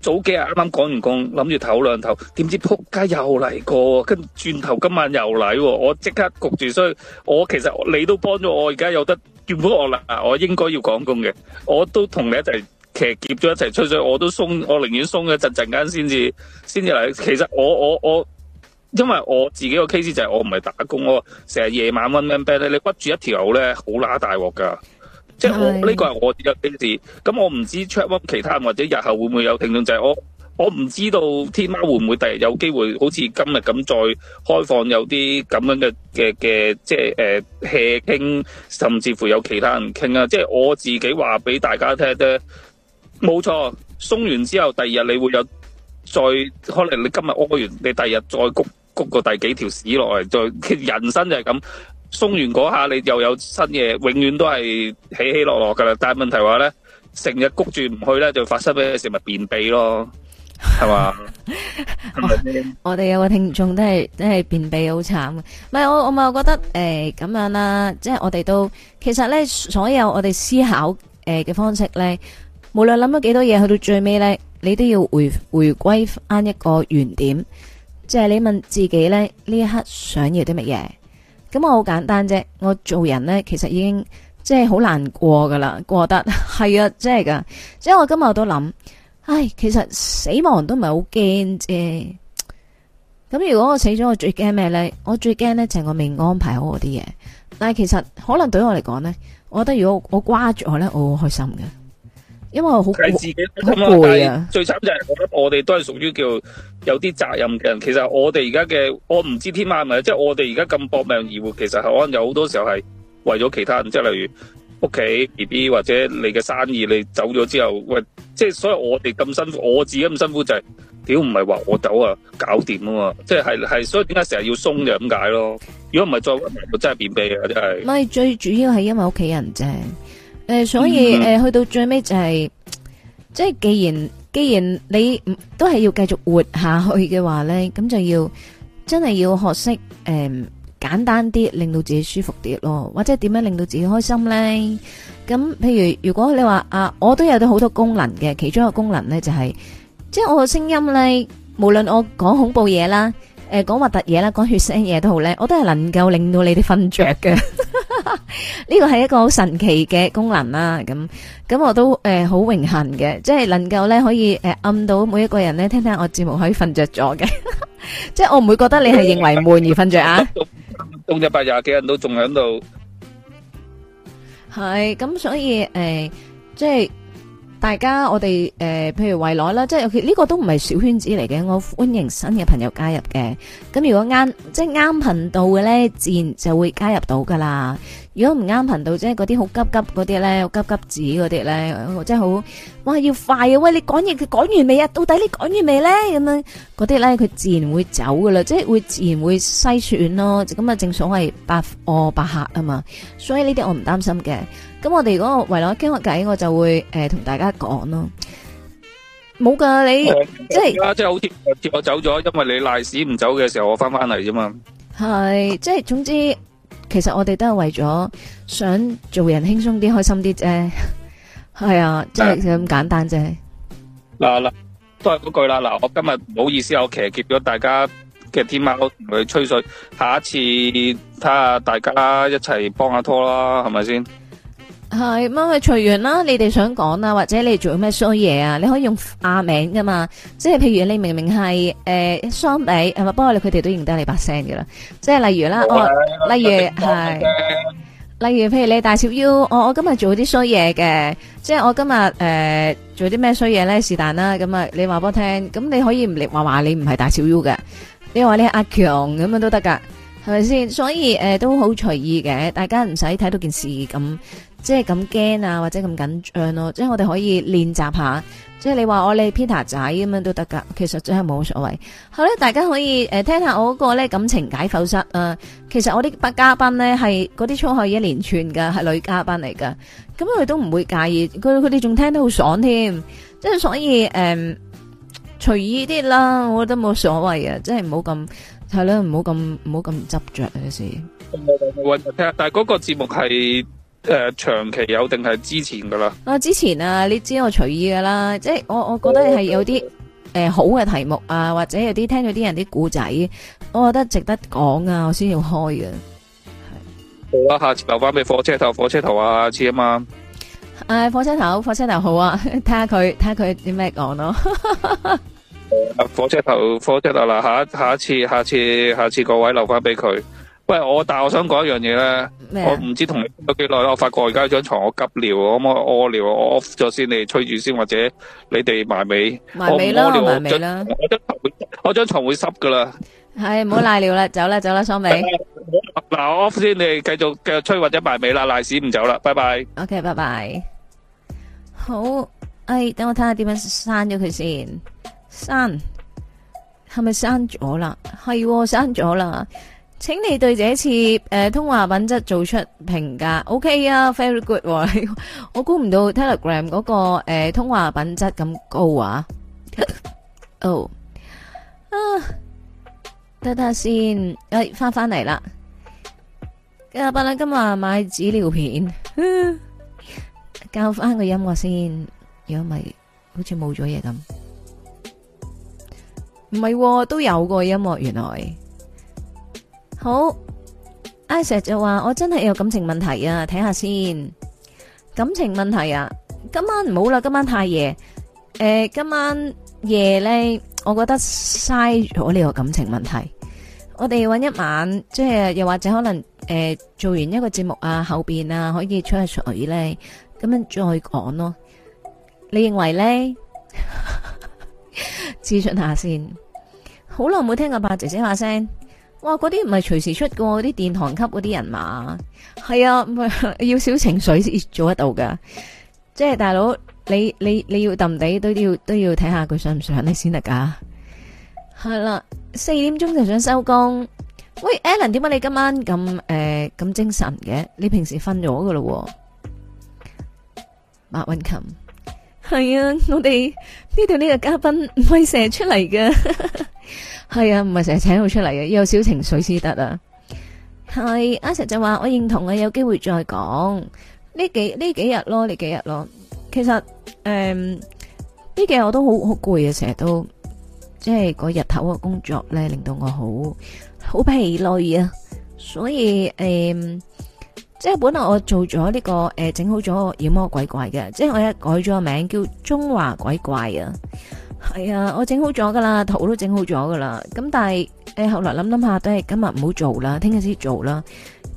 早幾日啱啱講完工，諗住唞兩頭，點知扑街又嚟過，跟住轉頭今晚又嚟，我即刻焗住，所以我其實你都幫咗我，而家有得叫苦我啦，我應該要講工嘅，我都同你一齊騎劫咗一齊吹水，我都鬆，我寧願鬆一陣陣間先至先至嚟，其實我我我，因為我自己個 case 就係我唔係打工，我成日夜晚 one man band 咧，你屈住一條咧，好乸大鑊噶。即係我呢個係我嘅標誌，咁我唔知 check 其他人或者日後會唔會有聽眾，就係、是、我我唔知道天喵會唔會第日有機會好似今日咁再開放有啲咁樣嘅嘅嘅，即係誒 hea 傾，甚至乎有其他人傾啊！即係我自己話俾大家聽啫，冇錯，鬆完之後第二日你會有再，可能你今日屙完，你第二日再谷谷個第幾條屎落嚟，就人生就係咁。鬆完嗰下，你又有新嘢，永遠都係起起落落噶啦。但係問題話咧，成日谷住唔去咧，就發生咩事咪便秘咯，係嘛？我哋有個聽眾都係都係便秘好慘嘅。唔係我我咪覺得誒咁樣啦，即係我哋都其實咧，所有我哋思考誒嘅方式咧，無論諗咗幾多嘢，去到最尾咧，你都要回回歸翻一個原點，即係你問自己咧呢一刻想要啲乜嘢。咁我好簡單啫，我做人呢，其實已經即係好難過噶啦，過得係啊，真係噶，即係我今日都諗，唉，其實死亡都唔係好驚啫。咁如果我死咗，我最驚咩呢？我最驚呢，就係我未安排好嗰啲嘢。但係其實可能對我嚟講呢，我覺得如果我掛住我呢，我好開心嘅。因為我好係自己咁攰啊！是最慘就係我覺得我哋都係屬於叫有啲責任嘅人。其實我哋而家嘅，我唔知道天喵係咪？即係我哋而家咁搏命而活，其實可能有好多時候係為咗其他人，即係例如屋企 B B 或者你嘅生意，你走咗之後，喂，即係所以我哋咁辛苦，我自己咁辛苦就係屌唔係話我走啊搞掂啊嘛！即係係所以點解成日要鬆就咁解咯？如果唔係再真係便秘啊，真係唔係最主要係因為屋企人啫。誒，所以誒，去到最尾就係，即係既然既然你都係要繼續活下去嘅話呢，咁就要真係要學識誒簡單啲，令到自己舒服啲咯，或者點樣令到自己開心呢？咁譬如如果你話啊，我都有到好多功能嘅，其中一個功能呢就係，即係我嘅聲音呢，無論我講恐怖嘢啦，誒講核突嘢啦，講血腥嘢都好呢，我都係能夠令到你哋瞓着嘅。呢個係一個好神奇嘅功能啦，咁咁我都誒好榮幸嘅，即係能夠咧可以誒暗到每一個人咧聽聽我節目可以瞓着咗嘅，即係我唔會覺得你係認為悶而瞓着啊，凍到八廿幾人都仲響度，係咁所以誒即係。大家我哋誒、呃，譬如圍內啦，即係尤其呢個都唔係小圈子嚟嘅，我歡迎新嘅朋友加入嘅。咁如果啱即係啱頻道嘅咧，自然就會加入到噶啦。如果唔啱頻道，即係嗰啲好急急嗰啲咧，急急子嗰啲咧，我真係好，哇要快啊！喂，你講嘢佢講完未啊？到底你講完未咧？咁樣嗰啲咧，佢自然會走噶啦，即係會自然會篩選咯。咁啊，正所謂百惡百客啊嘛，所以呢啲我唔擔心嘅。咁我哋如果為咗傾下偈，我就會誒同大家講咯。冇噶，你即係即係好似接我走咗，因為你賴屎唔走嘅時候，我翻翻嚟啫嘛。係，即係總之。其實我哋都係為咗想做人輕鬆啲、開心啲啫，係啊，即係咁簡單啫。嗱嗱，都係嗰句啦。嗱，我今日唔好意思，我騎劫咗大家嘅天喵，我同佢吹水，下一次睇下大家一齊幫下拖啦，係咪先？係，咁、嗯、去隨緣啦。你哋想講啊，或者你哋做咩衰嘢啊？你可以用化、啊、名噶嘛。即係譬如你明明係誒雙比，係、呃、咪？不過你佢哋都認得你把聲噶啦。即係例如啦，我、哦、例如係，例如譬如你大少 U，我我今日做啲衰嘢嘅。即係我今日誒、呃、做啲咩衰嘢咧？是但啦。咁啊，你話俾我聽。咁你可以唔理話你唔係大少 U 嘅。你話你係阿強咁樣都得噶。係咪先？所以誒、呃、都好隨意嘅，大家唔使睇到件事咁即係咁驚啊，或者咁緊張咯。即係我哋可以練習下，即係你話我哋 Peter 仔咁樣都得噶。其實真係冇所謂。好咧，大家可以誒、呃、聽下我嗰個咧感情解剖室啊。其實我啲白嘉賓咧係嗰啲粗口一連串噶，係女嘉賓嚟噶。咁佢都唔會介意，佢佢哋仲聽得好爽添。即係所以誒隨、呃、意啲啦，我覺得冇所謂啊，即係唔好咁。係啦，唔好咁唔好咁執着有時。聽、啊，但係嗰個節目係誒、呃、長期有定係之前噶啦。啊，之前啊，你知我隨意噶啦，即係我我覺得係有啲誒、嗯呃、好嘅題目啊，或者有啲聽咗啲人啲故仔，我覺得值得講啊，我先要開嘅。好、嗯、下次留翻俾火車頭，火車頭啊，阿志啊嘛。誒、啊，火車頭，火車頭好啊，睇下佢睇下佢點樣講咯。看看 火車頭，火車頭嗱，下下一次，下次，下次個位留翻俾佢。喂，我但係我想講一樣嘢咧，我唔知同你傾咗幾耐啦。我發覺而家有張床我急尿，我可唔可屙尿？我 off 咗先，你哋吹住先，或者你哋埋尾，我屙尿。我張我張床會濕噶啦，係唔好瀨尿啦，走啦走啦，雙美。嗱，我 off 先，你哋繼續繼續吹或者埋尾啦，瀨屎唔走啦，拜拜。OK，拜拜。好，哎，等我睇下點樣刪咗佢先。刪係咪刪咗啦？係、啊、刪咗啦！請你對這次誒通話品質做出評價。OK 啊，very good 啊。 我估唔到 Telegram 嗰個誒通話品質咁高啊！哦得得先，係返返嚟啦。阿伯奶今日買紙尿片，教翻個音樂先，如果咪好似冇咗嘢咁。唔係，都有個音樂原來好。阿石就話：我真係有感情問題啊！睇下先，感情問題啊！今晚唔好啦，今晚太夜。誒，今晚夜咧，我覺得嘥咗呢個感情問題。我哋要搵一晚，即係又或者可能誒，做完一個節目啊，後邊啊，可以出去吹水咧，咁樣再講咯。你認為咧？諮詢下先，好耐冇聽過八姐姐話聲。哇，嗰啲唔係隨時出噶，啲殿堂級嗰啲人嘛，係啊，唔係要少情緒先做得到噶，即係大佬，你你你要揼地，都要都要睇下佢想唔想你先得噶，係啦、啊，四點鐘就想收工，喂，Alan 點解你今晚咁誒咁精神嘅？你平時瞓咗噶咯？馬運琴係啊，我哋。呢度呢個嘉賓唔係成日出嚟嘅，係 啊，唔係成日請佢出嚟嘅，要有少情緒先得啊。係阿石就話我認同你，有機會再講。呢幾呢幾日咯，呢幾日咯。其實誒，呢、嗯、幾日我都好好攰啊，成日都即係嗰日頭嘅工作咧，令到我好好疲累啊，所以誒。嗯即係本來我做咗呢個誒，整好咗妖魔鬼怪嘅，即係我一改咗個名叫中華鬼怪啊，係啊，我整好咗噶啦，圖都整好咗噶啦。咁但係誒後來諗諗下，都係今日唔好做啦，聽日先做啦，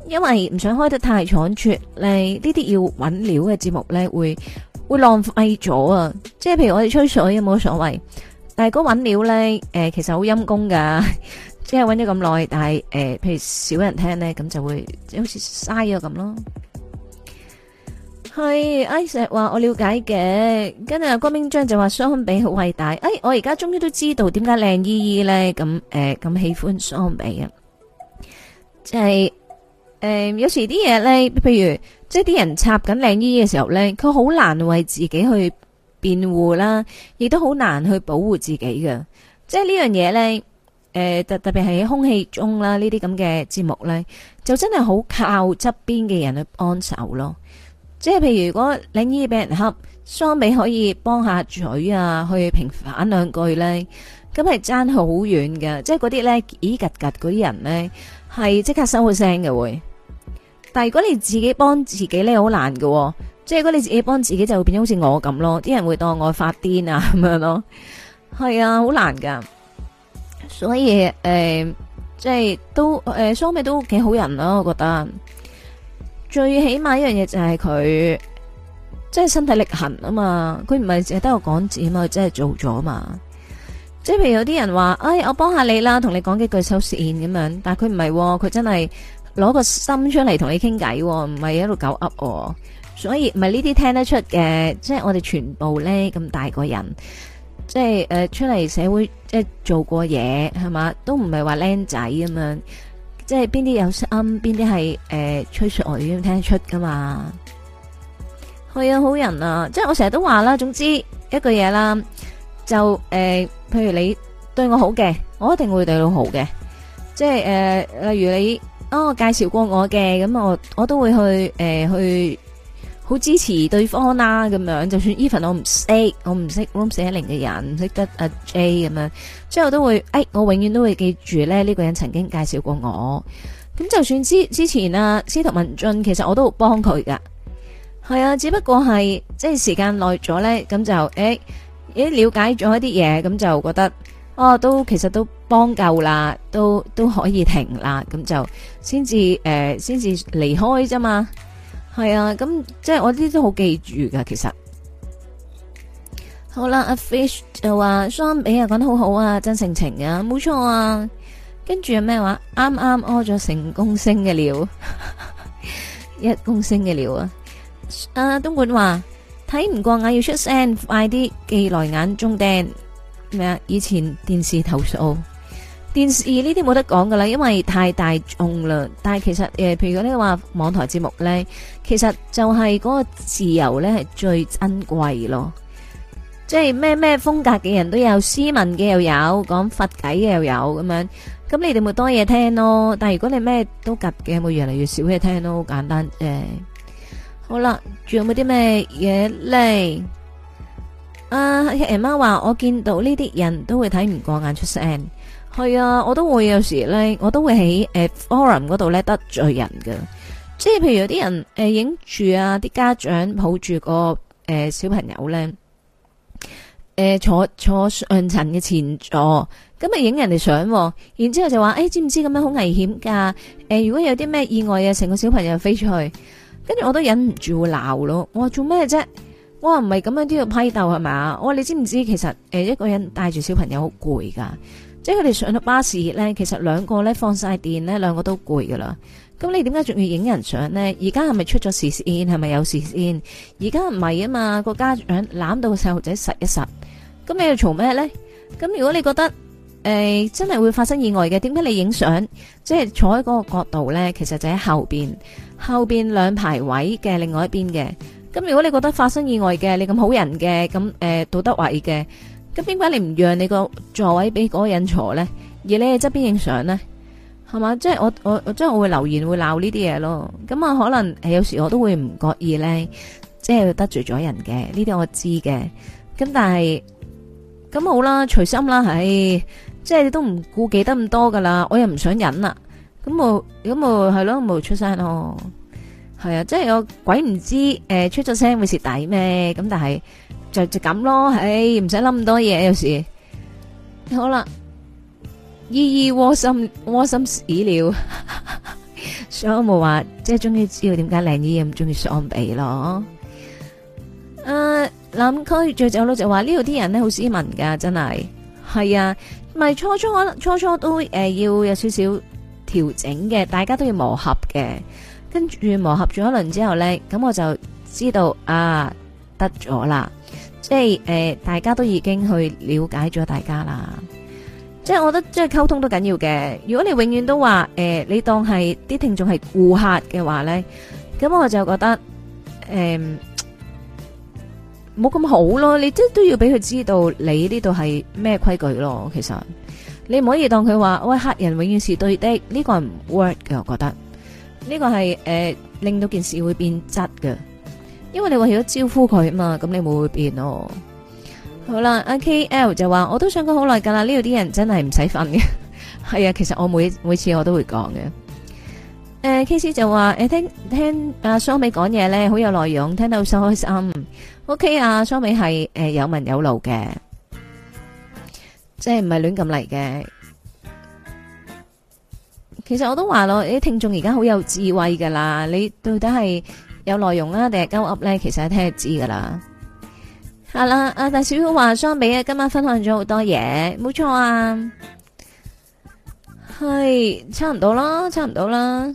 因為唔想開得太倉促咧。呢啲要搵料嘅節目咧，會會浪費咗啊。即係譬如我哋吹水有冇所謂？但係嗰搵料咧，誒其實好陰功噶。即係搵咗咁耐，但係誒、呃，譬如少人聽呢，咁就會好似嘥咗咁咯。係，阿石話我了解嘅，跟住阿郭明章就話雙比好偉大。誒、哎，我而家終於都知道點解靚姨姨呢咁誒咁喜歡雙比啊！即係誒，有時啲嘢呢，譬如即係啲人插緊靚姨姨嘅時候呢，佢好難為自己去辯護啦，亦都好難去保護自己嘅。即係呢樣嘢呢。誒，特特別係喺空氣中啦，呢啲咁嘅節目咧，就真係好靠側邊嘅人去幫手咯。即係譬如如果你依俾人恰，雙尾，可以幫下嘴啊，去平反兩句咧，咁係爭好遠噶。即係嗰啲咧，咦噶噶嗰啲人咧，係即刻收個聲嘅會。但係如果你自己幫自己咧，好難嘅。即係如果你自己幫自己，就會變咗好似我咁咯，啲人會當我發癲啊咁樣咯。係啊，好難噶。所以誒、呃，即係都誒，蘇、呃、美都幾好人啦，我覺得。最起碼一樣嘢就係佢，即係身體力行啊嘛。佢唔係淨係得個講字啊嘛，佢真係做咗啊嘛。即係譬如有啲人話，哎，我幫下你啦，同你講幾句收線咁樣，但係佢唔係，佢真係攞個心出嚟同你傾偈，哦，唔係喺度狗噏。所以唔係呢啲聽得出嘅，即係我哋全部咧咁大個人。即係誒、呃，出嚟社會即係做過嘢係嘛，都唔係話靚仔咁樣，即係邊啲有心，邊啲係誒，吹出外耳都聽得出噶嘛。係啊，好人啊，即係我成日都話啦，總之一句嘢啦，就誒、呃，譬如你對我好嘅，我一定會對你好嘅。即係誒、呃，例如你哦介紹過我嘅，咁我我都會去誒、呃、去。好支持對方啦、啊，咁樣就算 Even 我唔識，我唔識 Room 410嘅人，唔識得阿 J 咁樣，之後都會誒、哎，我永遠都會記住咧呢、這個人曾經介紹過我。咁就算之之前啊，司徒文進，其實我都好幫佢㗎，係啊，只不過係即係時間耐咗咧，咁就誒誒、哎哎、了解咗一啲嘢，咁就覺得哦、啊，都其實都幫夠啦，都都可以停啦，咁就先至誒，先至離開啫嘛。係啊，咁即係我呢啲都好記住噶。其實好啦，阿 Fish 就話 son 比啊，講得好好啊，真性情啊，冇錯啊。跟住有咩話啱啱屙咗成公升嘅尿， 一公升嘅尿啊。啊，東莞話睇唔過眼要出聲，快啲寄來眼中釘咩啊？以前電視投訴。電視呢啲冇得講噶啦，因為太大眾啦。但係其實誒，譬如講呢話網台節目咧，其實就係嗰個自由咧係最珍貴咯。即係咩咩風格嘅人都有，斯文嘅又有，講佛偈嘅又有咁樣。咁你哋咪多嘢聽咯。但係如果你咩都夾嘅，會越嚟越少嘢聽咯。好簡單誒，好啦，仲有冇啲咩嘢呢？啊，人媽話我見到呢啲人都會睇唔過眼出聲。係啊，我都會有時咧，我都會喺誒、呃、forum 嗰度咧得罪人㗎。即係譬如有啲人誒影住啊，啲家長抱住個誒、呃、小朋友咧，誒、呃、坐坐上層嘅前座，咁咪影人哋相，啊，然之後就話誒、哎，知唔知咁樣好危險噶？誒、呃，如果有啲咩意外啊，成個小朋友飛出去，跟住我都忍唔住會鬧咯。我話做咩啫？我話唔係咁樣都要批鬥係嘛？我話你知唔知其實誒、呃、一個人帶住小朋友好攰噶。即係佢哋上到巴士呢，其實兩個呢，放晒電兩呢，兩個都攰噶啦。咁你點解仲要影人相呢？而家係咪出咗事先？係咪有事先？而家唔係啊嘛，個家長攬到個細路仔實一實。咁你要嘈咩呢？咁如果你覺得誒、呃、真係會發生意外嘅，點解你影相？即係坐喺嗰個角度呢，其實就喺後邊，後邊兩排位嘅另外一邊嘅。咁如果你覺得發生意外嘅，你咁好人嘅，咁誒道德偉嘅。呃咁點解你唔讓你個座位俾嗰個人坐咧？而你喺側邊影相咧，係嘛？即係我我我即係我會留言會鬧呢啲嘢咯。咁、嗯、啊，可能誒有時我都會唔覺意咧，即係得罪咗人嘅。呢啲我知嘅。咁但係咁好啦，隨心啦，係，即係你都唔顧忌得咁多噶啦。我又唔想忍啦。咁我咁我係咯，冇出聲咯。係啊，即係我鬼唔知誒、呃，出咗聲會蝕底咩？咁但係。就就咁咯，唉，唔使諗咁多嘢、啊。有時好啦，依依窩心窩心死了， 所以我冇話即係中意知道點解靚姨咁中意雙臂咯。誒、啊，南區最早佬就話呢度啲人咧好斯文噶，真係係啊，咪初初可能，初初都誒、呃、要有少少調整嘅，大家都要磨合嘅，跟住磨合咗一輪之後咧，咁我就知道啊得咗啦。即係誒、呃，大家都已經去了解咗大家啦。即係我覺得，即係溝通都緊要嘅。如果你永遠都話誒、呃，你當係啲聽眾係顧客嘅話咧，咁我就覺得誒，冇、呃、咁好咯。你即係都要俾佢知道你呢度係咩規矩咯。其實你唔可以當佢話喂，客人永遠是對的。呢、這個唔 work 嘅，我覺得呢、這個係誒、呃、令到件事會變質嘅。因為你為咗招呼佢啊嘛，咁你冇會變咯。好啦，阿 K L 就話我都想講好耐噶啦，呢度啲人真係唔使瞓嘅。係 啊，其實我每每次我都會講嘅。誒，K C 就話誒，聽聽阿桑美講嘢咧，好有內容，聽到好開心。O K，阿桑美係誒、呃、有文有路嘅，即係唔係亂咁嚟嘅。其實我都話咯，你啲聽眾而家好有智慧噶啦，你到底係？有內容啦、啊，定係鳩噏咧？其實聽日知噶啦。係、啊、啦，阿、啊、大小伙話相比啊，今晚分享咗好多嘢，冇錯啊，係差唔多啦，差唔多啦。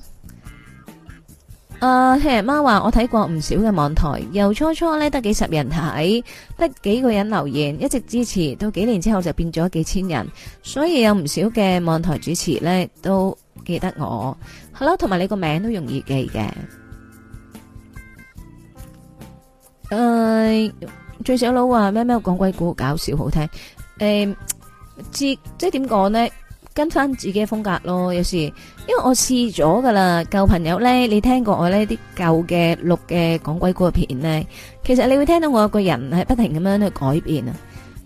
啊聽日媽話，我睇過唔少嘅網台，由初初咧得幾十人睇，得幾個人留言，一直支持到幾年之後就變咗幾千人，所以有唔少嘅網台主持咧都記得我。Hello，同埋你個名都容易記嘅。誒、呃，最細佬話咩咩講鬼故搞笑好聽，誒、呃，即即點講呢？跟翻自己嘅風格咯，有時因為我試咗噶啦，舊朋友呢，你聽過我呢啲舊嘅錄嘅講鬼故嘅片呢，其實你會聽到我個人係不停咁樣去改變啊，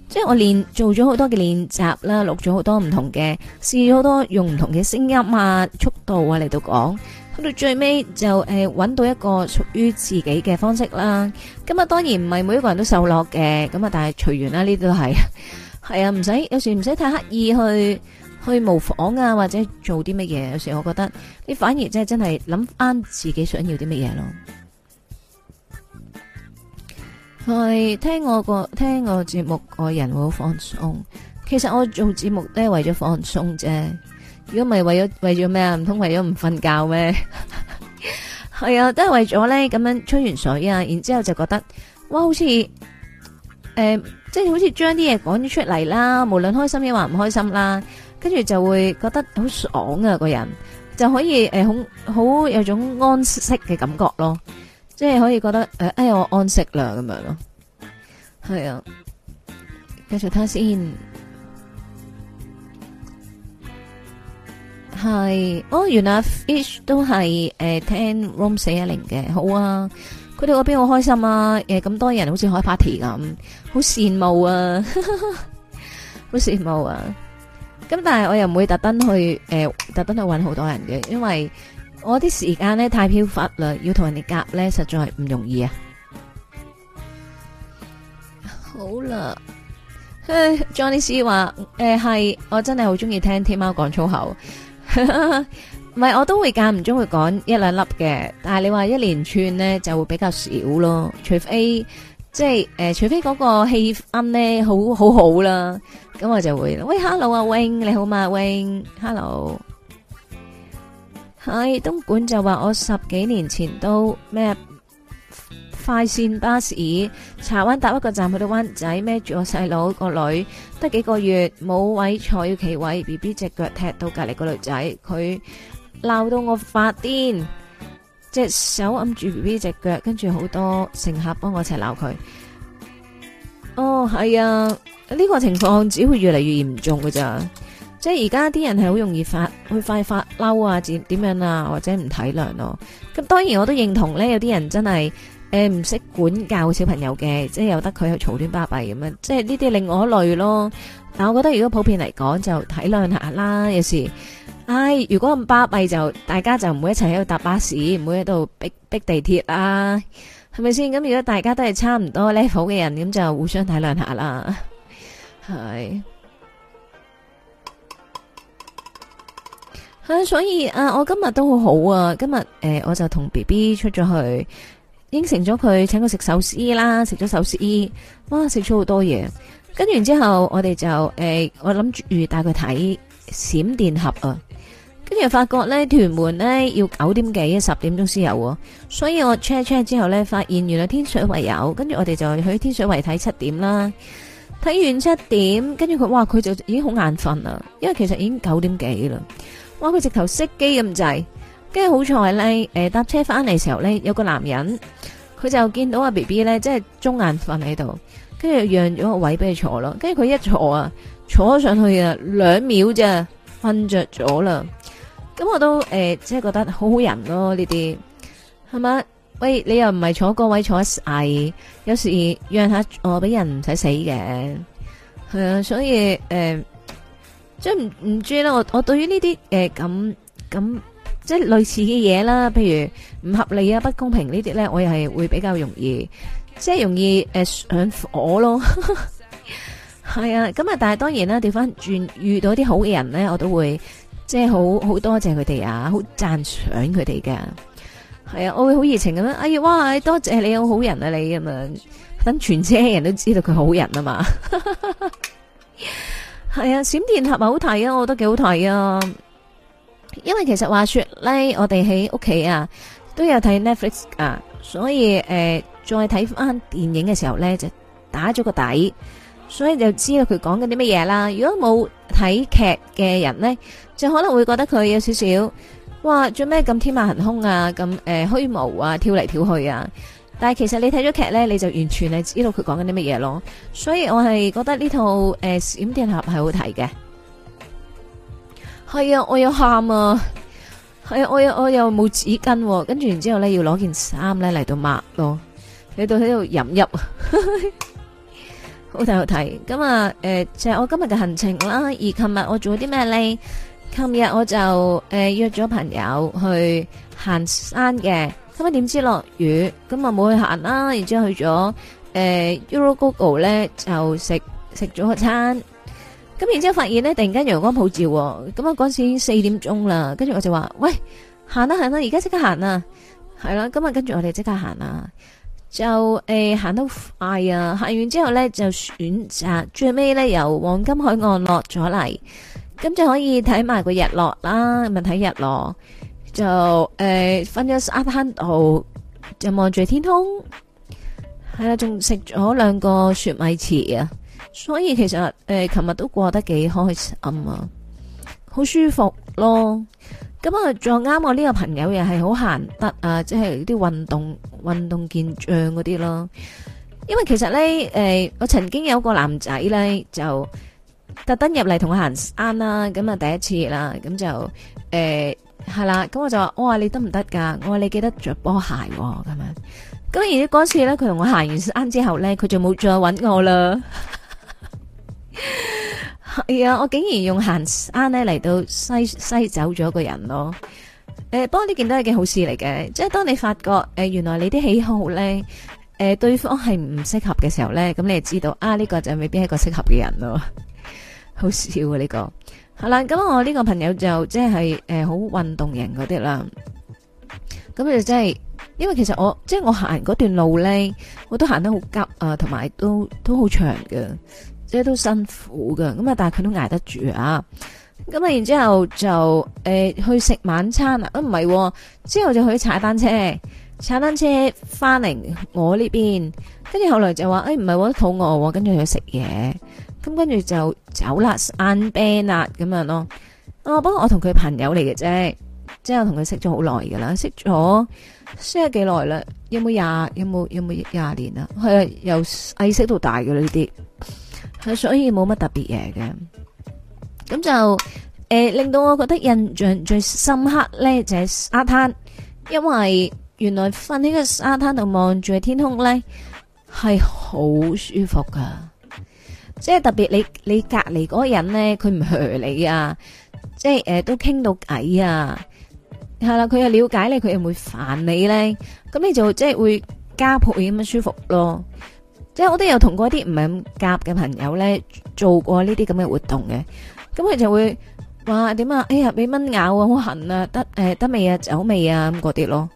即係我練做咗好多嘅練習啦，錄咗好多唔同嘅，試好多用唔同嘅聲音啊、速度啊嚟到講。到最尾就誒揾、欸、到一個屬於自己嘅方式啦。咁、嗯、啊，當然唔係每一個人都受落嘅。咁、嗯、啊，但係隨緣啦，呢啲都係係啊，唔使有時唔使太刻意去去模仿啊，或者做啲乜嘢。有時我覺得你反而即係真係諗翻自己想要啲乜嘢咯。係聽我個聽我節目個人會好放鬆。其實我做節目都係為咗放鬆啫。如果唔係為咗為咗咩啊？唔通為咗唔瞓覺咩？係 啊，都係為咗咧咁樣吹完水啊，然之後就覺得哇，好似誒、呃，即係好似將啲嘢講咗出嚟啦，無論開心抑或唔開心啦，跟住就會覺得好爽啊！個人就可以誒，好、呃、好有種安息嘅感覺咯，即係可以覺得誒、呃，哎我安息啦咁樣咯，係啊，繼續睇先。係哦，原來 fish 都係誒、呃、聽 room 四一零嘅，好啊！佢哋嗰邊好開心啊！誒、呃，咁多人好似開 party 咁，好羨慕啊，呵呵好羨慕啊！咁但係我又唔會特登去誒，特、呃、登去搵好多人嘅，因為我啲時間咧太飄忽啦，要同人哋夾咧實在係唔容易啊！好啦、啊，Johnny C 話誒係，我真係好中意聽天喵講粗口。唔係，我都會間唔中會講一兩粒嘅，但係你話一連串咧就會比較少咯。除非即係誒，除非嗰個氣氛咧好好好啦，咁我就會喂，Hello 啊 Wing 你好嘛 Wing，Hello 係東莞就話我十幾年前都咩？快線巴士，查灣搭一個站去到灣仔，孭住我細佬個女，得幾個月冇位坐，要企位。B B 隻腳踢到隔離個女仔，佢鬧到我發癲，隻手揞住 B B 隻腳，跟住好多乘客幫我一齊鬧佢。哦，係啊，呢個情況只會越嚟越嚴重噶咋。即係而家啲人係好容易發，會快發嬲啊，點點樣啊，或者唔體諒咯。咁當然我都認同咧，有啲人真係。誒、呃，唔識管教小朋友嘅，即係由得佢嘈端巴閉咁樣，即係呢啲另外一類咯。但我覺得如果普遍嚟講，就體諒下啦。有時，唉，如果咁巴閉，就大家就唔會一齊喺度搭巴士，唔會喺度逼逼地鐵啦，係咪先？咁如果大家都係差唔多 level 嘅人，咁就互相體諒下啦。係，所以啊，我今日都好好啊。今日誒、呃，我就同 B B 出咗去。應承咗佢，請佢食壽司啦，食咗壽司，哇，食咗好多嘢。跟住之後我、欸，我哋就誒，我諗住帶佢睇閃電俠啊。跟住發覺呢屯門呢要九點幾，十點鐘先有、啊。所以我 check check 之後呢，發現原來天水圍有。跟住我哋就去天水圍睇七點啦。睇完七點，跟住佢，哇，佢就已經好眼瞓啦，因為其實已經九點幾啦。哇，佢直頭熄機咁滯。跟住好彩咧，誒、呃、搭車翻嚟嘅時候咧，有個男人，佢就見到阿 B B 咧，即係中眼瞓喺度，跟住讓咗個位俾佢坐咯。跟住佢一坐啊，坐上去啊，兩秒啫，瞓着咗啦。咁我都誒、呃，即係覺得好好人咯呢啲，係嘛？喂，你又唔係坐個位坐一世，有時讓下我俾人唔使死嘅。係、嗯、啊，所以誒，即係唔唔知啦。我我對於呢啲誒咁咁。呃即係類似嘅嘢啦，譬如唔合理啊、不公平呢啲咧，我又係會比較容易，即係容易誒、呃、上火咯。係啊，咁啊，但係當然啦，調翻轉遇到啲好嘅人咧，我都會即係好好多謝佢哋啊，好讚賞佢哋㗎。係啊，我會好熱情咁樣，哎呀，哇，多謝你，好好，好人啊，你咁樣等全車人都知道佢好人啊嘛。係 啊，閃電俠咪好睇啊，我覺得幾好睇啊。因為其實話說咧，我哋喺屋企啊都有睇 Netflix 啊，所以誒、呃、再睇翻電影嘅時候呢，就打咗個底，所以就知道佢講緊啲乜嘢啦。如果冇睇劇嘅人呢，就可能會覺得佢有少少，哇，做咩咁天馬行空啊，咁誒、呃、虛無啊，跳嚟跳去啊。但係其實你睇咗劇呢，你就完全係知道佢講緊啲乜嘢咯。所以我係覺得呢套、呃、閃電俠係好睇嘅。係啊，我又喊啊，係啊，我又我又冇紙巾，跟住然之後咧，要攞件衫咧嚟到抹咯，喺度喺度飲泣，好睇好睇。咁啊，誒，就係我今日嘅行程啦。而琴日我做咗啲咩咧？琴日我就誒約咗朋友去行山嘅，咁啊點知落雨，咁啊冇去行啦。然之後去咗誒 Eurogogo 咧，就食食咗個餐。咁然之後發現咧，突然間陽光普照，咁啊嗰陣時已經四點鐘啦，跟住我就話：喂，行啦行啦，而家即刻行啊，係啦、啊，咁啊跟住、啊、我哋即刻行啊，就誒行、呃、得快啊，行完之後咧就選擇最尾咧由黃金海岸落咗嚟，咁就可以睇埋個日落啦，咪睇日落，就誒瞓咗沙灘度，就望住天空，係啦、啊，仲食咗兩個雪米糍啊。所以其實誒，琴、呃、日都過得幾開心啊，好舒服咯。咁啊，仲啱我呢個朋友又係好行得啊，即係啲運動運動健將嗰啲咯。因為其實咧，誒、呃，我曾經有個男仔咧，就特登入嚟同我行山啦。咁啊，第一次、欸、啦，咁就誒係啦。咁我就話、哦，我話你得唔得噶？我話你記得着波鞋咁、哦、樣。咁而嗰次咧，佢同我行完山之後咧，佢就冇再揾我啦。係 啊、哎！我竟然用行山咧嚟到西西走咗個人咯。誒、哎，不過呢件都係件好事嚟嘅，即係當你發覺誒、呃，原來你啲喜好咧，誒、呃，對方係唔適合嘅時候咧，咁你就知道啊，呢、這個就未必係一個適合嘅人咯。好笑啊！呢、這個好啦，咁、嗯嗯、我呢個朋友就即係誒，好、呃、運動型嗰啲啦。咁就真係，因為其實我即係我行嗰段路咧，我都行得好急啊，同埋都都好長嘅。即係都辛苦噶，咁啊，但係佢都挨得住啊。咁啊，然之後就誒、呃、去食晚餐啊，都唔係之後就去踩單車，踩單車翻嚟我呢邊，跟住後，後來就話誒唔係我肚餓、啊，跟住去食嘢，咁跟住就走啦，散 band 啦咁樣咯。哦、啊，不過我同佢朋友嚟嘅啫，即係我同佢識咗好耐噶啦，識咗識咗幾耐啦？有冇廿？有冇有冇廿年啦、啊？係啊，由細識到大嘅呢啲。所以冇乜特別嘢嘅，咁就誒令到我覺得印象最深刻咧就係沙灘，因為原來瞓喺個沙灘度望住天空咧係好舒服噶，即係特別你你隔籬嗰個人咧佢唔嘘你啊，即係誒都傾到偈啊，係啦佢又了解你佢又唔會煩你咧，咁你就即係會加倍咁樣舒服咯。即係我都有同過啲唔係咁夾嘅朋友咧，做過呢啲咁嘅活動嘅，咁佢就會話點啊？哎呀，俾蚊咬啊，好痕啊，得誒得味啊，走味啊咁嗰啲咯。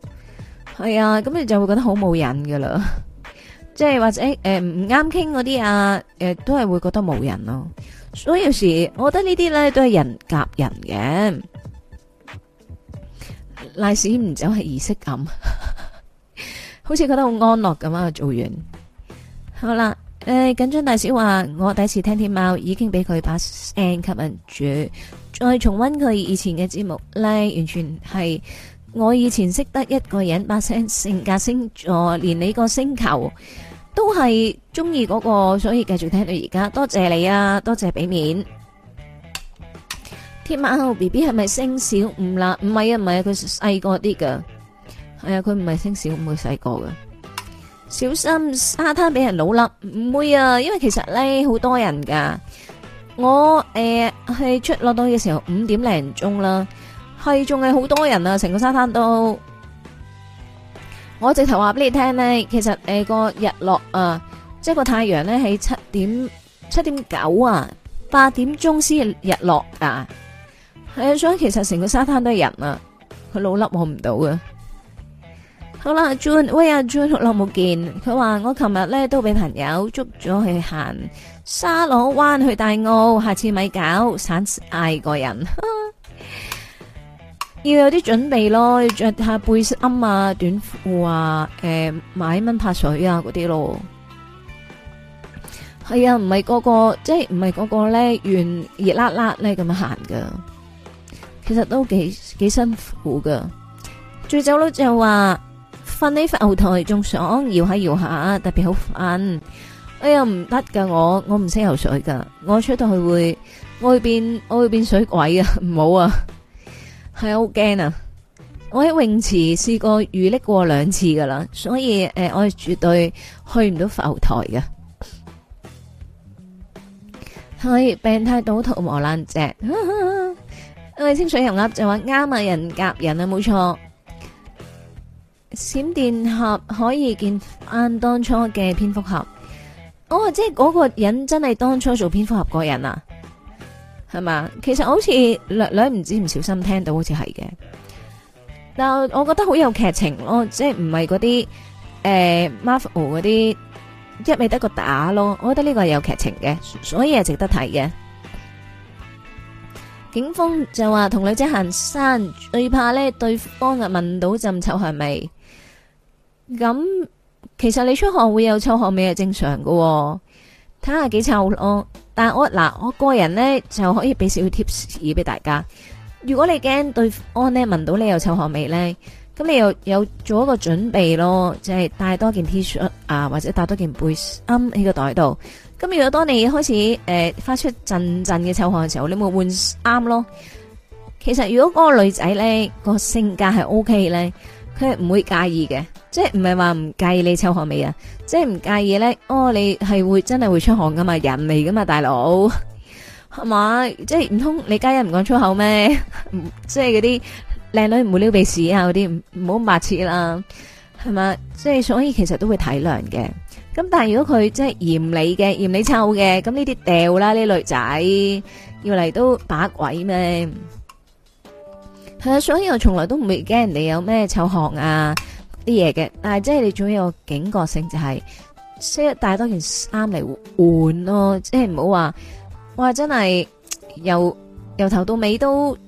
係啊，咁你就會覺得好冇癮噶啦。即係或者誒唔啱傾嗰啲啊，誒、呃、都係會覺得冇人咯。所以有時我覺得呢啲咧都係人夾人嘅，賴屎唔走係儀式感， 好似覺得好安樂咁樣做完。好啦，呃，緊張大小話，我第一次聽天喵已經俾佢把聲吸引住，再重温佢以前嘅節目，咧，完全係我以前識得一個人把聲性格星座，連你個星球都係中意嗰個，所以繼續聽到而家，多謝你啊，多謝俾面。天喵 B B 係咪升小五啦？唔係啊，唔係啊，佢細個啲噶，係啊，佢唔係升小五個小，會細個噶。小心沙灘俾人老笠，唔會啊！因為其實咧好多人噶，我誒去、呃、出落到嘅時候五點零鐘啦，係仲係好多人啊，成個沙灘都。我直頭話俾你聽呢，其實誒個、呃、日落啊，即係個太陽咧係七點、七點九啊，八點鐘先日落噶、啊。係、呃、啊，所以其實成個沙灘都係人啊，佢老笠，我唔到嘅。好啦 John 喂、啊，阿 John 好耐冇見，佢話我琴日咧都俾朋友捉咗去行沙螺灣去大澳，下次咪搞散晒個人哈哈，要有啲準備咯，要着下背心啊、短褲啊、誒、嗯、買蚊拍水啊嗰啲咯。係啊，唔係、嗰個、即係、唔係嗰個即係唔係個個咧願熱辣辣咧咁行噶，其實都幾幾辛苦噶。醉酒佬又話。瞓喺浮台仲想搖下搖下，特別好瞓。哎呀，唔得噶，我我唔識游水噶，我出到去會，我會變我會變水鬼 不要啊，唔好啊，係好驚啊！我喺泳池試過遇溺過兩次噶啦，所以誒、呃，我係絕對去唔到浮台噶。係 病態賭徒磨爛隻。喂， 清水油鴨就話啱啊，人夾人啊，冇錯。閃電俠可以見翻當初嘅蝙蝠俠，哦，即係嗰個人真係當初做蝙蝠俠個人啊，係嘛？其實我好似略略唔知唔小心聽到好似係嘅，但我覺得好有劇情咯，哦，即係唔係嗰啲誒 Marvel 嗰啲一味得個打咯，我覺得呢個係有劇情嘅，所以係值得睇嘅。警方就話同女仔行山，最怕呢對方啊聞到陣臭香味。咁其實你出汗會有臭汗味係正常喎、哦。睇下幾臭咯。但係我嗱，我個人咧就可以俾少少貼士俾大家。如果你驚對安咧聞到你有臭汗味咧，咁你又有做一個準備咯，即係帶多件 T 恤啊，或者帶多件背心喺個袋度。咁如果當你開始誒、呃、發出陣陣嘅臭汗嘅時候，你會換啱咯。其實如果嗰個女仔咧個性格係 OK 咧，佢唔會介意嘅，即係唔係話唔介意你臭汗味啊！即係唔介意咧，哦，你係會真係會出汗噶嘛，人味噶嘛，大佬係嘛？即係唔通你家人唔講粗口咩？即係嗰啲靚女唔會撩鼻屎啊！嗰啲唔好白痴啦，係嘛？即係所以其實都會體諒嘅。咁但係如果佢即係嫌你嘅，嫌你臭嘅，咁呢啲掉啦！呢女仔要嚟都把鬼咩？所以我從來都唔會驚人哋有咩臭汗啊，啲嘢嘅，但係即係你總要有警覺性就係、是，需要帶多件衫嚟換咯，即係唔好話，哇真係由由頭到尾都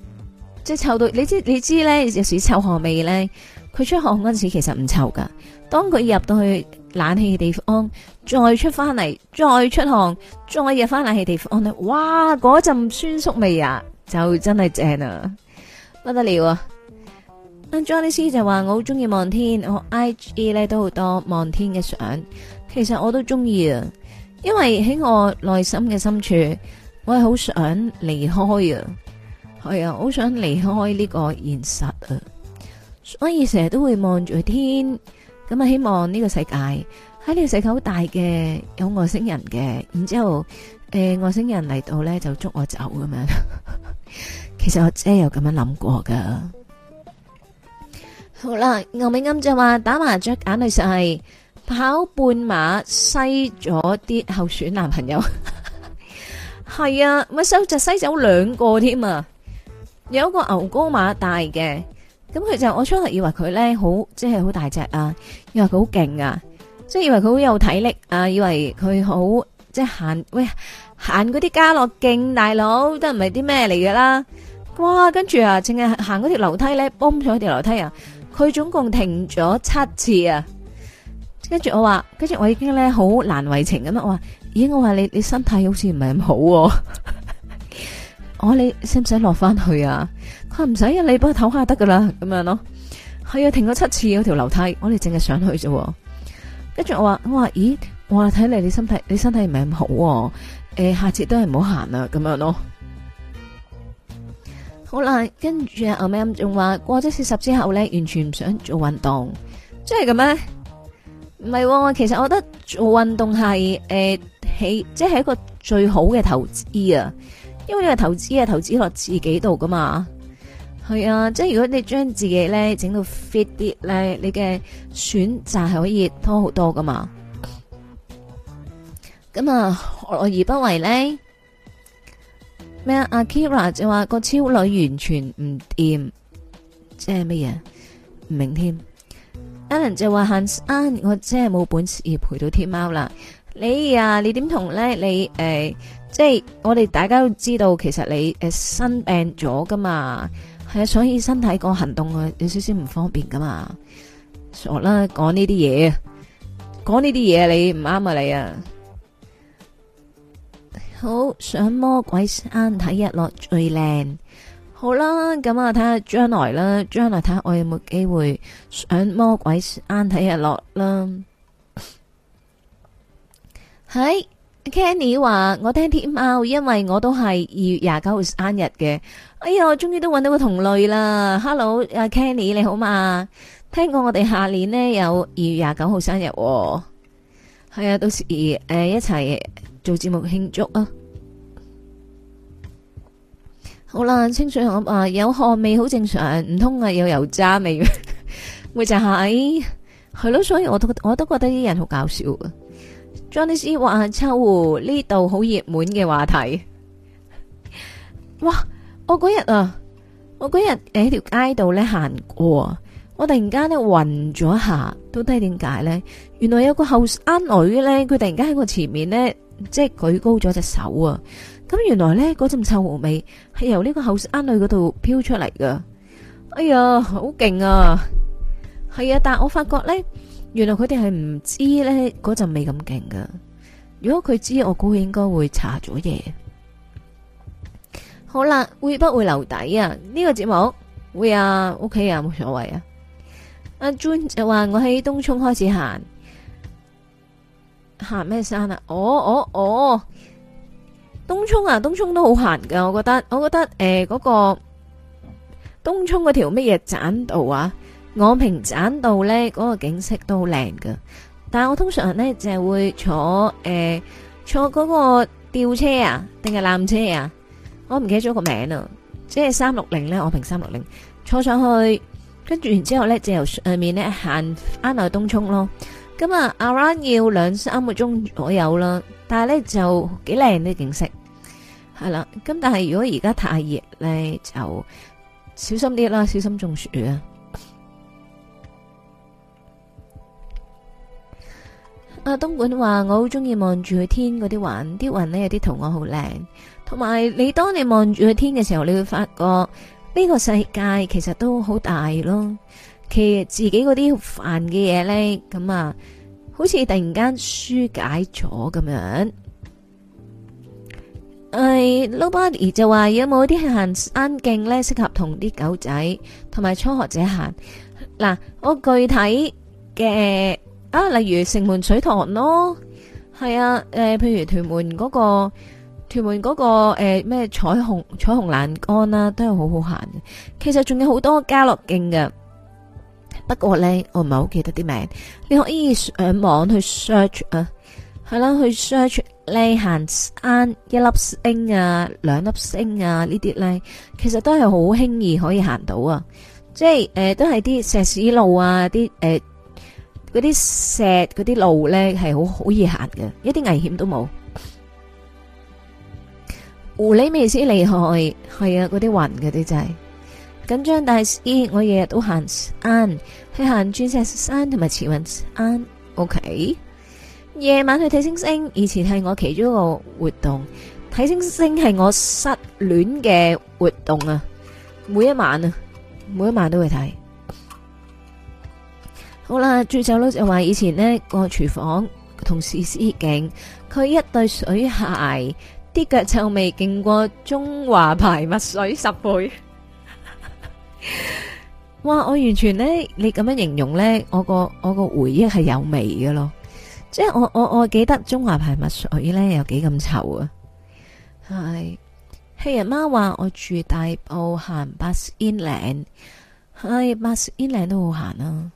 即係臭到。你知你知咧，有時臭汗味咧，佢出汗嗰時候其實唔臭噶，當佢入到去冷氣嘅地方，再出翻嚟，再出汗，再入翻冷氣地方咧，哇嗰陣酸餿味啊，就真係正啊！不得了啊 Johnny C 就話我好中意望天，我 I G 咧都好多望天嘅相。其實我都中意啊，因為喺我內心嘅深處，我係好想離開啊，係啊，好想離開呢個現實啊。所以成日都會望住天，咁啊希望呢個世界喺呢個世界好大嘅，有外星人嘅，然之後誒、呃、外星人嚟到咧就捉我走咁樣。 其實我真係有咁樣諗過噶。好啦，牛尾庵就話打麻雀，眼內實係跑半馬篩咗啲候選男朋友。係 啊，咪收就篩走兩個添啊！有一個牛高馬大嘅，咁佢就我初頭以為佢咧好，即係好大隻啊，以為佢好勁啊，即係以為佢好有體力啊，以為佢好即係行喂行嗰啲家樂勁大佬，都唔係啲咩嚟噶啦。哇，跟住啊，淨係行嗰條樓梯咧，崩咗條樓梯啊！佢總共停咗七次啊！跟住我話，跟住我已經咧好難為情咁啦。我話，咦，我話你你身體好似唔係咁好、啊。 我你使唔使落翻去啊？佢話唔使啊，你幫佢唞下得噶啦，咁樣咯。係啊，停咗七次嗰條樓梯，我哋淨係上去啫。跟住我話，我話，咦，我話睇嚟你身體你身體唔係咁好、啊。誒、呃，下次都係唔好行啊，咁樣咯。好啦，跟住阿阿 M 仲話過咗四十之後咧，完全唔想做運動，真係咁咩？唔係、哦，其實我覺得做運動係誒，起、呃、即係一個最好嘅投資啊，因為呢個投資啊，投資落自己度噶嘛。係啊，即係如果你將自己咧整到 fit 啲咧，你嘅選擇係可以拖多好多噶嘛。咁啊，何樂而不為咧。咩阿 Kira 就話個超女完全唔掂，即係乜嘢？唔明添。Alan 就話行山、 啊，我真係冇本事陪到天貓啦。你啊，你點同咧？你誒、哎，即係我哋大家都知道，其實你誒生病咗噶嘛，係啊，所以身體個行動有少少唔方便噶嘛。傻啦，講呢啲嘢，講呢啲嘢你唔啱啊，你啊！好上魔鬼山睇日落最靚，好啦，咁啊睇下將來啦，將來睇下我有冇機會上魔鬼山睇日落啦。喺、 hey, Kenny 話我聽天喵，因為我都係二月廿九號生日嘅。哎呀，我終於都揾到個同類啦！Hello，阿 Kenny 你好嘛？聽講我哋下年呢有二月廿九號生日，哦，係啊，到時誒一齊。做節目慶祝啊！好啦，清水河啊有汗味，好正常，唔通啊有油渣味？咪 就係係咯，所以我都我都覺得啲人好搞笑啊。Johnny C、e. 話秋湖呢度好熱門嘅話題。哇！我嗰日啊，我嗰日喺條街度咧行過，我突然間咧暈咗下，到底係點解咧？原來有個後生女咧，佢突然間喺我前面咧。即係舉高咗隻手啊！咁原來呢嗰陣臭狐味係由呢個後生女嗰度飄出嚟噶。哎呀，好勁啊！係啊，但我發覺呢，原來佢哋係唔知呢嗰陣味咁勁噶。如果佢知，我估佢應該會搽咗嘢。好啦，會不會留底啊？呢、呢個節目會啊，OK 啊，冇所謂啊。阿 June 就話我喺東涌開始行。行咩山啊？哦哦哦，東涌啊，東涌都好行噶。我覺得，我覺得誒，嗰、呃那個東涌嗰條乜嘢棧道啊，昂坪棧道咧，嗰、那個景色都好靚噶。但係我通常咧就係會坐誒、呃、坐嗰個吊車啊，定係纜車啊？我唔記得咗個名啊，即係三六零咧，昂坪三六零坐上去，跟住然之後咧就由上面咧行翻去東涌咯。咁啊，阿蘭要兩三個鐘左右啦，但係呢就幾靚啲景色，係啦。咁但係如果而家太熱呢，就小心啲啦，小心中暑啊！阿東莞話：我好中意望住佢天嗰啲雲，啲雲呢有啲圖案好靚，同埋你當你望住佢天嘅時候，你會發覺呢個世界其實都好大咯。佢自己嗰啲煩嘅嘢咧，咁啊，好似突然間疏解咗咁樣。誒，Nobody 就話有冇啲行山徑咧，適合同啲狗仔同埋初學者行嗱？我具體嘅啊，例如城門水塘咯，係啊，誒，譬如屯門嗰個屯門嗰個誒咩彩虹彩虹欄杆啦，都係好好行嘅。其實仲有好多家樂徑嘅。不過呢，我唔係好記得啲名，你可以上網去 search 啊，係啦，去 search 咧，行山一粒星啊，兩粒星啊呢啲呢，其實都係好輕易可以行到啊，即係、呃、都係啲石屎路啊，啲誒嗰啲石嗰啲路呢，係好好易行嘅，一啲危險都冇。狐狸未先厲害？係啊，嗰啲雲嗰啲就係。緊張大師，我日日都行山，去行鑽石山同埋慈雲山。OK，夜晚去睇星星，以前係我其中一個活動。睇星星係我失戀嘅活動啊！每一晚啊，每一晚都會睇。好啦，最醜佬就話以前呢個廚房同事，佢一對水鞋啲腳臭味勁過中華牌墨水十倍。哇！我完全呢，你咁樣形容呢，我個我個回憶係有味嘅咯，即係我我我記得中華牌墨水呢，有幾咁臭啊！係係人媽話我住大埔行八仙嶺，係八仙嶺都好行啊。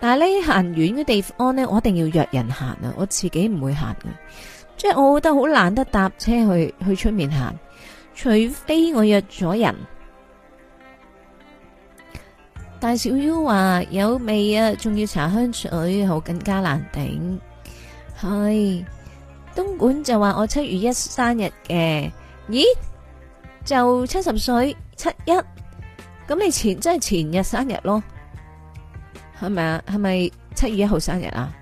但係呢，行遠嘅地方呢，我一定要約人行啊，我自己唔會行啊。即係我覺得好懶得搭車去去出面行，除非我約咗人。大小 U 話有味啊，仲要搽香水，好更加難頂。係東莞就話我七月一生日嘅，咦？就七十歲七一，咁你前真係前日生日咯，係咪啊？係咪七月一號生日啊？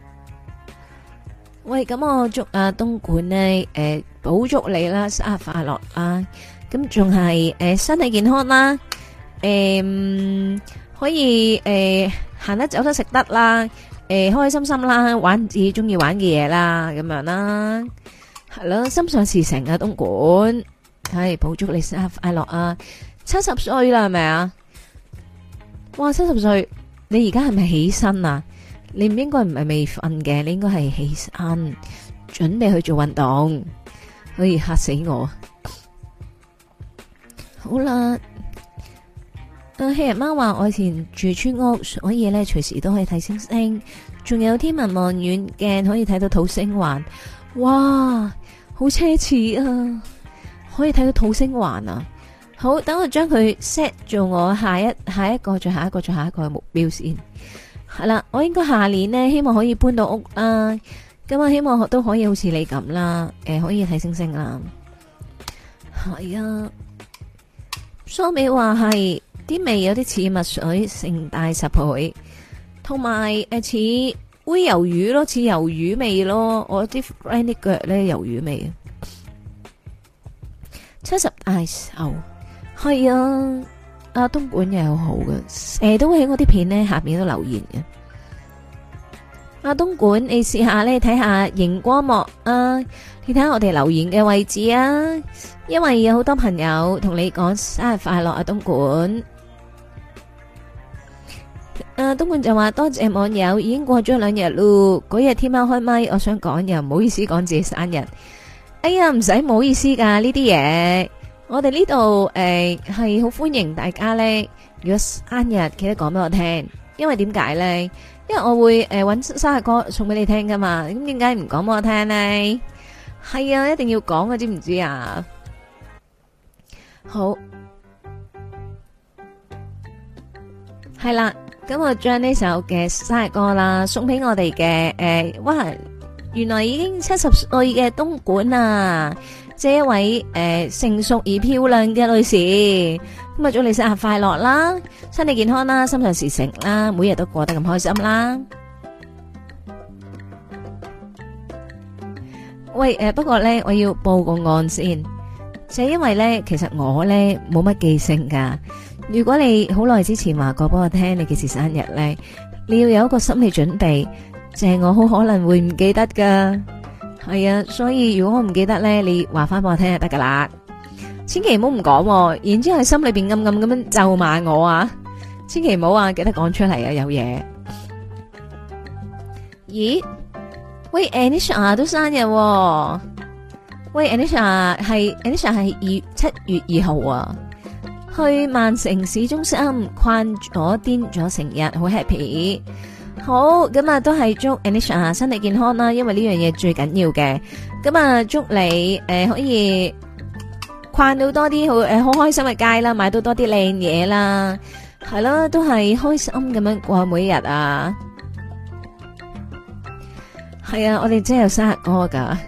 喂，咁我祝啊東莞呢，誒，補祝你啦，生日快樂啊！咁仲係誒，身體健康啦，誒。可以誒，行得走得食得啦，誒，開開心心啦，玩自己中意玩嘅嘢啦，咁樣啦，係咯，心想事成啊，東莞，係，保祝你生日快樂啊，七十歲啦，係咪啊？哇，七十歲，你而家係咪起身啊？你唔應該唔係未瞓嘅，你應該係起身，準備去做運動，可以嚇死我，好啦。聽日媽話，我以前住村屋，所以咧隨時都可以睇星星，仲有天文望遠鏡可以睇到土星環，哇，好奢侈啊！可以睇到土星環啊！好，等我將佢 set 做我下一下一個，再下一個，再下一個的目標先。係啦，我應該下年呢，希望可以搬到屋啦，咁我希望都可以好似你咁啦，誒、欸、可以睇星星啦。係啊，收尾話係。啲味有啲似墨水，成大十倍，同埋誒似煨魷魚咯，似魷魚味咯。我啲 friend 啲腳咧魷魚味啊，七十大壽，e 係啊。阿東莞嘢好好嘅，誒、欸、都會喺我啲片咧下面都留言嘅。阿東莞，你試下咧，睇下熒光幕啊。你睇下我哋留言嘅位置啊，因為有好多朋友同你講生日快樂啊，東莞啊，東莞就話多謝網友。已經過咗兩日咯，嗰日天喵開咪，我想講又唔好意思講自己生日。哎呀，唔使唔好意思噶呢啲嘢。我哋呢度誒係好歡迎大家咧。如果生日記得講俾我聽，因為點解咧？因為我會誒搵生日歌送俾你聽噶嘛。咁點解唔講俾我聽咧？係啊，一定要講啊，知唔知啊？好，係啦，咁我將呢首嘅生日歌啦，送俾我哋嘅誒，哇，原來已經七十歲嘅東莞啊，即一位誒成熟而漂亮嘅女士，咁啊，祝你生日快樂啦，身體健康啦，心想事成啦，每日都過得咁開心啦！喂，誒，不過咧，我要報個案先，就因為咧，其實我咧冇乜記性噶。如果你好耐之前話過俾我聽你幾時生日咧，你要有一個心理準備，就係我好可能會唔記得噶。係啊，所以如果我唔記得咧，你話翻俾我聽就得噶啦，千祈唔好唔講，然之後喺心裏邊暗暗咁樣咒罵我啊，千祈唔好啊，記得講出嚟啊，有嘢。咦？喂，Anisha 都生日喎。喂，Anisha 係 Anisha 係二七月二號啊，去曼城市中心逛咗癲咗成日，好 happy。好，咁啊都係祝 Anisha 身體健康啦，因為呢樣嘢最緊要嘅。咁啊祝你誒可以逛到多啲好誒好開心嘅街啦，買到多啲靚嘢啦，係咯，都係開心咁樣過每一日啊！係啊，我哋真係有生日歌噶，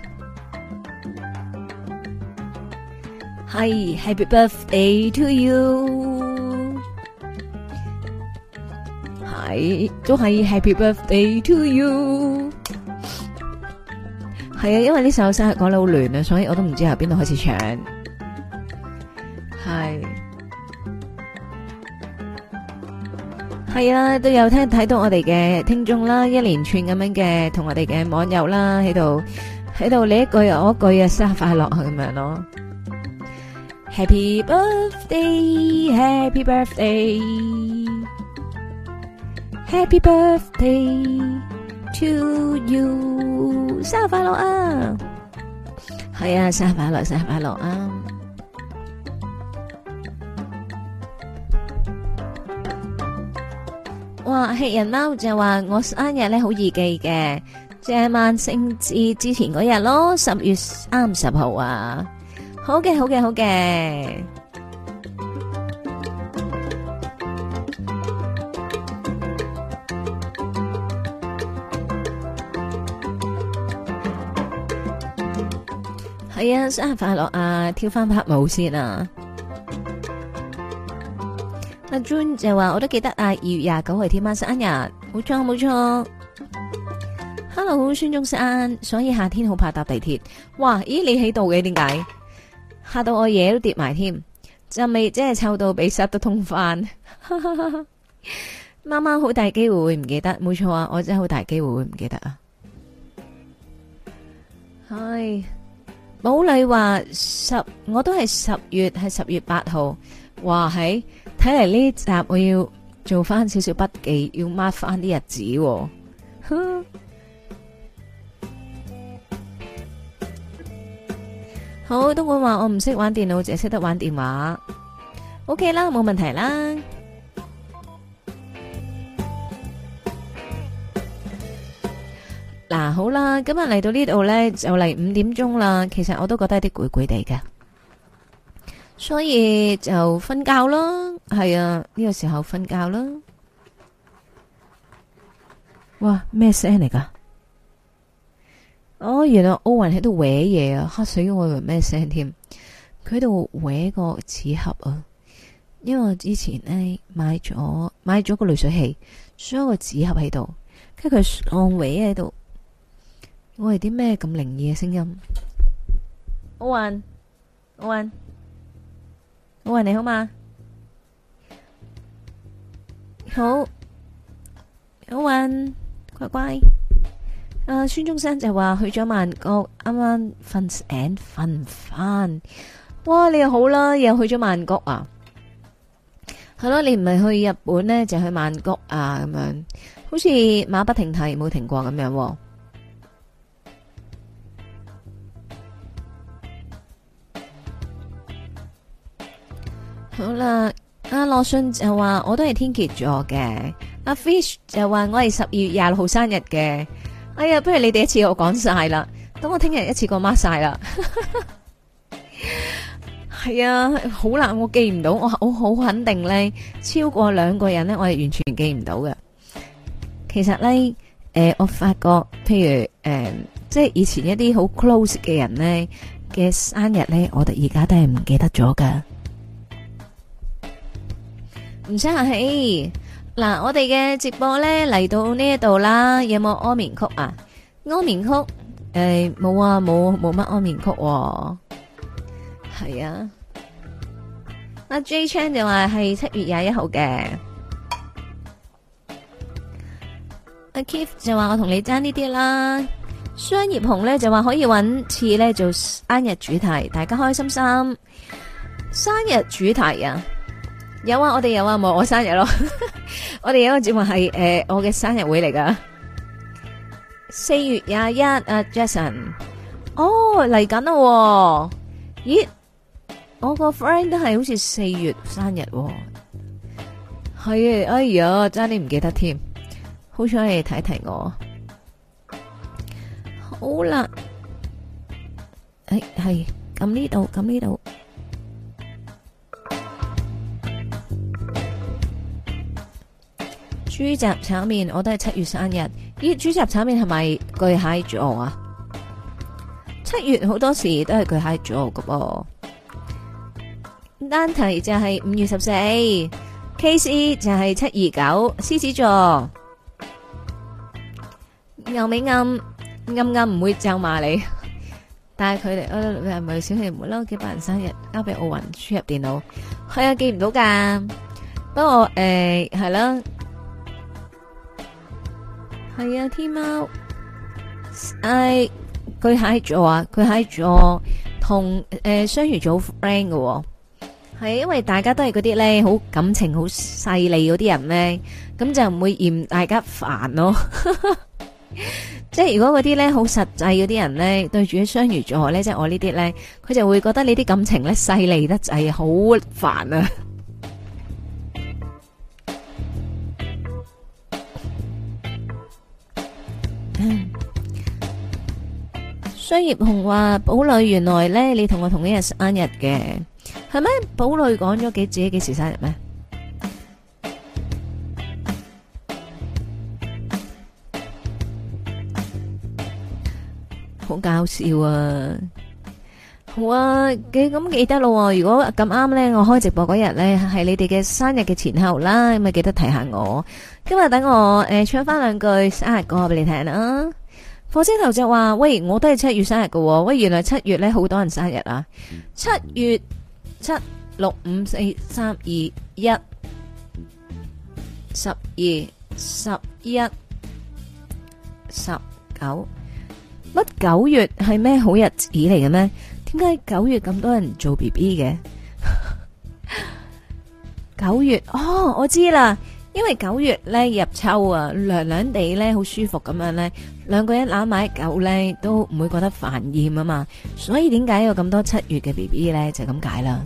係 Happy Birthday to you，係都係 Happy Birthday to you，係啊，因為呢首生日歌咧好亂啊，所以我都唔知由邊度開始唱。係啊，都有聽睇到我哋嘅聽眾啦，一連串咁樣嘅同我哋嘅網友啦，喺度喺度你一句我一句啊，生日快樂啊咁樣咯？Happy birthday, happy birthday, happy birthday to you，生日快樂啊！係啊，生日快樂，生日快樂啊！哇！吃人貓，就話我生日咧，好易記嘅，正萬聖節之前嗰日咯，十月三十號啊！好嘅，好嘅，好嘅。係 啊，生日快樂啊！跳翻拍舞先啊！阿 Jun 就話我都記得啊，二月廿九係天喵生日，冇錯冇錯。Hello，好，孫中山，所以夏天好怕搭地鐵。哇，咦你喺度嘅點解？吓到我嘢都跌埋添，就未真係臭到鼻塞都通翻。貓貓好大機會會唔記得，冇錯啊，我真係好大機會會唔記得啊。係，冇麗話十，我都係十月係十月八號，話喺。是睇嚟呢集我要做翻少少筆記，要 mark 翻啲日子。 好，東莞話我唔識玩電腦，淨係識得玩電話。OK 啦，冇問題啦。嗱，好啦，今日嚟到呢度呢，就嚟五點鐘啦。其實我都覺得有啲攰攰地嘅。所以就瞓覺咯，係啊，呢個時候瞓覺啦。哇，咩聲嚟噶？哦，原來歐雲喺度搲嘢啊，吓死我，以為咩聲添？佢喺度搲個紙盒啊。因為我之前咧買咗買咗個濾水器，所有個紙盒喺度，跟住佢按搲喺度。我係啲咩咁靈異嘅聲音？歐雲，歐雲。好運你好嗎？好好運，乖乖。啊，孫中山就話去咗曼谷，啱啱瞓醒，瞓唔翻。哇，你又好啦，又去咗曼谷啊？係咯，你唔係去日本呢，就去曼谷啊？咁樣，好似馬不停蹄，冇停過咁樣。好啦，阿洛信就話我都係天蠍座嘅，阿 fish 就話我係十二月廿六號生日嘅。哎呀，不如你哋一次我講晒啦，等我聽日一次過 mark 晒啦。係 啊，好難，我記唔到，我我好肯定咧，超過兩個人咧，我係完全記唔到嘅。其實咧，誒、呃，我發覺譬如誒、呃，即係以前一啲好 close 嘅人咧嘅生日咧，我哋而家都係唔記得咗噶。唔使客氣，嗱，我哋嘅直播咧嚟到呢一度啦，有冇安眠曲啊？安眠曲，誒、欸，冇啊，冇冇乜安眠曲，係啊。阿、啊啊、Jay Chan 就話係七月廿一號嘅，阿、啊、Keith 就話我同你爭呢啲啦，雙葉紅咧就話可以搵次咧做生日主題，大家開心心，生日主題啊。有啊，我哋有啊，冇我生日咯、 呃，我哋有個節目係誒，我嘅生日會嚟㗎、啊，四月廿一啊，Jason，哦嚟緊啦，咦，我個 friend 都係好似四月生日、啊，係、啊，哎呀，真係唔記得添，好彩你睇睇我，好啦，誒、哎、係，撳呢度，撳呢度。豬雜炒麵我都係七月生日。咦，豬雜炒麵係咪巨蟹座啊？七月好多時都係巨蟹座嘅噃。單題就係五月十四，K C 就係七二九，獅子座。牛尾暗暗暗唔會咒罵你，但係佢哋係咪小氣，唔會撈幾百人生日？交俾奧運輸入電腦，係啊，記唔到噶。不過，誒係啦。係啊，天貓，誒，佢喺座啊，佢喺座，同誒雙魚座好 friend 嘅，係因為大家都係嗰啲咧，好感情好細膩嗰啲人咧，咁就唔會嫌大家煩咯。即係如果嗰啲咧好實際嗰啲人咧，對住雙魚座咧，即係我呢啲咧，佢就會覺得你啲感情咧細膩得滯好煩啊。商業紅話寶女原來咧，你同我同一日生日嘅係咩？寶女講咗幾自己幾時生日咩？好搞笑啊！好啊，記咁記得咯。如果咁啱呢，我開直播嗰日呢，係你哋嘅生日嘅前後啦，咁咪記得提下我。今日等我誒、呃、唱翻兩句生日歌俾你聽啊！火車頭就話：喂，我都係七月生日喎。」「喂，原來七月咧好多人生日啊、嗯！七月七六五四三二一十二十一十九乜九月係咩好日子嚟嘅咩？點解九月咁多人做 B B 嘅？ 九月哦，我知啦。因為九月咧入秋啊，涼涼地咧好舒服咁樣咧，兩個人攬埋一嚿咧都唔會覺得煩厭啊嘛，所以點解有咁多七月嘅 B B 咧就咁解啦。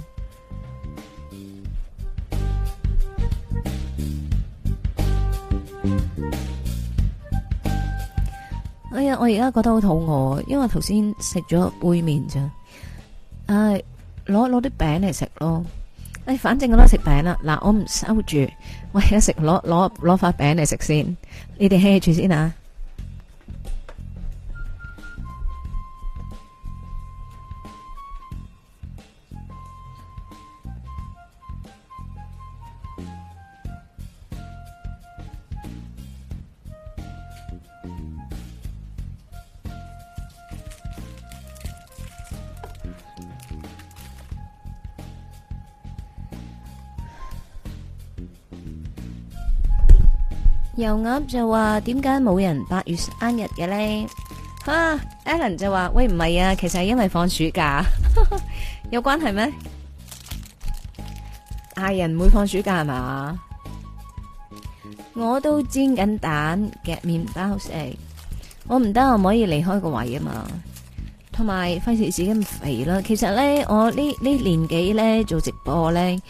哎呀，我而家覺得好肚餓，因為頭先食咗杯麵咋，唉、啊，攞攞啲餅嚟食咯。哎，反正我都食餅啦，嗱，我唔收住，我而家食攞攞攞塊餅嚟食先，你哋 hea 住先啊！又啱就話點解冇人八月生日嘅咧？吓、啊，Alan 就話，喂，唔係啊，其實係因為放暑假，呵呵有關係咩？大人唔會放暑假係嘛？我都煎緊蛋夾麵包食，我唔得，我唔可以離開個位啊嘛。同埋費事自己咁肥啦。其實咧，我年紀呢呢年紀咧做直播咧，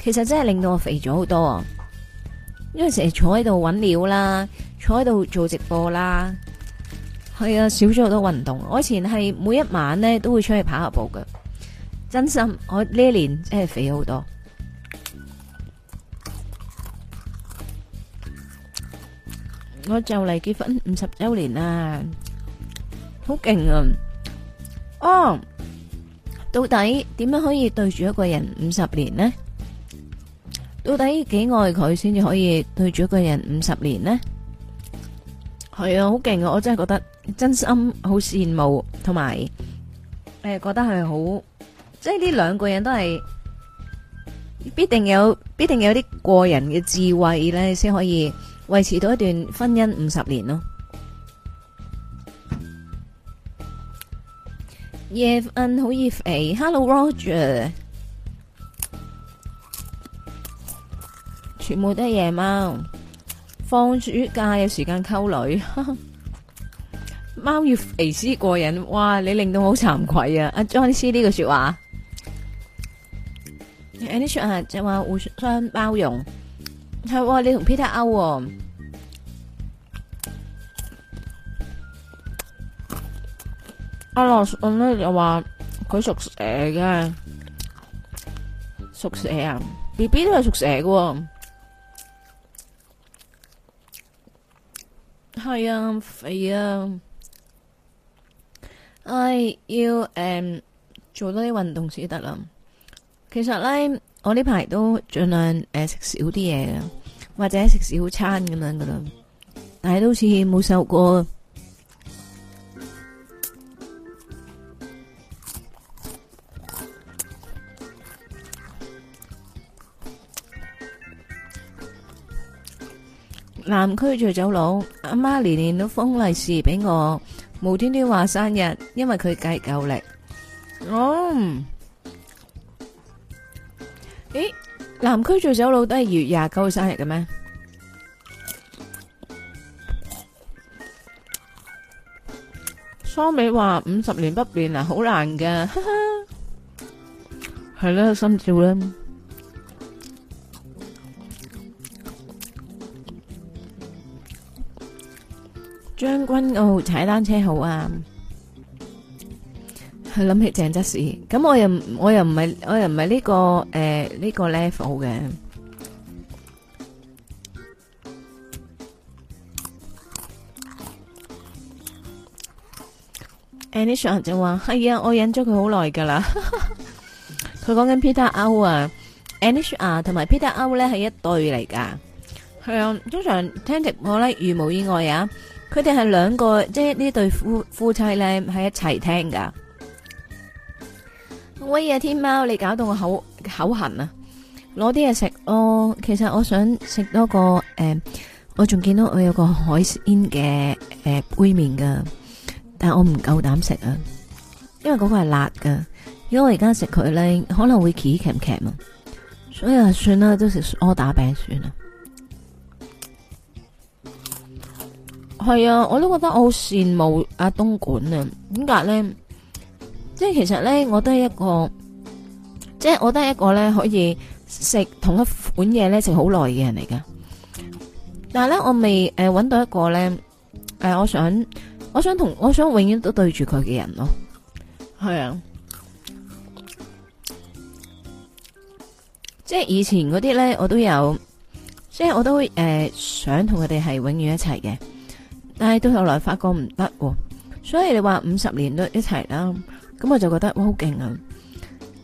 其實真係令到我肥咗好多啊。因為成日坐喺度揾料啦，坐喺度做直播啦，係啊，少咗好多運動。我以前係每一晚咧都會出去跑下步㗎，真心我呢一年真係肥好多。我就嚟結婚五十周年啦，好勁啊！哦，到底點樣可以對住一個人五十年呢？到底幾愛佢先至可以對住一個人五十年呢？係啊，好勁啊！我真係覺得真心好羨慕，同埋誒覺得係好，即係呢兩個人都係必定有必定有啲過人嘅智慧咧，先可以維持到一段婚姻五十年咯。夜晚好熱誒，Hello Roger。全部都係夜貓，放暑假有時間溝女，貓 越肥屍過癮，哇！你令到我好慚愧啊，阿張思呢個說話，你啱先啊，這個、話就話互相包容，係哇！你同 Peter 勾、啊，阿 Louis 咧又話佢屬蛇嘅，屬蛇啊，B B 都係屬蛇嘅。係啊，肥啊，唉，要誒、呃、做多啲運動先得啦。其實咧，我呢排都盡量誒食、呃、少啲嘢嘅，或者食少餐咁樣噶啦。但係都好似冇瘦過。南區醉酒佬，阿媽年年都封利是俾我，無端端話生日，因為佢計舊曆。哦，誒，南區醉酒佬都係二月廿九號生日嘅咩？桑美話五十年不變啊，好難噶，係啦，心照啦。將軍澳踩單車好啊！佢諗起鄭則仕，咁，我又我又唔係我又唔係呢個誒呢、呃這個 level 嘅。 Anish 就話係啊，我忍咗佢好耐噶啦。佢講緊 Peter O 啊，Anish 啊，同埋 Peter O 咧係一對嚟噶。係啊，通常聽直播咧，如無意外啊。佢哋係兩個，即係呢對夫夫妻咧係一齊聽噶。威啊，天喵，你搞到我口口痕啊！攞啲嘢食咯。其實我想食多個誒、呃，我仲見到我有個海鮮嘅誒杯麵噶，但我唔夠膽食啊，因為嗰個係辣噶。如果我而家食佢咧，可能會奇奇夾夾嘛。所以啊，算啦，都食柯打餅算啦。係啊，我都覺得我好羨慕阿東莞啊。點解咧？即係其實咧，我都係一個，即係我都係一個咧可以食同一款嘢，咧食好耐嘅人嚟噶。但係咧，我未誒、呃、搵到一個咧誒、呃，我想我想同我想永遠都對住佢嘅人咯。係啊，即係以前嗰啲咧，我都有，即係我都誒、呃、想同佢哋係永遠一齊嘅。但係到後來發覺唔得，所以你話五十年都一齊啦，咁我就覺得哇好勁啊！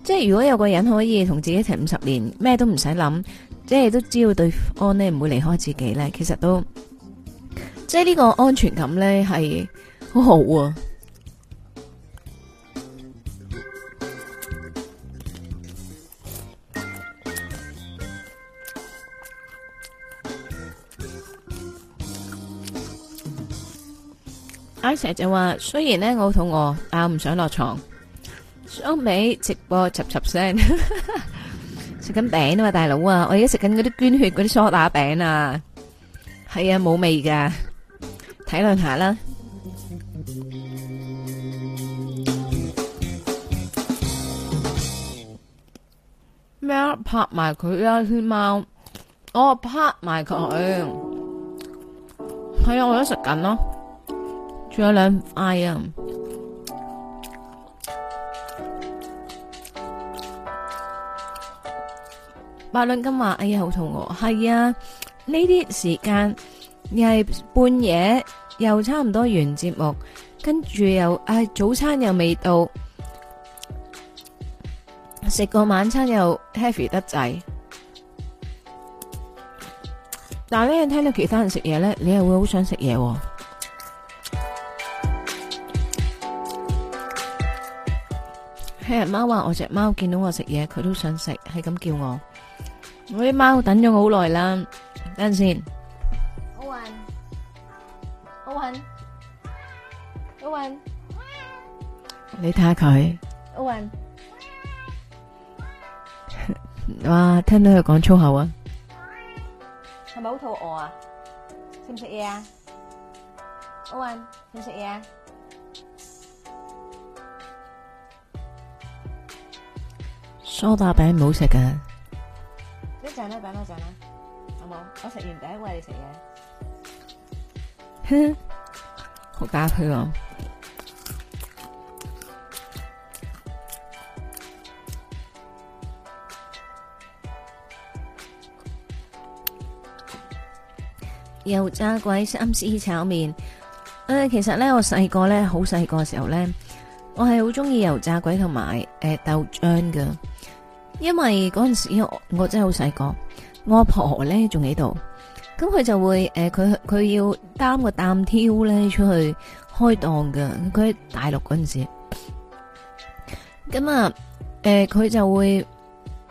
即係如果有個人可以同自己一齊五十年，咩都唔使諗，即係都知道對方呢唔會離開自己呢，其實都即係呢個安全感呢係好好啊喎。阿石就話：雖然咧我好肚餓，但係唔想落床。相比直播，嘈嘈聲，食緊餅啊嘛，大佬啊，我而家食緊嗰啲捐血嗰啲梳打餅啊，係啊，冇味噶，體諒下啦。咩？拍埋佢啦，天喵，我拍埋佢。係啊，我都食緊咯。仲有兩、啊，哎呀，伯倫咁話，哎呀好肚餓，係啊，呢啲時間又係半夜，又差唔多完節目，跟住又，哎、啊，早餐又未到，食個晚餐又 heavy 得滯，但係咧聽到其他人食嘢咧，你又會好想食嘢、啊。聽日貓話我隻貓見到我食嘢佢都想食，係咁叫我。我啲貓等咗我好耐啦，等陣先。阿云，阿云，阿云，你睇下佢。阿云，哇，聽到佢講粗口啊！係咪好肚餓啊？食唔食嘢啊？阿云，食唔食嘢啊？梳打餅唔好食噶，一陣啦，餅啦，一陣啦，好冇？我食完餅，我餵你食嘢。哼，好搭配啊！油炸鬼三絲炒麵，誒，其實咧，我細個咧，好細個嘅時候咧，我係好中意油炸鬼同埋誒豆漿噶。因為嗰陣時我真係好細個，我阿婆咧仲喺度，咁佢就會誒，佢、呃、佢要擔個擔挑咧出去開檔噶，佢喺大陸嗰陣時，咁啊誒佢就會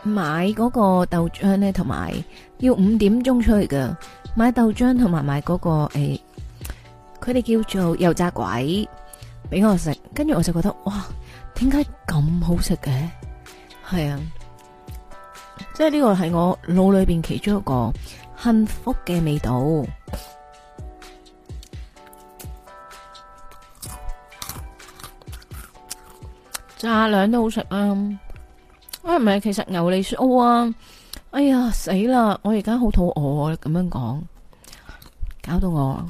買嗰個豆漿咧，同埋要五點鐘出去噶，買豆漿同埋買嗰個誒，佢哋叫做油炸鬼俾我食，跟住我就覺得哇，點解咁好食嘅？係啊。即係呢個係我腦裏邊其中一個幸福嘅味道，炸兩都好食啊！啊唔係，其實牛脷酥啊！哎呀死啦！我而家好肚餓，咁樣講，搞到我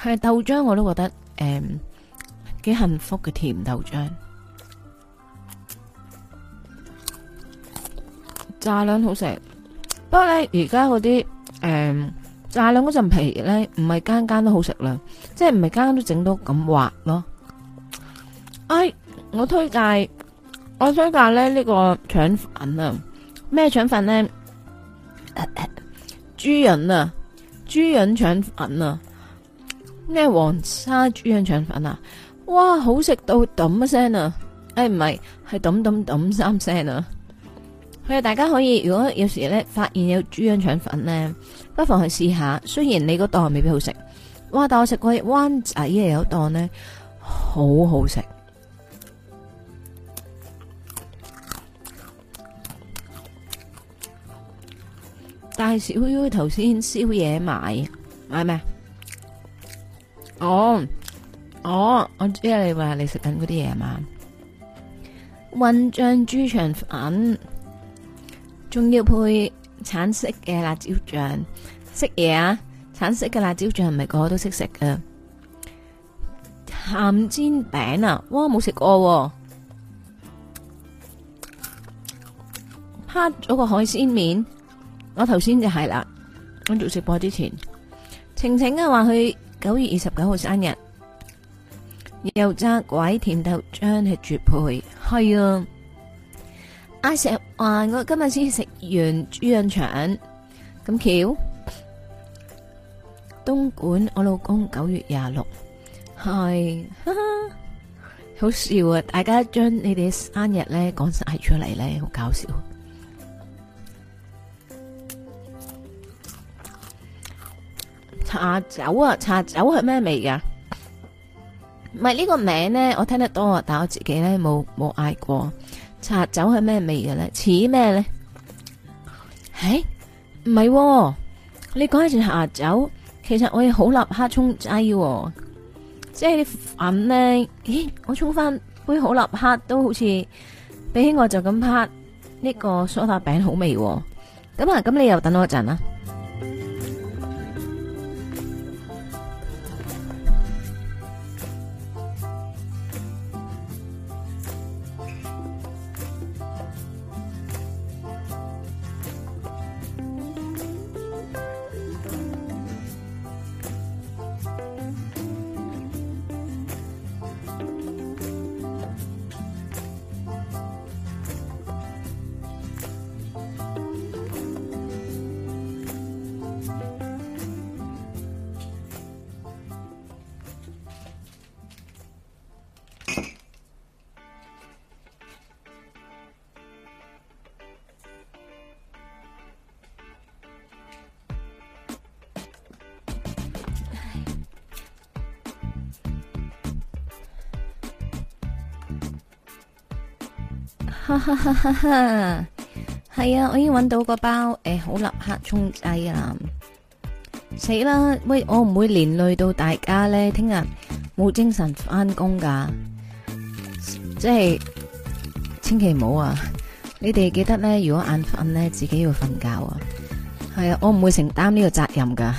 係豆漿我都覺得誒幾幸福嘅甜豆漿。炸兩好食，不過咧而家嗰啲誒炸兩嗰陣皮咧唔係間間都好食啦，即係唔係間間都整到咁滑咯。哎，我推介，我推介咧呢個腸粉啊，咩腸粉咧？豬、啊、膶啊，豬膶腸粉啊，咩黃沙豬膶腸粉啊？哇，好食到揼一聲啊！哎，唔係，係揼揼揼三聲啊！大家可以，如果有時咧發現有豬腸腸粉咧，不妨去試下。雖然你個檔未必好食，哇！但我食過灣仔嘅有一檔咧，好好食。但係小於頭先宵夜買買咩？哦哦，我知你話你食緊嗰啲嘢係嘛？混醬豬腸粉。仲要配橙色嘅辣椒醬，識嘢啊！橙色嘅辣椒醬唔係個個都識食噶？鹹煎餅啊，哇，冇食過，拍咗個海鮮麵，我頭先就係啦，跟住直播之前，晴晴啊話佢九月二十九號生日，油炸鬼甜豆漿係絕配，係啊。阿石話我今日先食完豬潤腸，咁巧，東莞我老公九月廿六，係，好笑啊！大家將你哋生日咧講晒出嚟咧，好搞笑啊。茶酒啊！茶酒係咩味噶？唔係，呢個名咧，我聽得多啊，但係我自己咧冇冇嗌過。茶酒係咩味嘅咧？似咩咧？誒、欸，唔係、哦，你講起隻茶酒，其實我亦好立克沖齋喎，即係眼咧，咦，我沖翻杯好立克都好似，比起我就咁拍呢、這個梳打餅好味、哦，咁啊，咁你又等我一陣啦！哈哈哈！哈，係啊，我已經揾到個包誒，好立刻沖劑啦。死啦！喂，我唔會連累到大家咧。聽日冇精神翻工噶，即係千祈唔好啊！你哋記得咧，如果眼瞓咧，自己要瞓覺啊。係啊，我唔會承擔呢個責任噶，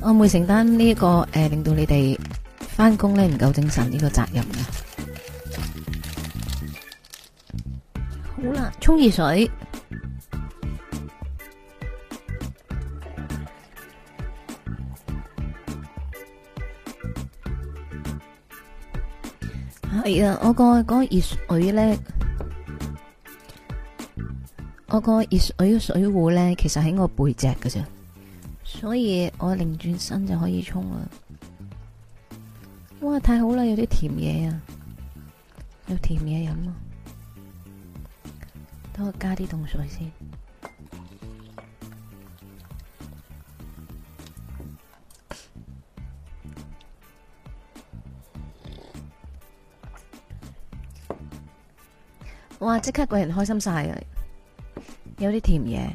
我唔會承擔呢個誒，令到你哋翻工咧唔夠精神呢個責任噶。好啦，沖熱水係啊！我個個熱水咧，我個熱水嘅水壺咧，其實喺我背脊㗎啫，所以我擰轉身就可以沖啦。哇，太好啦！有啲甜嘢啊，有甜嘢飲啊！等我加啲凍水先。哇！即刻個人開心晒啊！有啲甜嘢。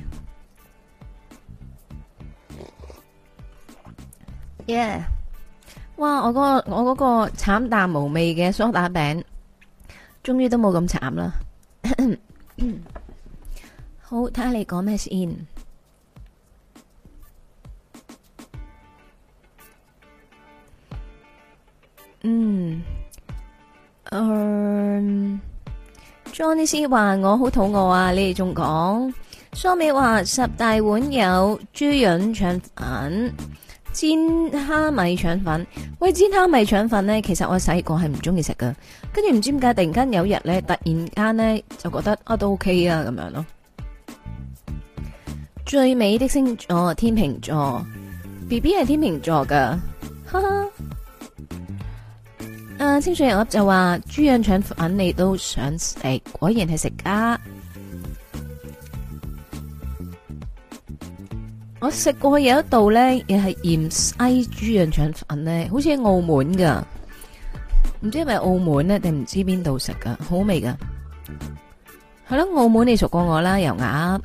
Yeah！哇！我嗰個我嗰個慘淡無味嘅梳打餅，終於都冇咁慘啦。嗯， 好，睇下你講咩先。嗯，嗯、呃，Johnny C 話我好肚餓啊，你哋仲講，蘇美話十大碗有豬潤腸粉。煎蝦米腸粉，喂煎蝦米腸粉呢？其實我細個係唔中意食噶，跟住唔知點解突然間有日呢，突然間呢，就覺得啊都 OK 啊咁樣咯。最美的星座天秤座，B B 係天秤座噶，哈哈，啊清水油粒就話豬潤腸粉你都想食，果然係食家。我食過有一度咧，亦係鹽西豬潤腸粉咧，好似喺澳門噶，唔知係咪澳門咧定唔知邊度食噶，好味噶。係咯，澳門你熟過我啦，油鴨。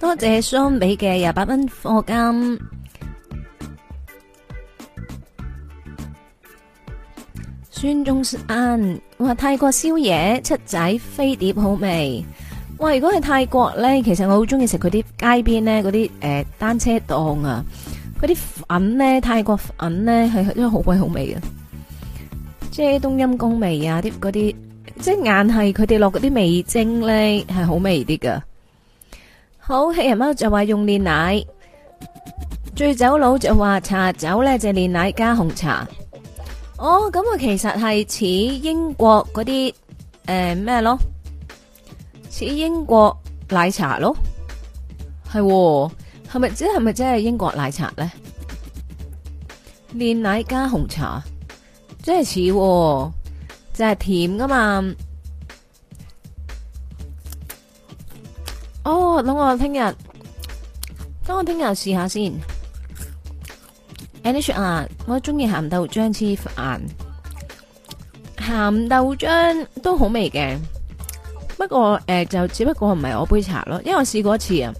多謝雙美嘅廿八蚊貨金。孫中山話：泰國宵夜七仔飛碟好味。哇！如果去泰國咧，其實我好中意食佢啲街邊咧嗰啲誒單車檔啊，嗰啲粉咧泰國粉咧係真係好鬼好味嘅，即係冬陰功味啊！啲嗰啲即係硬係佢哋落嗰啲味精咧係好味啲噶。好乞人貓就話用煉奶，醉酒佬就話茶酒咧就係煉奶加紅茶。哦，咁我其實係似英國嗰啲誒咩咯？似英國奶茶咯，係，係咪係咪真係英國奶茶咧？煉奶加紅茶，真係似，就係甜噶嘛。哦，等我聽日，等我聽日試下先。Andy 說啊，我中意鹹豆漿，似飯鹹豆漿都好味嘅。不過誒、呃，就只不過唔係我杯茶咯，因為我試過一次啊。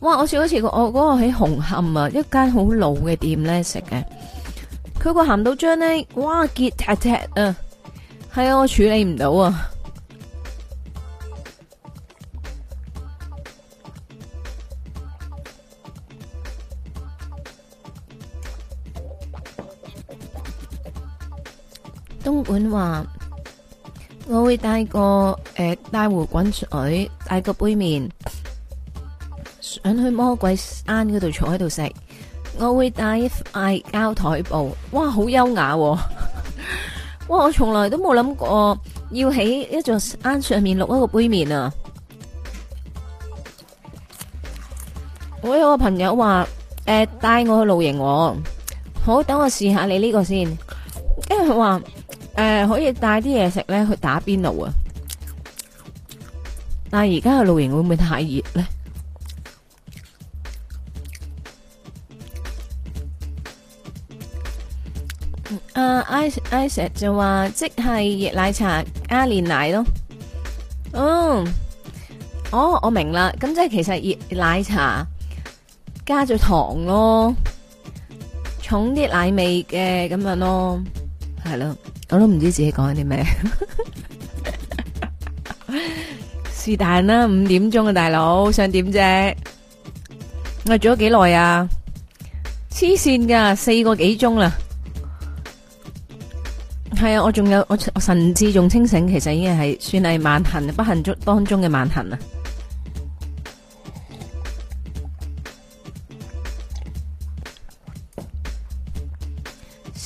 哇！我試過一次過，我、那、嗰個喺紅磡間泥泥泥啊，一間好老嘅店咧食嘅，佢個咸豆漿咧，哇，結踢踢啊！係啊，我處理唔到啊。東莞話。我會帶個誒帶壺滾水，帶個杯麵，想去魔鬼山嗰度坐喺度食。我會帶一塊膠台布，哇，好優雅，啊， 哇！我從來都冇諗過要喺一座山上面錄一個杯麵啊！我有個朋友話，誒、呃，帶我去露營，我好，等我試下你呢個先，因為佢話。誒、呃，可以帶啲嘢食咧去打邊爐啊！但係而家嘅露營會唔會太熱咧？阿 Isaac 就話，即係熱奶茶加煉奶咯。嗯，哦，我明啦。咁即係其實熱奶茶加咗糖咯，重啲奶味嘅咁樣咯，係咯。我都唔知自己講緊啲咩，是但啦。五點鐘啊，大佬，想點啫？我做咗幾耐啊？黐線噶，四個幾鐘啦。係啊，我仲有我我神志仲清醒，其實已經係算係萬幸，不幸中當中嘅萬幸啊。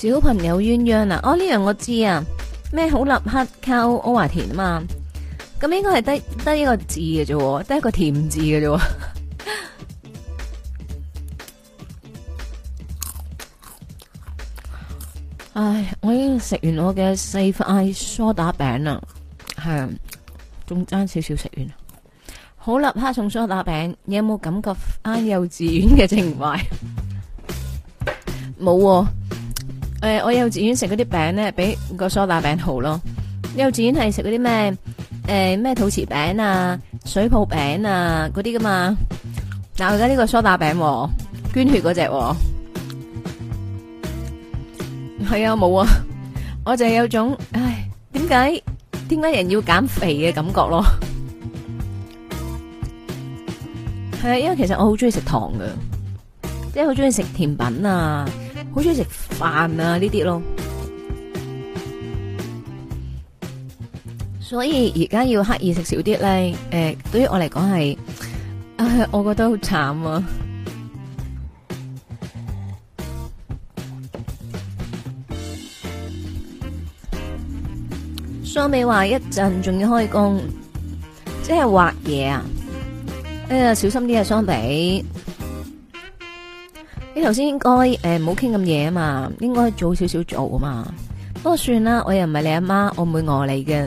小朋友鴛鴦啊！哦，呢樣我知啊，咩好立克溝阿華田啊嘛，咁應該係得得一個字嘅啫，得一個甜字嘅啫。唉，我已經食完我嘅四塊梳打餅啦，係啊，仲爭少少食完。好立克送梳打餅，你有冇感覺啱幼稚園嘅情懷？冇、 嗯。 沒誒、欸，我幼稚園食嗰啲餅咧，比個梳打餅好咯。幼稚園係食嗰啲咩？誒、欸，咩肚臍餅啊、水泡餅啊嗰啲噶嘛。嗱、啊，而家呢個梳打餅，捐血嗰隻，係、哎、啊，冇啊，我就係有種，唉，點解，點解人要減肥嘅感覺咯？係、哎、啊，因為其實我好中意食糖噶，即係好中意食甜品啊。好中意食飯啊！呢啲咯，所以而家要刻意食少啲咧。誒、呃，對於我嚟講係，我覺得好慘啊！雙美話一陣仲要開工，即係畫嘢啊！哎呀，小心啲啊，雙美。你頭先應該誒唔好傾咁夜啊嘛，應該早少少做啊嘛。不過算啦，我又唔係你阿媽，我唔會餓你嘅。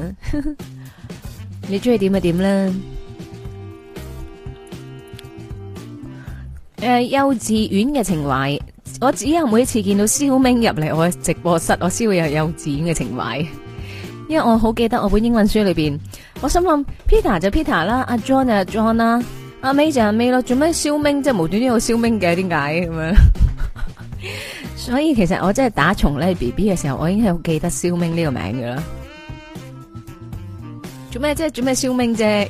你中意點咪點啦。誒、呃，幼稚園嘅情懷，我只有每一次見到肖明入嚟我嘅直播室，我先會有幼稚園嘅情懷。 因為我好記得我本英文書裏邊，我心諗 Peter 就 Peter 啦，阿 John 就阿 John 啦。阿、啊、美就阿未咯，做咩燒命？即係無端端有燒命嘅？點解咁樣？呵呵，所以其實我真係打從咧 B B 嘅時候，我已經係好記得燒命呢個名㗎啦。做咩即係做咩燒命啫？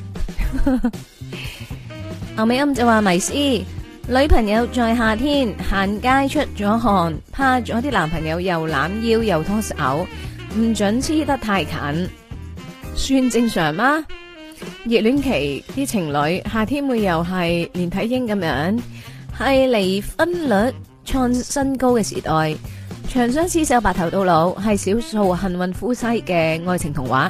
阿、啊、美啱就話迷思，女朋友在夏天行街出咗汗，怕咗啲男朋友又攬腰又拖手，唔准黐得太近，算正常嗎？熱戀期啲情侶，夏天會又係連體嬰咁樣，係離婚率創新高嘅時代。長相厮守白頭到老，係少數幸運夫妻嘅愛情童話。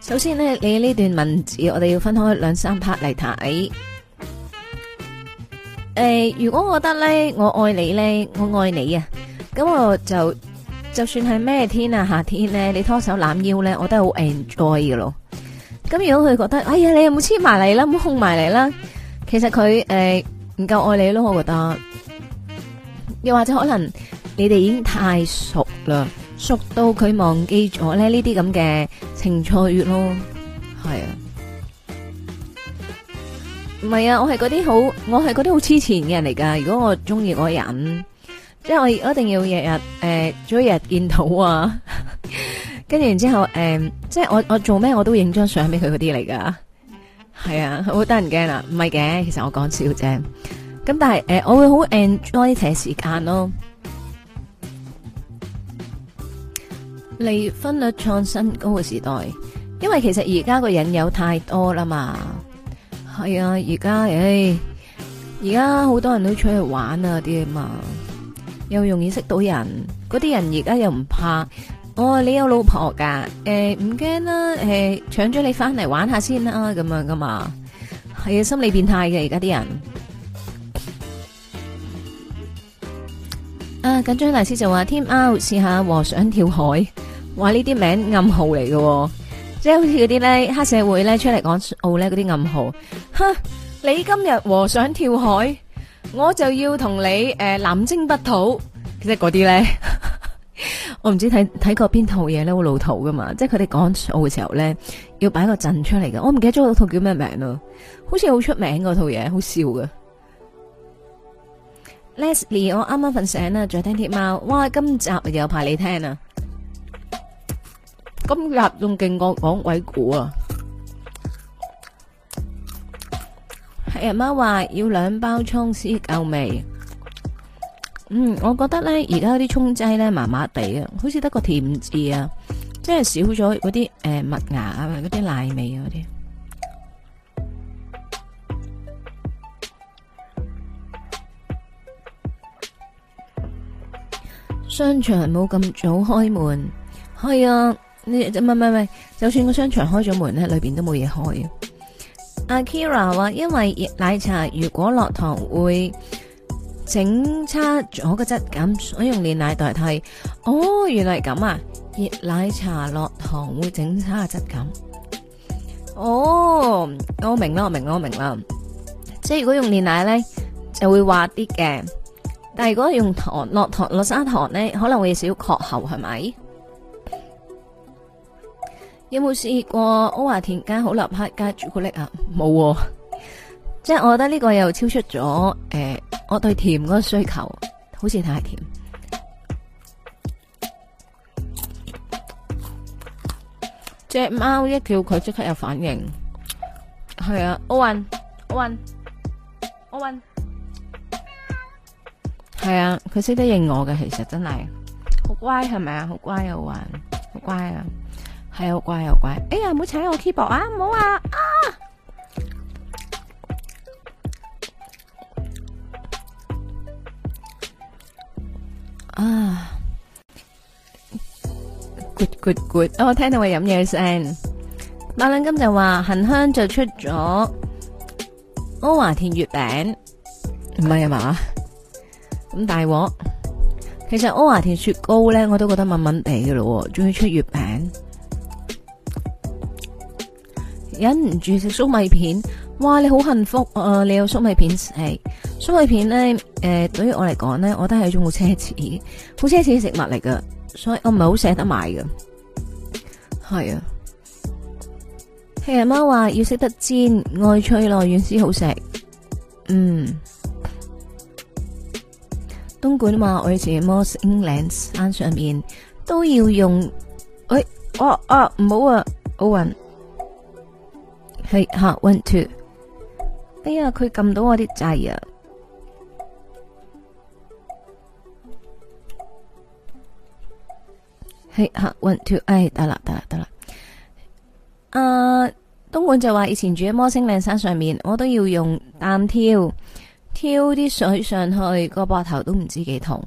首先呢，你呢段文字我哋要分開兩三 part 嚟睇。誒，如果我覺得呢，我愛你呢，我愛你啊，咁我就。就算係咩天啊，夏天咧，你拖手攬腰咧，我都係好 enjoy 嘅咯。咁如果佢覺得，哎呀，你又冇黐埋嚟啦，冇控埋嚟啦，其實佢誒唔夠愛你咯，我覺得。又或者可能你哋已經太熟啦，熟到佢忘記咗咧呢啲咁嘅情趣月咯，係啊。唔係啊，我係嗰啲好，我係嗰啲好黐纏嘅人嚟噶。如果我中意我人。即係我一定要日日誒，每一日見到啊， 跟住然之後誒，即係我我做咩我都影張相俾佢嗰啲嚟㗎，係啊，好得人驚啊，唔係嘅，其實我講笑啫。咁但係誒、呃，我會好 enjoy 呢啲時間咯。離婚率創新高嘅時代，因為其實而家個引誘太多啦嘛。係啊，而家誒，而家好多人都出去玩啊啲啊嘛。又容易識到人，嗰啲人而家又唔怕。我、哦、話你有老婆噶，誒唔驚啦，誒搶咗你翻嚟玩一下先啦，咁樣噶嘛，係啊，心理變態嘅而家啲人。啊，緊張大師就話，天啊，試下和尚跳海，話呢啲名字暗號嚟嘅，即係好似嗰啲咧黑社會咧出嚟講澳咧嗰啲暗號。哼，你今日和尚跳海。我就要同你誒、呃、南征北討。其實嗰啲咧， 我唔知睇睇過邊套嘢咧，好老土噶嘛，即係佢哋講錯嘅時候咧，要擺個陣出嚟嘅，我唔記得咗嗰套叫咩名咯，好似好出名嗰套嘢，好笑㗎。Leslie，我啱啱瞓醒啦，仲聽天喵，哇，今集又派你聽啊，今集仲勁過講鬼故啊！係阿媽話要兩包蔥先夠味。嗯，我覺得咧而家，啲蔥汁咧麻麻地啊，好似得個甜字啊，即係少咗嗰啲誒麥芽啊嗰啲奶味啊嗰啲。商場冇咁早開門。係啊，你唔係唔係唔係，就算個商場開咗門咧，裏邊都冇嘢開。阿 Kira 話，因為熱奶茶如果落糖會整差咗個質感，所以用煉奶代替。哦，原來咁啊！熱奶茶落糖會整差個質感。哦，我明啦，我明啦，我明啦。即係如果用煉奶咧，就會滑啲嘅。但係如果用糖落糖落砂糖咧，可能會少確喉，係咪？有冇試過歐華田加好立克加巧克加朱古力沒啊？冇，即係我覺得呢個又超出咗誒、欸，我對甜嗰個需求好似太甜。隻 貓一叫佢即刻有反應，係啊，奧運，奧運，奧運，係啊，佢識得認我嘅，其實真係好乖，係咪啊？好乖奧運，好乖啊！係好怪，好怪！哎呀，唔好踩我 keyboard 啊！唔好啊！啊！good good good，我、oh, 聽到你飲嘢聲。馬亮金就話，恒香就出咗歐華田月餅，唔係啊嘛？咁大鑊！其實歐華田雪糕咧，我都覺得悶悶地噶咯，仲要出月餅。忍唔住食粟米片，哇！你好幸福啊、呃！你有粟米片，誒，粟米片咧，誒、呃，對於我嚟講咧，我都係一種好奢侈，好奢侈嘅食物嚟噶，所以我唔係好捨得買噶，係啊。聽阿媽話要識得煎，外脆內軟先好食。嗯，東莞啊嘛，我以前去摩斯英嶺山上面都要用，喂、哎，哦、啊、哦，唔、啊、好啊，奧運。係、hey, 哈，one two，哎呀，佢撳到我啲掣啊！係、hey, 哈，one two，哎，得啦得啦得啦，啊，uh, 東莞就話以前住喺摩星嶺山上面，我都要用擔挑挑啲水上去，個膊頭都唔知幾痛，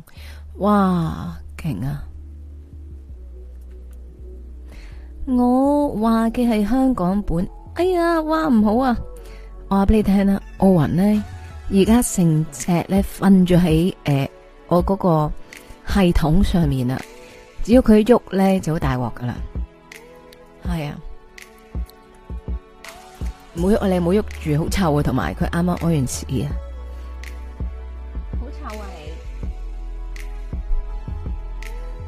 哇，勁啊！我話嘅係香港本。哎呀，哇唔好啊！我話俾你聽啦，奧雲咧而家成隻咧瞓住喺誒我嗰個系統上面啦，只要佢喐咧就好大鑊噶啦，係啊，唔好喐啊你唔好喐住，好臭啊，同埋佢啱啱屙完屎啊，好臭啊你，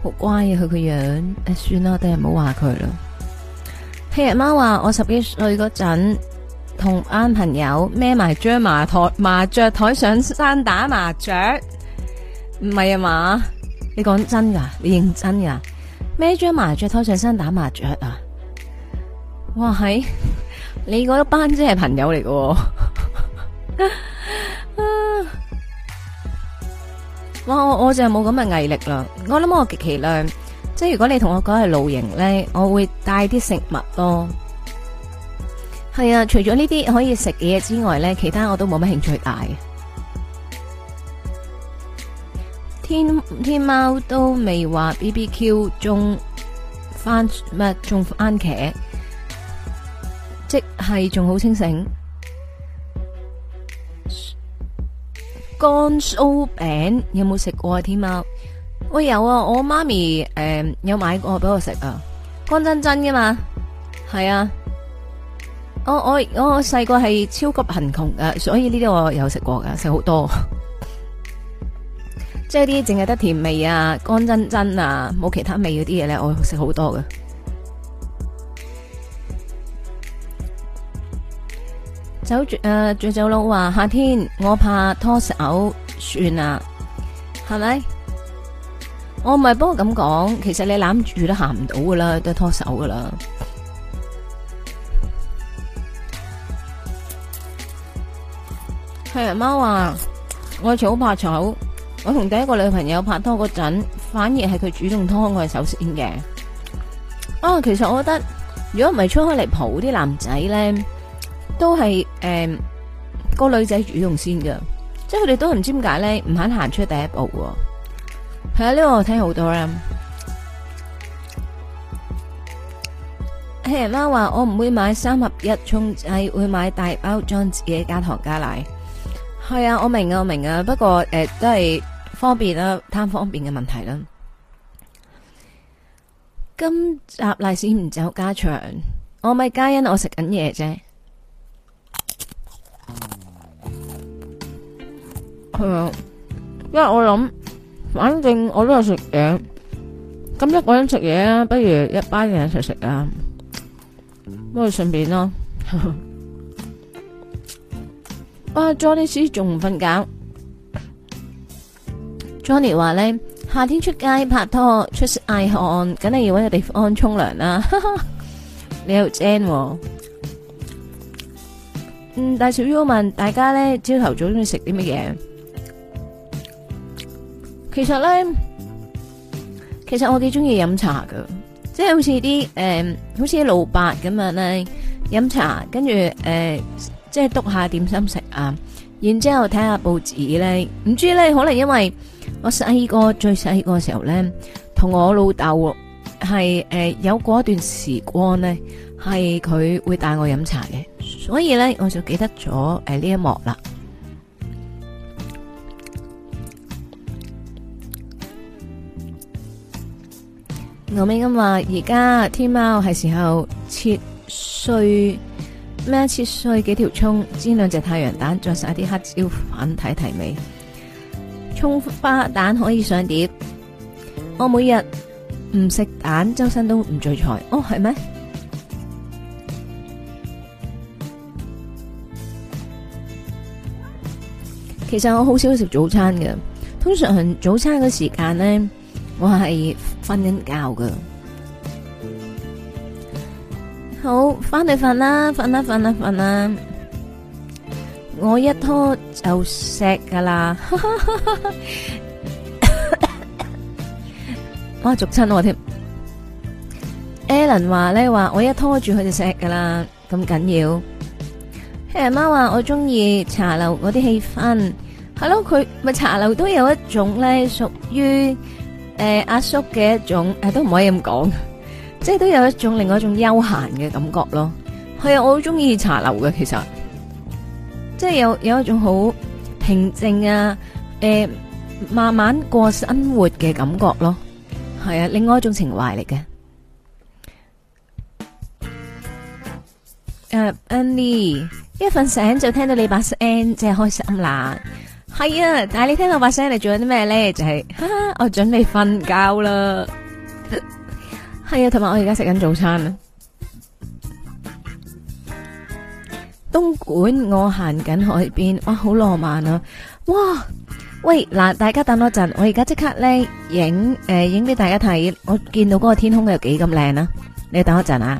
好乖啊佢個樣，唉算啦，第日唔好話佢啦。黑人貓話：我十一歲嗰陣，同班朋友孭埋張麻台麻雀台上山打麻雀，唔係啊嘛？你講真噶？你認真噶？孭張麻雀台上山打麻雀啊？哇！係你嗰一班真係朋友嚟噶，啊？ 哇！我我就冇咁嘅毅力啦，我諗我極其量。即係如果你同我講係露營咧，我會帶啲食物咯。係啊，除咗呢啲可以食嘅嘢之外咧，其他我都冇乜興趣帶。天天貓都未話 BBQ 種番乜，種番茄，即係仲好清醒。乾酥餅有冇食過啊天貓？喂，有啊！我媽咪誒、呃、有買過俾我食啊，乾真真噶嘛，係啊！我我我細個係超級貧窮誒，所以呢啲我有食過噶，食好多。即係啲淨係得甜味啊，乾真真啊，冇其他味嗰啲嘢咧，我食好多噶。早住誒，醉酒佬話夏天我怕拖手，算啦，係咪？我唔係不過咁講，其實你攬住都行唔到噶啦，都係拖手噶啦。係啊，貓話我早怕醜。我同第一個女朋友拍拖嗰陣，反而係佢主動拖開我嘅手先嘅。啊，其實我覺得如果唔係出開嚟抱啲男仔咧，都係誒、呃、個女仔主動先噶，即係佢哋都唔知點解咧，唔肯行出第一步。係、哎、啊，呢個我聽好多啦。係人媽話我唔會買三合一沖劑，會買大包裝，自己加糖加奶。係、哎、啊，我明啊，我明啊，不過誒、哎、都係方便啦，貪方便嘅問題啦。今集奶先唔走家長，我咪加因我食緊嘢啫。係、哎、啊，因為我諗。反正我都有食嘢，咁一個人食嘢啊，不如一班人一齊食啊，不過順便咯。哇，Johnny Sir 仲唔瞓覺？Johnny 話咧，夏天出街拍拖出晒汗，梗係要搵個地方沖涼啦。你又正，嗯，大少 U 問大家咧，朝頭早中意食啲乜嘢？其實咧，其實我幾中意飲茶噶，即係好似啲誒，好似老伯咁樣咧，飲茶，跟住誒，即係督下點心食啊，然之後睇下報紙咧。唔知咧，可能因為我細個最細個嘅時候咧，同我老豆係誒有嗰段時光咧，係佢會帶我飲茶嘅，所以咧我就記得咗誒呢一幕啦。我咪咁話，而家天喵係時候切碎咩？切碎幾條葱，煎兩隻太陽蛋，再灑啲黑椒粉，睇提味。葱花蛋可以上碟。我每日唔食蛋，周身都唔聚財。哦，係咩？其實我好少食早餐嘅，通常早餐嘅時間呢，我係。瞓緊覺噶，好翻去瞓啦，瞓啦，瞓啦，瞓啦！我一拖就錫噶啦，貓逐親我添。Alan 話咧話，我一拖住佢就錫噶啦，咁緊要。阿媽話我中意茶樓嗰啲氣氛，係咯，佢咪茶樓都有一種咧屬於誒、呃，阿叔嘅一種誒、呃，都唔可以咁講，即係都有一種另外一種悠閒嘅感覺咯。係啊，我好中意茶樓嘅，其實即係有有一種好平靜啊，誒、呃，慢慢過生活嘅感覺咯。係啊，另外一種情懷嚟嘅。誒、呃，Annie，一瞓醒就聽到你把聲，即係開心啦。係啊，但係你聽到把聲你做緊啲咩咧？就係，哈哈，我準備瞓覺啦。係啊，同埋我而家食緊早餐啊。東莞，我行緊海邊，哇，好浪漫啊！哇，喂，嗱，大家等我陣，我而家即刻咧影，誒，影俾大家睇。我見到嗰個天空又幾咁靚啊！你等我陣啊。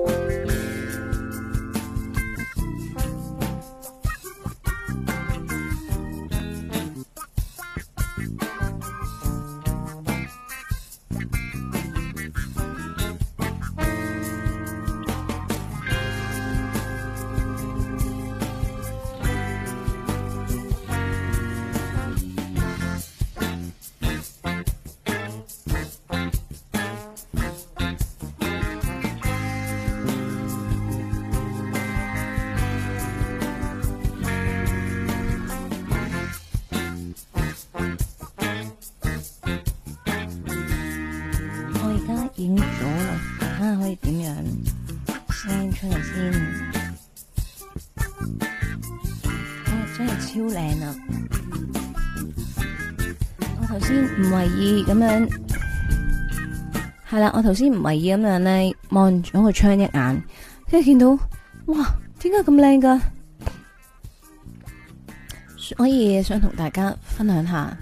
咁樣係啦，我頭先唔為意咁樣咧，望咗個窗一眼，跟住見到哇，點解咁靚噶？所以想同大家分享下，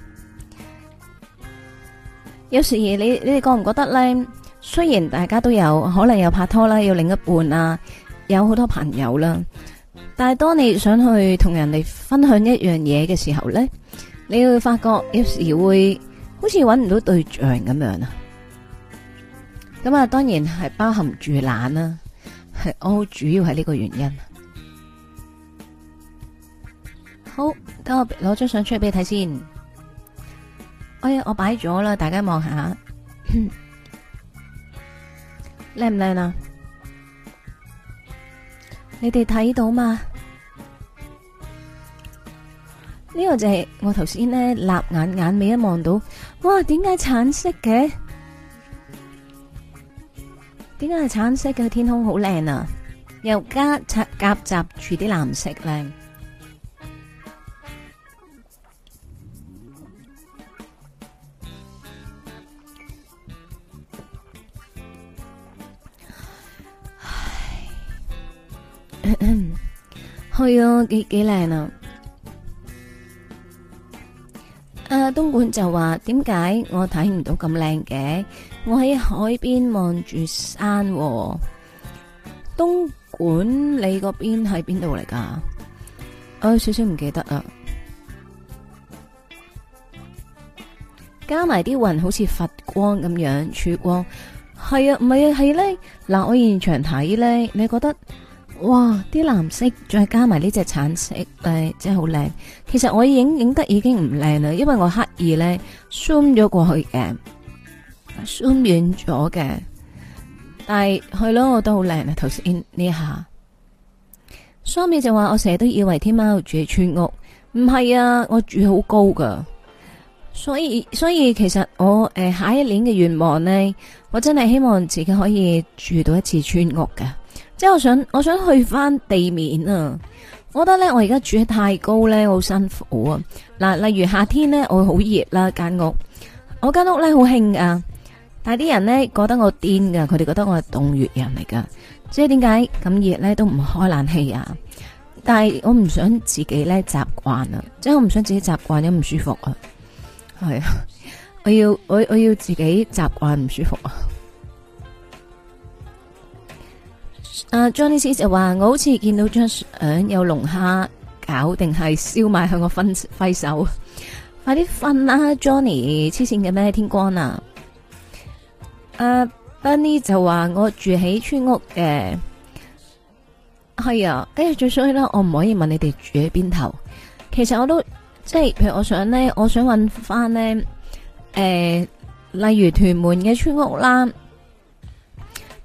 有時你你哋覺唔覺得咧？雖然大家都有可能有拍拖啦，有另一半啊，有好多朋友啦，但係當你想去同人哋分享一樣嘢嘅時候咧，你會發覺有時會。好似揾唔到對象咁樣啊！咁啊，當然係包含住懶啦，係哦，主要係呢個原因。好，等我攞張相出嚟俾你睇先。哎呀，我擺咗啦，大家望下，靚唔靚啊？你哋睇到嘛？呢個就係我頭先咧立眼眼尾一望到。哇，點解橙色嘅？點解係橙色嘅？天空好靚啊，又加夾夾雜住啲藍色靚。唉，好有幾幾靚啊！啊！東莞就話，點解我睇唔到咁靚嘅？我喺海邊望住山，啊。東莞，你嗰邊喺邊度嚟噶？我有、啊、少少唔記得喇啊！加埋啲雲好似佛光咁樣，曙光係啊，唔係啊，係咧。嗱，我現場睇咧，你覺得？哇！啲藍色再加埋呢隻橙色，誒，真係好靚。其實我影影得已經唔靚啦，因為我刻意咧 zoom 咗過去嘅，zoom 遠咗嘅。但係去咯，我都好靚啊！頭先呢下，Sammy 就話我成日都以為天喵住喺村屋，唔係啊，我住好高噶。所以所以其實我誒、呃、下一年嘅願望呢，我真係希望自己可以住到一次村屋㗎。即係我想，我想去翻地面啊！我覺得咧，我而家住喺太高咧，好辛苦啊！嗱，例如夏天咧，我好熱啦間屋，我間屋咧好興噶，但係啲人咧覺得我癲噶，佢哋覺得我係凍月人嚟噶。即係點解咁熱咧都唔開冷氣啊？但係我唔想自己咧習慣啊，即係我唔想自己習慣有唔舒服啊。係啊，我要我我要自己習慣唔舒服啊！阿、uh, Johnny 就話：我好似見到張相有龍蝦搞，定係燒賣向我揮揮手， 快啲瞓啦！Johnny，黐線嘅咩？天光啦、啊！阿 Bernie 就話：我住喺村屋嘅，係啊，跟、欸、住最衰啦，我唔可以問你哋住喺邊頭。其實我都即係，譬如我想咧，我想揾翻咧，誒、呃，例如屯門嘅村屋啦。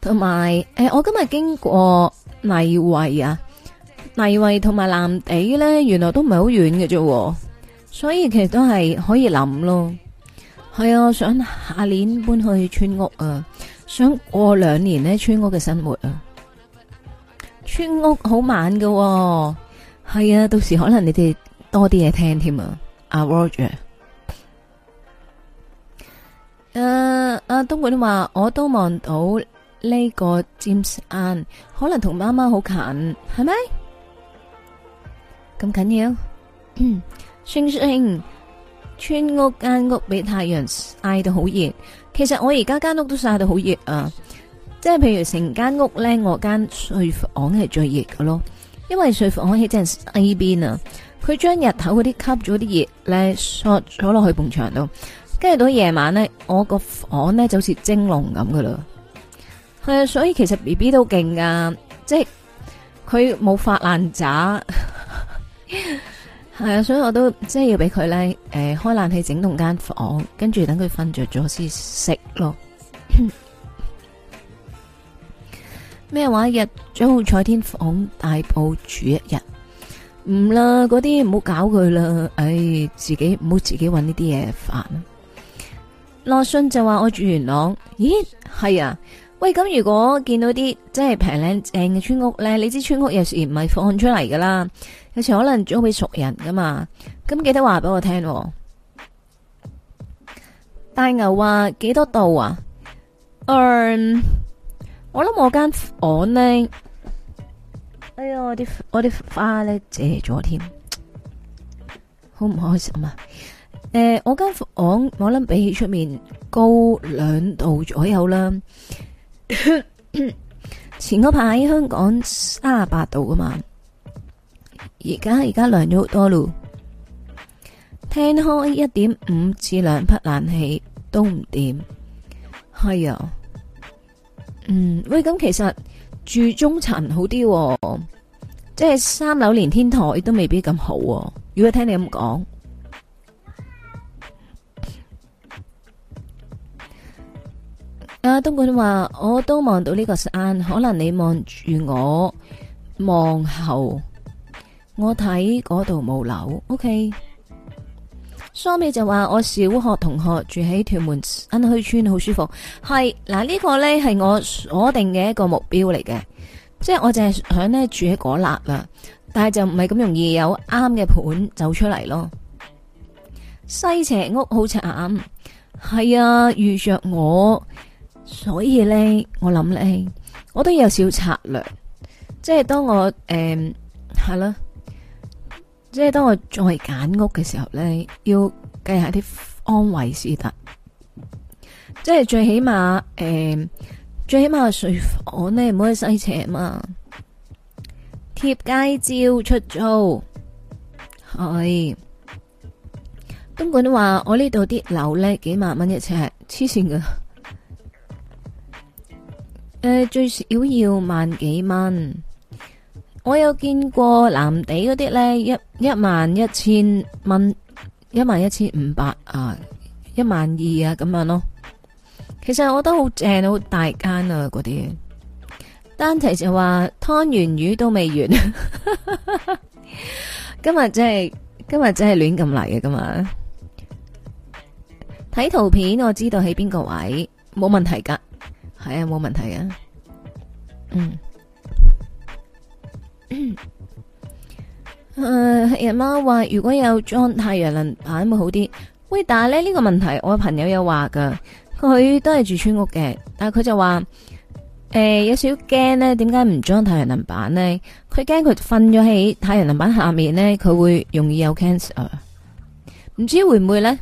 同埋誒，我今日經過泥圍啊，泥圍同埋藍地咧，原來都唔係好遠嘅啫，所以其實都係可以諗咯。係啊，想下年搬去村屋啊，想過兩年呢村屋嘅生活啊。村屋好慢噶，係啊，到時可能你哋多啲嘢聽添啊，阿、啊、Roger。誒、啊，阿東哥你話我都望到。呢、這個 James Ann 可能同媽媽好近，係咪咁緊要？星星 村屋間屋俾太陽曬到好熱。其實我而家間屋都曬到好熱啊。即係譬如成間屋咧，我間睡房係最熱嘅咯，因為睡房開始即係西邊啊。佢將日頭嗰啲吸咗啲熱咧，縮咗落去半牆度，跟住到夜晚咧，我個房咧就好似蒸籠咁噶啦。係啊，所以其實 B B 都勁噶，即係佢冇發爛渣，係 啊，所以我都即係要俾佢咧，誒、呃，開冷氣整凍間房，跟住等佢瞓着咗先食咯。咩 話？日將好彩天房大埔住一日，唔啦，嗰啲唔好搞佢啦。唉，自己唔好自己搵呢啲嘢煩啊。羅信就話我住元朗，咦，係啊。喂，咁如果見到啲即係平靚正嘅村屋呢，你知村屋有時唔係放出嚟噶啦，有時可能租俾熟人噶嘛。咁記得話俾我聽、哦。大牛話、啊、幾多度啊？嗯、um,，我諗我間房呢，哎呀，我啲我啲花呢，謝咗添，好唔開心啊！呃、我間房我諗比起出面高兩度左右啦。 前嗰排香港三十八度噶嘛，而家而家涼咗好多咯。聽開一點五至兩匹冷氣都唔掂，係啊，嗯，喂。咁其實住中層好啲喎，即係三樓連天台都未必咁好喎。如果聽你咁講。啊，東莞話我都望到呢個山，可能你望住我望後，我睇嗰度冇樓。OK，蘇尾就話我小學同學住喺屯門新墟村，好舒服。係嗱，呢個呢係我鎖定嘅一個目標嚟嘅，即、就、係、是、我淨係想住喺嗰粒啦。但係就唔係咁容易有啱嘅盤走出嚟咯。西斜屋好慘，係啊，遇着我。所以咧，我諗咧，我都有少策略，即係當我誒係啦，即係當我再揀屋嘅時候咧，要計下啲方位先得，即係最起碼誒、嗯，最起碼睡房咧唔可以西斜啊嘛，貼街招出租係，東莞話我呢度啲樓咧幾萬蚊一尺，黐線噶。誒、呃，最少要萬幾蚊，我有見過藍地嗰啲呢，一一萬一千蚊，一萬一千五百啊，一萬二啊咁樣咯。其實我覺得好正，好大間啊，嗰啲。單提就話湯圓魚都未完， 今日真係今日真係亂咁嚟嘅，今日。睇圖片我知道喺邊個位，冇問題㗎。係啊，冇問題啊。嗯，誒，阿媽話如果有裝太陽能板會好啲。喂，但係咧呢個問題，我個朋友有話噶，佢都係住村屋嘅，但係佢就話，誒、呃，有少驚呢，點解唔裝太陽能板呢？佢驚佢瞓咗喺太陽能板下面呢，佢會容易有 cancer。唔知會唔會呢？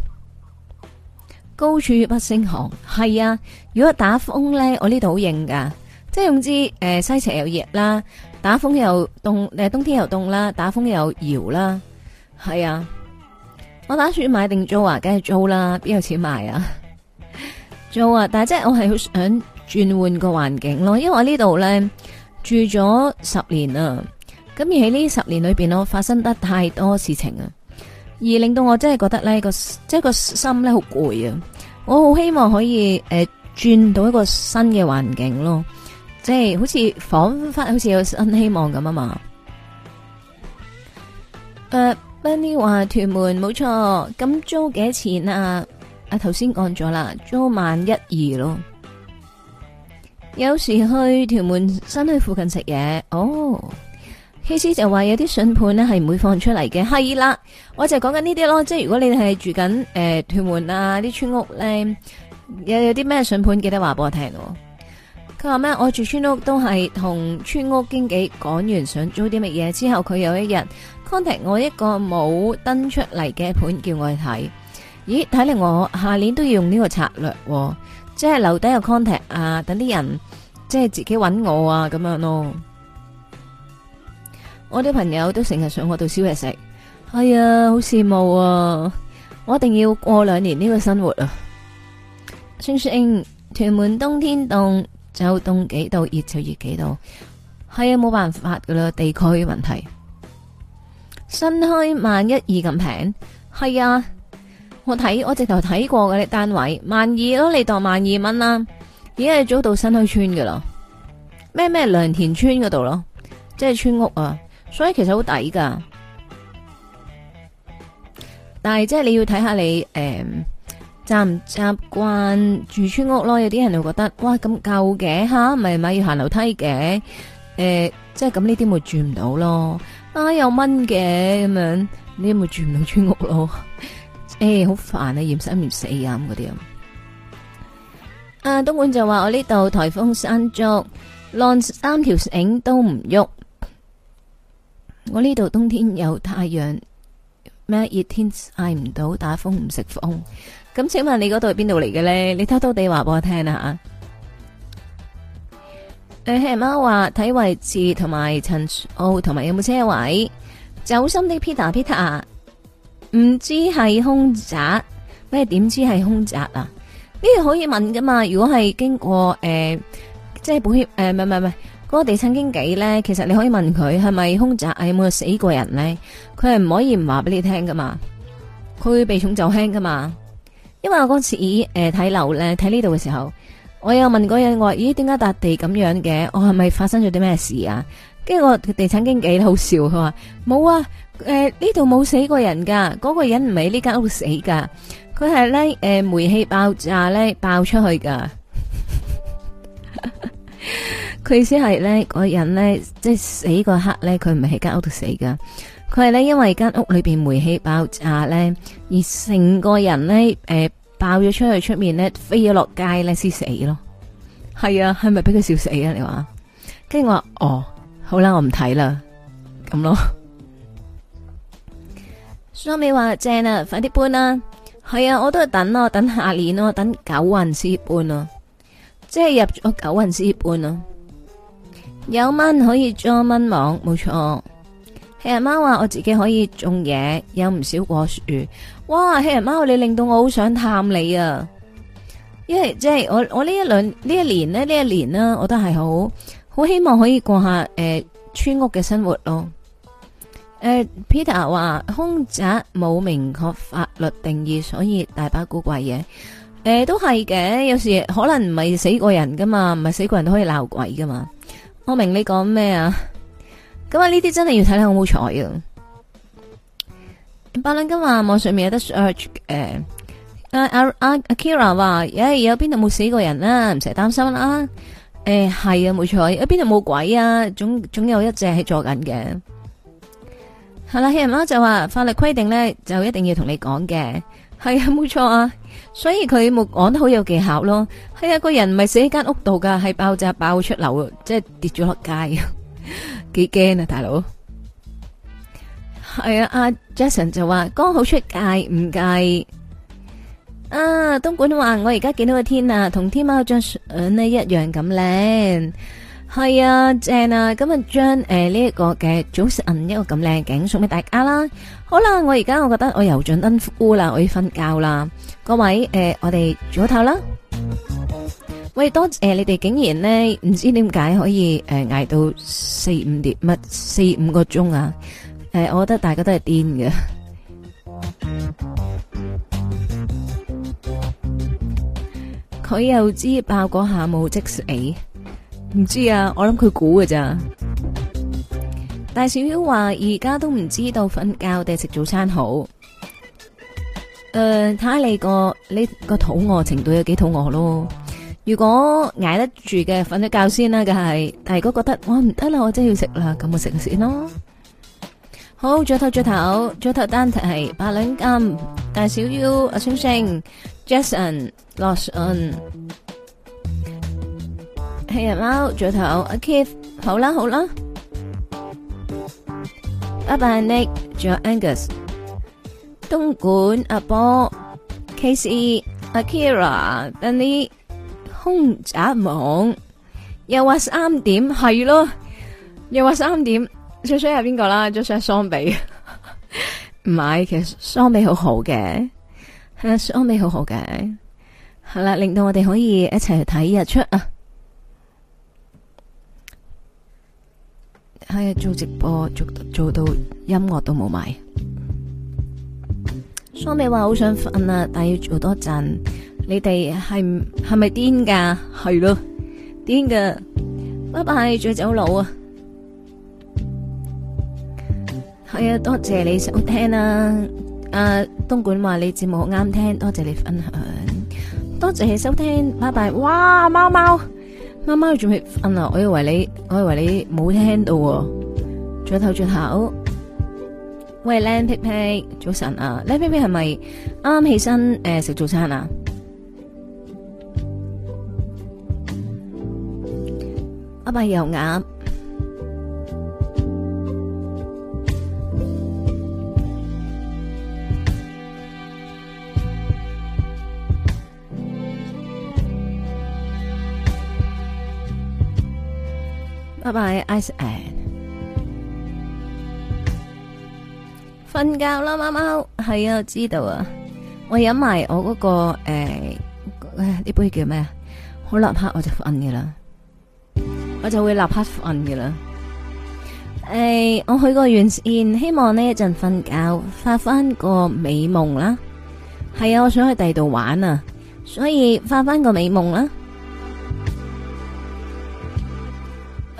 高處不勝寒，係啊！如果打風咧，我呢度好應噶，即係用之，誒，西斜又熱啦，打風又凍，誒，冬天又凍啦，打風又搖啦，係啊！我打算買定租啊？梗係租啦，邊有錢買啊？租啊！但係即係我係好想轉換個環境咯，因為我呢度咧住咗十年啦，咁而喺呢十年裏邊，我發生得太多事情啊！而令到我真係覺得呢個即係個心咧，好攰啊！我好希望可以誒轉、呃、到一個新嘅環境咯，即係好似仿佛好似有新希望咁啊嘛！誒、呃、Benny 話屯門冇錯，咁租幾錢啊？阿頭先講咗啦，租萬一二咯。有時去屯門新墟附近食嘢，哦。希斯就話有啲筍盤咧係唔會放出嚟嘅，係啦，我就講緊呢啲咯。即係如果你係住緊誒、呃、屯門啊啲村屋咧，有有啲咩筍盤記得話俾我聽咯。佢話咩？我住村屋都係同村屋經紀講完想租啲乜嘢之後，佢有一日 contact 我一個冇登出嚟嘅盤，叫我去睇。咦，睇嚟我下年都要用呢個策略，即係留低個 contact 啊，等啲人即係自己揾我啊咁樣咯。我啲朋友都成日上我度燒嘢食，係、哎、啊，好羨慕啊！我一定要過兩年呢個生活啊！算算，屯門冬天凍就凍幾度，熱就熱幾度，係、哎、啊，冇辦法噶啦，地區問題。新墟萬一二咁平，係、哎、啊，我睇我直頭睇過嗰啲、這個、單位，萬二咯，你當萬二蚊啦，已經係早到新墟村噶啦，咩咩良田村嗰度咯，即係村屋啊！所以其實好抵噶，但係即係你要睇下你誒習唔習慣住村屋咯。有啲人會覺得哇，咁舊嘅吓，咪咪要行樓梯嘅，誒即係咁呢啲咪住唔到咯。啊又蚊嘅咁樣，呢啲咪住唔到村屋咯。誒好煩啊，嫌三嫌四咁嗰啲咁。啊東莞就話我呢度颱風山竹，晾三條繩都唔喐。我呢度冬天有太陽咩？熱天晒唔到，打風唔食風。咁請問你嗰度係邊度嚟嘅咧？你偷偷地話俾我聽啦吓。誒、呃，黑貓話睇位置同埋陳奧同埋有冇、哦、車位。走心啲 Peter Peter，唔知係凶宅咩？點知係凶宅啊？呢個可以問噶嘛？如果係經過誒，即、呃、係、就是、保險誒，唔係唔係唔係。我、那、哋、個、地產經紀咧，其實你可以問佢係咪凶宅，有冇死過人咧？佢係唔可以唔話俾你聽噶嘛？佢會避重就輕噶嘛？因為我嗰次咦誒睇樓咧睇呢度嘅時候，我有問嗰人我話咦點解笪地咁樣嘅？我係咪、哦、發生咗啲咩事啊？跟住我地產經紀都好笑佢話冇啊，誒呢度冇死過人噶，嗰、那個人唔喺呢間屋死噶，佢係咧誒煤氣爆炸咧爆出去噶。 佢意思係咧，人咧即係死嗰刻咧，佢唔係喺間屋度死噶，佢係咧因為間屋裏邊煤氣爆炸咧，而成個人咧誒、呃、爆咗出去出面咧，飛咗落街咧先死咯。係啊，係咪俾佢笑死啊？你話跟住我話哦，好啦，我唔睇啦，咁咯 所以你話。所以你話正啊，快啲搬啦。係啊，我都係等咯，等下年咯，等九運先搬咯、啊，即係入咗九運先搬咯、啊。有蚊可以裝蚊網，冇錯。黑人貓話：我自己可以種嘢，有唔少果樹。哇，黑人貓，你令到我好想探你啊！因、yeah, 為即係我我呢一兩呢一年呢呢一年啦，我都係好好希望可以過下誒、呃、村屋嘅生活咯。誒、呃、，Peter 話凶宅冇明確法律定義，所以大把古怪嘢。誒、呃，都係嘅，有時可能唔係死過人噶嘛，唔係死過人都可以鬧鬼噶嘛。我明你講咩、欸、啊？咁啊呢啲真係要睇下好冇彩啊！百倫今話網上面有得 search 誒，阿阿阿阿 Kira 話：誒，有邊度冇死過人啦？唔使擔心啦。誒、欸，係啊，冇錯，有邊度冇鬼啊？總總有一隻喺坐緊嘅。係啦，Kira 就話法律規定咧，就一定要同你講嘅。係啊，冇錯啊。所以佢冇講得好有技巧咯。係啊，個人咪死喺間屋度噶，係爆炸爆出樓，即係跌咗落街，幾驚啊！大佬，係啊，阿 Jason 就話剛好出街唔計。啊，東莞話我而家見到個天啊，同天喵張相呢一樣咁靚。係啊，正啊，咁啊將誒呢一個嘅早晨一個咁靚景送俾大家啦。好啦，我而家我覺得我油盡燈枯啦，我要瞓覺啦。各位誒，我哋早唞啦。喂，多謝你哋竟然咧唔知點解可以誒挨到四五點乜四五個鐘啊？誒，我覺得大家都係癲嘅。佢又知爆嗰下冇即死，唔知啊！我諗佢估嘅咋。大小妖話而家都唔知道瞓覺定係食早餐好，誒睇下你個你個肚餓程度有幾肚餓咯。如果挨得住嘅，瞓咗覺先啦。梗係，但如果覺得嘩唔得啦，我真係要食啦，咁我食先咯。好，再頭再頭，再頭單題係八兩金，大小妖阿星星，Jason 羅順，黑人貓再頭阿 Keith，好啦好啦。阿伯、Nick、仲有 Angus、東莞阿波、Casey、阿 Kira、n 阿你、空宅網。又話三點，係咯，又話三點，最衰係邊個啦？最衰雙比，唔 係，其實雙比好好嘅，雙比好好嘅，係啦，令到我哋可以一齊去睇日出啊！係啊，做直播做做到音樂都冇埋。蘇美話好想瞓啦，但要做多陣。你哋係係咪癲噶？係咯，癲噶。拜拜，仲要走佬啊！係啊，多謝你收聽啦，啊。啊，東莞話你節目好啱聽，多謝你分享，多謝你收聽。拜拜。哇，貓貓。媽媽要準備瞓啊？我以為你，我以為你冇聽到喎、啊。轉頭轉頭，喂，靚皮皮，早晨啊！靚皮皮係咪啱啱起身誒食早餐啊？阿伯油鴨。拜拜，ice d 瞓覺啦，貓貓係啊，我知道啊，我飲埋我嗰、那個誒呢、欸這個、杯叫咩？好立刻我就瞓嘅啦，我就會立刻瞓嘅啦。誒、欸，我去過完善，希望呢一陣瞓覺，發翻個美夢啦。係啊，我想去第二度玩啊，所以發翻個美夢啦。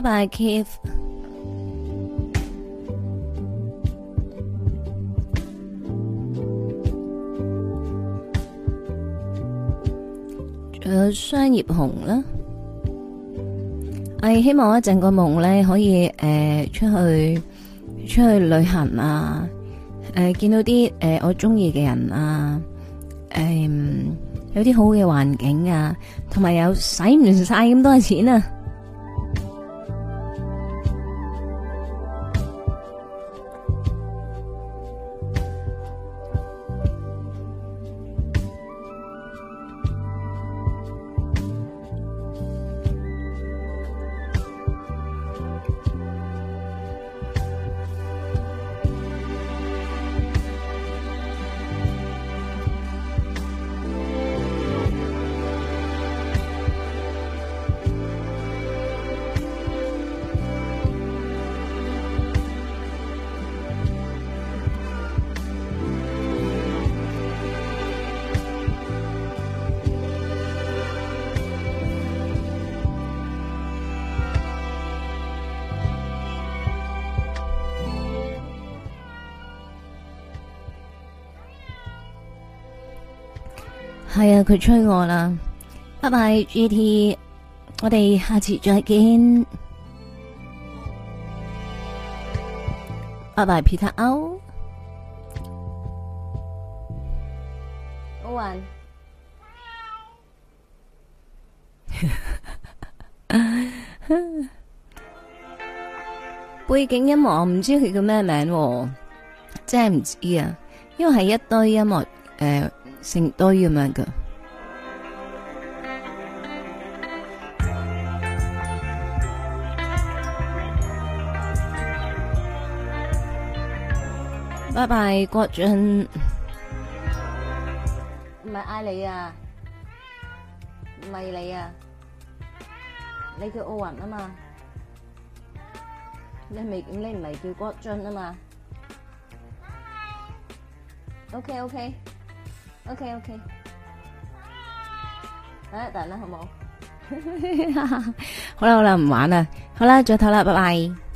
拜拜，Kev。仲有商業紅啦，係希望一陣個夢咧可以誒出去出去旅行啊，誒見到啲誒我中意嘅人啊，誒有啲好嘅環境啊，同埋又使唔晒咁多錢啊！佢催我啦，拜拜 G T，我哋下次再見。拜拜皮特歐，歐文， 背景音樂我唔知佢叫咩名，哦，真係唔知啊，因為係一堆音樂，誒成堆咁樣噶。呃拜拜，郭俊，唔係嗌你啊，唔係你啊，你叫奧運啊嘛，你咪你唔係叫郭俊啊嘛，OK OK OK OK，等一等啦，好唔好？好啦好啦，唔玩啦，好啦，早唞啦，拜拜。